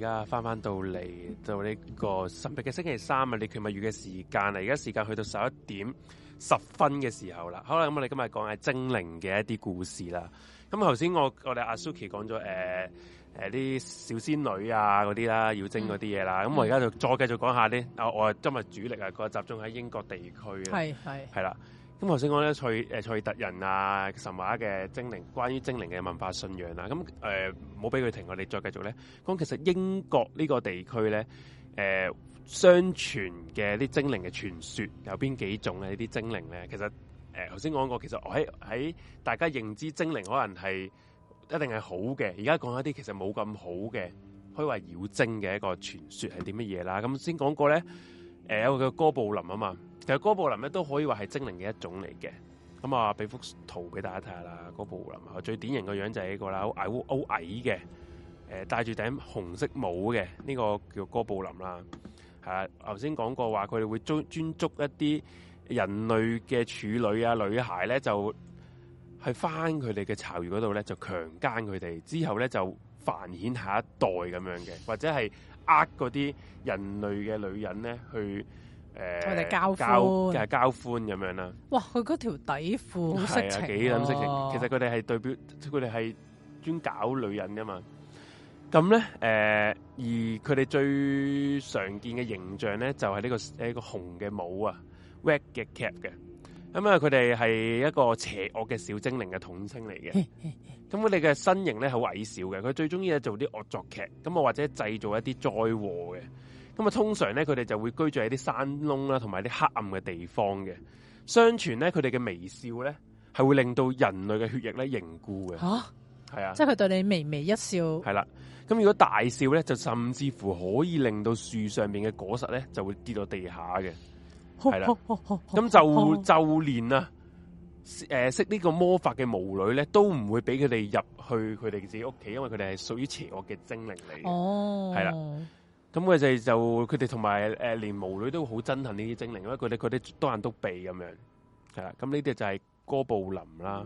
而家翻翻到嚟到呢個神秘嘅星期三啊，獵奇物語嘅時間啊，而家時間去到十一點十分嘅時候啦。好啦，咁我哋今日講係精靈嘅一啲故事啦。咁頭先我我哋阿 Suki 講咗誒誒啲小仙女啊嗰啲啦，妖精嗰啲嘢啦。咁、嗯、我而家就再繼續講一下啲、嗯、啊，我今日主力啊，佢集中喺英國地區嘅，係係係啦。咁頭先講咧，賽誒賽爾特人啊，神話嘅精靈，關於精靈嘅文化信仰啦、啊。咁唔好俾佢停，我哋再繼續咧。講其實英國呢個地區咧，誒、呃、相傳嘅啲精靈嘅傳說有邊幾種咧？呢啲精靈咧，其實誒頭先講過，其實我喺喺大家認知精靈，可能係一定係好嘅。而家講一啲其實冇咁好嘅，可以話妖精嘅一個傳說係點乜嘢啦？咁先講過咧，誒、呃、有個叫哥布林啊嘛。其實哥布林咧都可以話係精靈嘅一種嚟嘅，咁啊俾幅圖俾大家睇下啦，哥布林最典型嘅樣就係呢個啦，好矮好矮嘅，誒戴住頂紅色帽嘅呢個叫哥布林啦。吓，頭先講過話佢哋會專專捉一啲人類嘅處女啊女孩咧，就去翻佢哋嘅巢穴嗰度咧，就強姦佢哋，之後咧就繁衍下一代咁樣嘅，或者係呃嗰啲人類嘅女人咧去。佢哋、呃、交就係交歡寬咁樣啦。
哇！佢嗰條底褲好色情、啊，幾咁、啊、色情。其實
佢哋係代表，佢哋係專搞女人噶嘛。咁咧，誒、呃，而佢哋最常見嘅形象咧，就係、是、呢、這個誒、這個紅嘅帽啊 red 嘅 cap 嘅。咁、嗯、啊，佢哋係一個邪惡嘅小精靈嘅統稱嚟嘅。咁佢哋嘅身形咧，好矮小嘅。佢最中意咧做啲惡作劇，咁啊或者製造一啲災禍嘅。咁啊，通常咧，佢哋就會居住喺啲山窿啦、啊，同埋啲黑暗嘅地方嘅。相傳咧，佢哋嘅微笑咧，係會令到人類嘅血液咧凝固嘅。吓，係啊，啊即係佢
對你微微一笑。
係啦、啊，咁如果大笑咧，就甚至乎可以令到樹上面嘅果實咧，就會跌到地下嘅。係啦
好，咁就
就連啊，誒，識呢、啊、個魔法嘅巫女咧，都唔會俾佢哋入去佢哋自己屋企，因為佢哋係屬於邪惡嘅精靈嚟嘅。哦，係啦、啊。咁佢哋就佢哋同埋誒，連巫女都好憎恨呢啲精靈，因為佢哋佢哋多人都避咁樣，係啦。咁呢啲就係哥布林啦。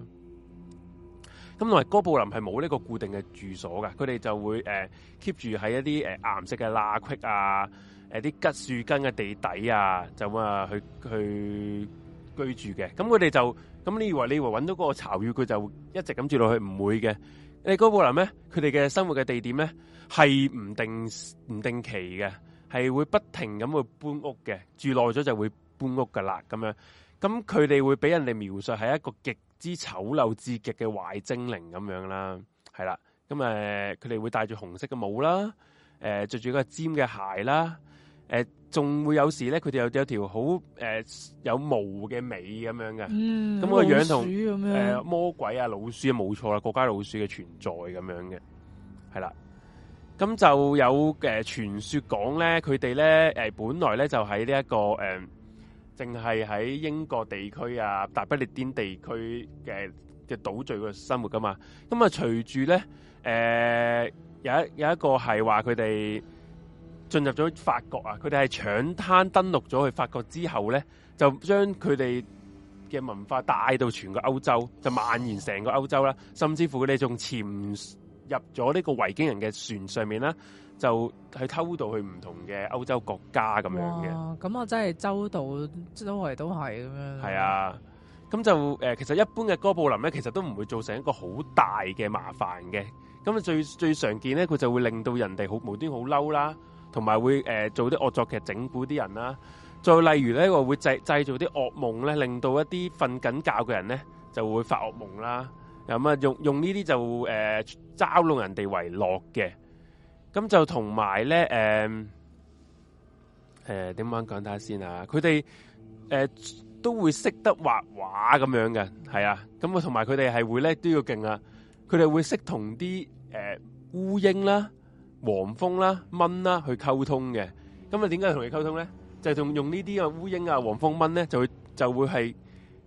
咁同埋哥布林係冇呢個固定嘅住所噶佢哋就會誒 keep、呃、住喺一啲誒岩石嘅罅隙啊，誒啲吉樹根嘅地底啊，就咁啊去去居住嘅。咁佢哋就咁，你以為你以為揾到個巢穴，佢就一直咁住落去唔會嘅。你哥布林咧，佢哋嘅生活嘅地點咧，係唔定唔定期嘅，係會不停咁去搬屋嘅，住耐咗就會搬屋噶啦咁樣。咁佢哋會俾人哋描述係一個極之醜陋至極嘅壞精靈咁樣啦，係啦。咁誒，佢哋會戴住紅色嘅帽啦，誒、呃，著住個尖嘅鞋啦，誒、呃，仲會有時咧，佢哋有有條好誒有毛嘅尾咁樣嘅。嗯，咁個樣同誒、呃、魔鬼啊老鼠啊，冇錯啦，國家老鼠嘅存在咁樣嘅，係啦。咁就有誒、呃、傳說講咧，佢哋咧本來咧就喺呢一個誒，淨係喺英國地區啊、大不列顛地區嘅嘅島嶼嘅生活噶嘛。咁啊，隨住咧誒，有一有一個係話佢哋進入咗法國啊，佢哋係搶灘登陸咗去法國之後咧，就將佢哋嘅文化帶到全個歐洲，就蔓延成個歐洲啦。甚至乎佢哋仲潛入咗呢個維京人嘅船上面啦，就去偷渡去唔同嘅歐洲國家咁樣嘅。
咁我真係周到，周圍都係都係咁樣。
係啊，咁就、呃、其實一般嘅哥布林咧，其實都唔會造成一個好大嘅麻煩嘅。咁啊最最常見咧，佢就會令到人哋好無端好嬲啦，同埋會、呃、做啲惡作劇整蠱啲人啦。再例如咧，我會製、製造啲噩夢咧，令到一啲瞓緊覺嘅人咧就會發噩夢啦。咁啊、嗯，用用呢啲就誒嘲弄人哋為樂嘅，咁就同埋咧誒誒點樣講睇下先啊！佢哋誒都會識得畫畫咁樣嘅，係啊，咁啊同埋佢哋係會咧都要勁啊！佢哋會識同啲誒烏蠅啦、黃蜂啦、蚊啦去溝通嘅，咁啊點解同你溝通咧？就是、用用呢啲啊烏蠅啊、黃蜂蚊咧，就會就會係。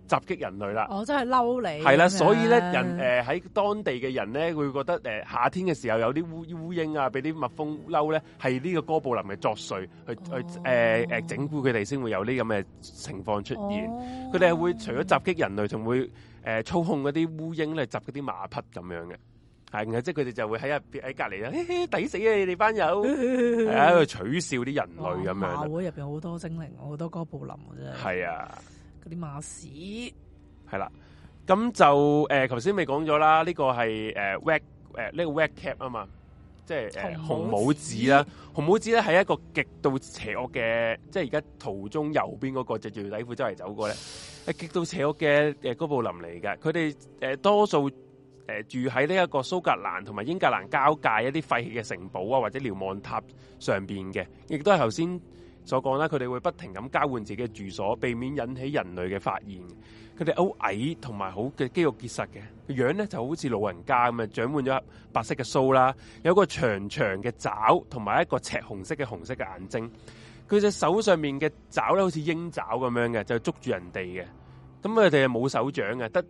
襲擊人類啦！我
真係嬲你係、啊、啦，所以咧，人誒
喺當地嘅人咧，會覺得誒、呃、夏天嘅時候有啲烏烏蠅啊，俾啲蜜蜂嬲咧，係呢個哥布林嘅作祟，哦、去去誒誒整蠱佢哋，先會有呢咁嘅情況出現。佢哋、哦、會除咗襲擊人類，仲會誒、呃、操控嗰啲烏蠅咧，襲嗰啲馬匹咁樣嘅，係，然後即係佢哋就會喺入邊喺隔籬啊，抵死啊！你哋班友喺度取笑啲人類咁樣。會
入邊好多精靈，好多哥布林啫。係啊。啲
馬屎係啦，咁就誒，頭先咪講咗啦，呢、這個係誒 red 誒呢個 red cap 啊嘛，即係、呃、紅帽子啦，紅帽子咧係一個極度邪惡嘅，即係而家圖中右邊嗰、那個着住底褲周圍走過咧，係極度邪惡嘅誒、呃、高布林嚟噶，佢哋誒多數誒、呃、住喺呢一個蘇格蘭同埋英格蘭交界一啲廢棄嘅城堡啊或者瞭望塔上邊嘅，亦都係頭先所講啦，佢哋會不停咁交換自己嘅住所，避免引起人類嘅發現。佢哋好矮，同埋好嘅肌肉結實嘅樣咧，就好似老人家咁啊，長滿咗白色嘅須啦，有個長長嘅爪，同埋一個赤紅色嘅紅色嘅眼睛。佢隻手上面嘅爪咧，好似鷹爪咁樣嘅，就捉住人哋嘅。咁佢哋係冇手掌嘅，得誒，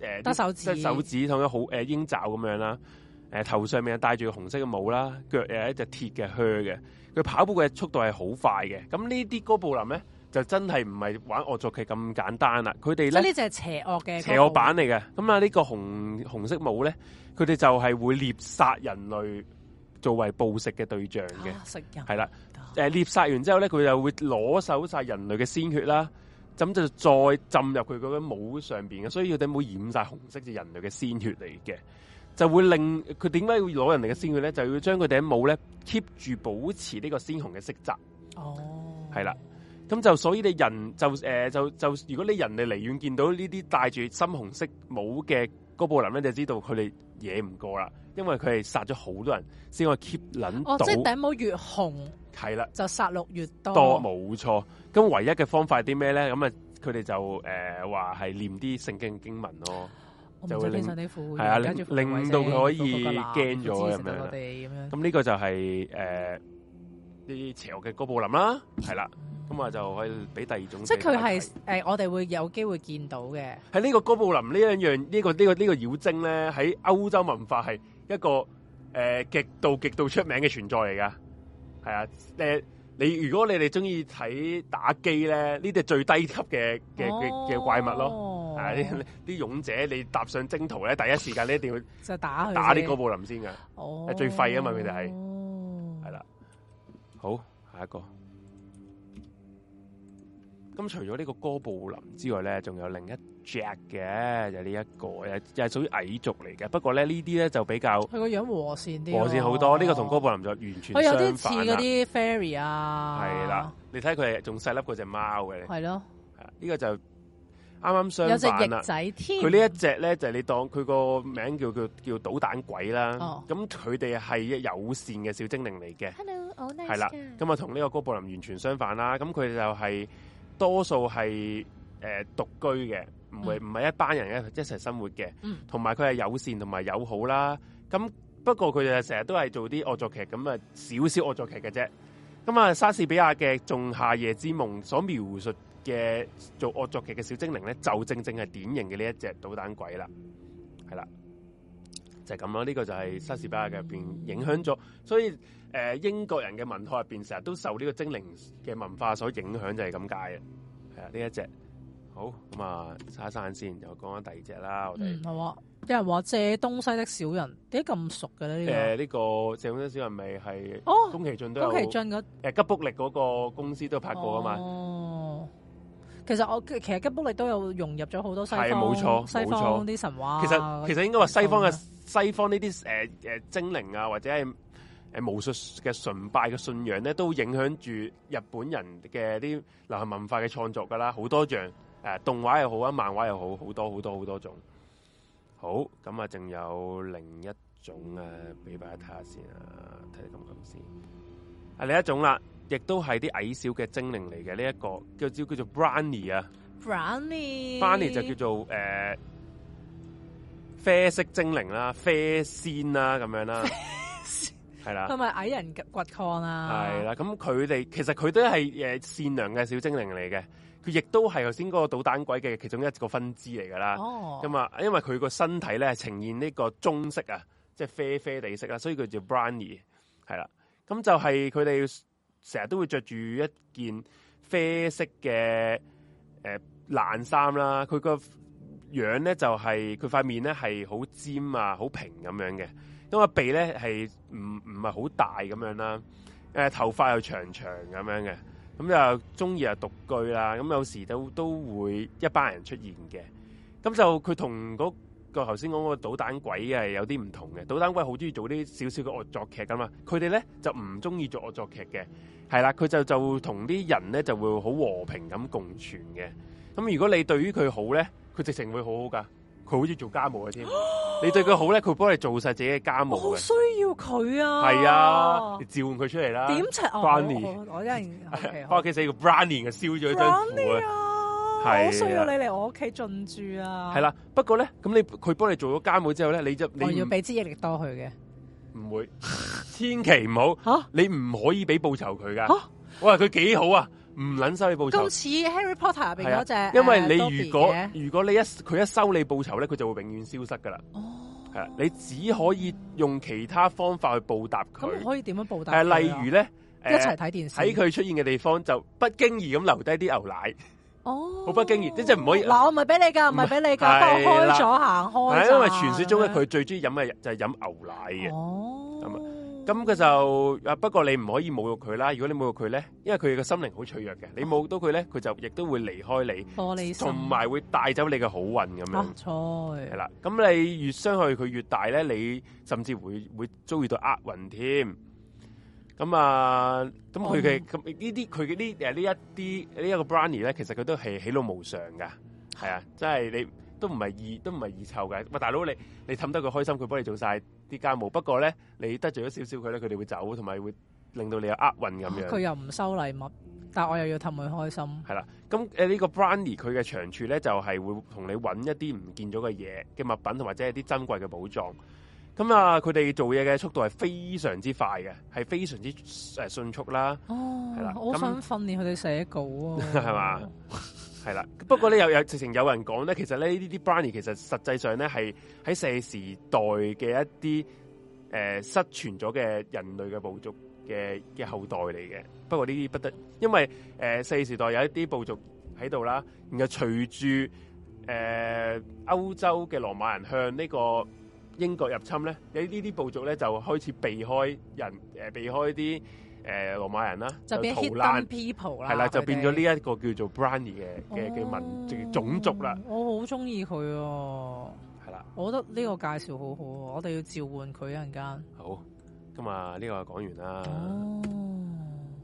呃、得手指，得手指，同埋好誒鷹爪咁樣啦。誒頭上面戴住紅色嘅帽啦，腳又係一隻鐵嘅靴嘅。呃佢跑步嘅速度係好快嘅，咁呢啲哥布林咧就真係唔係玩惡作劇咁簡單啦。佢哋即係呢就
係邪惡嘅邪惡版
嚟嘅。咁、嗯、啊，呢、這個紅紅色帽咧，佢哋就係會獵殺人類作為暴食嘅對象嘅，啊，食人係啦。誒，獵、呃、殺完之後咧，佢就會攞手晒人類嘅鮮血啦，咁就再浸入佢嗰頂帽上邊嘅，所以佢頂帽染晒紅色就人類嘅鮮血嚟嘅。就會令佢點解要攞人哋嘅鮮血咧？就要將佢哋帽咧 keep 住保持呢個鮮紅嘅色澤。哦，係啦。咁就所以你人就就、呃、就，就如果你人哋離遠見到呢啲戴住深紅色帽嘅哥布林咧，你就知道佢哋惹唔過啦，因為佢哋殺咗好多人先可以 keep 撚。哦，即係頂
帽越紅，
係啦了，
就殺戮越多。多
冇錯。咁唯一嘅方法係啲咩咧？咁啊，佢哋就誒話係念啲聖經經文咯。
就會令係啊，令
到佢可以驚咗咁樣。咁呢樣個就係誒啲邪惡嘅哥布林啦，啊，係啦。 咁啊就可以俾第二種。即係佢係
誒，我哋會有機會見到嘅。
係呢個哥布林呢一樣呢個呢，呢個呢，呢個呢個妖精咧，喺歐洲文化係一個誒極、呃、度極度出名嘅存在嚟噶。係啊，誒、呃。你如果你哋中意睇打機咧，呢啲最低級嘅嘅嘅嘅怪物咯，啊啲啲勇者你踏上征途咧， 第一時間你一定要
就打打啲哥布
林先噶，哦最廢啊嘛佢哋係，就是，哦係啦，了好下一個。咁、嗯、除咗呢個哥布林之外咧，仲有另一隻嘅，就呢、是、一、這個又又係屬於矮族嚟嘅。不過咧呢啲咧就比較，佢
個樣和善啲、啊，和善好多。呢、哦、
個同哥布林就完全，佢有啲似嗰啲
fairy 啊。係啦、
啊，你睇佢係仲細粒過隻貓嘅，係咯了。呢、這個就啱啱相反，有隻翼仔佢呢一隻咧就是、你當佢個名字叫叫叫搗蛋鬼啦。咁佢哋係友善嘅小精靈嚟嘅。Hello，
我是係啦。
咁、嗯、啊，同呢個哥布林完全相反啦、啊。咁、嗯、佢就係、是。多數係誒、呃、獨居嘅，唔係唔係一班人一一齊生活嘅，同埋佢係友善同埋友好啦。咁不過佢哋成日都係做啲惡作劇，咁啊少少惡作劇嘅啫。咁啊莎士比亞嘅《仲夏夜之夢》所描述嘅做惡作劇嘅小精靈咧，就正正係典型嘅呢一隻搗蛋鬼啦，係啦。就係咁咯，呢、這個就係莎士比亞入邊影響咗，所以誒、呃、英國人嘅文學入邊成日都受呢個精靈嘅文化所影響，就係咁解嘅。係啊，呢一隻好咁啊，擦一擦先，就講緊第二隻啦。我哋
係、嗯、啊，有人話借東西的小人點解咁熟嘅咧？誒、呃，呢、
這個借東西小人咪係宮崎駿都宮崎駿嗰誒吉卜力個公司都拍過啊嘛。哦
其實我其實吉卜力都有融入咗好多西方係冇錯，冇錯啲神話。其實其實應該話西方嘅
對西方呢啲誒誒精靈啊，或者係誒巫術嘅崇拜嘅信仰咧，都影響住日本人嘅啲流行文化嘅創作噶啦，好多樣誒、呃、動畫又好啊，漫畫又好，好多好多好多種。好，咁啊，仲有另一種誒，俾大家睇下先啊，睇下咁唔先看看。啊，另一種啦。亦都係啲矮小嘅精靈嚟嘅呢一個叫叫叫做,做 Brownie 啊
Brownie 就叫
做誒、呃、啡色精靈啦，啡仙啦咁樣啦，係 啦，同
埋矮人掘礦啊，係啦。
咁佢哋其實佢都係誒、呃、善良嘅小精靈嚟嘅，佢亦都係頭先嗰個搗蛋鬼嘅其中一個分支嚟噶啦。咁啊、oh. 嗯，因為佢個身體咧呈現呢個棕色啊，即係啡啡地色啊，所以佢叫 Brownie 係啦。咁就係佢哋。成日都會着住一件啡色嘅誒爛衫啦，佢、呃、個樣咧就係佢塊面咧係好尖啊，好平咁樣嘅，因為個鼻咧係唔唔係好大咁樣啦，誒、呃、頭髮又長長咁樣嘅，咁就中意啊獨居啦，咁有時都都會一班人出現嘅，咁就佢同個頭先講個搗蛋鬼係有啲唔同嘅。搗蛋鬼好中意做啲少少嘅惡作劇噶嘛，佢哋咧就唔中意做惡作劇嘅。係啦，佢就就同啲人咧就會好和平咁共存嘅。咁如果你對於佢好咧，佢直情會好好噶。佢好中意做家務嘅添。啊、你對佢好咧，佢幫你做晒自己嘅家務。我好需
要佢啊！係啊，
你召喚佢出嚟啦。點柒？Branny，我真係，我驚死個 Branny 嘅燒咗一身火啊！我需要你
嚟我屋企進駐啊！係啦、
啊啊，不過咧，咁你佢幫你做咗家務之後咧，你就你我要俾支
益力多佢嘅，
唔會，千祈唔好，吓、啊、你唔可以俾報酬佢噶，我話佢幾好啊，唔捻收你報酬，咁似
Harry Potter 入邊嗰隻，因為你如果、啊、
如果你一佢一收你報酬咧，佢就會永遠消失噶啦，哦、啊，係、啊、你只可以用其他方法去報答佢，咁可
以點樣報答？誒、啊，例如
咧，一齊睇電視，喺佢、呃、出現嘅地方，就不經意咁留低啲牛奶。哦，好不經意，啲真唔可以。嗱，我
唔係俾你噶，唔係俾你噶，我開咗行開咗。係，因
為傳説中咧，佢最中意飲嘅就係飲牛奶嘅。哦，咁啊，咁佢就啊，不過你唔可以侮辱佢啦。如果你侮辱佢咧，因為佢嘅心靈好脆弱嘅，你侮辱到佢咧，佢就亦都會離開你，同埋會帶走你嘅好運咁樣。冇錯，係啦。咁你越傷害佢越大咧，你甚至會會遭遇到厄運添。咁、嗯嗯嗯、啊，咁佢嘅咁呢啲佢嘅呢呢一啲呢一個 Brownie 咧，其實佢都係喜怒無常㗎。係啊，即係你都唔係易，都唔係易臭嘅。喂，大佬你你氹得佢開心，佢幫你做曬啲家務。不過咧，你得罪咗少少佢咧，佢哋會走，同埋會令到你有厄運咁樣。佢、哦、又唔
收禮物，但我又要氹佢開心。
係啦、啊，咁、嗯嗯這個、呢個 Brownie 佢嘅長處咧，就係、是、會同你揾一啲唔見咗嘅嘢嘅物品，同或者係啲珍貴嘅寶藏。咁啊，佢哋做嘢嘅速度係非常之快嘅，係非常之誒迅速啦。
哦，係啦的，我想訓練佢哋寫稿啊，係嘛？
吧，係啦。 不過咧，有有直情有人講咧，其實咧呢啲 Brownie 其實實際上咧係喺四時代嘅一啲誒、呃、失傳咗嘅人類嘅部族嘅嘅後代嚟嘅。不過呢啲不得，因為誒、呃、四時代有一啲部族喺度啦，然後隨住誒歐洲嘅羅馬人向呢、這個。英國入侵咧，呢呢啲部族咧就開始避開人，誒避開啲誒、呃、羅馬人啦，就變咗 Hidden people 啦。係啦，就變咗呢一個叫做 Brownie 嘅嘅嘅民族種族啦。
我好中意佢哦。係啦的，我覺得呢個介紹好好啊，我哋要召喚佢一陣間。
好，咁啊，呢個就講完啦。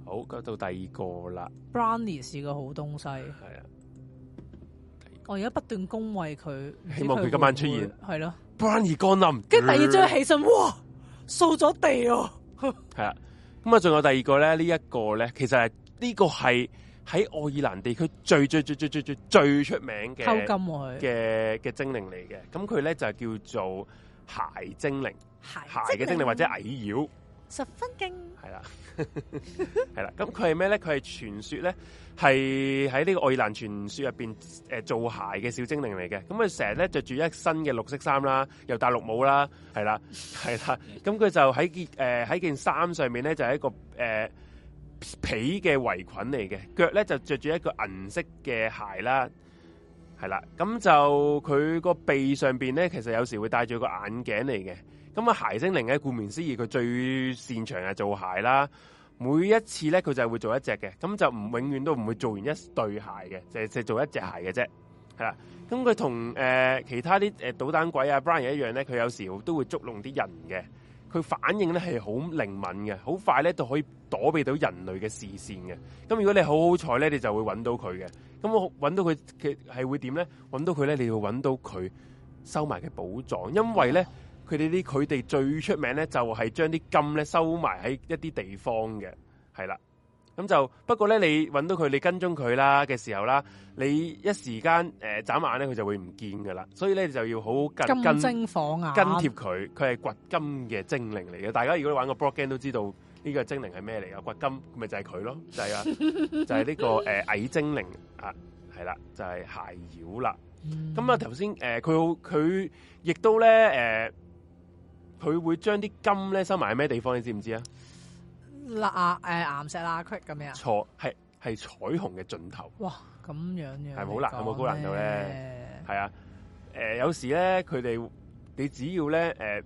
哦、好，到第二個啦。
Brownie 是個好東西。係啊，我而家不斷恭維佢。他希望佢今晚出現。係咯。
布朗尼乾淋，跟住第二朝起
身，哇，掃咗地哦。
係啊，咁啊，仲有第二個咧，呢一個咧，其實係呢個係喺愛爾蘭地區最最最最最最最出名嘅偷金嘅嘅精靈嚟嘅。咁佢咧就係叫做鞋精靈，鞋嘅精靈或者矮妖，
十分勁。
係啦，係啦， 咁佢係咩咧？佢係傳說咧，係喺呢個愛爾蘭傳說入邊誒，做鞋嘅小精靈嚟嘅。咁佢成日咧着住一身嘅綠色衫啦，又戴綠帽啦，係啦，係啦。咁佢就喺、呃、件誒喺件衫上面咧，就係、是、一個誒、呃、皮嘅圍裙嚟嘅。腳咧就着住一個銀色嘅鞋啦，係啦。咁就佢個鼻上邊咧，其實有時會戴住個眼鏡嚟嘅。咁啊，鞋精靈咧，顧名思義，佢最擅長係做鞋啦。每一次咧，佢就係會做一隻嘅，咁就唔永遠都唔會做完一對鞋嘅，就係只做一隻鞋嘅啫，係啦。咁佢同誒其他啲誒搗蛋鬼啊，Brian 一樣咧，佢有時候都會捉弄啲人嘅。佢反應咧係好靈敏嘅，好快咧就可以躲避到人類嘅視線嘅。咁如果你好好彩咧，你就會揾到佢嘅。咁我揾到佢嘅係會點咧？揾到佢咧，你要揾到佢收埋嘅寶藏，因為咧。佢哋啲佢哋最出名咧，就係將啲金咧收埋喺一啲地方嘅，係啦。咁就不過咧，你揾到佢，你跟蹤佢啦嘅時候啦，你一時間誒、呃、眨眼咧，佢就會唔見噶啦。所以咧，就要好跟跟火
眼跟貼
佢，佢係掘金嘅精靈嚟嘅。大家如果玩過 board game 都知道呢個精靈係咩嚟嘅，掘金咪就係、是、佢咯，就係、是、啊，
就係呢、這個誒、呃、
矮精靈啊，係啦，就係、是、鞋妖啦。咁啊、嗯，頭先誒佢佢亦都咧誒。呃佢會將啲金咧收埋喺咩地方？你知唔知啊？
嗱，誒，岩石啊，咁樣錯，
係係彩虹嘅盡頭。
哇，咁樣嘅係好難，有冇
高難度咧？係啊，誒、呃，有時咧，佢哋你只要咧，誒、呃，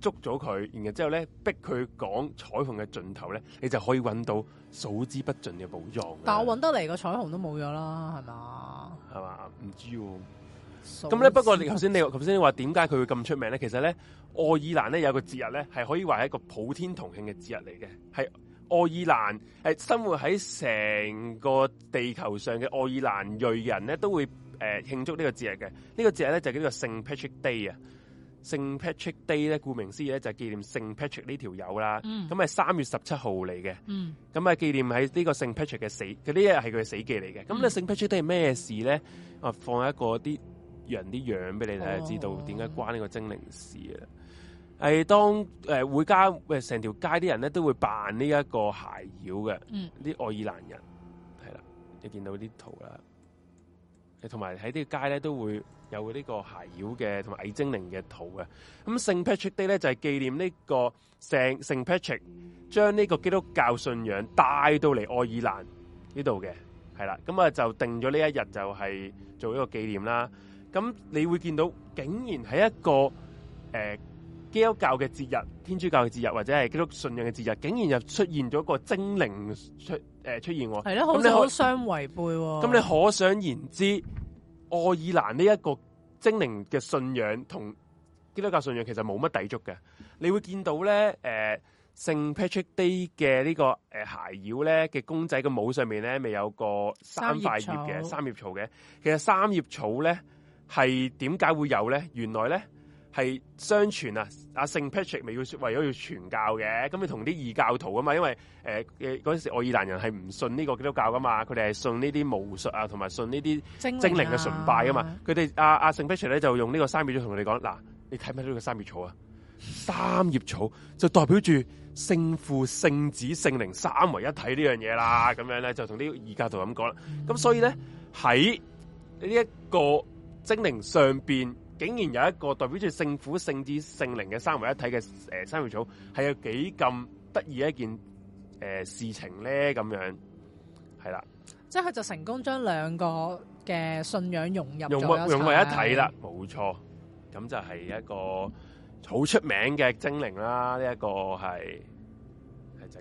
捉咗佢，然後之後咧，逼佢講彩虹嘅盡頭咧，你就可以搵到數之不盡嘅寶藏。
但我搵得嚟個彩虹都冇咗啦，係嘛？
係嘛？唔知喎。咁咧，不過你頭先悉你頭先話點解佢會咁出名咧？其實咧，愛爾蘭咧有個節日咧，係可以話係一個普天同慶嘅節日嚟嘅。係愛爾蘭，係生活喺成個地球上嘅愛爾蘭裔人咧，都會誒慶、呃、祝呢個節日嘅。呢、這個節日咧就叫、是、做聖 Patrick Day 啊。聖 Patrick Day 咧，顧名思義咧就是、紀念聖 Patrick 呢條友啦。嗯。咁係三月十七號嚟嘅。嗯。咁係、嗯、紀念喺呢個聖 Patrick 嘅死，佢呢一日係佢嘅死忌嚟嘅。咁咧、嗯，聖 Patrick Day 係咩事咧？嗯、啊，放一個啲。人啲樣俾你睇，oh. 知道點解關呢個精靈事啊！係當誒會加誒成條街啲人咧都會扮呢一個鞋妖嘅。嗯，啲愛爾蘭人係啦，你見到啲圖啦，同埋喺呢條街咧都會有呢個鞋妖嘅同埋矮精靈嘅圖嘅。咁聖 Patrick Day 咧就係、是、紀念呢個聖聖 Patrick 將呢個基督教信仰帶到嚟愛爾蘭呢度嘅，係啦，咁啊就定咗呢一日就係做一個紀念啦。咁你會見到，竟然係一個誒、呃、基督教嘅節日、天主教嘅節日或者係基督信仰嘅節日，竟然又出現咗個精靈出誒、呃、出現、哦。係咯的，咁你好很相
違背、哦。咁你可
想而知，愛爾蘭呢一個精靈嘅信仰同基督教信仰其實冇乜抵觸嘅。你會見到咧，誒、呃、聖 Patrick Day 嘅呢、這個誒、呃、鞋妖咧嘅公仔嘅帽上面咧，咪有個三塊葉嘅三葉草嘅。其實三葉草咧。係點解會有咧？原來咧係相傳啊，阿聖 Patrick 咪要為咗要傳教嘅，咁佢同啲異教徒啊嘛，因為誒誒嗰陣時愛爾蘭人係唔信呢個基督教噶嘛，佢哋係信呢啲巫術啊，同埋信呢啲精靈嘅崇拜啊嘛。佢哋阿阿聖 Patrick 咧就用呢個三葉草同佢哋講：嗱，你睇咩呢個三葉草啊？三葉草就代表住聖父、聖子、聖靈三為一體呢樣嘢啦。咁樣咧就同啲異教徒咁講啦。咁所以咧喺呢一個。精靈上邊竟然有一個代表住聖父、聖子、聖靈嘅三位一體嘅誒，三葉草係有幾咁得意一件誒事情咧？咁樣係啦，
即係佢就成功將兩個嘅信仰融入融為融為一體啦。
冇錯，咁就係一個好出名嘅精靈啦。呢一個係。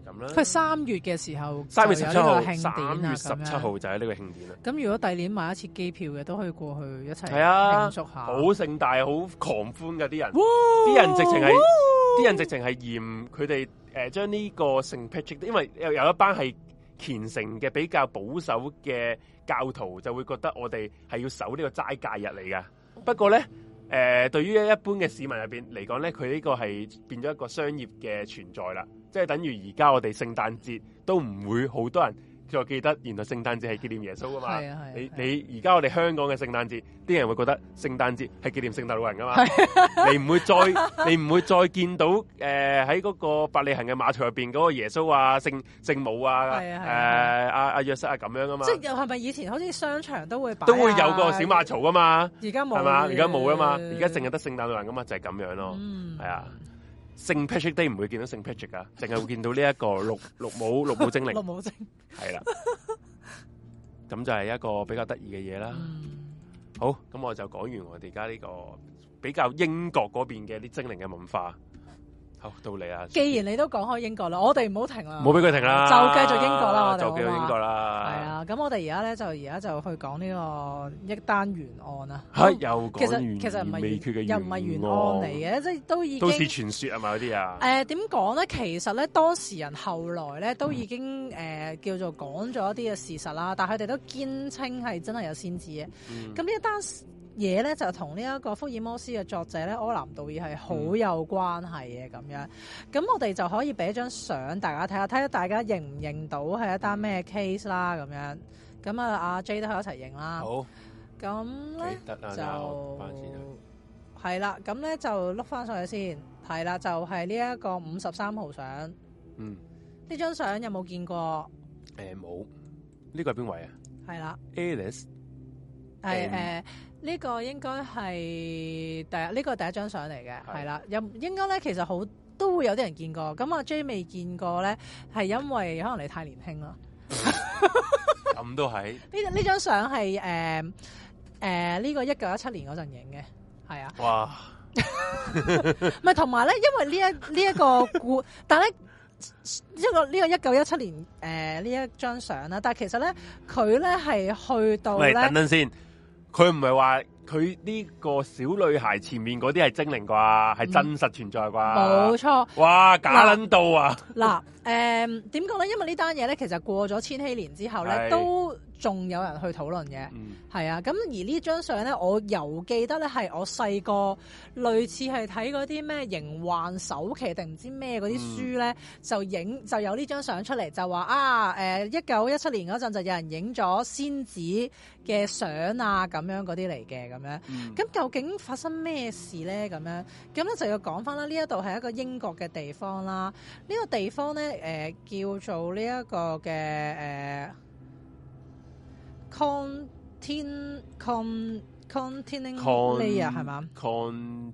咁佢三
月嘅時候，三月十七號，三月十七
號就喺呢個慶典啦。
咁如果第年買一次機票嘅，都可以過去一齊慶祝下。好、
啊、盛大，好狂歡嘅啲人，啲哇人直情係，啲哇人直情係嫌佢哋誒，將、呃、呢個聖 Patrick，因為有有一班係虔誠嘅比較保守嘅教徒，就會覺得我哋係要守呢個齋戒日嚟噶。不過咧，誒、呃，對於一般嘅市民入邊嚟講咧，佢呢個係變咗一個商業嘅存在啦。即係等於而家我哋聖誕節都唔會好多人再記得，原來聖誕節係紀念耶穌噶嘛？係啊係。是的 你你而家我哋香港嘅聖誕節，啲人會覺得聖誕節係紀念聖誕老人噶嘛？是的 你唔會再 你唔會再見到誒喺嗰個伯利恆嘅馬槽入邊嗰個耶穌啊、聖聖、聖母啊、誒阿阿約瑟啊咁、啊啊、樣噶嘛？即係又
係咪以前好似商場都會擺都會有個小馬
槽噶嘛？而家冇係嘛？而家冇啊嘛？而家淨係得聖誕老人噶嘛？就係、是、咁樣咯，係啊、嗯。聖 Patrick Day 唔會見到聖 Patrick 啊，淨係會見到呢一個綠 綠帽綠帽精靈。綠帽精係啦，咁就係一個比較得意嘅嘢啦。好，咁我就講完我哋而家呢個比較英國嗰邊嘅啲精靈嘅文化。好，到你啊！既
然你都講開英國啦，我哋唔好停啦。冇俾佢停啦，就
繼續英國啦，我哋就繼續英國啦。係啊，
咁我哋而家咧就而家就去講呢個一單懸案啊。有
又其實其實唔係未決嘅，又唔係懸案嚟
嘅，即係都已經都市
傳說係咪嗰啲啊？
誒點講咧？其實咧，當時人後來咧都已經誒、嗯呃、叫做講咗一啲嘅事實啦，但係佢哋都堅稱係真係有先知嘅。咁呢、嗯、一單。嘢咧就同呢一個福爾摩斯嘅作者，咧柯南道爾係好有關係嘅咁、嗯、樣，咁我哋就可以俾一張相大家睇下，睇下大家認唔認到係一單咩 case 啦咁樣。咁啊，阿 J 都喺一齊認啦。好。咁咧就係啦，咁咧就碌翻上去先。係啦，就係呢一個五十三號相。嗯。呢張相有冇見過？
誒冇、嗯。呢、呢個係邊位啊？係啦了。Alice、嗯。係誒。
呢個應該係第一，呢、這個、第一張相嚟嘅，係啦是的。有應該咧，其實好都會有啲人見過。咁阿 J 未見過咧，係因為可能你太年輕啦。
咁都係
呢呢張相係誒誒呢個一九一七年嗰陣影嘅，係啊。
哇！
唔係同埋咧，因為呢一呢一個故，但係呢、這個這個呃、一個呢一九一七年誒呢一張相啦，但其實咧佢咧係去到等等
先。佢唔係話佢呢個小女孩前面嗰啲係精靈啩，係真實存在啩？冇錯、嗯。錯哇，假捻到啊！
嗱、啊，誒、呃，點講咧？因為呢單嘢咧，其實過咗千禧年之後咧，是都。仲有人去討論嘅，係、嗯、啊，咁而呢張相咧，我又記得咧，係我細個類似係睇嗰啲咩《凝幻首期》定唔知咩嗰啲書咧、嗯，就影就有呢張相出嚟，就話啊誒，一九一七年嗰陣就有人影咗仙子嘅相啊，咁樣嗰啲嚟嘅咁樣。咁、嗯、究竟發生咩事咧？咁樣咁咧就要講翻啦。呢一度係一個英國嘅地方啦，呢、呢個地方咧、呃、叫做呢一個嘅誒 Contin, con, continuing layer 係嘛
？Contining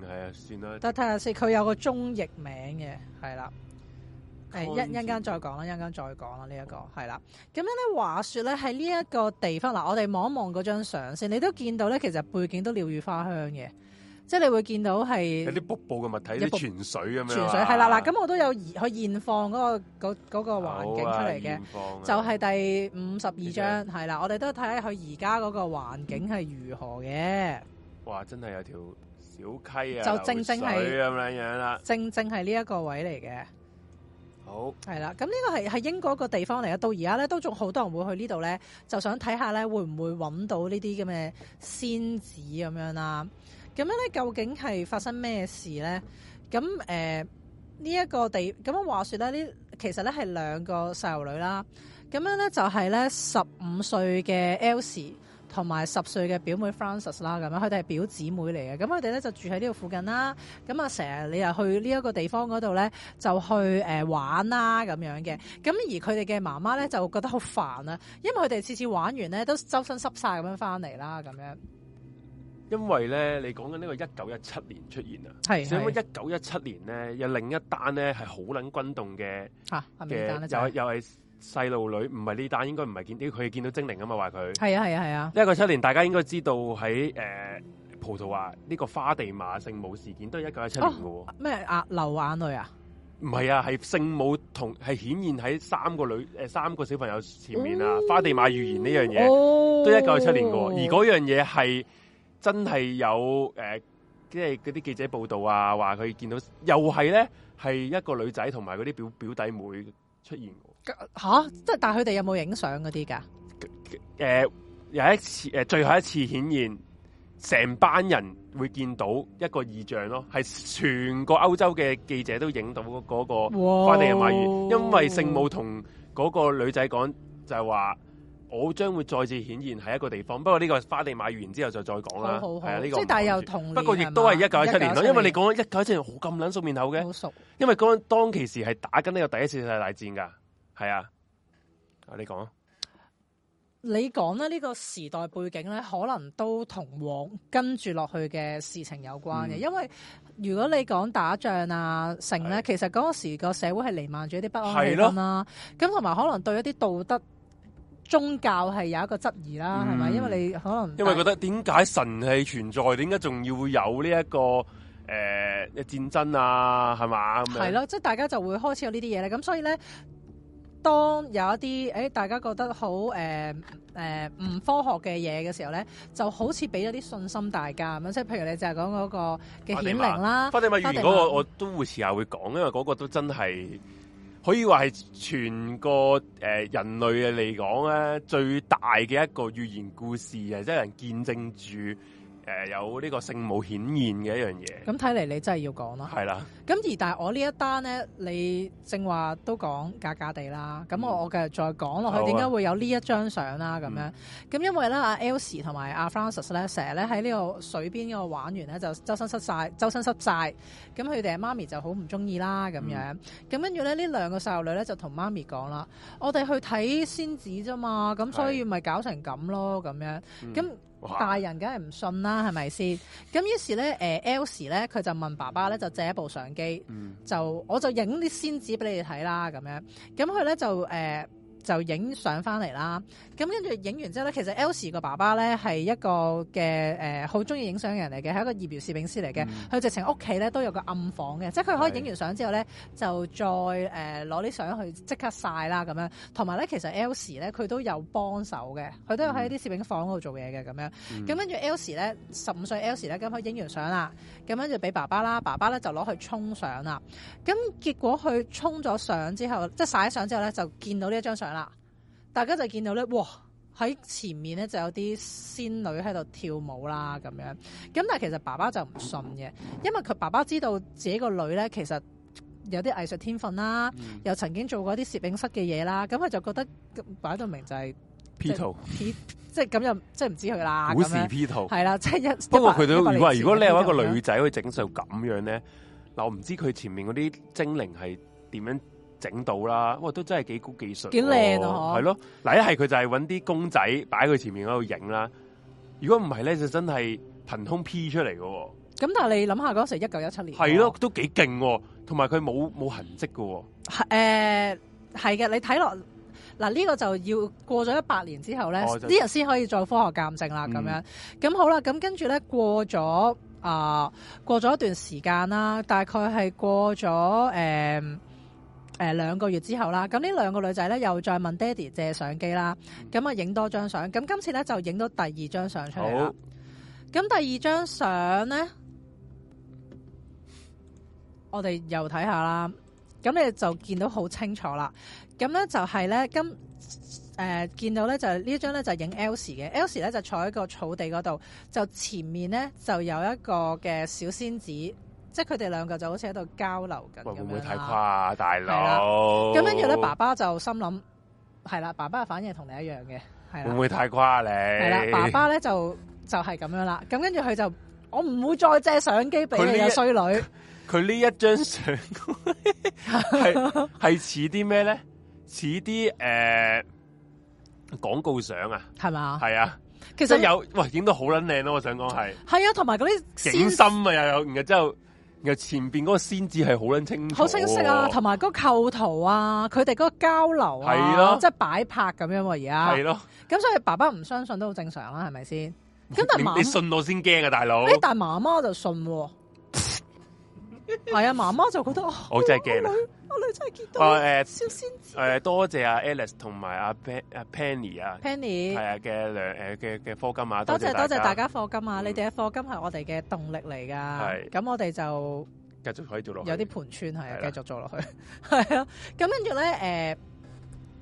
係啊，算啦。但睇
下先，佢有個中譯名嘅，係啦。係一一陣間再講啦，一陣間再講啦。這個、這呢一個係啦。咁樣咧，話說咧，喺呢一個地方嗱，我哋望一望嗰張相先，你都見到咧，其實背景都鳥語花香嘅。即係你會見到係有啲
瀑布嘅物體，啲附泉水咁樣。泉水係啦，嗱咁
我都有去現放嗰、嗰個環、嗰個、環境出嚟嘅，啊啊、就係第五十二章係啦實。我哋都睇下佢而家嗰個環境係如何嘅。
哇！真係有條小溪啊，就正正係咁啦。啊樣啊、
正正係呢一個位嚟嘅。
好
係啦，咁呢個係係英國個地方嚟啊。到而家咧都仲好多人會去呢度咧，就想睇下咧會唔會揾到呢啲咁嘅仙子咁樣啦、啊。咁樣咧，究竟係發生咩事咧？咁誒，呢、呃、一、呢個地咁樣話說咧，呢其實咧係兩個細路女啦。咁樣咧就係咧十五歲嘅 Elsie 同埋十歲嘅表妹 Frances 啦。咁樣佢哋係表姊妹嚟嘅。咁佢哋咧就住喺呢個附近啦。咁啊，成日你又去呢一個地方嗰度咧，就去、呃、玩啦咁樣嘅。咁而佢哋嘅媽媽咧就覺得好煩啦，因為佢哋次次玩完咧都周身濕晒咁樣翻嚟啦，咁樣。
因為咧，你講緊呢個一九一七年出現啊，所以乜一九一七年咧有另一單咧係好撚轟動嘅嚇嘅，又又係細路女，唔係呢單，應該唔係見，因為佢見到精靈啊嘛，話佢係啊係啊係啊！一九一七年大家應該知道喺誒、呃、葡萄牙呢、呢個花地瑪聖母事件都係一九一七年嘅
喎。咩啊，什麼啊流眼淚啊？
唔係啊，係聖母同係顯現喺三個女誒三個小朋友前面啊，嗯、花地瑪預言呢樣嘢都係一九一七年嘅喎，而嗰樣嘢係。真係有誒、呃，即係嗰啲記者報道啊，話佢見到又係咧，係一個女仔同埋嗰啲表表弟妹出現的。
嚇、啊！即係但係佢哋有冇影相嗰啲㗎？誒、呃、
有一次誒、呃、最後一次顯現，成班人會見到一個異象咯，係全個歐洲嘅記者都影到嗰個花地人馬魚，哇因為聖母同嗰個女仔講就係話。我將會再次顯現喺一個地方，不過呢個花地買完之後就再講啦。係啊，呢同。這個、不，但又
不過亦都係一九一七年啦，因為你講
一九一七年好咁撚熟面口嘅，因為嗰當其時係打緊呢個第一次世界大戰㗎，係啊，啊你講
你講咧呢個時代背景咧，可能都同往跟住落去嘅事情有關嘅，嗯、因為如果你講打仗啊，成咧的，其實嗰時個社會係瀰漫住啲不安氣氛啦，咁同埋可能對一啲道德。宗教係有一個質疑啦，係咪、嗯？因為你可能因為覺得
點解神係存在？點解仲要有呢一個誒嘅戰爭啊？係嘛咁樣？係咯，
即係大家就會開始有呢啲嘢咧。咁所以咧，當有一啲誒大家覺得好誒誒唔科學嘅嘢嘅時候咧，就好似俾咗啲信心大家咁樣。即係譬如你就係講嗰個嘅顯靈啦，花地瑪現嗰個我
都會遲下會講，因為嗰個都真係。可以話係全個誒人類嘅嚟講咧，最大嘅一個寓言故事啊，即係人見證住。誒、呃、有呢個聖母顯現嘅一樣嘢，
咁睇嚟你真係要講咯。係啦，咁而但係我一呢一單咧，你正話都講假假地啦。咁我我繼續再講落去，點解、嗯、會有呢一張相啦？咁樣咁、嗯、因為咧，阿 Elsie 同埋阿 Frances 咧，成日咧喺呢個水邊個玩完咧，媽媽就周身濕晒，周身濕晒。咁佢哋阿媽咪就好唔中意啦，咁樣咁跟住咧，呢兩個細路女咧就同媽咪講啦：我哋去睇仙子啫嘛，咁所以咪搞成咁咯，咁樣咁。嗯嗯。哇大人梗係唔信啦，係咪先？咁於是咧，誒 Elsie 咧，佢就問爸爸咧，就借一部相機，嗯、就我就影啲仙子俾你哋睇啦，咁樣，咁佢咧就誒。呃就影相翻嚟啦，咁跟住影完之後咧，其實 Elsie 個爸爸咧係一個嘅誒好中意影相嘅人嚟嘅，係一個業餘攝影師嚟嘅。佢、嗯、直情屋企咧都有個暗房嘅，即係佢可以影完相之後咧是的 就再誒攞啲相去即刻晒啦咁樣。同埋咧，其實 Elsie 咧佢都有幫手嘅，佢都有喺啲攝影房嗰度做嘢嘅咁樣。咁跟住 Elsie 咧，十五歲 Elsie 咧，咁佢影完相啦，咁跟住俾爸爸啦，爸爸咧就攞去沖相啦。咁結果佢沖咗相之後，即係曬咗相之後咧就見到呢一張相。嗱，大家就見到咧，哇喺前面咧就有啲仙女喺度跳舞啦，咁樣。咁但係其實爸爸就唔信嘅，因為佢爸爸知道自己個女咧其實有啲藝術天分啦，嗯、又曾經做過啲攝影室嘅嘢啦，咁佢就覺得擺到明就
係、是、P 圖，
即係咁又即係唔知佢啦。古時 P 圖係啦，即係一。不過佢都喂，如果你有一個女仔
去整成咁樣咧，嗱，我唔知佢前面嗰啲精靈係點樣。整到啦，哇！都真係幾高技術，幾靚啊嗬，係咯。嗱，一係佢就係揾啲公仔擺佢前面嗰度影啦。如果唔係咧，就真係憑空 P 出嚟嘅、
哦。咁但係你諗下嗰時一九一七年，係
咯，都幾勁，同埋佢冇冇痕跡嘅、
哦。誒、呃，係嘅。你睇落嗱，呢、這個就要過咗一百年之後咧，呢日先可以再科學鑑證啦。咁、嗯、樣咁好啦，咁跟住咧過咗啊，過咗、呃、一段時間啦，大概係過咗誒誒兩個月之後啦，咁呢兩個女仔咧又再問爹哋借相機啦，咁啊影多張相，咁今次咧就影到第二張相出嚟啦。咁好第二張相咧，我哋又睇下啦。咁你就見到好清楚啦。咁咧就係咧，今、呃、誒見到咧就係呢張咧就影、係、Elsie 嘅 Elsie 咧就坐喺個草地嗰度，就前面咧就有一個嘅小仙子。即係佢哋兩個就好似喺度交流緊咁樣
啦。會唔會太誇啊，大佬？咁跟住咧，爸爸
就心諗係啦，爸爸反應同你一樣嘅，係會唔會太
誇啊，你？係啦，爸爸
咧就就係咁樣啦。咁跟住佢就，我唔會再借相機俾你嘅衰
女。佢 呢一張相係似啲咩咧？似啲誒廣告相啊？係嘛？係啊。其實有喂影到好撚靚咯，我想講係。
係啊，同埋嗰啲景深
啊，又有，然之後。前邊嗰個先至係好捻清楚，好清晰啊，同
埋個構圖啊，佢哋嗰個交流啊，係咯，即係擺拍咁樣啊。而家，係咯，咁所以爸爸唔相信都好正常啦，啊，係咪
先？咁但你，你信我先驚啊，大佬。誒，
但媽媽媽就信，啊。 係 啊，媽媽就覺得哦，我真係驚啦，我
女真係見到小仙子誒，誒、啊呃呃，多謝阿 Alice 同埋阿 Penny 啊，Penny 係嘅誒嘅嘅課金啊，多謝多謝大家
課金啊，嗯、你哋嘅課金係我哋嘅動力嚟噶，係
咁、嗯、我哋就繼續可以做落去，有
啲盤纏係繼續做落去，係啊咁跟住咧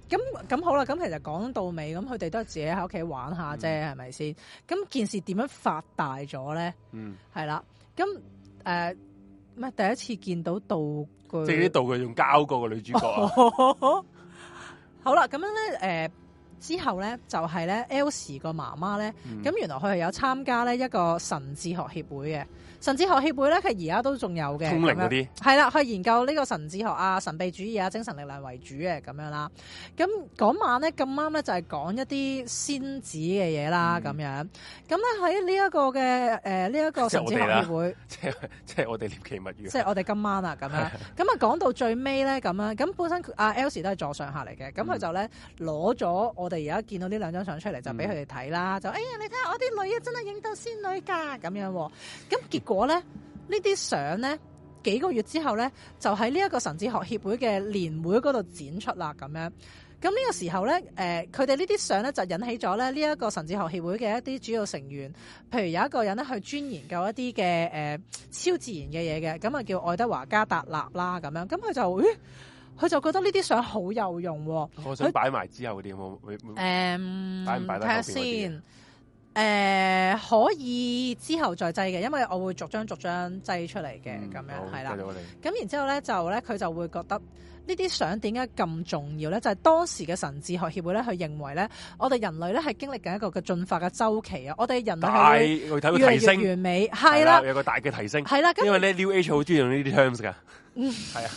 誒，咁咁、 呃、好啦，咁其實講到尾咁，佢哋都係自己喺屋企玩下啫，係咪先？咁件事點樣發大咗咧？
嗯，
係啦、啊，咁誒。呃唔係第一次見到道具，即係啲
道具用膠過個女主角，
好啦，咁樣咧，誒、呃。之後咧就係咧，Els 個媽媽咧，咁、嗯、原來佢係有參加呢一個神智學協會嘅神智學協會咧，佢而家都仲有嘅，通靈嗰啲係啦，去研究呢個神智學啊、神秘主義啊、精神力量為主嘅咁樣啦。咁嗰晚咧咁啱咧就係、是、講一啲仙子嘅嘢啦，咁、嗯、樣咁咧喺呢一個嘅誒呢一個神智學協會，
即係即係我哋獵奇物語，即係我哋
今晚啊咁樣咁啊 講到最尾咧咁樣咁本身阿 Els 都係座上客嚟嘅，咁佢、嗯、就咧攞咗。我哋而家見到呢兩張相出嚟，就俾佢哋睇啦。嗯、就哎呀，你睇下我啲女啊，真係影到仙女噶咁樣。咁結果咧，呢啲相咧幾個月之後咧，就喺呢一個神智學協會嘅年會嗰度展出啦。咁樣咁呢、呢個時候咧，誒佢哋呢啲相咧就引起咗咧呢一個神智學協會嘅一啲主要成員，譬如有一個人咧去專研究一啲嘅誒超自然嘅嘢嘅，咁啊叫愛德華加達納啦咁樣。咁佢就佢就覺得呢啲相好有用，哦，我
想擺埋之後嗰啲冇？誒他，睇、嗯、下先，
誒、呃，可以之後再製嘅，因為我會逐張逐張製出嚟嘅，
咁、嗯、樣係啦。
咁然之後咧就咧，佢就會覺得呢啲相點解咁重要咧？就係、是、當時嘅神智學協會咧，佢認為咧，我哋人類咧係經歷緊一個嘅進化嘅周期啊！我哋人類睇到提升，完美，係啦，
有個大嘅提升，係啦，因為呢 New Age 好中意用呢啲 terms 噶，嗯，係啊。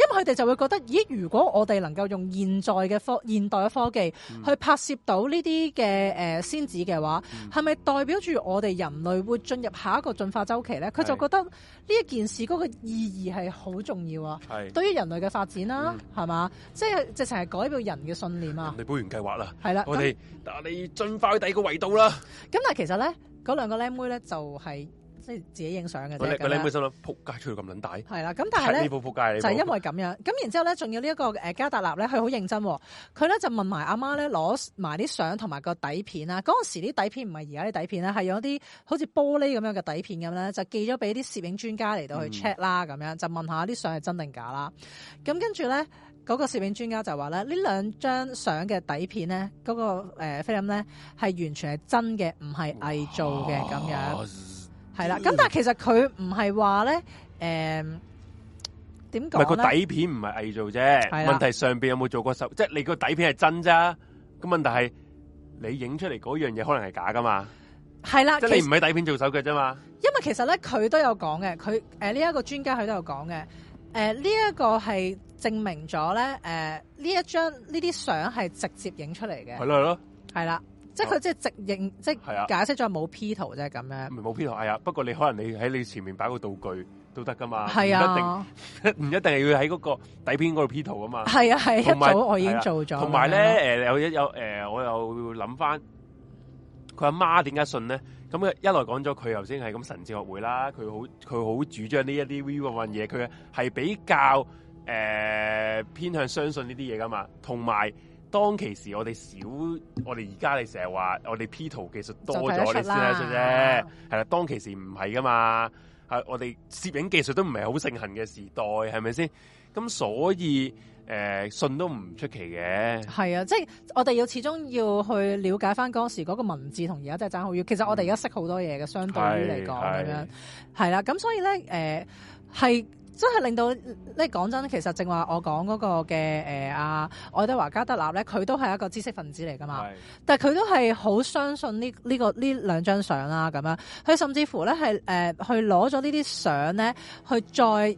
因為佢哋就會覺得，咦？如果我哋能夠用現在嘅科現代嘅科技去拍攝到呢啲嘅誒仙子嘅話，係咪、嗯、代表住我哋人類會進入下一個進化周期咧？佢就覺得呢一件事嗰個意義係好重要啊！係是對於人類嘅發展啦、啊，係嘛、嗯？即係直情係改變人嘅信念啊！你
哋背完計劃啦，係啦那，我哋帶你進化去第二個維度啦。
咁但係其實咧，嗰兩個靚妹咧就係、是。自己影相嘅，啫，僆妹
心諗：撲街，穿咁撚大？係啦，咁但係咧，就係因為
咁樣。咁然之後咧，仲有呢一個誒加達納咧，佢好認真。佢咧就問埋阿媽咧攞埋啲相同埋個底片啦。嗰陣時啲底片唔係而家啲底片啦，係用啲好似玻璃咁樣嘅底片咁咧，就寄咗俾啲攝影專家嚟到去 check 啦，咁、嗯、樣就問一下問下啲相係真定假啦。咁跟住咧，嗰、嗰個攝影專家就話咧，呢兩張相嘅底片咧，嗰、嗰個誒菲林咧係完全係真嘅，唔係偽造嘅咁哇 樣。係啦，咁但係其實佢唔係話咧，誒，點講咧？係個底片
唔係偽造啫，問題上邊有冇做過手？即係你個底片係真咋，咁問題係你影出嚟嗰樣嘢可能係假噶嘛？係啦，即係你唔係底片做手腳啫嘛？
因為其實咧，佢都有講嘅，佢誒呢一個專家佢都有講嘅，誒呢一個係證明咗咧，誒呢一張呢啲相係直接影出嚟嘅，係咯係咯，係啦。即係佢即係直認，即係解釋咗冇 P 圖啫、啊，咁樣。
冇 P 圖，係啊。不過你可能你喺你前面擺個道具都得噶嘛。係啊，一定，唔 一定係要喺嗰個底片嗰度 P 圖噶嘛。係啊，係、啊、有一早我已經做咗、啊。同埋咧，誒，有一有誒、呃，我又諗翻佢阿媽點解信咧？咁一來講咗佢頭先係咁神智學會啦，佢好佢好主張呢一啲 view 嘅嘢，佢係比較誒、呃、偏向相信呢啲嘢噶嘛。同埋。當其時我哋少，我哋而家你成日話我哋 P 圖技術多咗，你先得出啫。係啦，啊，當其時唔係噶嘛，係我哋攝影技術都唔係好盛行嘅時代，係咪先？咁所以誒、呃、信都唔出奇嘅。
係啊，即係我哋要始終要去了解翻嗰時嗰個文字同而家真係爭好遠。其實我哋而家識好多嘢嘅，相對嚟講咁樣係啦。咁所以咧，誒、呃、係。真係令到咧，講真，其實正話我講嗰個嘅誒阿愛德華加德納咧，佢都係一個知識分子嚟㗎嘛。是的 但係佢都係好相信呢呢、呢個呢兩張相啦、啊，咁樣佢甚至乎咧係誒去攞咗呢啲相咧去再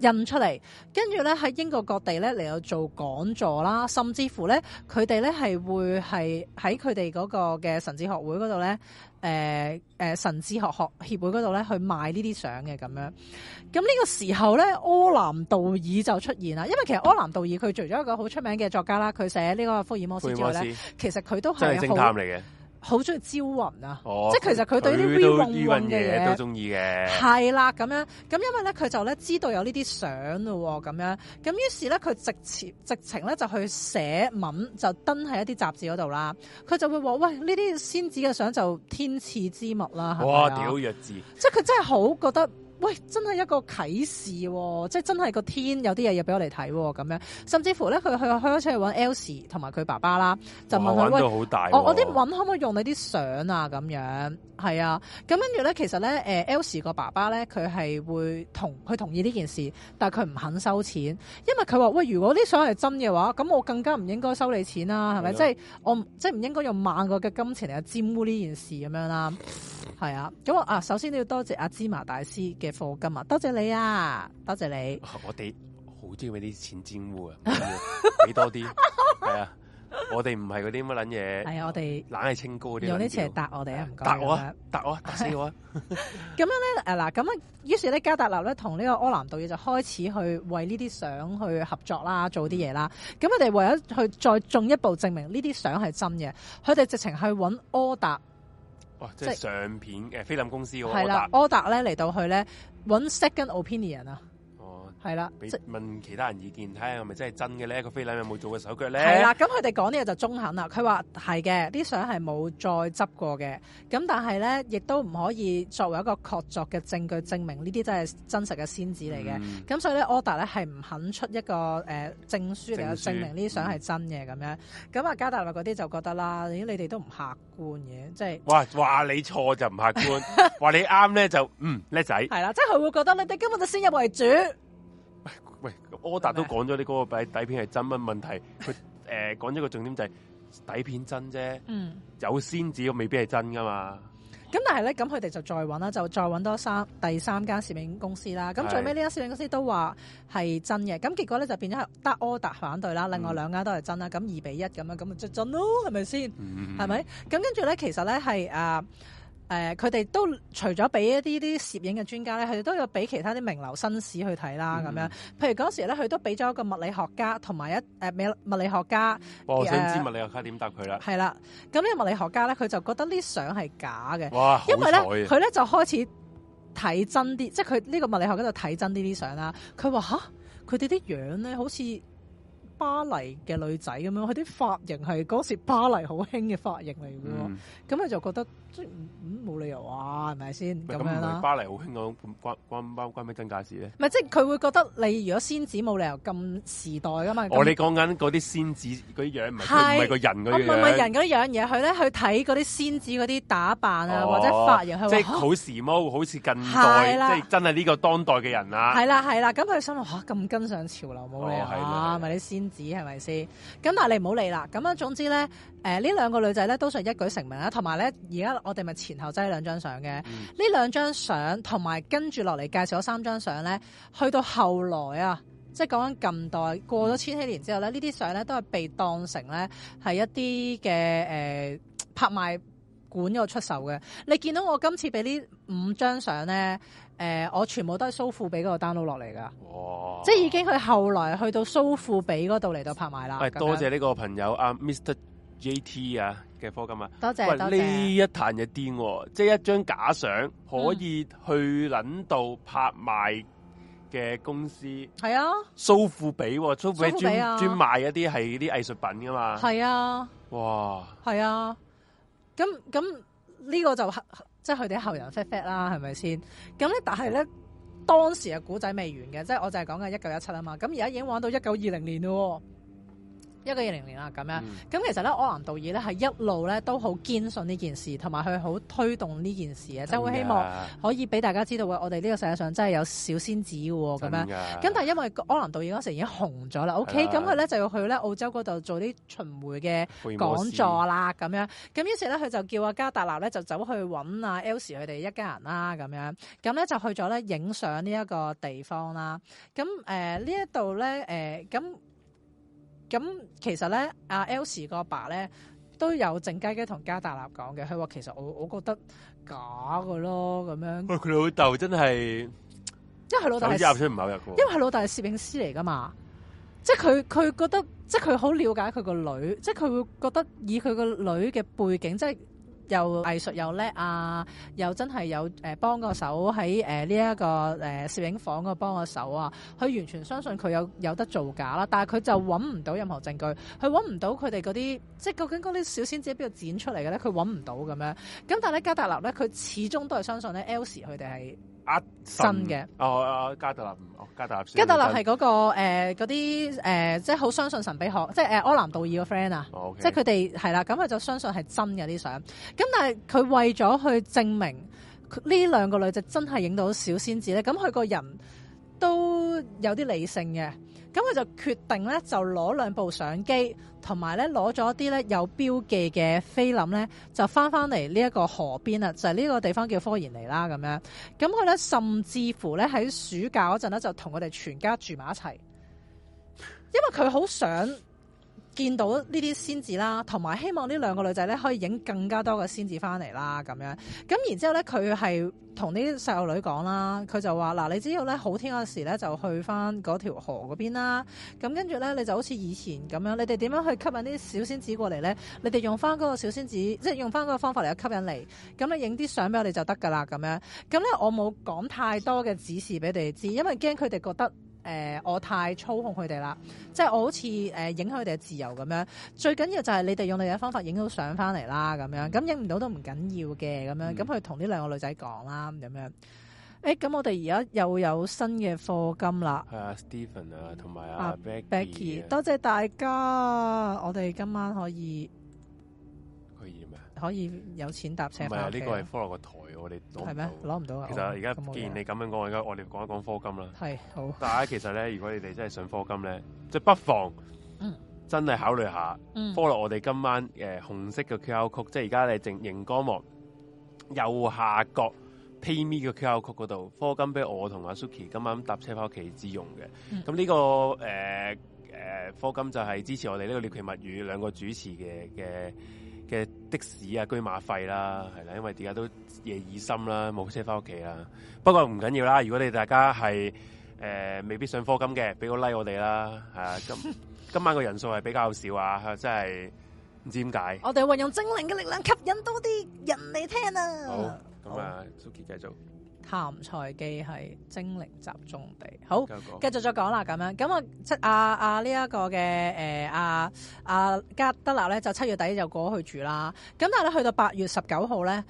印出嚟，跟住咧喺英國各地咧，嚟有做講座啦，甚至乎咧佢哋咧係會係喺佢哋嗰個嘅神智學會嗰度咧，誒、呃、神智學學協會嗰度咧去賣呢啲相嘅咁樣。咁呢個時候咧，柯南道爾就出現啦，因為其實柯南道爾佢除咗一個好出名嘅作家啦，佢寫呢個福爾摩斯之外咧，其實佢都係偵探嚟嘅。好中意招魂啊、哦！即係其實佢對呢啲 vivid 嘅嘢都中
意嘅。
係啦，咁樣咁因為咧，佢就咧知道有呢啲相咯，咁樣咁於是咧，佢直情直情咧就去寫文，就登喺一啲雜誌嗰度啦。佢就會話：喂，呢啲仙子嘅相就天賜之物啦。哇！屌
弱智！
即係佢真係好覺得。喂，真係一個啟示喎、哦，即係真係個天有啲嘢要俾我嚟睇喎，咁樣，甚至乎咧，佢去去咗出去揾 Elsie 同埋佢爸爸啦，哇就問佢喂，我我啲揾可唔可以用你啲相啊？咁樣，係啊，咁跟住咧，其實咧，誒 Elsie 個爸爸咧，佢係會同佢同意呢件事，但係佢唔肯收錢，因為佢話喂，如果啲相係真嘅話，咁我更加唔應該收你錢啦，係咪的？即係、就是、我即係唔應該用萬個嘅金錢嚟沾污呢件事咁樣啦。係啊，咁啊，首先都要多謝阿芝麻大師嘅課金啊，多謝你啊，多謝你。
我哋好中意啲錢占污啊，俾 多啲，係 啊，我哋唔係嗰啲乜捻嘢，係啊，我哋懶係清高啲，用啲錢嚟答
我哋啊，唔該，答我，
答我，答死我。
咁樣咧，誒嗱，咁啊，於、 啊、是咧，加達立咧，同呢個柯南道爾就開始去為呢啲相去合作啦，做啲嘢啦。咁佢哋為咗去再進一步證明呢啲相係真嘅，佢哋直情去搵柯達。
哇！即係相片嘅即、哎、菲林公司，的柯達，
柯達咧嚟到去咧揾 second opinion 啊！係啦，畀
問其他人意見，睇下係咪真係真嘅咧？個菲林有冇做過手腳咧？係啦，咁
佢哋講啲嘢，就中肯啦。佢話係嘅，啲相係冇再執過嘅。咁但係咧，亦都唔可以作為一個確鑿嘅證據，證明呢啲真係真實嘅仙子嚟嘅。咁、嗯、所以咧，Order 咧係唔肯出一個誒、呃、證書嚟證書證明呢啲相係真嘅咁、嗯、樣。咁啊，加達樂嗰啲就覺得啦，咦，你哋都唔客觀嘅，即係
哇話你錯就唔客觀，話、就是、你啱咧就, 就嗯叻仔。
係啦，即係佢會覺得你哋根本就先入為主。
柯達都講咗呢嗰個底片係真嘅，乜問題？佢誒講咗個重點就係、是、底片是真啫，嗯、有仙子未必係真噶嘛。
咁但係咧，咁佢哋就再揾啦，就再揾多三第三間攝影公司啦。咁最尾呢間攝影公司都話係真嘅，咁的結果咧就變咗得柯達反對啦，嗯、另外兩家都係真啦，咁二比一咁樣，咁咪出樽咯，係咪先？係咪、嗯？咁跟住咧，其實咧係誒。誒佢哋都除咗俾一啲啲攝影嘅專家咧，佢哋都有俾其他啲名流紳士去睇啦咁樣。嗯、譬如嗰時咧，佢都俾咗一個物理學家同埋一誒美、呃、物理學家。哇！我想知物
理學家點答佢啦。
係啦，咁呢個物理學家咧，佢就覺得啲相係假嘅。哇！因為咧，佢咧就開始睇真啲，即係佢呢個物理學家就睇真啲啲相啦。佢話吓，佢哋啲樣咧好似巴黎嘅女仔咁樣，佢啲髮型係嗰時巴黎好興嘅髮型嚟嘅喎，咁佢就覺得
即係唔冇理由啊，係咪先？咁巴黎好興嗰種關關咩真假事咧？
唔係即係佢會覺得你如果仙子冇理由咁時代噶嘛？我哋
講緊嗰啲仙子嗰啲樣唔係唔係個人嗰樣唔係人
嗰樣嘢，佢咧去睇嗰啲仙子嗰啲打扮啊或者髮型，即係好
時髦，好似近代即係真係呢個當代嘅人啦。係
啦係啦，咁佢心諗咁跟上潮流冇理由咪啲仙。紙係咪先？咁但係你唔好理啦。咁樣總之咧，誒、呃、呢兩個女仔咧都算一舉成名啦。同埋咧，而家我哋咪前後擠兩張相嘅。呢、嗯、兩張相同埋跟住落嚟，介紹咗三張相咧，去到後來啊，即係講緊近代過咗千禧年之後咧，呢啲相咧都係被當成咧係一啲嘅誒拍賣館嗰個出售嘅。你見到我今次俾呢五張相咧。誒，我全部都係蘇富比嗰個 download 落嚟㗎，即係已經佢後來去到蘇富比嗰度嚟到拍賣啦。多謝
呢個朋友啊，Mr. J T 啊嘅課金啊，多謝，呢一壇嘅癲，即係一張假相可以去撚到拍賣嘅公司，係啊，蘇富比，蘇富比專賣一啲係啲藝術品㗎嘛，係啊，哇，係啊，
咁咁呢個就。即係佢哋後人 fat fat 啦，係咪先？咁咧，但係咧，當時嘅古仔未完嘅，即係我就係講緊一九一七啊嘛。咁而家已經玩到一九二零年咯。一九二零年啦，咁樣，咁、嗯、其實咧，柯南道爾咧係一路咧都好堅信呢件事，同埋佢好推動呢件事嘅，即係會希望可以俾大家知道嘅，我哋呢個世界上真係有小仙子喎，咁的樣。咁但係因為柯南道爾嗰時已經紅咗啦的，OK，咁佢咧就要去咧澳洲嗰度做啲巡迴嘅講座啦，咁樣。咁於是咧，佢就叫阿加達納咧就走去揾啊 Elsie 佢哋一家人啦，咁樣。咁咧就去咗咧影相呢一個地方啦。咁、呃、呢一度咧誒咁。呃咁其實咧，阿、啊、Elsie 阿個爸咧都有靜雞雞同加達立講嘅，佢話其實我我覺得假嘅咯，咁樣。
喂，佢老豆真係，
因為佢老豆唔係因為佢老豆係攝影師嚟噶嘛，即係佢佢覺得，即係佢好了解佢個女，即係佢會覺得以佢個女嘅背景，即係。又藝術又叻啊！又真係有誒、呃、幫手、呃這個手喺呢一個誒攝影房度幫個手啊！佢完全相信佢有有得造假啦，但係佢就揾唔到任何證據，佢揾唔到佢哋嗰啲，即係究竟嗰啲小仙子喺邊度剪出嚟㗎咧？佢揾唔到咁樣。咁但係咧，加特納咧，佢始終都係相信咧 Elsie 佢哋係呃新嘅。
哦，加特納、哦、納，加特納、那個。加特
納係嗰個嗰啲即係好相信神秘學，即係誒、呃、柯南道爾個 friend 啊，哦 okay. 即係佢哋係啦。咁佢就相信係真嘅啲相。咁但係佢為咗去證明呢兩個女仔真係影到小仙子咧，咁佢個人都有啲理性嘅，咁佢就決定咧就攞兩部相機，同埋咧攞咗啲咧有標記嘅菲林咧，就翻翻嚟呢一個河邊啦，就係呢個地方叫科研嚟啦，咁樣，咁佢咧甚至乎咧喺暑假嗰陣咧就同佢哋全家住埋一齊，因為佢好想。見到呢啲仙子啦，同埋希望呢兩個女仔咧可以影更加多嘅仙子翻嚟啦，咁樣咁然之後咧，佢係同啲細路女講啦，佢就話嗱，你只要咧好天嗰時咧就去翻嗰條河嗰邊啦，咁跟住咧你就好似以前咁樣，你哋點樣去吸引啲小仙子過嚟咧？你哋用翻嗰個小仙子，即係用翻嗰個方法嚟吸引嚟，咁你影啲相俾我哋就得噶啦，咁樣咁咧我冇講太多嘅指示俾你哋知，因為驚佢哋覺得。誒、呃，我太操控佢哋啦，即係我好似誒影響佢哋嘅自由咁樣。最緊要就係你哋用你嘅方法影到相翻嚟啦，咁樣咁影唔到都唔緊要嘅，咁樣咁佢同呢兩個女仔講啦，咁樣。誒、欸，咁我哋而家又有新嘅課金啦。
係啊，Stephen 啊，同埋阿 Becky 多
謝大家，啊、我哋今晚可以
可以咩？
可以有錢搭車、啊。唔係、呢、啊、個係
Four 個圖。我哋攞唔到啊！到其實而家，既然你咁樣講，而家、oh, 我哋講一講課金啦。係好，大家其實咧，如果你哋真係想課金咧，即不妨的嗯，真係考慮下科樂。我哋今晚誒、呃、紅色嘅 QR Code，ode, 嗯、即係而家你淨熒光幕右下角 PayMe 嘅 QR Code 嗰度，課金俾我同阿 Suki 今晚搭車返屋企之用嘅。咁呢、嗯這個誒誒課金就係支持我哋呢個《獵奇物語》兩個主持嘅嘅。的嘅的、的士啊，車馬費啦，係啦，因為而家都夜已深啦，冇車翻屋企啦。不過唔緊要啦，如果你大家係誒、呃、未必上課金嘅，俾個 like 我哋啦，係啊。今 今晚個人數係比較少啊，真係唔知點解。
我哋運用精靈嘅力量，吸引多啲人嚟
聽啊！好，
咁啊，Suki 繼續。
咸菜基係精靈集中地，
好，繼續
再講啦，咁樣，咁啊，七阿阿呢一個嘅誒阿阿加德納咧，就七月底就過去住啦，咁但係咧去到八月十九號咧，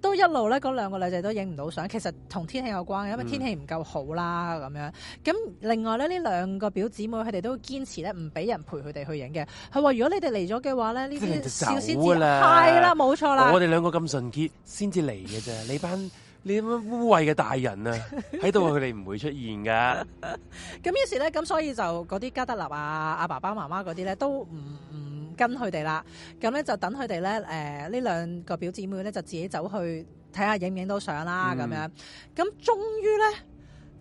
都一路咧嗰兩個女仔都影唔到相，其實同天氣有關嘅，因為天氣唔夠好啦，咁樣，嗯，咁另外咧呢兩個表姊妹，佢哋都堅持咧唔俾人陪佢哋去影嘅，佢話如果你哋嚟咗嘅話咧，呢啲就走先啦才才，係啦了，冇錯啦，錯我
哋兩個咁純潔先至嚟嘅啫，呢班。啲污衊嘅大人啊，喺度佢哋唔會出現噶。
咁於是咧，咁所以就嗰啲加德納啊、阿爸爸媽媽嗰啲咧都唔唔跟佢哋啦。咁咧就等佢哋咧，誒、呃、呢兩個表姊妹咧就自己走去睇下影唔影到相啦。咁、嗯、樣，咁終於咧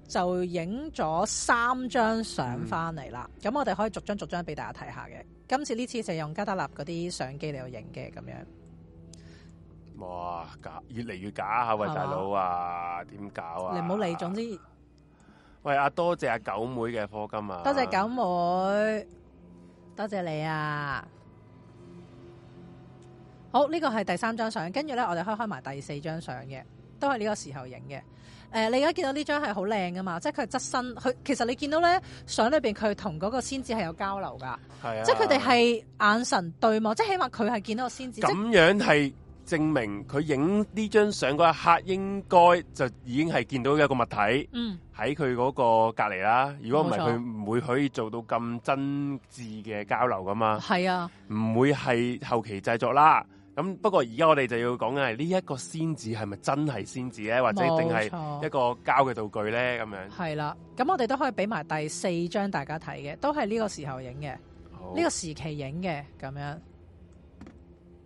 就影咗三張相翻嚟啦。咁、嗯、我哋可以逐張逐張俾大家睇下嘅。今次呢次就用加德納嗰啲相機嚟到影嘅咁樣。
哇！假越嚟越假吓喂，大佬啊，點吧搞啊？你唔好理，總之喂阿多謝阿九妹嘅課金啊，多謝九
妹，多謝你啊。好，呢個係第三張相，跟住咧，我哋開開埋第四張相嘅，都係呢個時候影嘅。誒、呃，你而家見到呢張係好靚噶嘛？即係佢側身，佢其實你見到咧相裏邊佢同嗰個仙子係有交流噶，係啊，
即係佢哋係
眼神對望，即係起碼佢係見到個仙子咁樣係。
證明佢影呢張相嗰一刻應該就已經係見到一個，物體，嗯、喺佢嗰個隔離啦。如果唔係，佢唔會可以做到咁真摯嘅交流噶嘛。係是啊，唔會係後期製作啦。咁不過而家我哋就要講緊係呢一個仙子係咪真係仙子咧，或者定係一個膠嘅道具咧？咁沒錯 樣係啦。
咁我哋都可以俾埋第四張大家睇嘅，都係呢個時候影嘅，呢好 個時期影嘅咁樣。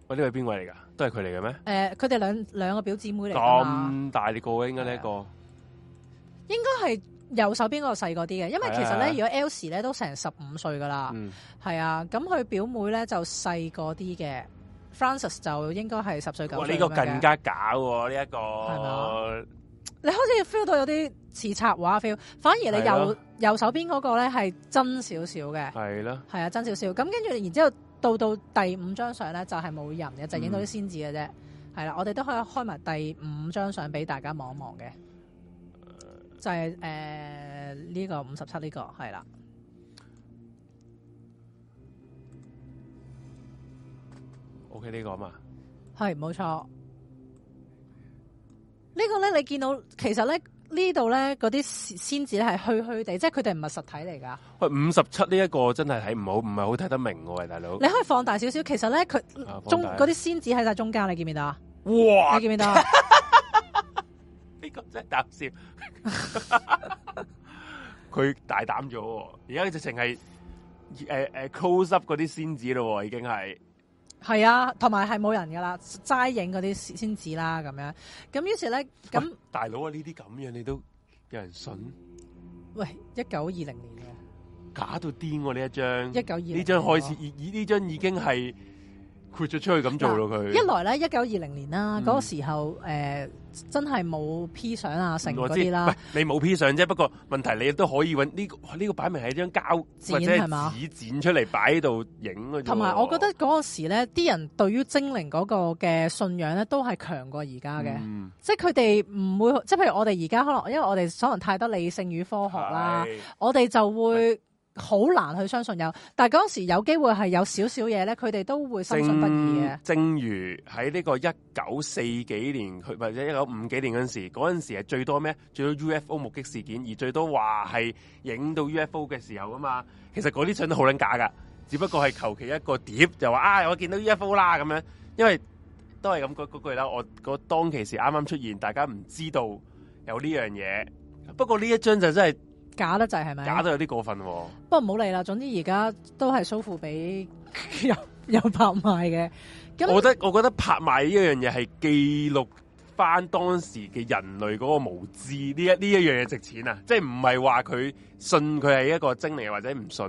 喂、啊，呢個係邊位嚟㗎？都係佢
嚟嘅咩？誒、呃，佢哋兩兩個表姐妹嚟噶嘛？咁
大你個應該呢一個？是啊、
應該係右手邊嗰個細個啲嘅，因為其實咧，是啊、如果 Elsie 咧都成十五歲噶啦，係、嗯、啊，咁佢表妹咧就細個啲嘅。Frances、嗯、 就應該係十歲九歲咁，呢個更加
假喎，呢、這、一個吧。嗯、
你好似 feel 到有啲似插畫 feel，反而你右是、啊、右手邊嗰個咧係真少少嘅。係啦，係啊，真少少。咁跟住，然之後。到到第五張相咧，就係、是、冇人嘅，就影到啲仙子嘅啫。係啦、嗯，我哋都可以開埋第五張相俾大家望一望嘅，就係誒呢個五十七呢個係啦。
OK 呢個啊嘛，
係冇錯。這個、呢個咧，你見到其實咧。這裡呢度咧，嗰啲仙子咧係虛虛地，即係佢哋唔係實體嚟噶
喂，五十七呢一個真係睇唔好，唔係好睇得明嘅喂，大佬。你可以
放大少少，其實咧佢，啊、中嗰啲仙子喺晒中間，你見唔見到啊？哇！你
見唔見到啊？呢個 真係搞笑， 膽，佢大膽咗，而家直情係誒誒 close up 嗰啲仙子咯，已經係。
係啊，同埋係冇人㗎喇，齋影嗰啲先至啦咁樣。咁於是咧，咁
大佬啊，呢啲咁樣你都有人信？
喂，一九二零年嘅，
假到癲喎呢一張，一九二零年，一九二零呢張開始，呢張已經係。嗯豁咗出去咁做咯佢，嗯。一
來咧，一九二零年啦，嗰、嗯、個時候誒、呃，真係冇 P 相啊，成嗰啲啦。唔係
你冇 P 相啫，不過問題你都可以揾呢、呢個呢、呢個擺明係張膠剪係嘛？紙剪出嚟擺喺度影。同埋我覺
得嗰個時咧，啲人對於精靈嗰個嘅信仰咧，都係強過而家嘅。嗯、即係佢哋唔會，即係譬如我哋而家可能，因為我哋可能太多理性與科學啦，是的 我哋就會。好難去相信有，但係嗰陣時有機會係有少少嘢咧，佢哋都會深信不疑嘅。
正如喺呢個一九四幾年，佢或者一九五幾年嗰陣時，嗰陣時係最多咩？最多 UFO 目擊事件，而最多話係影到 UFO 嘅時候啊嘛。其實嗰啲相都好撚假噶，只不過係求其一個碟就話啊，我見到 UFO 啦咁樣，因為都係咁嗰句啦。我嗰當其時啱啱出現，大家唔知道有呢樣嘢。不過呢一張就真係。
假得滯係咪？假得
有啲過分喎、啊。
不過唔好理啦，總之而家都係蘇富比有又拍賣嘅。我覺得
我覺得拍賣呢一樣嘢，係記錄翻當時嘅人類嗰個無知呢一呢一樣嘢值錢啊！即係唔係話佢信佢係一個精靈或者唔信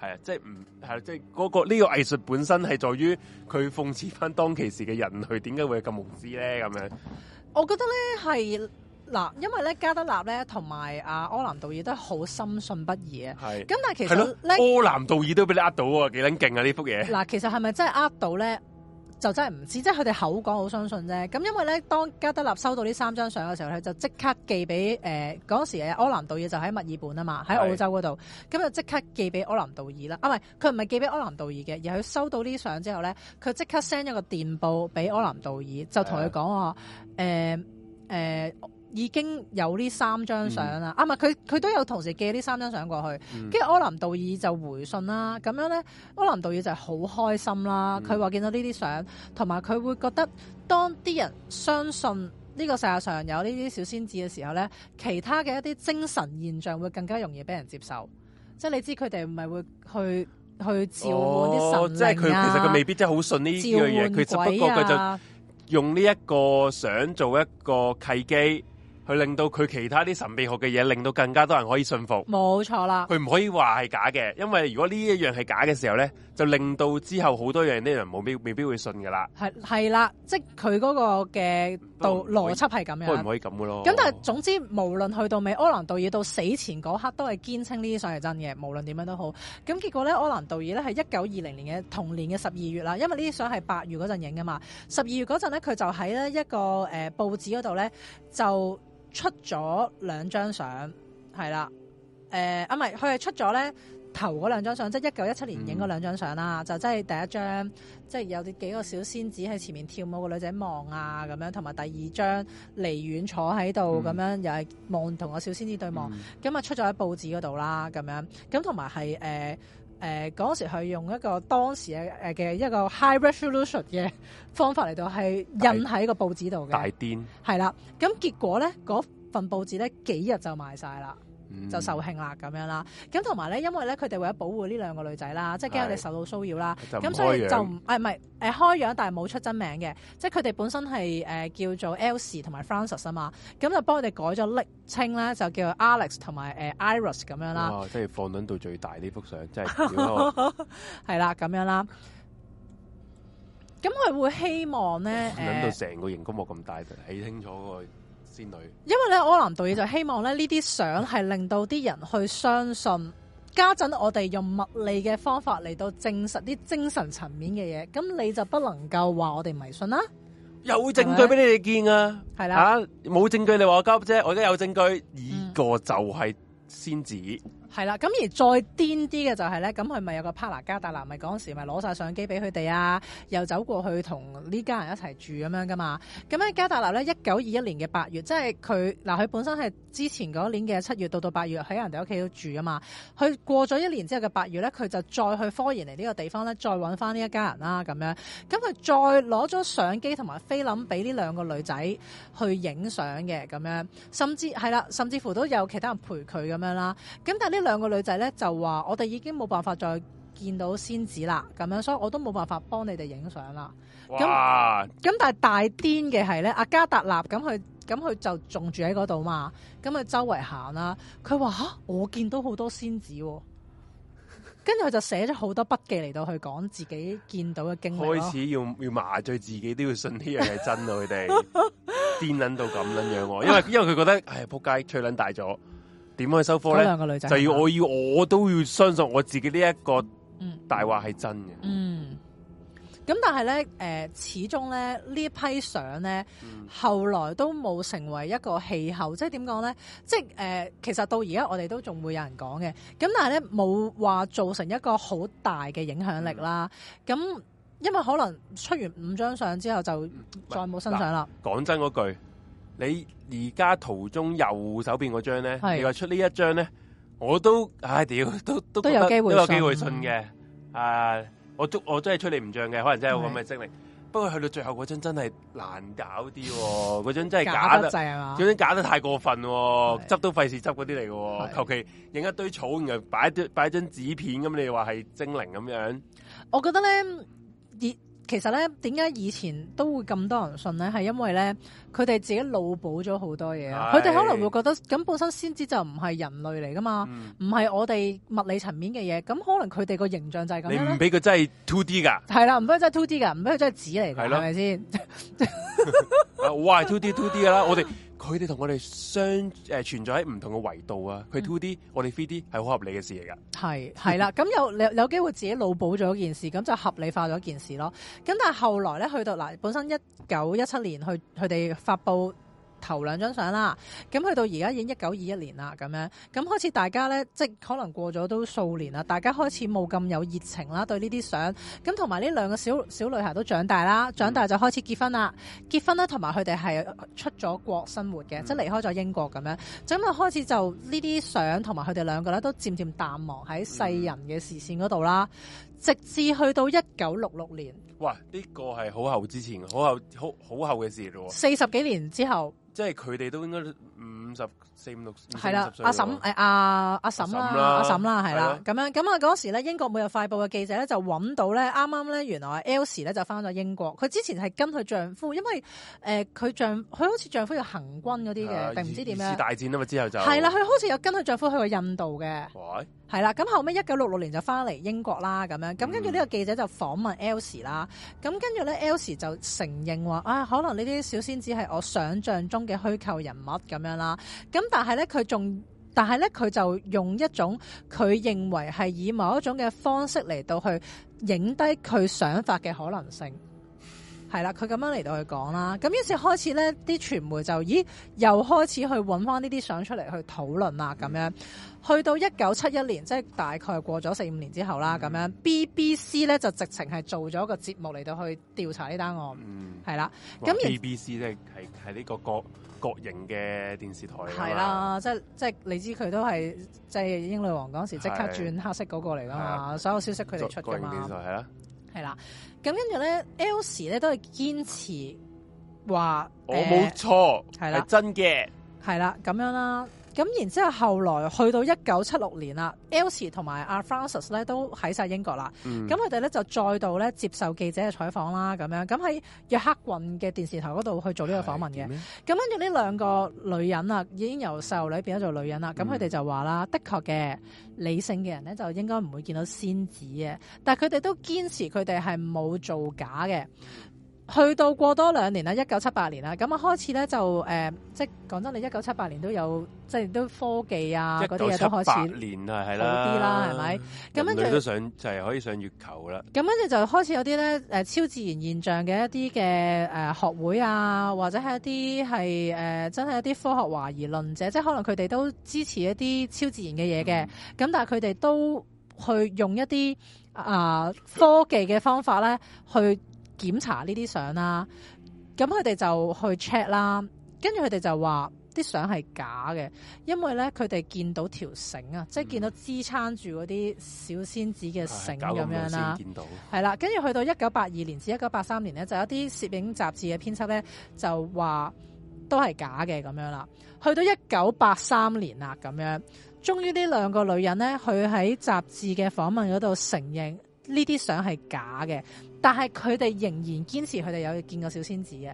係啊？即係唔係即係嗰個呢、呢個藝術本身係在於佢諷刺翻當其時嘅人類點解會咁無知咧？咁樣
我覺得咧係。是嗱，因為咧加德納咧同埋阿柯南道爾都好深信不疑啊。咁的但係其實咧，的你柯
南道爾都俾你呃到喎，幾撚勁啊呢幅嘢？嗱，
其實係咪真係呃到咧？就真係唔知，即係佢哋口講好相信啫。咁因為咧，當加德納收到呢三張相嘅時候，佢就即刻寄俾誒嗰時誒柯南道爾就喺墨爾本啊嘛，喺澳洲嗰度，咁是的 就即刻寄俾柯南道爾啦。啊唔係，佢唔係寄俾柯南道爾嘅，而佢收到呢相之後咧，佢即刻 send 咗個電報俾柯南道爾，就同佢講話誒誒。是的 呃呃已經有呢三張相啦，啊佢佢都有同時寄呢三張相過去，跟住、嗯、柯南道爾就回信啦。咁樣咧，柯南道爾就好開心啦。佢話見到呢啲相，同埋佢會覺得當啲人相信呢個世界上有呢啲小仙子嘅時候咧，其他嘅一啲精神現象會更加容易俾人接受。即係你知佢哋唔係會去去召喚啲神靈啊？哦、即係佢其實佢未必
真係好信呢樣嘢，佢、啊、只不過佢就用呢一個相做一個契機。去令到佢其他啲神秘學嘅嘢，令到更加多人可以信服。
冇錯啦，佢
唔可以話係假嘅，因為如果呢一樣係假嘅時候咧，就令到之後好多嘢呢樣人未必會信噶啦。
係係啦，即係佢嗰個嘅道邏輯係咁樣，唔可以
咁噶咯。咁但係
總之，無論去到尾，柯南道爾到死前嗰刻都係堅稱呢啲相係真嘅，無論點樣都好。咁結果咧，柯南道爾咧係一九二零年嘅同年嘅十二月啦，因為呢啲相係八月嗰陣影噶嘛。十二月嗰陣咧，佢就喺咧一個誒報紙嗰度咧就。出咗兩張相，係啦，誒、呃、啊唔係，佢係出咗咧頭嗰兩張相，即係一九一七年影嗰兩張相啦，就真、是、係、嗯、第一張，嗯、即係有啲幾個小仙子喺前面跳舞，個女仔望啊咁樣，同埋第二張離遠坐喺度咁樣，又係望同個小仙子對望，咁啊出咗喺報紙嗰度啦，咁樣，咁同埋係誒。誒嗰、呃、時佢用一個當時誒嘅、呃、一個 high resolution 嘅方法嚟到係印喺個報紙度嘅，大癲係啦。咁結果咧，嗰份報紙咧幾日就賣晒啦。嗯、就受慶啦咁樣啦，咁同埋咧，因為咧佢哋為咗保護呢兩個女仔啦，即係驚佢哋受到騷擾啦，
咁所以就唔
誒唔係誒開樣，但係冇出真名嘅，即係佢哋本身係、呃、叫做 Elsie 同埋 Frances 啊嘛，咁就幫佢哋改咗暱稱啦，就叫 Alex 同埋、呃、Iris 咁樣啦。
即係放卵到最大呢幅相，即係
係啦咁樣啦。咁佢會希望咧誒，到
成個熒光幕咁大睇清楚個。
因為咧柯南道爾就希望咧呢啲相係令到啲人去相信，加陣我哋用物理嘅方法嚟到證實啲精神層面嘅嘢，咁你就不能夠話我哋迷信啦。
有
證據俾吧你哋見是的 啊，係啦，冇證據你話我交啫，我而家有證據，二個就係仙子。嗯
係啦，咁而再癲啲嘅就係咧，咁佢咪有個 partner，加達納，咪嗰陣時咪攞晒相機俾佢哋啊，又走過去同呢家人一齊住咁樣噶嘛。咁咧，加達納咧，一九二一年嘅八月，即係佢嗱，佢本身係之前嗰年嘅七月到到八月喺人哋屋企度住啊嘛。佢過咗一年之後嘅八月咧，佢就再去科研嚟呢個地方咧，再搵翻呢一家人啦咁樣。咁佢再攞咗相機同埋菲林俾呢兩個女仔去影相嘅咁樣，甚至係啦，甚至乎都有其他人陪佢咁樣啦。咁但係呢？兩個女仔咧就話：我哋已經冇辦法再見到仙子啦，咁樣，所以我都冇辦法幫你哋影相啦。咁咁哇，但係大癲嘅係咧，阿加達納咁佢咁佢就仲住喺嗰度嘛，咁佢周圍行啦，佢話、啊、我見到好多仙子、啊，跟住佢就寫咗好多筆記嚟到去講自己見到嘅經歷。開始
要要麻醉自己，都要信呢樣嘢係真啊！佢哋癲捻到咁捻樣，因為因為佢覺得唉，扑街吹捻大咗。點樣去收科仔，兩個女就要我要我都要相信我自己呢一個大話係真嘅、嗯。嗯，
咁但係咧，誒、呃，始終咧呢這一批相咧，嗯、後來都冇成為一個氣候。即係點講咧？即係誒、呃，其實到而家我哋都仲會有人講嘅。咁但係咧，冇話造成一個好大嘅影響力啦。咁、嗯、因為可能出完五張相之後，就再冇新相啦。
講真嗰句。你而家圖中右手邊嗰張咧，你話出這一張呢一張咧，我都唉屌，都都都有機會信嘅、嗯。啊，我捉我真係出嚟唔像嘅，可能真係有咁嘅精靈。是的 不過去到最後嗰張真係難搞啲、哦，嗰張 真係假得滯，嗰張假得太過分、哦，執是的 都費事執嗰啲嚟嘅，求其影一堆草，然後擺一張擺紙片咁，你話係精靈咁樣？我
覺得咧，其實咧，點解以前都會咁多人信咧？係因為咧，佢哋自己腦補咗好多嘢。佢哋可能會覺得咁本身先知就唔係人類嚟㗎嘛，唔係、嗯、我哋物理層面嘅嘢，咁可能佢哋個形象就係咁樣。你唔俾
佢真係 two D 㗎？
係啦，唔俾佢真係 two D 㗎，唔俾佢真係紙嚟㗎，係咪先？
我係 two D two D 㗎啦，我哋。佢哋同我哋相誒、呃、存在喺唔同嘅維度啊，佢 two D，我哋 three D 係好合理嘅事嚟噶，
係，係啦。咁 有有有機會自己腦補咗一件事，咁就合理化咗一件事咯。咁但係後來咧，去到嗱，本身一九一七年，去，佢哋發布。頭兩張相啦，咁去到而家已經一九二一年啦，咁樣咁開始大家呢，即係可能過咗都數年啦，大家開始冇咁有熱情啦，對呢啲相咁同埋呢兩個小小女孩都長大啦，長大就開始結婚啦，結婚咧同埋佢哋係出咗國生活嘅，嗯、即係離開咗英國咁樣，咁啊開始就呢啲相同埋佢哋兩個咧都漸漸淡忘喺世人嘅視線嗰度啦，直至去到一九六六
年，哇！呢個係好後之前，好後好好後嘅事喎，四十幾年之後。即係佢哋都應該五十四五六，係啦，阿嬸誒
阿阿嬸啦，阿嬸啦，係啦，咁啦的樣咁啊嗰時咧，英國每日快報嘅記者咧就揾到咧，啱啱咧原來 Elsie 咧就翻咗英國，佢之前係跟佢丈夫，因為誒佢丈佢好似丈夫要行軍嗰啲嘅，定唔的知點樣？次大
戰啊嘛，之後就係啦，佢
好似有跟佢丈夫去過印度嘅，係哇啦，咁後尾一九六六年就翻嚟英國啦，咁樣咁跟住呢個記者就訪問 Elsie 啦、嗯，咁跟住咧 Elsie 就承認話啊、哎，可能呢啲小仙子係我想像中。嘅虛構人物咁樣啦，咁但係咧佢仲，但係咧佢就用一種佢認為係以某一種嘅方式嚟到去影低佢想法嘅可能性。係啦，佢咁樣嚟到去講啦，咁於是開始咧，啲傳媒就咦又開始去揾翻呢啲相出嚟去討論啦，咁、嗯、樣去到一九七一年，即、就、係、是、大概過咗四五年之後啦，咁、嗯、樣 BBC 咧就直情係做咗個節目嚟到去調查呢單案，
係啦、嗯。咁 BBC 呢係係呢個國國營嘅電視台係啦，
即即係你知佢都係即係英女王嗰時即刻轉黑色嗰個嚟㗎嘛，的所有消息佢哋出㗎嘛。國營電視台係啦，咁跟住咧，L 氏咧都係堅持話我冇錯，係啦、呃，係真嘅，係啦，咁樣啦。咁然之後，後來去到一九七六年啦，Elsie 同埋阿 Frances 咧都喺晒英國啦。咁佢哋咧就再度咧接受記者嘅採訪啦，咁樣咁喺約克郡嘅電視台嗰度去做呢個訪問嘅。咁跟住呢兩個女人啊，已經由細路女變咗做女人啦。咁佢哋就話啦：嗯、的確嘅，理性嘅人咧就應該唔會見到仙子嘅。」但係佢哋都堅持佢哋係冇造假嘅。去到過多兩年啦，一九七八年啦，咁啊開始咧就誒，即係講真，你一九七八年都有，即係都科技啊嗰啲嘢都開始，
年係係啦，好啲啦，係咪？咁樣佢都想，就係、是、可以上月球啦。咁
跟住，就開始有啲咧超自然現象嘅一啲嘅誒學會啊，或者係一啲係誒真係一啲科學懷疑論者，即係可能佢哋都支持一啲超自然嘅嘢嘅，咁、嗯、但係佢哋都去用一啲啊科技嘅方法咧去。檢查呢啲相啦，咁佢哋就去 check 啦，跟住佢哋就話啲相係假嘅，因為咧佢哋見到條繩啊，嗯、即係見到支撐住嗰啲小仙子嘅繩咁、嗯、樣啦，係啦，跟住去到一九八二年至一九八三年咧，就有啲攝影雜誌嘅編輯咧就話都係假嘅咁樣啦，去到一九八三年啦咁樣，終於呢兩個女人咧，佢喺雜誌嘅訪問嗰度承認呢啲相係假嘅。但係佢哋仍然堅持佢哋有見過小仙子嘅，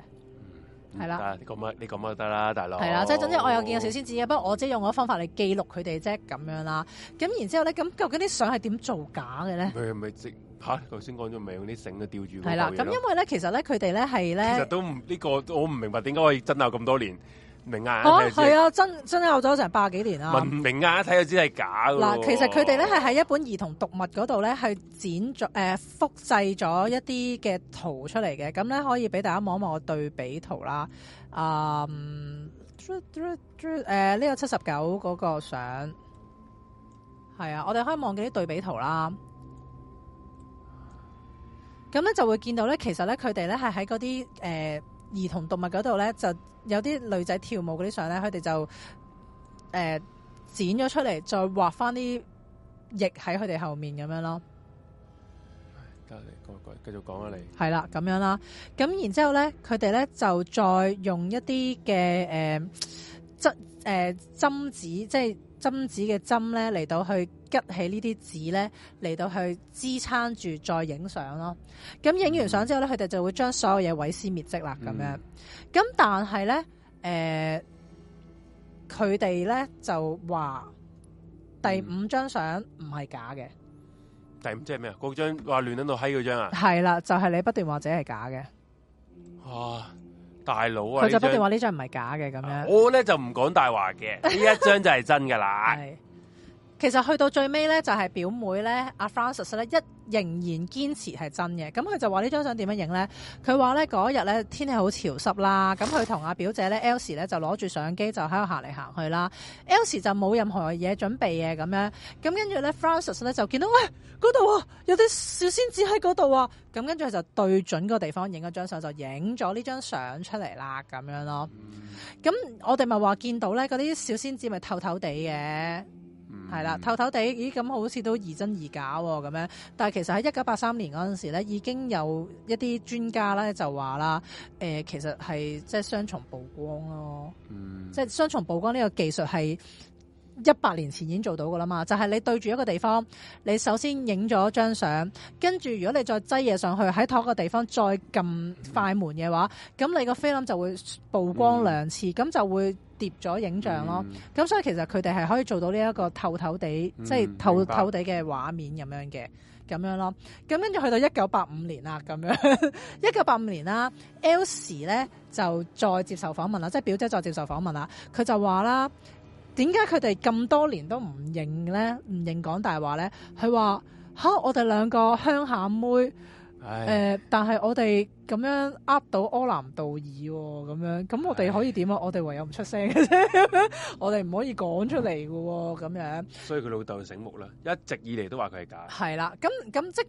係啦、嗯。你講乜，你講乜得啦，大佬。係啦，即係總之我有見過小
仙子嘅、哦，不過我即係用我方法嚟記錄佢哋啫，咁樣啦。咁然之後咧，咁究竟啲相係點造假嘅咧？
佢係咪即嚇？頭先講咗未？用啲繩都吊住佢。係啦，咁因
為咧，其實咧，佢哋咧係咧，呢其
實都唔呢、呢個，我唔明白點解可以爭拗咁多年。名額哦，係啊，啊，
真真係有咗成百幾年啦。
名額一睇就知係假嗱，啊，其實佢哋咧
係喺一本兒童讀物嗰度咧，係剪咗誒複製咗一啲嘅圖出嚟嘅。咁咧可以俾大家望一望個對比圖啦。誒、啊、呢、呃呃呃呃這個七十九嗰個相係啊，我哋可以望見啲對比圖啦。咁咧就會見到咧，其實咧佢哋咧係喺嗰啲誒。兒童讀物嗰度咧，就有啲女仔跳舞嗰啲相咧，佢哋就誒剪咗出嚟，再畫翻啲翼喺佢哋後面咁樣咯。
得你，繼續講啊，你
係啦，咁樣啦，咁然之後咧，佢哋咧就再用一啲嘅誒針誒、呃、針子，即係。針子嘅針咧嚟到去拮起這些呢啲紙咧嚟到去支撐住再影相咯。咁影完相之後咧，佢哋就會將所有嘢毀屍滅跡啦咁樣，咁但係咧誒，佢哋咧就話第五張相唔係假嘅、
嗯，第五即係咩啊？嗰張話亂到嗨嗰張啊？
係啦，就係、是、你不斷或者係假嘅。
大佬啊，佢就不斷話呢
張唔係假嘅咁樣，啊，我
咧就唔講大話嘅，呢 一張就係真嘅啦。
其實去到最尾咧，就係表妹咧，阿、啊、Frances 咧，一仍然堅持係真嘅。咁佢就話呢張相點樣影咧？佢話咧嗰日咧天氣好潮濕啦。咁佢同阿表姐咧 Elsie 咧就攞住相機就喺度行嚟行去啦。Elsie 就冇任何嘢準備嘅咁樣。咁跟住咧 Frances 咧就見到喂，嗰度啊，有啲小仙子喺嗰度啊。咁跟住佢就對準嗰個地方影咗張相，就影咗呢張相出嚟啦咁樣咯。咁我哋咪話見到咧嗰啲小仙子咪透透地嘅。係啦，嗯、透透地，咦咁好似都疑真疑假喎，咁樣。但係其實喺一九八三年嗰陣時咧，已經有一啲專家咧就話啦、呃，其實係即係雙重曝光咯，嗯、即係雙重曝光呢個技術係，一百年前已經做到噶啦嘛，就係、是、你對住一個地方，你首先影咗張相，跟住如果你再擠嘢上去喺同一個地方再撳快門嘅話，咁你個菲林就會曝光兩次，咁、嗯、就會疊咗影像咯。咁、嗯、所以其實佢哋係可以做到呢一個透透地，即係透透地嘅畫面咁樣嘅，咁、嗯、樣咯。咁跟住去到一九八五年啦，咁樣一九八五年啦，Elsie 咧就再接受訪問啦，即係表姐再接受訪問啦，佢就話啦。點解佢哋咁多年都唔認咧？唔認講大話咧？佢話吓，我哋兩個鄉下妹，誒唉、呃，但係我哋咁樣呃到柯南道爾咁、哦、樣，咁我哋可以點啊？唉我哋唯有唔出聲嘅啫， 我哋唔可以講出嚟嘅喎，咁樣。
所以佢老豆醒目啦，一直以嚟都話佢係假。
係啦，咁咁即。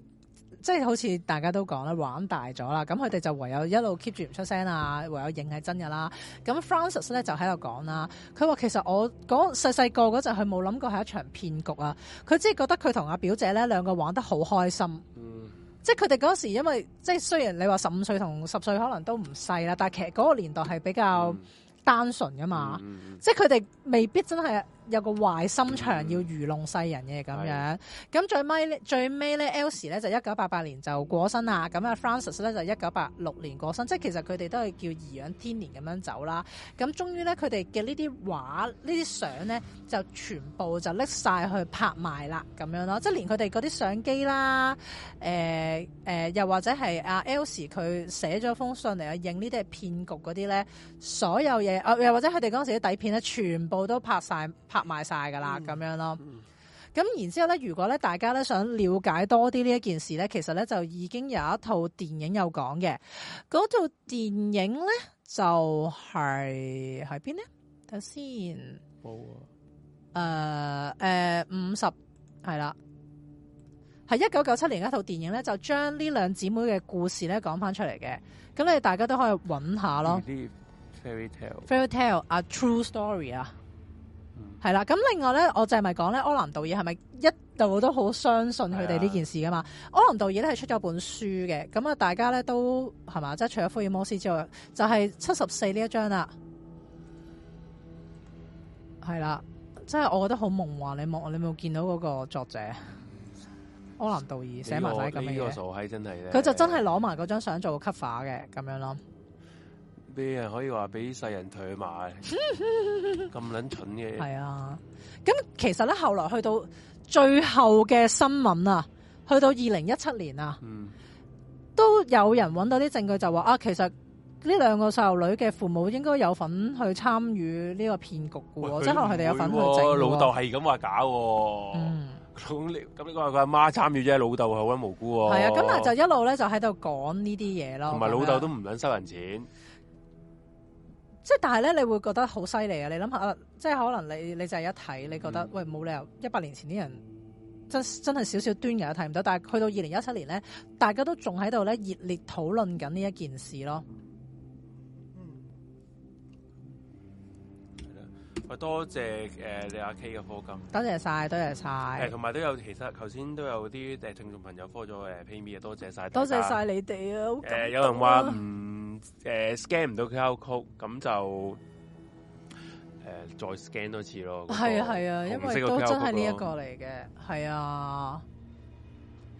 即係好似大家都講啦，玩大咗啦，咁佢哋就唯有一路 keep 住唔出聲啊，唯有影係真嘅啦。咁 Francis 咧就喺度講啦，佢話其實我講細細個嗰陣，佢冇諗過係一場騙局啊。佢只係覺得佢同阿表姐咧兩個玩得好開心，嗯、即係佢哋嗰時因為即係雖然你話十五歲同十歲可能都唔細啦，但係其實嗰個年代係比較單純㗎嘛，嗯嗯、即係佢哋未必真係。有個壞心腸要愚弄世人嘅咁樣，咁的最尾咧，最尾咧，Elsie 咧就一九八八年就過身啦。咁啊 Frances 咧、嗯、就一九八六年過身，嗯、即係其實佢哋都係叫頤養天年咁樣走啦。咁、嗯、終於咧，佢哋嘅呢啲畫、呢啲相咧，就全部就拎晒去拍賣啦，咁樣咯。即係連佢哋嗰啲相機啦，誒誒又或者係阿 Elsie 佢寫咗封信嚟去影呢啲係騙局嗰啲咧，所有嘢，又或者佢哋嗰陣時啲底片咧，全部都拍晒。拍埋晒噶啦，咁樣咯。咁然之後咧，如果咧大家咧想了解多啲呢一件事咧，其實咧就已經有一套電影有講嘅。嗰套電影咧就係喺邊咧？睇下先。冇啊。誒誒、呃，五十係啦。係一九九七年一套電影咧，就將呢兩姊妹嘅故事咧講翻出嚟嘅。咁你哋大家都可以揾下咯。
Fairy tale，fairy
tale，a true story 啊。係啦，咁另外咧，我就係咪講咧？柯南道爾係咪一度都好相信佢哋呢件事噶嘛？是啊、柯南道爾咧係出咗本書嘅，咁啊，大家咧都係嘛，即係除咗福爾摩斯之外，就係七十四呢一張啦，係啦，即係我覺得好夢幻，你望，你有冇見到嗰個作者柯南道爾寫埋晒咁嘅嘢，呢個傻閪真
係，佢就真係
攞埋嗰張相做 cover 嘅，咁樣咯。
人可以話俾世人退埋，咁撚 蠢嘅係啊！
咁其實咧，後來去到最後嘅新聞啊，去到二零一七年啊，嗯、都有人搵到啲證據就說，就話啊，其實呢兩個細路女嘅父母應該有份去參與呢個騙局嘅，即係佢哋有份去、啊哦、老豆
係咁話假，咁、嗯、你咁你話佢阿媽參與啫，老豆係好撚無辜。係啊，咁但、啊、就
一路咧就喺度講呢啲嘢咯，同埋老豆都
唔撚收人錢。
即係，但係咧，你會覺得好犀利啊！你諗下，即係可能你，你就係一睇，你覺得、嗯、喂，冇理由一百年前啲人真真係少少端嘅都睇唔到，但係去到二零一七年咧，大家都仲喺度咧熱烈討論緊呢一件事咯。
嗯嗯、多謝誒李阿 K 嘅課金，多
謝晒謝，多謝晒。同
埋都有，其實頭先都有啲誒聽眾朋友課咗誒 P，M，多謝晒，多謝晒你哋啊！誒、啊呃，有人話嗯。誒，scan 唔到個 QR code，咁就誒再 scan 多次咯。係、那、啊、個，係啊，因為都真係呢一個嚟
嘅。係啊，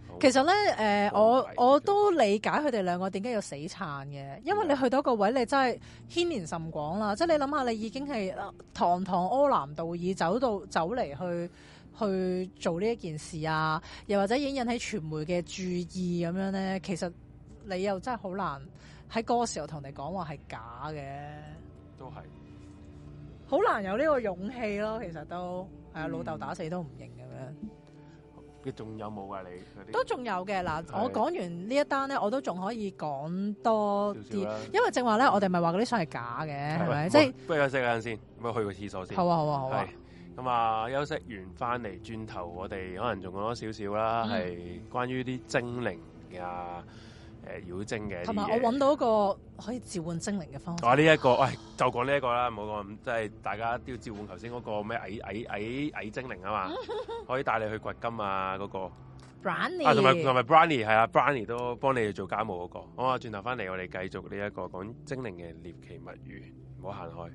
好其實咧，誒、呃，哦、我、啊、我，我都理解佢哋兩個點解要死撐嘅，因為你去到一個位，你真係牽連甚廣啦。即係你諗下，你已經係堂堂柯南道爾走到走嚟去去做呢一件事啊，又或者已經引起傳媒嘅注意咁樣咧。其實你又真係好難喺嗰個時候同你講話係假嘅，都係好難有呢個勇氣咯。其實都係啊，老豆打死都唔
認咁樣，嗯。你仲有冇啊？你都仲
有嘅嗱，嗯，我講完呢一單咧，對我都仲可以講多啲，一點點，因為正話咧，我哋咪話嗰啲相係假嘅，係咪吧？別即係，
不如休息陣先，咁去個廁所先。好啊，好啊，好啊。咁啊，休息完翻嚟，轉頭我哋可能仲講多少少啦，係，嗯，關於啲精靈㗎。誒，妖精嘅，同埋我
揾到一個可以召喚精靈嘅方法。啊，呢、這、一個，
喂、哎，就講呢一個啦，唔好講，即係大家都要召喚頭先嗰個咩矮矮矮矮精靈啊嘛， 可以帶你去掘金啊嗰、那個。
Brownie 同埋同
埋 Brownie 係啊，Brownie、啊、Br 都幫你做家務嗰、那個。好啊，轉頭翻嚟，我哋繼續呢一個講精靈嘅獵奇物語，唔好行開。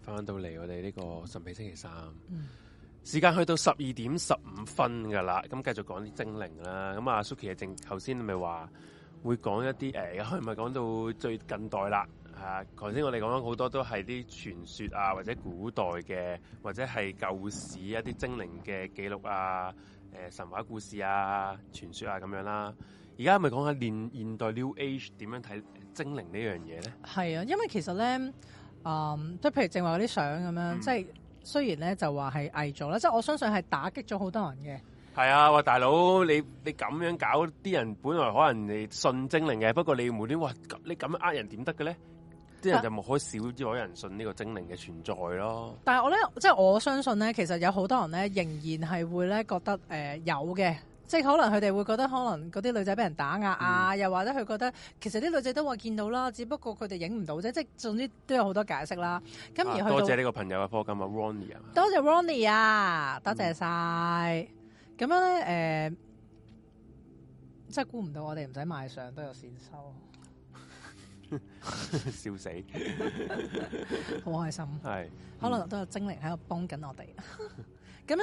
翻到嚟我哋呢個神秘星期三，嗯、時間去到十二點十五分噶啦，咁繼續講啲精靈啦。咁啊，Suki 啊，正頭先咪話會講一啲誒，而家咪講到最近代啦。吓、啊，頭先我哋講咗好多都係啲傳說啊，或者古代嘅，或者係舊時一啲精靈嘅記錄啊，誒、呃，神話故事啊，傳說啊咁樣啦。而家咪講下現現代 New Age 點樣睇精靈呢樣嘢咧？
係啊，因為其實咧。嗯、um，即係譬如正話嗰啲相咁樣，即係雖然咧就話係偽造啦，即係我相信係打擊咗好多人嘅。
係啊，喂，大佬，你你咁樣搞啲人，本來可能你信精靈嘅，不過你無端端哇，你咁樣呃人點得嘅咧？
啲人就冇
可以少啲可人信呢個精靈嘅存在咯、
啊。但係我咧，即係我相信咧，其實有好多人咧仍然係會咧覺得誒、呃、有嘅。即係可能佢哋會覺得可能嗰啲女仔俾人打壓啊，嗯、又或者佢覺得其實啲女仔都話見到啦，只不過佢哋影唔到啫。即係總之都有好多解釋啦。咁而去到多謝呢
個朋友啊，課金啊，Ronny 啊，
多謝 Ronnie 啊，多謝晒。咁、嗯、樣咧，誒、呃，即係估唔到我哋唔使賣相都有善收，
笑
死，好 開心，係，對 可能都有精靈喺度幫緊我哋。嗯 咁樣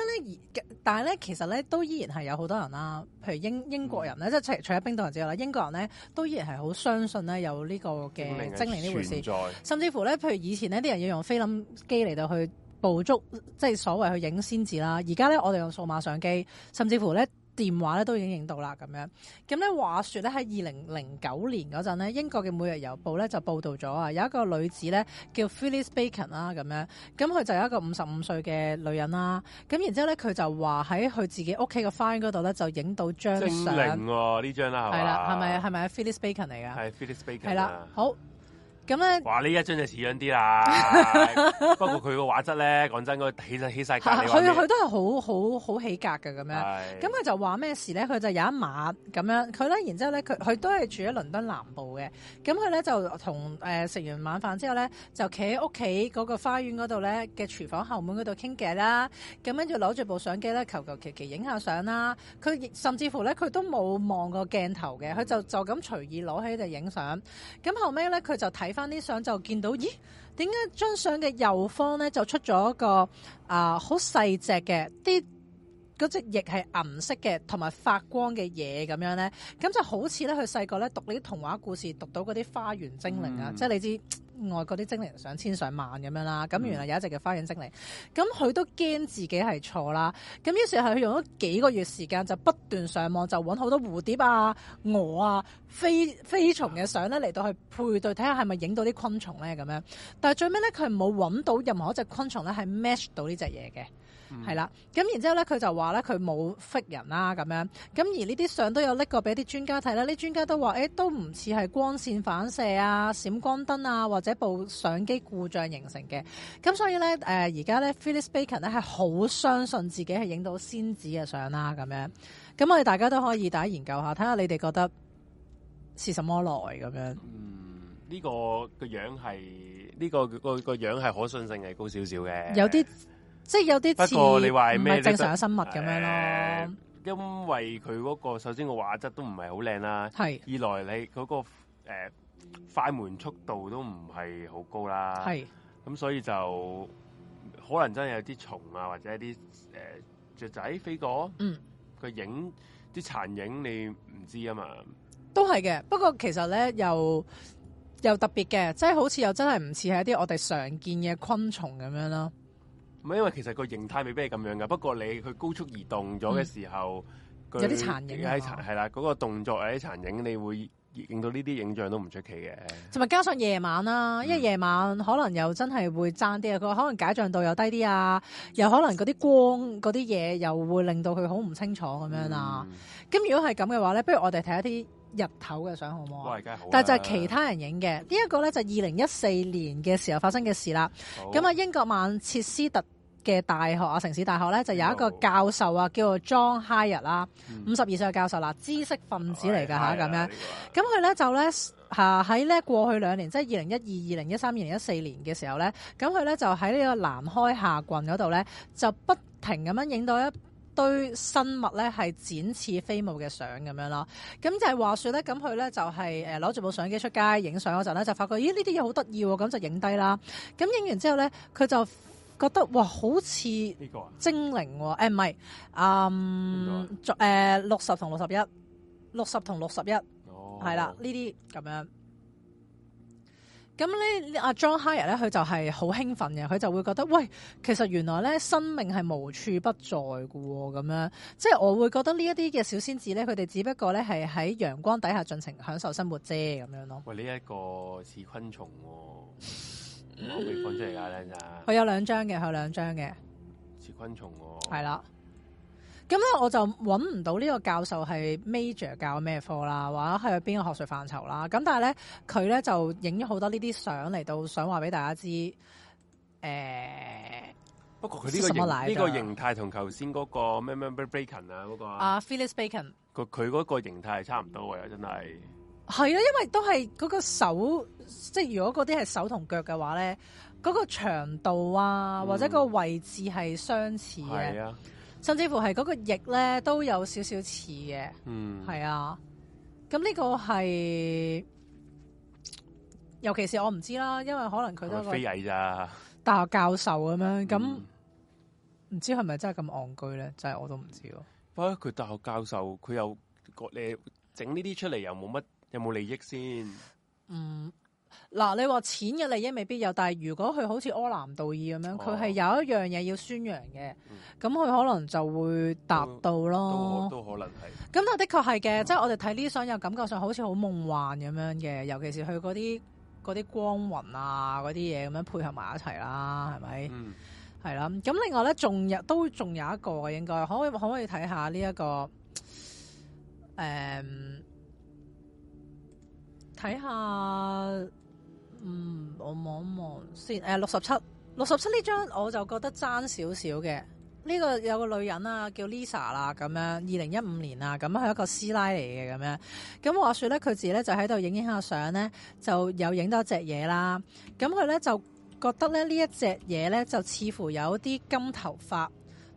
咧，但係咧，其實咧都依然係有好多人啦、啊，譬如英英國人咧，即係除除咗冰島人之外啦，英國人咧、嗯、都依然係好相信咧有呢個嘅精靈呢回事，甚至乎咧，譬如以前呢啲人要用菲林機嚟到去捕捉，即係所謂去影先至啦影仙子。而家咧，我哋用數碼相機，甚至乎咧。電話咧都已經影到啦，咁樣。咁咧話説咧喺二零零九年嗰陣咧，英國嘅每日郵報咧就報導咗啊，有一個女子咧叫 Phyllis Bacon 啦，咁樣。咁佢就有一個五十五歲嘅女人啦。咁然之後咧，佢就話喺佢自己屋企嘅花園嗰度咧，就影到張相。呢、
啊、張啦，係啦，係咪係
咪 Phyllis Bacon 嚟㗎？係
Phyllis Bacon、啊。係啦，
好。咁咧，樣呢
哇！呢一張就似樣啲啦。 不過佢個畫質咧，講真，嗰起晒。起曬佢佢
都係好好好起格嘅咁樣,是的 樣呢。咁佢就話咩事咧？佢就有一晚咁樣呢，佢咧然之後咧，佢佢都係住喺倫敦南部嘅。咁佢咧就同誒食完晚飯之後咧，就企喺屋企嗰個花園嗰度咧嘅廚房後門嗰度傾偈啦。咁跟住攞住部相機咧，求求其其影下相啦、啊。佢甚至乎咧，佢都冇望過鏡頭嘅，佢就就咁隨意攞起嚟影相。咁、嗯、後尾咧，佢就睇。翻啲相就見到，咦？點解張相嘅右方咧就出咗一個啊好細隻嘅，啲嗰隻翼係銀色嘅，同埋發光嘅嘢咁樣咧？咁就好似咧佢細個咧讀呢啲童話故事，讀到嗰啲花園精靈啊，嗯、即係你知。外國啲精靈上千上萬咁樣啦，咁原來有一隻叫花影精靈，咁佢都驚自己係錯啦，咁於是係用咗幾個月時間就不斷上網就揾好多蝴蝶啊、蛾啊、飛飛蟲嘅相咧嚟到去配對，睇下係咪影到啲昆蟲咧咁樣，但係最尾咧佢冇揾到任何一隻昆蟲咧係 match 到呢隻嘢嘅。.係啦，咁、嗯、然之後咧、啊，佢就話咧，佢冇 fake 人啦，咁樣，咁而呢啲相都有拎過俾啲專家睇啦，啲專家都話，誒都唔似係光線反射啊、閃光燈啊或者部相機故障形成嘅，咁所以咧，而、呃、家咧，Philip b a c o n 咧係好相信自己係影到仙子嘅相啦，咁樣，咁我哋大家都可以大家研究下，睇下你哋覺得是什麼來咁樣？嗯，
呢、這個樣、這個這個這個樣係呢個個係可信性係高少少嘅，有啲。
即係有啲似唔係正常嘅生物咁樣咯。
因為佢嗰個首先個畫質都唔係好靚啦，二來你嗰個誒快門速度都唔係好高啦。係咁所以就可能真係有啲蟲啊或者一啲誒雀仔飛過。嗯，佢影啲殘影你唔知啊嘛。
都係嘅，不過其實咧又又特別嘅，即係好似又真係唔似係一啲我哋常見嘅昆蟲咁樣咯。
因為其實個形態未必係咁樣噶。不過你佢高速移動咗嘅時候，嗯、它有啲殘影殘，係啦、啊，嗰、那個動作有啲殘影，你會影到呢啲影像都唔出奇嘅。
同埋加上夜晚啦、啊，嗯、因為夜晚可能又真係會爭啲啊，佢可能解像度又低啲啊，又可能嗰啲光嗰啲嘢又會令到佢好唔清楚咁樣啊。咁、嗯、如果係咁嘅話咧，不如我哋睇一啲。日頭嘅相好唔
好、啊、但係就係其他
人影嘅，呢、這、一個呢，就係二零一四年嘅時候發生嘅事啦。咁啊，英國曼徹斯特嘅大學啊，城市大學呢，就有一個教授啊，叫做 John Hyatt 啦、嗯，五十二歲教授啦，知識分子嚟㗎嚇咁樣。咁佢、啊、呢，就呢，嚇喺呢過去兩年，即係二零一二、二零一三、二零一四年嘅時候呢，咁佢呢，就喺呢個南開下郡嗰度呢，就不停咁樣影到一堆生物咧，係展翅飛舞嘅相咁樣咯。咁就係話説咧，咁佢咧就係誒攞住部相機出街影相嗰陣咧，就發覺咦呢啲嘢好得意喎，咁就影低啦。咁影完之後咧，佢就覺得哇，好似精靈喎。誒唔係，嗯，誒六十同六十一，六十同六十一，
係啦，呢啲
咁樣。咁呢阿 John Hyatt 咧，佢就係好興奮嘅，佢就會覺得，喂，其實原來咧，生命係無處不在嘅喎，咁樣，即係我會覺得呢一啲嘅小仙子咧，佢哋只不過咧係喺陽光底下盡情享受生活啫，咁樣
咯。喂，呢、這、一個似昆蟲喎、哦，嗯、我未放出嚟㗎，靚仔。佢有
兩張嘅，佢有兩張嘅。
似昆蟲喎、哦。係
啦。咁咧、嗯，我就揾唔到呢個教授係 major 教咩科啦，或者係邊個學術範疇啦。咁但係呢，佢呢就影咗好多呢啲相嚟到，想話俾大家知。誒、欸，不過佢呢個呢個
形態同頭先嗰個咩咩 Bacon 啊嗰、嗰個啊
Phyllis Bacon。
佢嗰個形態係差唔多嘅，真係。
係啊，因為都係嗰個手，即係如果嗰啲係手同腳嘅話呢，嗰、嗰個長度啊，嗯、或者個位置係相似嘅，係啊。甚至乎係嗰個翼咧都有少少似嘅，係、嗯、啊。咁呢個係尤其是我唔知啦，因為可能佢都個非矮咋大學教授咁樣，咁唔那、嗯、知係咪真係咁戇居咧？真、就、係、是、我都唔知喎。
不過佢大學教授，佢又嗰你整呢啲出嚟又冇乜，有冇利益先？嗯。
嗱，你話錢嘅利益未必有，但係如果佢好似柯南道爾咁樣，佢係、哦、有一樣嘢，要宣揚嘅，咁佢、嗯、可能就會達到咯。都都可能係。咁但的確係嘅，即係、嗯、我哋睇呢相，又感覺上好似好夢幻咁樣嘅，尤其是佢嗰啲嗰啲光暈啊，嗰啲嘢咁樣配合埋一齊啦，係咪？係啦，咁另外咧，仲有都仲有一個嘅，應該可可可以睇下呢、這、一個，誒、呃，睇下。嗯，我望一望先，誒，六十七，六十七呢張我就覺得爭少少嘅。呢個有個女人啊，叫 Lisa 啦，咁樣，二零一五年啦，咁係一個師奶嚟嘅，咁樣。咁話說咧，佢自己咧就喺度影影下相咧，就有影到一隻嘢啦。咁佢咧就覺得咧呢一隻嘢咧就似乎有啲金頭髮，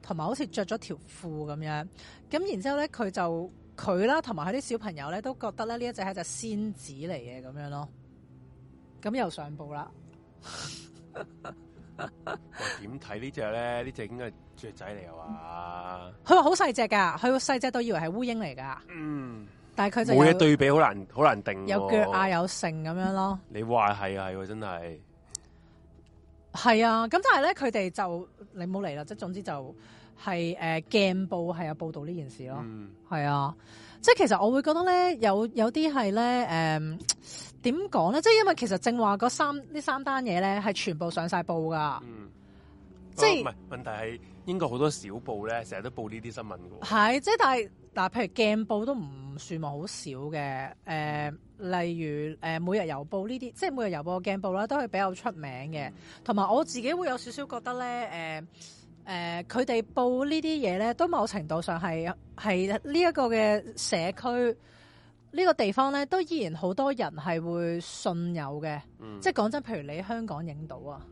同埋好似着咗條褲咁樣。咁然之後咧佢就佢啦，同埋佢啲小朋友咧都覺得咧呢一隻係隻仙子嚟嘅咁樣咯。咁又上報啦 ？
我點睇呢隻咧？呢隻應該係雀仔嚟啊？
佢話好細隻噶，佢個細隻都以為係烏蠅嚟噶。嗯，但係佢就有，冇嘢對
比，好難好難定。有腳啊，有，腳
有成咁樣咯。
你話係啊，啊？係真係。
係啊，咁但係咧，佢哋就你冇嚟啦。即係總之就係誒鏡報係有報道呢件事咯。係、嗯、啊，即係其實我會覺得咧，有有啲係咧誒。呃點講咧？即係因為其實正話嗰三呢三單嘢咧，係全部上晒報噶。嗯，
即係唔係問題係英國好多小報咧，成日都報呢啲新聞嘅。
係即係，但係嗱，譬如鏡報都唔算話好少嘅。誒、呃，例如誒、呃，每日郵報呢啲，即係每日郵報、鏡報啦，都係比較出名嘅。同埋我自己會有少少覺得咧，誒、呃、誒，佢、呃、哋報這些東西呢啲嘢咧，都某程度上係係呢一個嘅社區。呢個地方咧，都依然好多人係會信有嘅，嗯、即係講真，譬如你喺香港影到啊，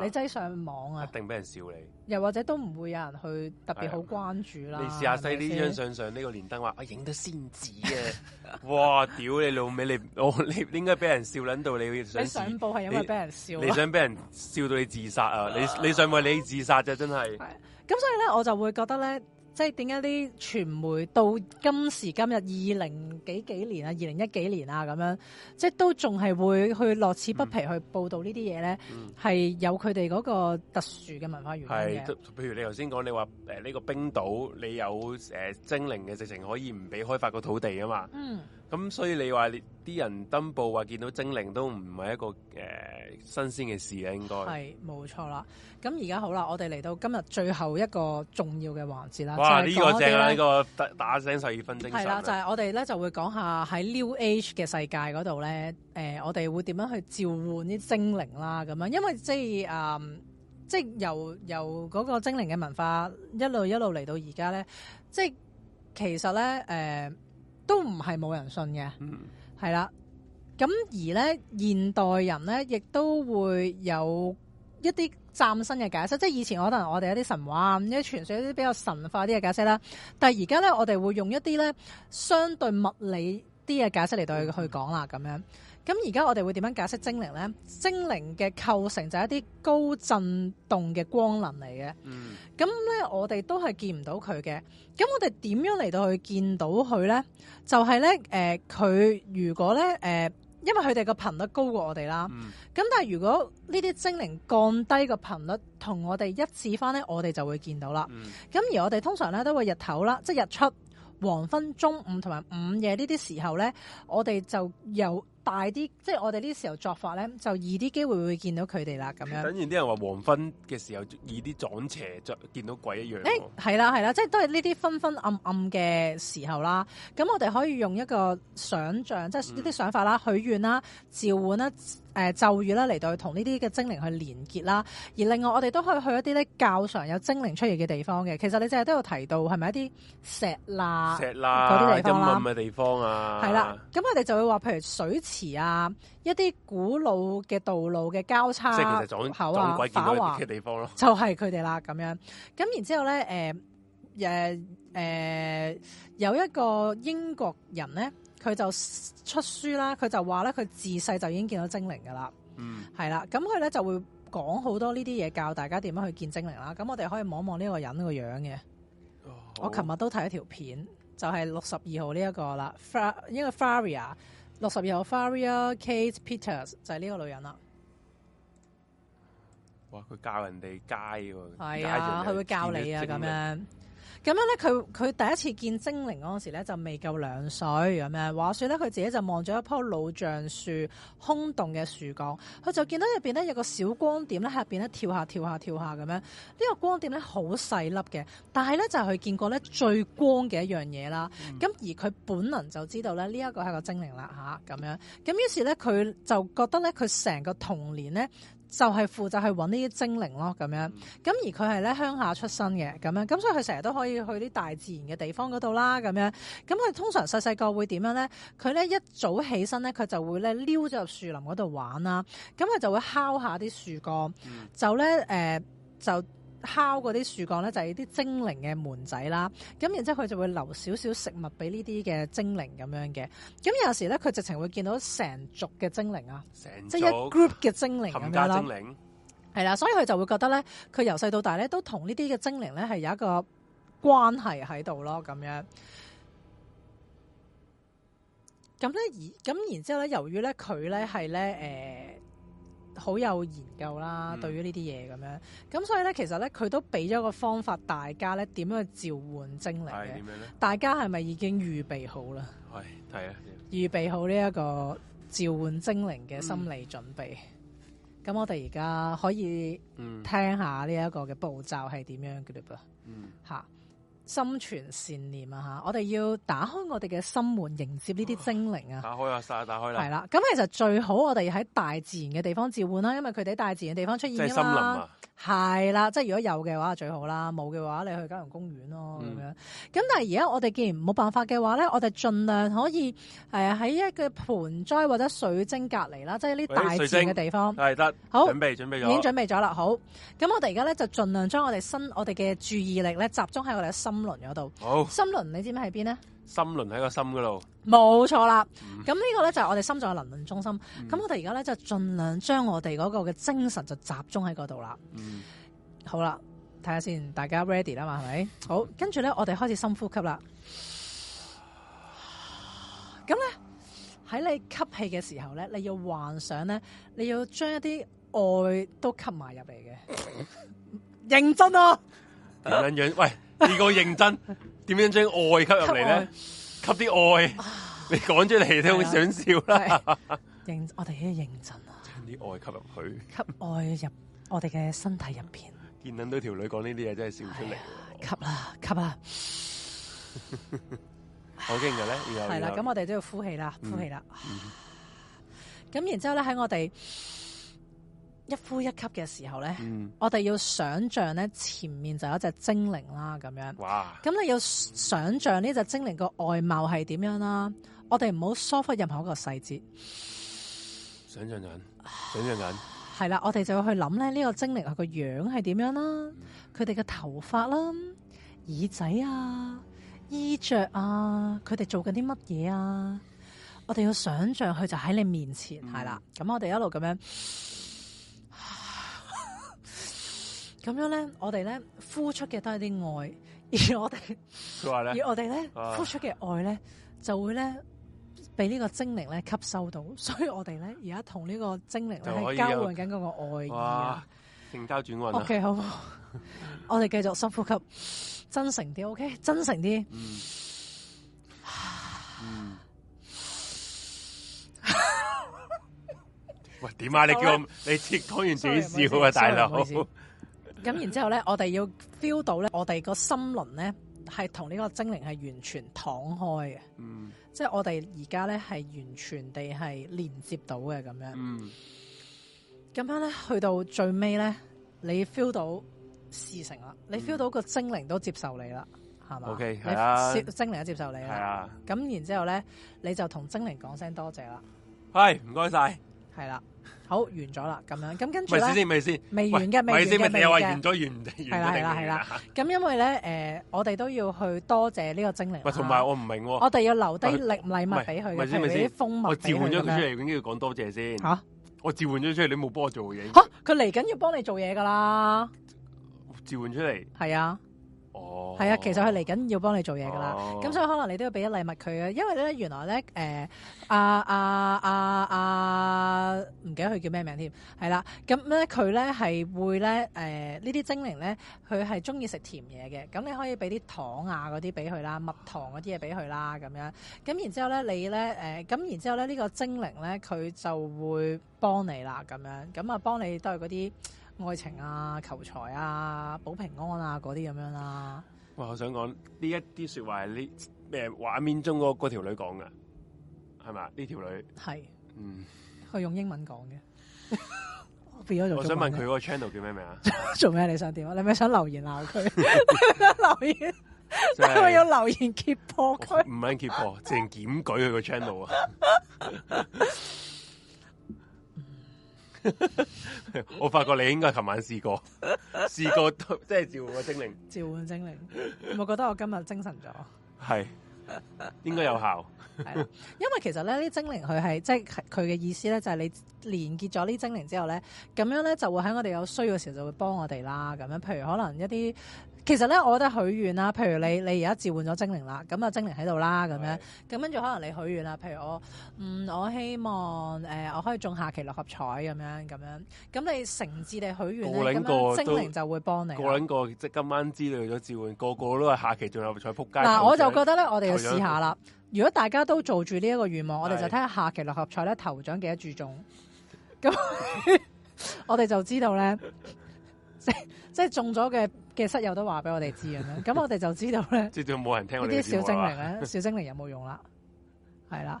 你擠上網
啊，一定俾人笑你。
又或者都唔會有人去特別好關注啦。你試下
睇呢張相上呢個連登話，我影到仙子嘅， 哇！屌 你老味，你我你應該俾人笑撚到你。你，你，你上報係因為俾人笑你，你想俾人笑到你自殺 啊？你你想話你自殺就真係。
係。咁所以咧，我就會覺得咧。即係點解啲傳媒到今時今日二零幾幾年啊，二零一幾年啊咁樣，即係都仲係會去樂此不疲去報導呢啲嘢咧？係、嗯、有佢哋嗰個特殊嘅文化原因
嘅。係，譬如你頭先講，你話誒呢個冰島，你有誒、呃、精靈嘅直情可以唔俾開發個土地啊嘛。嗯。咁所以你話啲人登報話見到精靈都唔係一個誒、呃、新鮮嘅事啊，應該係
冇錯啦。咁而家好啦，我哋嚟到今日最後一個重要嘅環節啦。哇！個個呢個正啦，呢個
打醒十二分精神。係啦，就係、是、
我哋咧就會講下喺 New Age 嘅世界嗰度咧，誒、呃、我哋會點樣去召喚啲精靈啦？咁樣因為即係即由由嗰個精靈嘅文化一路一路嚟到而家咧，即、就、係、是、其實咧誒。呃都唔係冇人信嘅，係啦、嗯。咁而咧，現代人咧亦都會有一啲嶄新嘅解釋，即係以前可能我哋一啲神話啊，咁傳傳說一啲比較神化啲嘅解釋啦。但係而家咧，我哋會用一啲咧相對物理啲嘅解釋嚟對佢去講啦，咁、嗯、樣。咁而家我哋會點樣解釋精靈呢？精靈嘅構成就係一啲高震動嘅光能嚟嘅、嗯。咁咧，我哋都係見唔到佢嘅。咁我哋點樣嚟到去見到佢呢？就係、是、呢，誒、呃、佢如果呢，誒、呃、因為佢哋個頻率高過我哋啦。咁、嗯、但係如果呢啲精靈降低個頻率，同我哋一致翻呢，我哋就會見到啦。咁、嗯、而我哋通常呢，都會日頭啦，即係日出、黃昏、中午同埋午夜呢啲時候呢，我哋就有。大啲，即係我哋呢時候作法咧，就易啲機會會見到佢哋啦，咁樣。等
完啲人話黃昏嘅時候，易啲撞邪，見到鬼一樣。誒，
係啦係啦，即係都係呢啲昏昏暗暗嘅時候啦。咁我哋可以用一個想像，即係呢啲想法啦、嗯、許願啦、啊、召喚啦、啊。誒，咒語啦，嚟到去同呢啲嘅精靈去連結啦。而另外，我哋都可以去一啲咧較常有精靈出現嘅地方嘅。其實你凈係都有提到，係咪一啲石啦嗰啲陰暗嘅地方啦？
有冇咁嘅地方啊？係啦，
咁我哋就會話，譬如水池啊，一啲古老嘅道路嘅交叉即係其實口啊、撞鬼嘅地方咯、啊，就係佢哋啦咁樣。咁然之後咧，誒、呃呃呃、有一個英國人咧。佢就出書啦，佢就話咧，佢自細就已經見到精靈噶啦，係啦、嗯，咁佢咧就會講好多呢啲嘢教大家點樣去見精靈啦。咁我哋可以望望呢一個人個樣嘅。哦、我琴日都睇一條片，就係六十二號呢一個啦，呢、哦、為 Faria 六十二號 Faria Kate Peters 就係呢個女人啦。
哇！佢教人哋街喎，係啊，佢、啊、會教你啊咁樣。
咁樣咧，佢佢第一次見精靈嗰陣時咧，就未夠兩歲。咁樣。話說咧，佢自己就望咗一棵老橡樹，空洞嘅樹幹，佢就見到入邊咧有個小光點咧，喺入邊咧跳下跳下跳下咁樣。呢個光點咧好細粒嘅，但係咧就係佢見過咧最光嘅一樣嘢啦。咁而佢本能就知道咧呢一個係個精靈啦吓，咁樣。咁於是咧佢就覺得咧佢成個童年咧。就係負責去搵呢啲精靈咯，咁樣。咁而佢係咧鄉下出身嘅，咁樣。咁所以佢成日都可以去啲大自然嘅地方嗰度啦，咁樣。咁佢通常細細個會點樣咧？佢咧一早起身咧，佢就會咧溜咗入樹林嗰度玩啦。咁佢就會敲下啲樹幹，嗯呃，就咧誒就。敲嗰啲樹幹咧，就係啲精靈嘅門仔啦，咁然之後佢就會留少少食物俾呢啲嘅精靈咁樣嘅，咁有時咧佢直情會見到成族嘅精靈啊，即係成族一 group 嘅精靈咁樣啦，係啦，所以佢就會覺得咧，佢由細到大咧都同呢啲嘅精靈咧係有一個關係喺度咯，咁樣。咁咧、嗯，咁然之後咧，由於咧佢咧係咧誒。好有研究啦，嗯、對於呢啲嘢咁樣，咁所以咧，其實咧佢都俾咗個方法，大家咧點樣去召喚精靈？大家係咪已經預備好啦？
喂，係
啊，預備好呢一個召喚精靈嘅心理準備。咁、嗯嗯、我哋而家可以聽下呢一個嘅步驟係點樣嘅噃？嗯，嚇。心存善念啊！吓，我哋要打開我哋嘅心門，迎接呢啲精靈啊！
打開啊晒打開啦。係啦，
咁其實最好我哋喺大自然嘅地方召喚啦，因為佢哋喺大自然嘅地方出現噶啊係啦，即係如果有嘅話最好啦，冇嘅話你去郊遊公園咯，咁樣。咁、嗯、但係而家我哋既然冇辦法嘅話咧，我哋盡量可以係喺一個盆栽或者水晶隔籬啦，即係呢大件嘅地方
係得。好，準，準備準備咗，已經準
備咗啦。好，咁我哋而家咧就盡量將我哋身我哋嘅注意力咧集中喺我哋心輪嗰度。好，心輪你知唔知喺邊呢？
心輪喺個心嘅度，
冇錯啦。咁呢個咧就係我哋心臟嘅能量中心。咁、嗯、我哋而家咧就盡量將我哋嗰個嘅精神就集中喺嗰度啦。
嗯、
好啦，睇下先，大家 ready 啦嘛，係咪？好，跟住咧我哋開始深呼吸啦。咁咧喺你吸氣嘅時候咧，你要幻想咧，你要將一啲愛都吸埋入嚟嘅。 認真啊！
阿潤、呃、 喂，呢、這個認真。 點樣將愛吸入嚟咧？吸啲愛，愛唉你講出嚟，聽會想笑啦。認我哋要認真啊！將啲愛吸入去，吸
愛入我哋嘅身體入邊。
見到到條女講呢啲嘢，真係笑出嚟了我。
吸啦，吸啦
好呢，驚嘅咧，係啦。咁我
哋都要呼氣啦，嗯、呼氣啦。咁、嗯、然之後咧，喺我哋。一呼一吸嘅時候咧，嗯、我哋要想象咧，前面就有一隻精靈
啦，咁樣。哇！
咁你要想象呢隻精靈個外貌係點樣啦？我哋唔好疏忽任何一個細節。
想象緊，想象緊，
係啦，我哋就要去諗咧，呢個精靈個樣係點樣啦，佢哋嘅頭髮啦、耳仔啊、衣着啊，佢哋做緊啲乜嘢啊？我哋要想象佢就喺你面前，係啦、嗯。咁我哋一路咁樣。咁樣咧，我哋咧呼出嘅都係啲愛，而我哋而我哋咧呼出嘅愛咧，就會咧俾呢個精靈咧吸收到，所以我哋咧而家同呢個精靈咧交換緊嗰個愛啊，
成交轉換。O K 好好，
我哋繼續深呼吸，真誠啲，O K，真誠啲。嗯。
嗯。喂，點解你叫我？你講完自己笑啊，大佬。
咁 然之後咧，我哋要 feel 到咧，我哋個心輪咧係同呢個精靈係完全敞開嘅、嗯，即係我哋而家咧係完全地係連接到嘅咁樣、嗯。咁樣咧去到最尾咧，你 feel 到事成啦，你 feel 到個精靈都接受你啦，
係嘛？O K 係啊，精靈都接受你啦。
咁、啊、然之後咧，你就同精靈講聲多謝啦。
係唔該晒。
係啦。好完咗啦，咁樣，咁跟住咧，未先未先未完嘅未完嘅未嘅。係啦係啦係啦。咁因為咧，誒，我哋都要去多謝呢個精靈。喂，同埋
我唔明，我哋要
留低禮禮物俾佢嘅，咪係啲蜂蜜。召喚咗佢出嚟，
點解要講多謝先？吓，我召喚咗出嚟，你冇幫我做嘢。吓，
佢嚟緊要幫你做嘢噶啦，
召喚出嚟。係啊。哦，係啊，其實佢
嚟緊要幫你做嘢噶啦，咁、哦、所以可能你都要俾一禮物佢啊，因為咧原來咧誒，阿阿阿阿唔記得佢叫咩名添，係啦，咁咧佢咧係會咧誒呢啲、呃、精靈咧，佢係鍾意食甜嘢嘅，咁你可以俾啲糖啊嗰啲俾佢啦，蜜糖嗰啲嘢俾佢啦咁樣，咁然之後咧你咧誒，咁、呃、然之後咧呢、這個精靈咧佢就會幫你啦，咁樣，咁啊幫你都係嗰啲愛情啊，求財啊，保平安啊，嗰啲咁樣啦。
喂，我想講呢一啲說話係呢咩？畫面中嗰嗰條女講噶，係咪啊？呢條女係，是嗯，
佢用英文講嘅。 的我想問佢
嗰 channel 叫咩名啊？
做咩你想點啊？你咪想留言鬧佢？ 你留
言係咪要留
言揭破
佢？唔係揭破，淨檢 舉佢個 channel 啊！ 我發覺你應該琴晚試過，試過即係召,召喚個精靈。召喚
精靈，我覺得我今日精神咗，
係應該有效。係
的 因為其實咧，啲精靈佢係即係佢嘅意思咧，就係、是、你連結咗呢啲精靈之後咧，咁樣咧就會喺我哋有需要嘅時候就會幫我哋啦。咁樣，譬如可能一啲。其實咧，我覺得許願啦，譬如你你而家召喚咗精靈啦，咁啊精靈喺度啦，咁樣，咁跟住可能你許願啦，譬如我，嗯，我希望誒、呃，我可以中下期六合彩咁樣，咁樣，咁你誠摯地許願，個精靈就會幫你，個個
過過，即今晚知道咗召喚，個個都係下期中六合彩扑街。嗱，但我就覺得咧，我哋要試下
啦。如果大家都做住呢一個願望，是的 我哋就睇下下期六合彩咧，頭獎幾多注中咁是的 我哋就知道咧。 即即係中咗嘅嘅室友都話俾我哋知咁樣，咁 我哋就知道咧。
知冇人聽呢啲 小精靈咧， 小
精靈有冇用啦？係啦，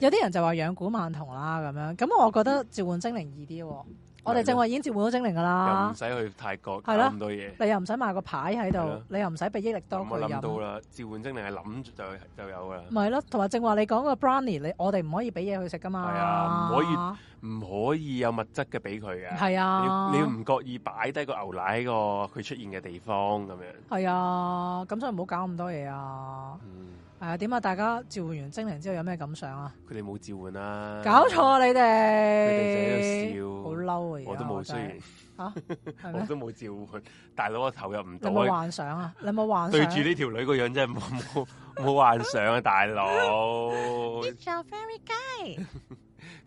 有啲
人就話養古曼童啦咁樣，咁 我覺得召喚精靈易啲。
喎
我哋正話已經召喚到精靈噶啦，又唔使去泰國搞咁多嘢，你又唔
使買個牌喺度，的你又唔使俾益力多佢飲。我諗到
啦，召喚精靈係諗住就就有噶啦。咪係咯，
同埋正話你講個 brownie 你我哋唔可以俾嘢佢食噶嘛，唔可以，
唔可以有物質嘅俾佢嘅。係的啊，你唔覺意擺低個牛奶喺個佢出現嘅地方咁樣。
係啊，咁所以唔好搞咁多嘢啊。係啊，點啊？大家召喚完精靈之後有咩感想啊？
佢哋冇召喚啊？搞錯、啊、你哋！佢哋就喺度笑。好嬲啊！我都冇雖然！嚇、啊？ 我都冇召喚， 大佬我投入唔到。你冇幻
想啊？你冇幻想、啊？對住呢
條女個樣真係冇冇冇幻想啊！大佬。你
條 fairy guy。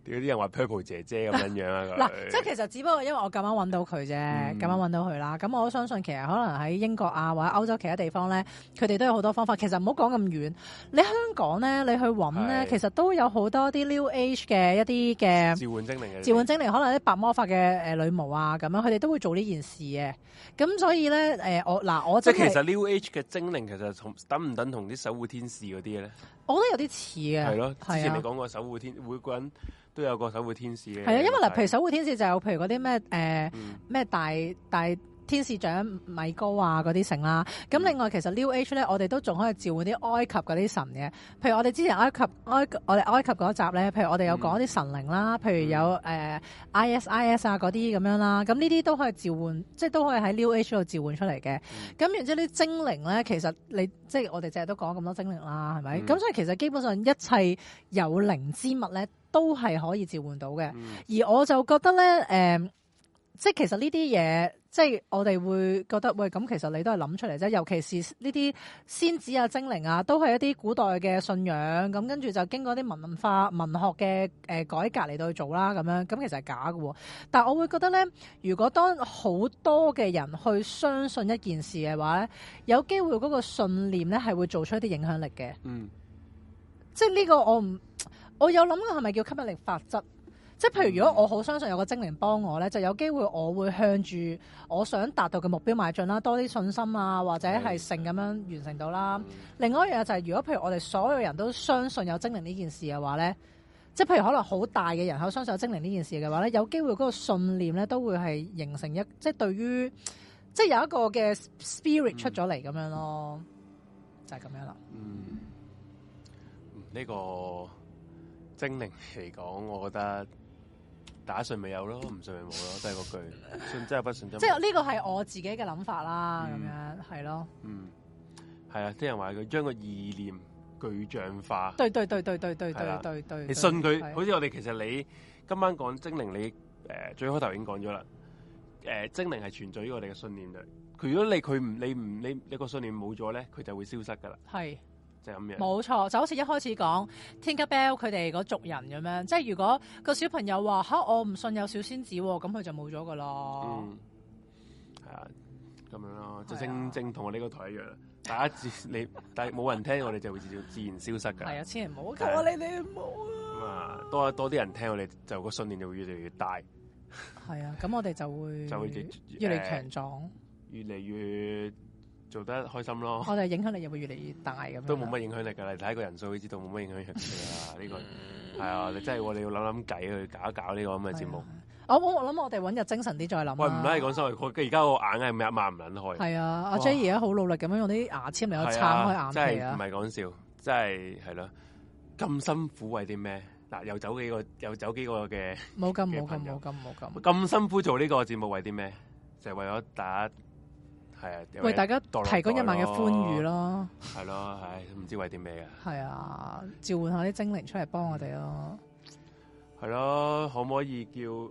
有啲人話 purple 姐姐咁樣樣嗱，啊，即係 其
實只不過因為我咁啱搵到佢啫，咁樣搵到佢啦。咁我相信其實可能喺英國啊或者歐洲其他地方咧，佢哋都有好多方法。其實唔好講咁遠，你香港咧，你去搵咧，是的 其實都有好多啲 new age 嘅一啲嘅召喚精靈，召喚精靈可能啲白魔法嘅誒、呃、女巫啊，咁樣佢哋都會做呢件事嘅。咁所以咧，誒、呃、我嗱我即其實
new age 嘅精靈其實等唔等同啲守護天使嗰啲咧？
我覺得有啲似嘅，係咯。之前你
講過守護天，的每個人都有個守護天使嘅。係啊，因為嗱，譬的如守護天使
就有譬如嗰啲咩誒咩大大大天使長米高啊，嗰啲成啦。咁另外，其實 New Age 咧，我哋都仲可以召喚啲埃及嗰啲神嘅。譬如我哋之前埃及埃及我哋埃及嗰集咧，譬如我哋有講啲神靈啦，譬如有誒、呃、Isis 啊嗰啲咁樣啦。咁呢啲都可以召喚，即係都可以喺 New Age 度召喚出嚟嘅。咁、嗯、然之後啲精靈咧，其實你即係我哋成日都講咁多精靈啦，係咪？咁、嗯、所以其實基本上一切有靈之物咧，都係可以召喚到嘅。嗯、而我就覺得咧、呃，即係其實呢啲嘢。即係我哋會覺得，喂，咁，其實你都係諗出嚟啫。尤其是呢啲仙子啊、精靈啊，都係一啲古代嘅信仰。咁跟住就經過啲文化文學嘅誒改革嚟到去做啦。咁樣，咁其實係假嘅。但係我會覺得呢，如果當好多嘅人去相信一件事嘅話，有機會嗰個信念呢係會做出一啲影響力嘅。嗯，即係呢個我唔，我有諗過，係咪叫吸引力法則？即係譬如，如果我好相信有個精靈幫我咧，就有機會我會向住我想達到嘅目標邁進啦，多啲信心啊，或者係成咁樣完成到啦。嗯、另外一樣就係，如果譬如我哋所有人都相信有精靈呢件事嘅話咧，即係譬如可能好大嘅人口相信有精靈呢件事嘅話咧，有機會嗰個信念咧都會係形成一，即係對於即係有一個嘅 spirit、嗯、出咗嚟咁樣咯，就係、是、咁樣啦。嗯、
呢、這個精靈嚟講，我覺得。打信咪有咯，唔信咪冇咯，都係嗰句。信真係不信真不。即係呢
個係我自己嘅諗法啦，咁、嗯、樣係咯。嗯，
係啊，聽人話佢將個意念具象化。對對對對對對對對對。你信佢，好似我哋其實你今晚講精靈，你、呃、誒最開頭已經講咗啦。誒、呃，精靈係存在於我哋嘅信念度。佢如果你佢唔你唔你你個信念冇咗咧，佢就會消失噶啦。
係。冇錯，就好似一開始講《Tinker Bell》佢哋嗰族人咁樣，即係如果個小朋友話嚇我唔信有小仙子，咁佢就冇咗㗎咯。嗯，
係啊，咁樣咯，是的 就正正同我呢個台一樣。是的 大家自你， 但係冇人聽，我哋就會自然消失㗎。係啊，千祈
唔好、就是，我你哋冇
啊。啊，多多啲人聽我，我哋就個信念就會越嚟越大。
係啊，咁我哋就會就會越嚟越強壯，
越嚟越。做得開心咯！我哋
影響力又會越嚟越大咁。都冇乜影
響力㗎啦，睇個人數會知道冇乜影響力、 這個、啊！呢個係啊，你真係我哋要諗諗計去搞一搞呢個咁嘅節目。
啊哦、我我諗我哋揾日精神啲再諗。喂，唔係
講笑，我而家我眼硬擘擘唔撚開。係啊，阿 J 而
家好努力咁樣用啲牙籤嚟撐開眼皮、啊啊、真係唔
係講笑，真係係咯，咁、啊、辛苦為啲咩？嗱，又走幾個，又走幾個嘅冇咁冇咁冇咁冇咁咁辛苦做呢個節目為啲咩？就係、是、為咗打。為大家提供一晚嘅歡娛咯，係咯，唔知為啲咩嘅？係
啊，召喚下啲精靈出嚟幫我哋咯，
係咯，可唔可以叫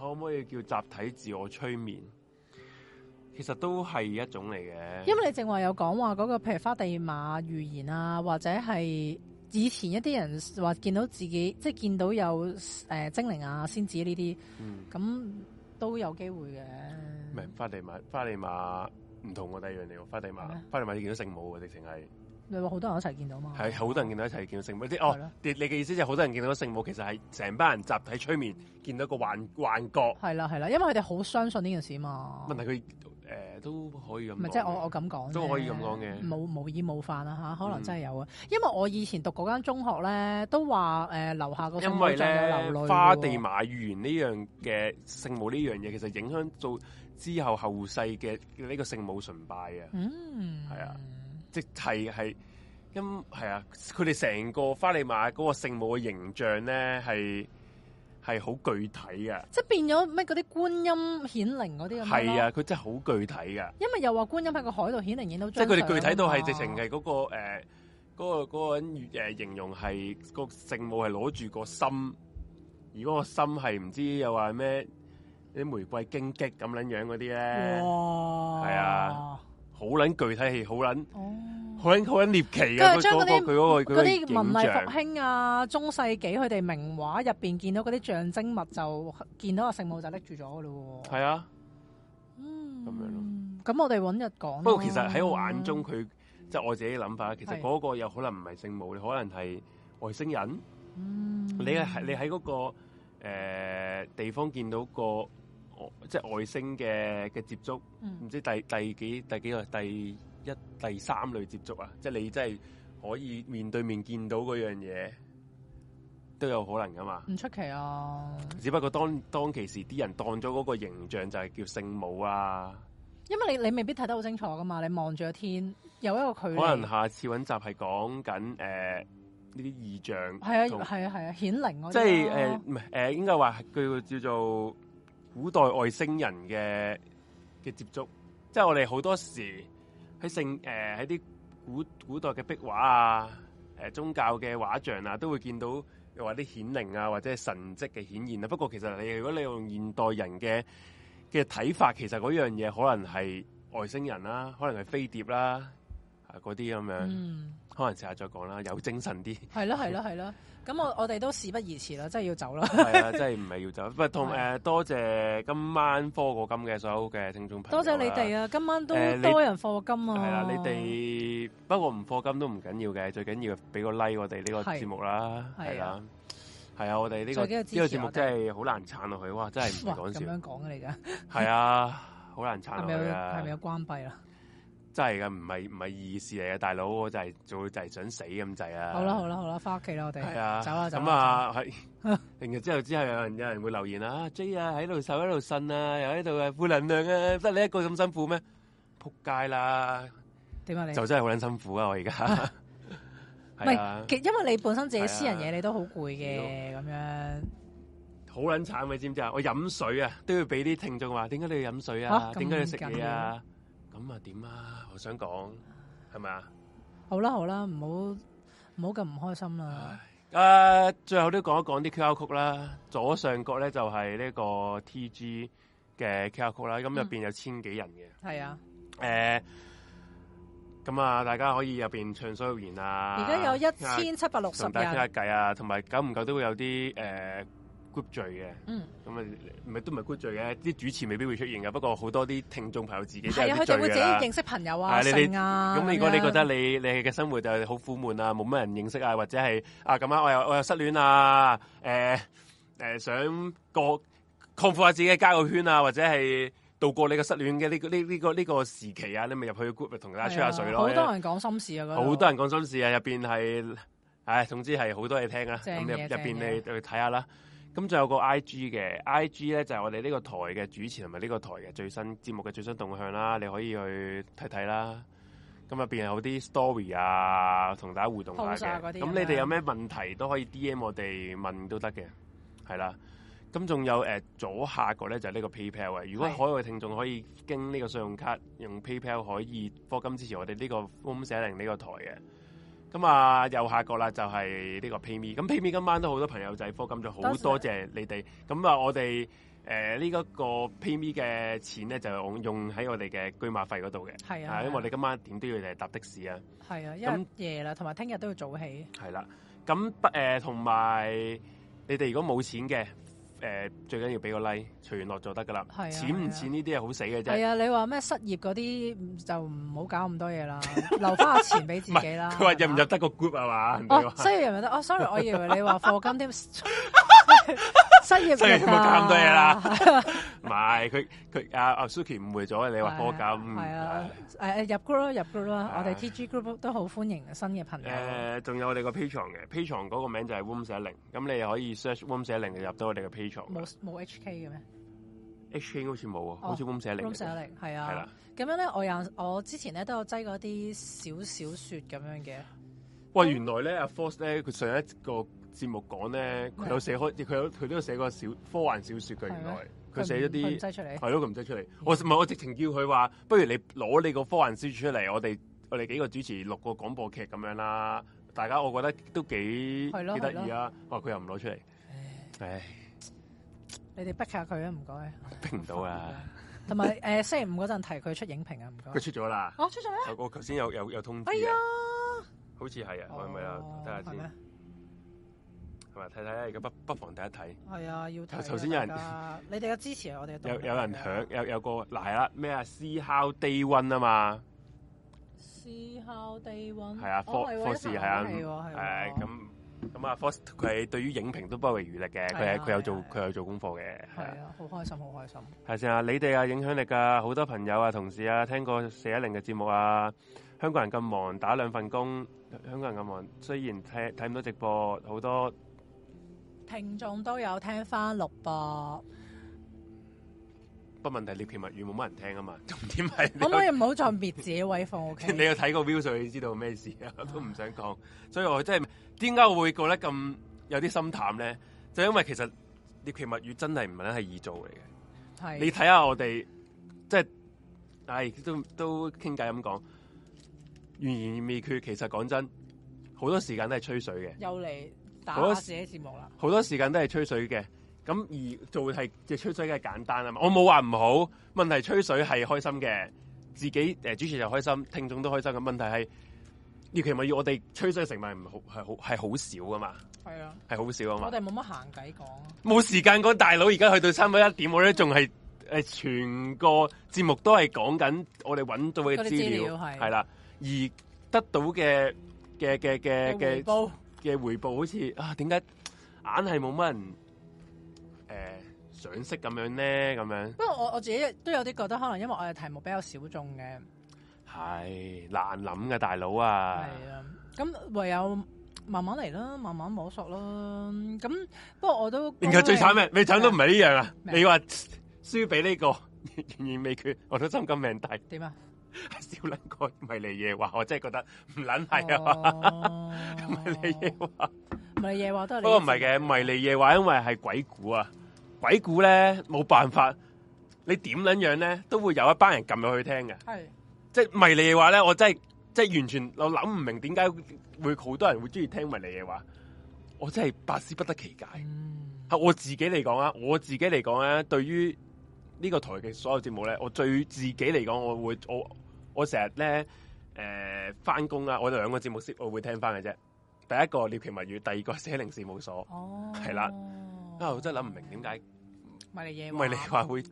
可唔可以叫集體自我催眠？其實都係一種嚟嘅。因為你
正話有講話嗰個，譬如花地馬預言啊，或者係以前一啲人話見到自己，即係見到有誒精靈啊、仙子呢啲，咁、嗯、都有機會嘅。
明花地馬，花地馬。唔同我第二樣嘢，花地馬的花地馬你見到聖母喎，直情係。
你話好多人一齊見到嘛？係
好多人見到一齊見到聖母的哦，你嘅意思就係好多人見到聖母，其實係成班人集體催眠見到一個幻幻覺。
係啦係啦，因為佢哋好相信呢件事嘛。問
題佢誒都可以咁。唔係，即係我我咁講。都可以咁講嘅。冇、
就是、無意冒犯啊嚇，可能真係有啊。嗯、因為我以前讀嗰間中學咧，都話誒、呃、樓下個聖母在流淚、啊、花地馬
園呢樣嘅聖母呢樣嘢，其實影響到。之後後世嘅呢個聖母崇拜啊，係、嗯、啊，即係係咁係啊，佢哋成個花地瑪嗰個聖母嘅形象咧係係好具體嘅，
即係變咗咩嗰啲觀音顯靈嗰啲咁係啊，
佢真係好具體嘅，
因為又話觀音喺個海度顯靈，顯到即係佢哋具體到係、啊、直情係
嗰個嗰、呃嗰個人、嗰個、形容係個聖母係攞住個心，而嗰個心係唔知又話咩？啲玫瑰荊棘咁撚樣嗰啲咧，係啊，好撚具體，係好撚，好撚好撚獵奇啊！佢嗰佢嗰啲文藝復興
啊，中世紀佢哋名畫入邊見到嗰啲象徵物，就見到個聖母就拎住咗嘅
咯喎。係啊，嗯，咁樣咯。
咁我哋揾日講。不過其實喺我眼中，
佢即係我自己諗法，其實嗰個有可能唔係聖母，你可能係外星人。嗯，你係你喺嗰個誒地方見到個。即係外星嘅嘅接觸，唔、嗯、知第第幾第幾個第一第三類接觸啊？即係你真係可以面對面見到嗰樣嘢都有可能噶嘛？
唔出奇啊！
只不過當當其時，啲人當咗嗰個形象就係叫聖母啊。
因為你你未必睇得好清楚噶嘛，你望住個天有一個距離。可能下
次揾集係講緊誒呢啲異象，係啊係啊
係啊顯靈嗰啲咯。即係誒
唔係誒，應該話佢叫做。古代外星人嘅嘅接觸，即係我哋好多時喺聖誒喺啲古古代嘅壁畫啊，誒、呃、宗教嘅畫像啊，都會見到又話啲顯靈啊，或者神蹟嘅顯現啊。不過其實你如果你用現代人嘅嘅睇法，其實嗰樣嘢，可能係外星人啦，啊，可能係飛碟啦，啊，啊嗰啲咁樣，嗯，可能成日再講啦，有精神啲。係咯，係
咯，係咯。 咁我我哋都事不宜遲啦，真係要走啦。係 啊，
真係唔係要走？同誒、呃，多謝今晚課過金嘅所有嘅聽眾朋友。多謝你哋啊！
今晚都多人課過金啊。係啦、呃、你哋、
啊、不過唔課金都唔緊要嘅，最緊要俾個 like 我哋呢個節目啦。係啦、啊，係啊,啊，我哋呢、呢個呢節目真係好難撐落去哇！真係唔講笑。咁樣講嘅嚟噶。係 啊，好難撐落去係咪
有,有關閉啦？
真係噶，唔係唔係意思嚟嘅，大佬，我就係就係想死咁滯啊！好啦，好
啦，好啦，翻屋企啦，
我哋係啊，走啦，走啦。咁啊，係。聽日之後之後有人有人會留言啊，J 啊喺度受，喺度呻啊，又喺度負能量啊，得你一個咁辛苦咩？扑街啦！點解你就真係好捻辛苦啊！我而家係，
因為你本身自己私人嘢，你都好攰嘅咁樣。
好捻慘你知唔知啊，我飲水啊，都要俾啲聽眾話，點解你要飲水啊？點解要食嘢啊？咁啊點啊？我想講，係咪啊？
好啦好啦，唔好唔好咁唔開心啦。誒、
啊，最後都講一講啲 QR Code 啦。左上角咧就係呢個 TG 嘅 QR Code 啦。咁入邊有千、嗯、幾人嘅。
係
啊。誒、啊，咁啊，大家可以入邊暢所欲言啊。而家有一千七百六十人。啊、大家傾下偈啊，同埋久唔久都會有啲誒。呃谷罪 o 嗯嘅，咁啊，唔係都唔係谷罪嘅，啲主持未必會出現噶。不過好多啲聽眾朋友自己係啊，佢哋會自己認識
朋友啊、你啊。咁、啊、如果你覺得
你你嘅生活就係好苦悶啊，冇乜人認識啊，或者係啊咁我又我又失戀啊，誒誒、啊呃呃，想擴擴闊下自己嘅交友圈啊，或者係度過你嘅失戀嘅呢個呢呢、這個呢、這個時期啊，你咪入去 group 同大家吹下水咯。好、啊啊、多人
講心事啊，好多
人講心事啊，入邊係唉，總之係好多嘢聽啊。咁入入邊你去睇下啦。咁就有個 I G 嘅 I G 咧，就係、是、我哋呢個台嘅主持同埋呢個台嘅最新節目嘅最新動向啦，你可以去睇睇啦。咁入邊有啲 story 啊，同大家互動下嘅。咁、啊、你哋有咩問題都可以 D M 我哋問都得嘅，係啦。咁仲有誒、呃、左下角咧就係、是、呢個 PayPal 嘅。如果海外聽眾可以經呢個信用卡用 PayPal 可以課金支持我哋呢、這個 Room410 呢個台嘅。咁啊，右下角啦就係、是、呢個 PayMe，咁 PayMe 今晚都好多朋友仔，課、就是、金咗好多，多謝你哋。咁啊，我哋誒呢一個 PayMe 嘅錢咧，就用喺我哋嘅居馬費嗰度嘅，係啊，因為、啊啊、我哋今晚點都要嚟搭的士啊，
係啊，咁夜啦，同埋聽日都要早起，
係啦、啊，咁誒同埋你哋如果冇錢嘅。誒、呃，最緊要俾個 like，隨緣落就得噶啦，錢唔錢呢啲係好死嘅啫。係啊，
你話咩失業嗰啲就唔好搞咁多嘢啦， 留翻下錢俾自己啦。
佢話 吧入唔入得個 group 啊嘛？唔所以
入唔入得？哦、啊、，sorry，我以為你話課金添。 失業咪教咁多嘢
啦，唔係佢佢阿阿 Suki 誤會咗你話課金係
啊，誒誒入 group 入 group 咯，我哋 TG group 都好歡迎新嘅朋友。誒，
仲有我哋個 P 群嘅 P 群嗰個名就係 Warm 寫零，咁你可以 search Warm 寫零入到我哋嘅 P 群。
冇冇 HK 嘅咩
？HK 好似冇啊，好似 Warm 寫零。Warm 寫零係啊，係啦。
咁樣咧，我有我之前咧都有擠過啲少少說咁樣嘅。
喂，原來咧阿 Force 咧佢上一個。節目講咧，佢有寫開，佢有佢都有寫過小科幻小説嘅，原來佢寫咗啲，係咯，佢唔使出嚟。我唔係我直情叫佢話，不如你攞你個科幻小説出嚟，我哋我哋幾個主持錄個廣播劇咁樣啦。大家我覺得都幾幾得意啊！哇，佢又唔攞出嚟，唉，
你哋逼下佢啊！唔該，
逼唔到啊。
同埋誒星期五嗰陣提佢出影評啊，唔該，佢出咗啦。我
出咗啦。我頭先有有有通知啊。好似係啊，係咪啊？睇下先。睇睇咧，而家不不妨睇一睇。係
啊，要
睇。
頭先有人你
哋嘅支持我哋都。有有
人響，有有個嗱係啦，咩啊？See how day one 啊嘛
，See how day one 係啊，科科士係啊，係
咁咁啊。科士佢對於影評都不遺餘力嘅，佢佢有做佢有做功課嘅。係啊，好開心，好開心。係啊，你哋啊影響力㗎，好多朋友啊、同事啊聽過四一零嘅節目啊。香港人咁忙，打兩份工，香港人咁忙，雖然睇睇唔到直播，好多。
聽眾都有聽翻錄播，
不問題。獵奇物語冇乜人聽啊嘛，重點係可唔可以
唔好盡別子嘅威風，
你有睇過 v i l l e 你知道咩事我不啊？都唔想講，所以我真係點解會覺得咁有啲心淡咧？就因為其實獵奇物語真係唔係咧係易做嚟嘅。係是你睇下我哋即係，唉、哎，都都傾偈咁講，懸疑未決。其實講真的，好多時間都係吹水嘅。又
嚟。好多自己節目
啦，好多時間都係吹水嘅，咁而做係即係吹水嘅簡單啊嘛，我冇話唔好，問題係吹水係開心嘅，自己誒主持又開心，聽眾都開心。咁問題係，要其咪要我哋吹水嘅成分唔好，係好係好少噶嘛，係啊，係好少啊嘛。我哋
冇乜閒偈
講，啊，冇時間講。大佬而家去到三分一點，我咧仲係誒， 全個節目都係講緊我哋揾到嘅資料係，係啦，而得到嘅嘅嘅嘅嘅報。嘅回報好似啊，點解硬係冇乜人誒賞識咁樣咧？咁樣，
不過我我自己都有啲覺得，可能因為我嘅題目比較少眾嘅，
係難諗嘅大佬啊，啊。係
啊，咁唯有慢慢嚟咯，慢慢摸索咯。咁不過我都，連佢最慘咩？你慘
都唔係呢樣啊！咩？你話輸俾呢個，仍然未決，我都心甘命大，點啊？小林哥迷離夜話，我真係覺得唔捻係啊！迷離夜話，迷離
夜話都係。不過唔係嘅
迷離夜話，因為係鬼故啊！Mm. 鬼故咧冇辦法，你點捻樣咧，都會有一班人撳入去聽嘅。係，mm. 即係迷離夜話咧，我真係即係完全我諗唔明點解會好多人會中意聽迷離夜話，我真係百思不得其解。係、mm. 我自己嚟講啊，我自己嚟講咧，對於。呢個台嘅所有節目咧，我最自己嚟講，我會我我成日咧誒翻工啊，我哋兩、呃、個節目先，我會聽翻嘅啫。第一個獵奇物語，第二個寫靈事務所，係啦、哦，我真諗唔明點解
咪你嘢？唔係，你
話會，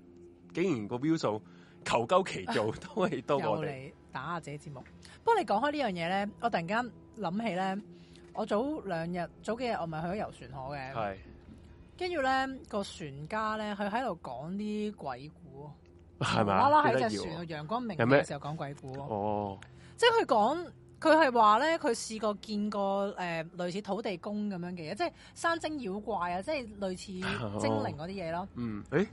竟然個 view 數求鳩其做、啊、都係多過我哋
打下自己節目。不過你講開呢樣嘢咧，我突然間諗起咧，我早兩日早幾日我咪去咗遊船河嘅。跟住咧，呢個船家咧，佢喺度講啲鬼故，
係咪吧？啦啦喺隻船度
陽嗎光明媚嘅時候講鬼故，哦
，oh.
即係佢講，佢係話咧，佢試過見過誒、呃、類似土地公咁樣嘅嘢，即係山精妖怪啊，即係類似精靈嗰啲嘢咯。
Oh. 嗯，誒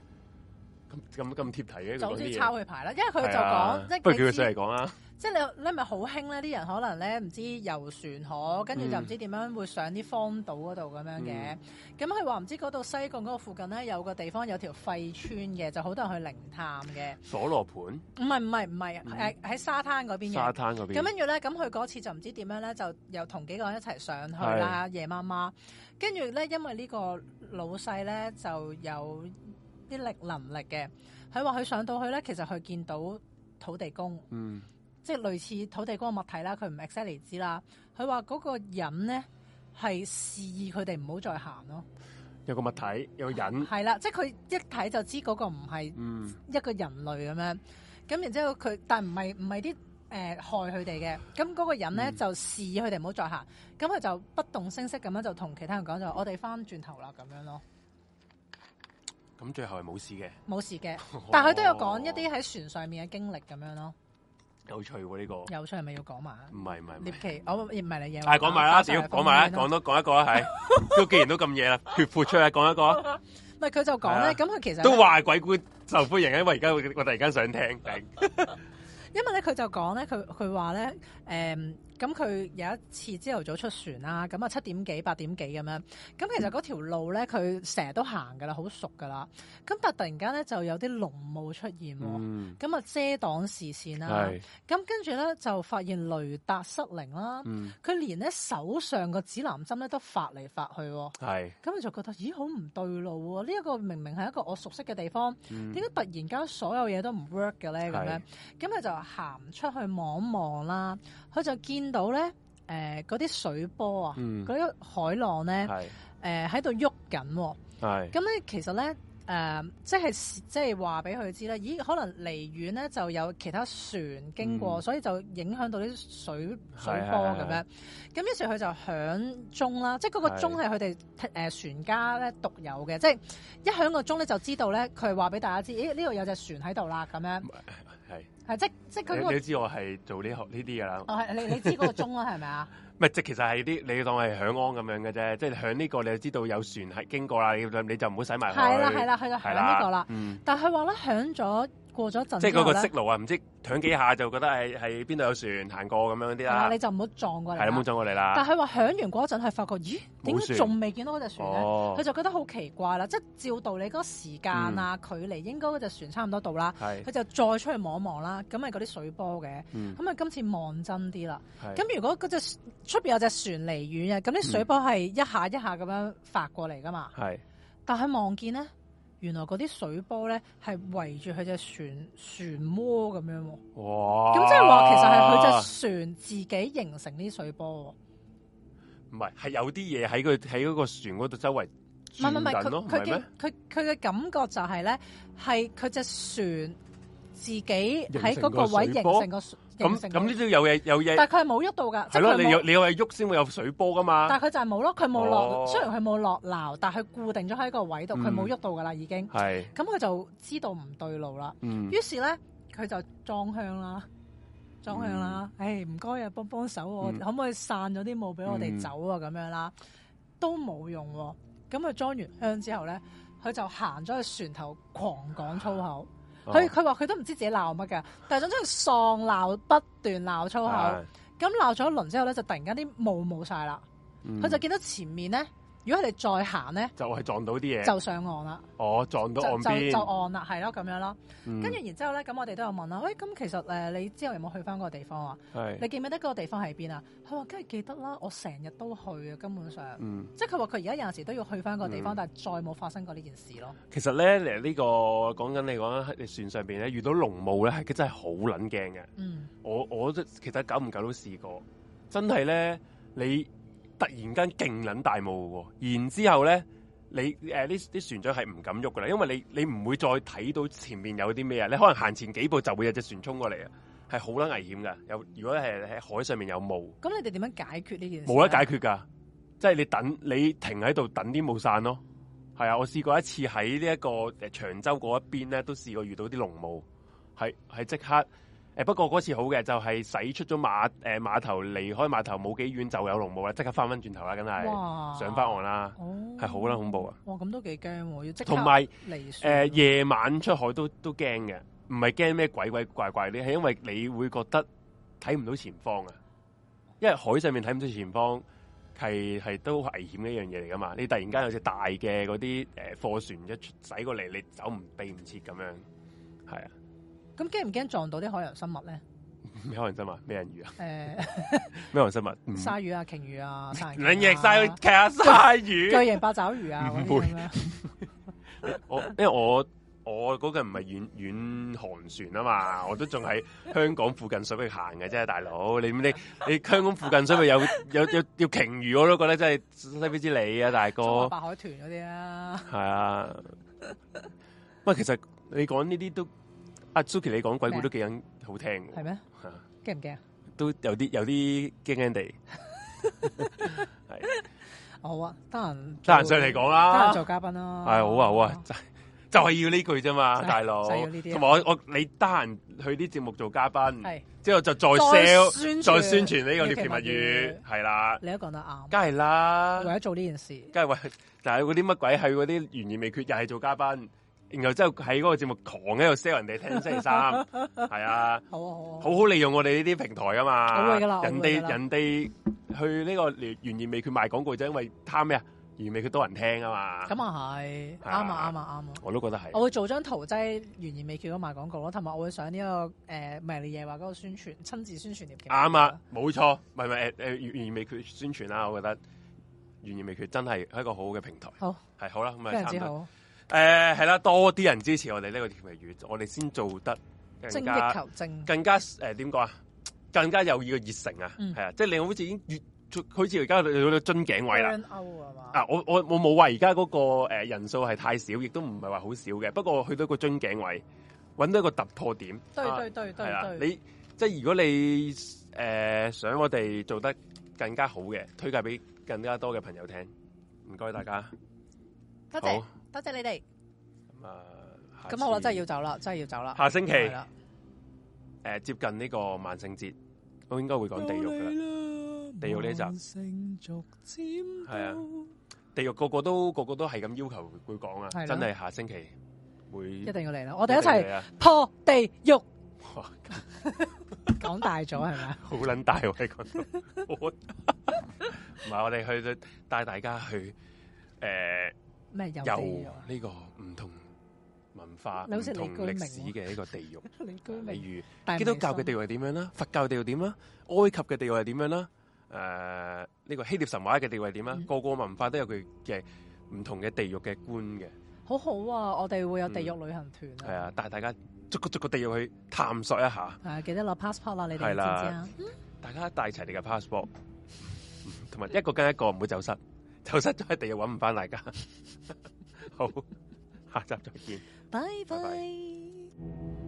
咁咁咁貼題嘅，體早知抄佢牌啦，啊、因為佢就講，啊、即不如叫佢上嚟講啦。
即係你，你咪好興咧？啲人可能咧，唔知遊船河，跟住就唔知點樣會上啲荒島嗰度咁樣嘅。咁佢話唔知嗰度西貢嗰個附近咧，有個地方有條廢村嘅，就好多人去靈探嘅。
鎖羅盤？
唔係唔係唔係，誒喺、嗯、沙灘嗰邊嘅。沙灘嗰邊。跟住咧，咁佢嗰次就唔知點樣咧，就又同幾個人一齊上去啦，是夜媽媽。跟住咧，因為呢個老細咧就有啲力能力嘅，佢話佢上到去咧，其實佢見到土地公。嗯。即係類似土地嗰個物體啦，佢唔 exactly 知啦。佢話嗰個人咧係示意佢哋唔好再行咯。
有個物體，有個人。係
啦， 即係佢一睇就知嗰個唔係一個人類咁樣。咁、嗯、然之後佢，但係唔係唔係啲誒害佢哋嘅。咁嗰個人咧、嗯、就示意佢哋唔好再行。咁佢就不動聲色咁樣就同其他人講就：嗯、我哋翻轉頭啦咁樣咯。
咁、嗯、最後係冇事嘅。冇事嘅， 哦、但係佢都有講一
啲喺船上面嘅經歷咁樣咯。
有趣喎呢個，有
趣係咪要講埋？
唔係唔係，獵
奇我唔係嚟嘢。係講埋啦，點講埋啊？講多
講一個啦，係。都既然都咁夜啦，血闊出嚟講一個。
唔係佢就講咧，咁佢其實都話
鬼故受歡迎啊，因為而家我我突然間想聽。
因為咧，佢就講咧，佢佢話咧，誒。咁佢有一次朝頭早出船啦、啊，咁啊七點幾八點幾咁樣，咁其實嗰條路咧佢成日都行噶啦，好熟噶啦。咁但突然間咧就有啲濃霧出現、啊，喎、嗯，咁啊遮擋視線啦、啊。咁跟住咧就發現雷達失靈啦、啊，佢、嗯、連咧手上個指南針咧都發嚟發去喎、啊。咁佢是就覺得咦好唔對路喎、啊！呢、這、一個明明係一個我熟悉嘅地方，點解、嗯、突然間所有嘢都唔 work 嘅咧？咁樣是，咁佢就行出去望一望啦、啊，佢就見。見到咧，誒、呃，嗰啲水波啊，嗰啲、嗯、海浪咧，誒是，喺度喐緊，係、哦，咁咧是其實咧，誒、呃，即係即係話俾佢知啦，咦，可能離遠咧就有其他船經過，嗯、所以就影響到啲水水波咁樣，咁於是佢就響鐘啦，即係嗰個鐘係佢哋誒船家咧獨有嘅，是即係一響個鐘咧就知道咧，佢話俾大家知，咦，呢度有隻船喺度啦，咁樣。係即即佢、嗰個，你都知
我係做呢學呢啲嘅啦。哦，你你知嗰
個鐘啦，係咪
啊？唔係即其實係啲你當係響安咁樣嘅啫，即響呢個你就知道有船係經過啦，你就你就唔好使埋。係啦係啦係啦係啦呢個啦，
但佢話咧響咗。過咗陣，即係嗰個息
怒啊！唔知響幾下就覺得係係邊度有船行過咁樣啲啦。你
就唔好撞過嚟，係唔冇撞過嚟啦。但係話響完嗰陣，係發覺咦，點解仲未見到嗰隻船咧？佢沒船、哦、就覺得好奇怪啦。即係照道理嗰個時間啊、嗯、距離，應該嗰隻船差唔多到啦。佢、嗯、就再出去望望啦。咁係嗰啲水波嘅，咁啊、嗯、今次望真啲啦。咁、嗯、如果嗰隻出面有隻船離遠啊，咁啲水波係一下一下咁樣發過嚟噶嘛？係、嗯，但係望見咧。原來嗰啲水波咧，係圍住佢隻船船窩咁樣喎、
哦。哇！咁即係話其實係佢隻
船自己形成啲水波、哦。
唔係，係有啲嘢喺佢喺嗰個船嗰度周圍轉咯。唔係，唔係，
佢佢嘅感覺就係、是、咧，係佢隻船。自己喺嗰個位形成個水，形成個水咁咁呢啲
有嘢有嘢，但係
佢係冇喐到㗎，即係佢冇你有你
有喐先會有水波㗎嘛。但係佢
就係冇咯，佢冇落，哦、雖然佢冇落鬧，但係佢固定咗喺個位度，佢冇喐到㗎啦已經。係咁佢就知道唔對路啦。嗯、於是咧佢就裝香啦，裝香啦。誒唔該啊，幫幫手我，嗯、可唔可以散咗啲霧俾我哋走啊？咁樣啦都冇用喎。咁佢裝完香之後咧，佢就行咗去船頭狂講粗口。佢佢話佢都唔知自己鬧乜㗎，但係總之佢喪鬧不斷鬧粗口，咁鬧咗一輪之後咧，就突然間啲霧冇晒啦，
佢、嗯、就見
到前面咧。如果佢哋再行咧，就係
撞到啲嘢，就上岸啦。哦，撞到岸邊，就就就
岸啦，係咯，咁樣咯。跟住、嗯，然之後咧，咁我哋都有問啦。喂、哎，咁其實你之後有冇去翻嗰個地方啊？係，你記唔記得嗰個地方喺邊啊？佢話：梗係記得啦，我成日都去啊，根本上。嗯、即係佢話佢而家有陣時都要去翻嗰個地方，嗯、但係再冇發生過呢件事咯。
其實咧，嚟、這、呢個講緊你講喺船上邊咧，遇到濃霧咧，係真係好撚驚嘅。嗯、我我其實久唔久都試過，真係咧你。突然間勁捻大霧，然之後咧，你誒，啲、呃、啲船長係唔敢喐噶啦，因為你你唔會再睇到前面有啲咩啊，你可能行前幾步就會有隻船衝過嚟啊，係好捻危險噶。有，如果係喺海上面有霧，
咁你哋點樣解決呢件事、啊？事？冇得解決
噶，即係你等你停喺度等啲霧散咯。係啊，我試過一次喺呢一個誒長洲嗰一邊咧，都試過遇到啲濃霧，係係即刻。誒不過嗰次好嘅，就係、是、駛出咗馬誒碼、呃、頭離開碼頭冇幾遠就有龍捲啦，即刻返返轉頭啦，梗係哇上返岸啦，係好啦，恐怖啊！哇，
咁都幾驚喎，要即刻離船、同埋呃。
夜晚出海都都驚嘅，唔係驚咩鬼鬼怪怪你係因為你會覺得睇唔到前方啊，因為海上面睇唔到前方係係都危險嘅一樣嘢嚟㗎嘛，你突然間有隻大嘅嗰啲誒貨船一駛過嚟，你走唔避唔切咁樣，係啊。
咁驚唔驚撞到啲海洋生物咧？
咩海洋生物？美人魚啊？誒，
咩
海洋生物？鯊
魚啊，鯨魚啊，鯊、啊……兩翼鯊、下鯊魚、巨型八爪魚啊？唔會，
嗎 我因為我我嗰陣唔係遠遠航船啊嘛，我都仲喺香港附近水域行嘅，真係大佬，你你你香港附近水域有有有有鯨魚，我都覺得真係犀飛利之你啊，大哥！白
海豚嗰啲啊，
係 啊，唔係其實你講呢啲都。阿 Suki，你講鬼故都幾驚，好聽。係咩？驚唔驚？都有啲有啲驚驚地。
係。好啊，得閒
得閒上嚟講啦，得閒
做嘉
賓啦。係好啊，好啊，就就係要呢句啫嘛，大佬。同埋我我你得閒去啲節目做嘉賓，之後就再 sell 銷再宣傳呢個獵奇物語，係啦。你
都講得啱。梗係啦，為咗做呢件事。
梗係為，但係嗰啲乜鬼係嗰啲懸疑未決，又係做嘉賓。然後之後喺嗰個節目狂喺度 sell 人哋聽星期三，係啊，好好好利用我哋呢啲平台啊嘛，人哋人哋去呢個懸疑未決賣廣告就因為貪咩啊？懸疑未決多人聽啊嘛，咁啊係，啱啊啱啊啱啊，我都覺得係。
我會做張圖即係懸疑未決咁賣廣告咯，同埋我會上呢個誒，迷離夜話嗰個宣傳，親自宣傳嘅。啱啊，
冇錯，係誒誒，懸疑未決宣傳啦，我覺得懸疑未決真係一個好好嘅平台。好係好啦，咁啊，之誒，係啦，呃，多啲人支持我哋呢個粵語，我哋先做得精益求精，更加誒點講啊，更加有意嘅熱誠啊，係啊，嗯，即係你好似已經越，好似而家去到樽頸位啦。啊，我我我冇話而家嗰個誒人數係太少，亦都唔係話好少嘅，不過去到個樽頸位，搵到一個突破點。對對對對對，對，啊，你即係如果你誒、呃、想我哋做得更加好嘅，推介俾更加多嘅朋友聽，唔該大家，多、嗯、好謝，謝。多謝，謝你哋。咁啊次，
咁我真係要走啦，
真係要走啦。下
星期啦，誒了、呃，接近呢個萬聖節，我應該會講地獄噶啦，地獄呢集。係啊，地獄個個都個個都係咁要求佢講啊，了真係下星期會一定要嚟啦，我哋一齊
破地獄。講、啊、 大咗係咪
好撚大喎！呢個 我，唔 係我哋去到帶大家去誒。呃有呢個唔同文化同歷史嘅呢個地獄，例如基督教嘅地獄點樣啦，佛教地獄點樣啦，埃及嘅地獄點樣啦，誒呢個希臘神話嘅地獄點啦，個個文化都有佢嘅唔同嘅地獄嘅觀嘅。
好好啊，我哋會有地獄旅行團啊，
啊，帶大家逐個逐個地獄去探索一下。
係，記得攞 passport 啦，你哋知唔知啊？
大家帶齊你嘅 passport，同埋一個跟一個唔會走失。走失咗一定又揾唔返大家，好，下集再見，
拜拜。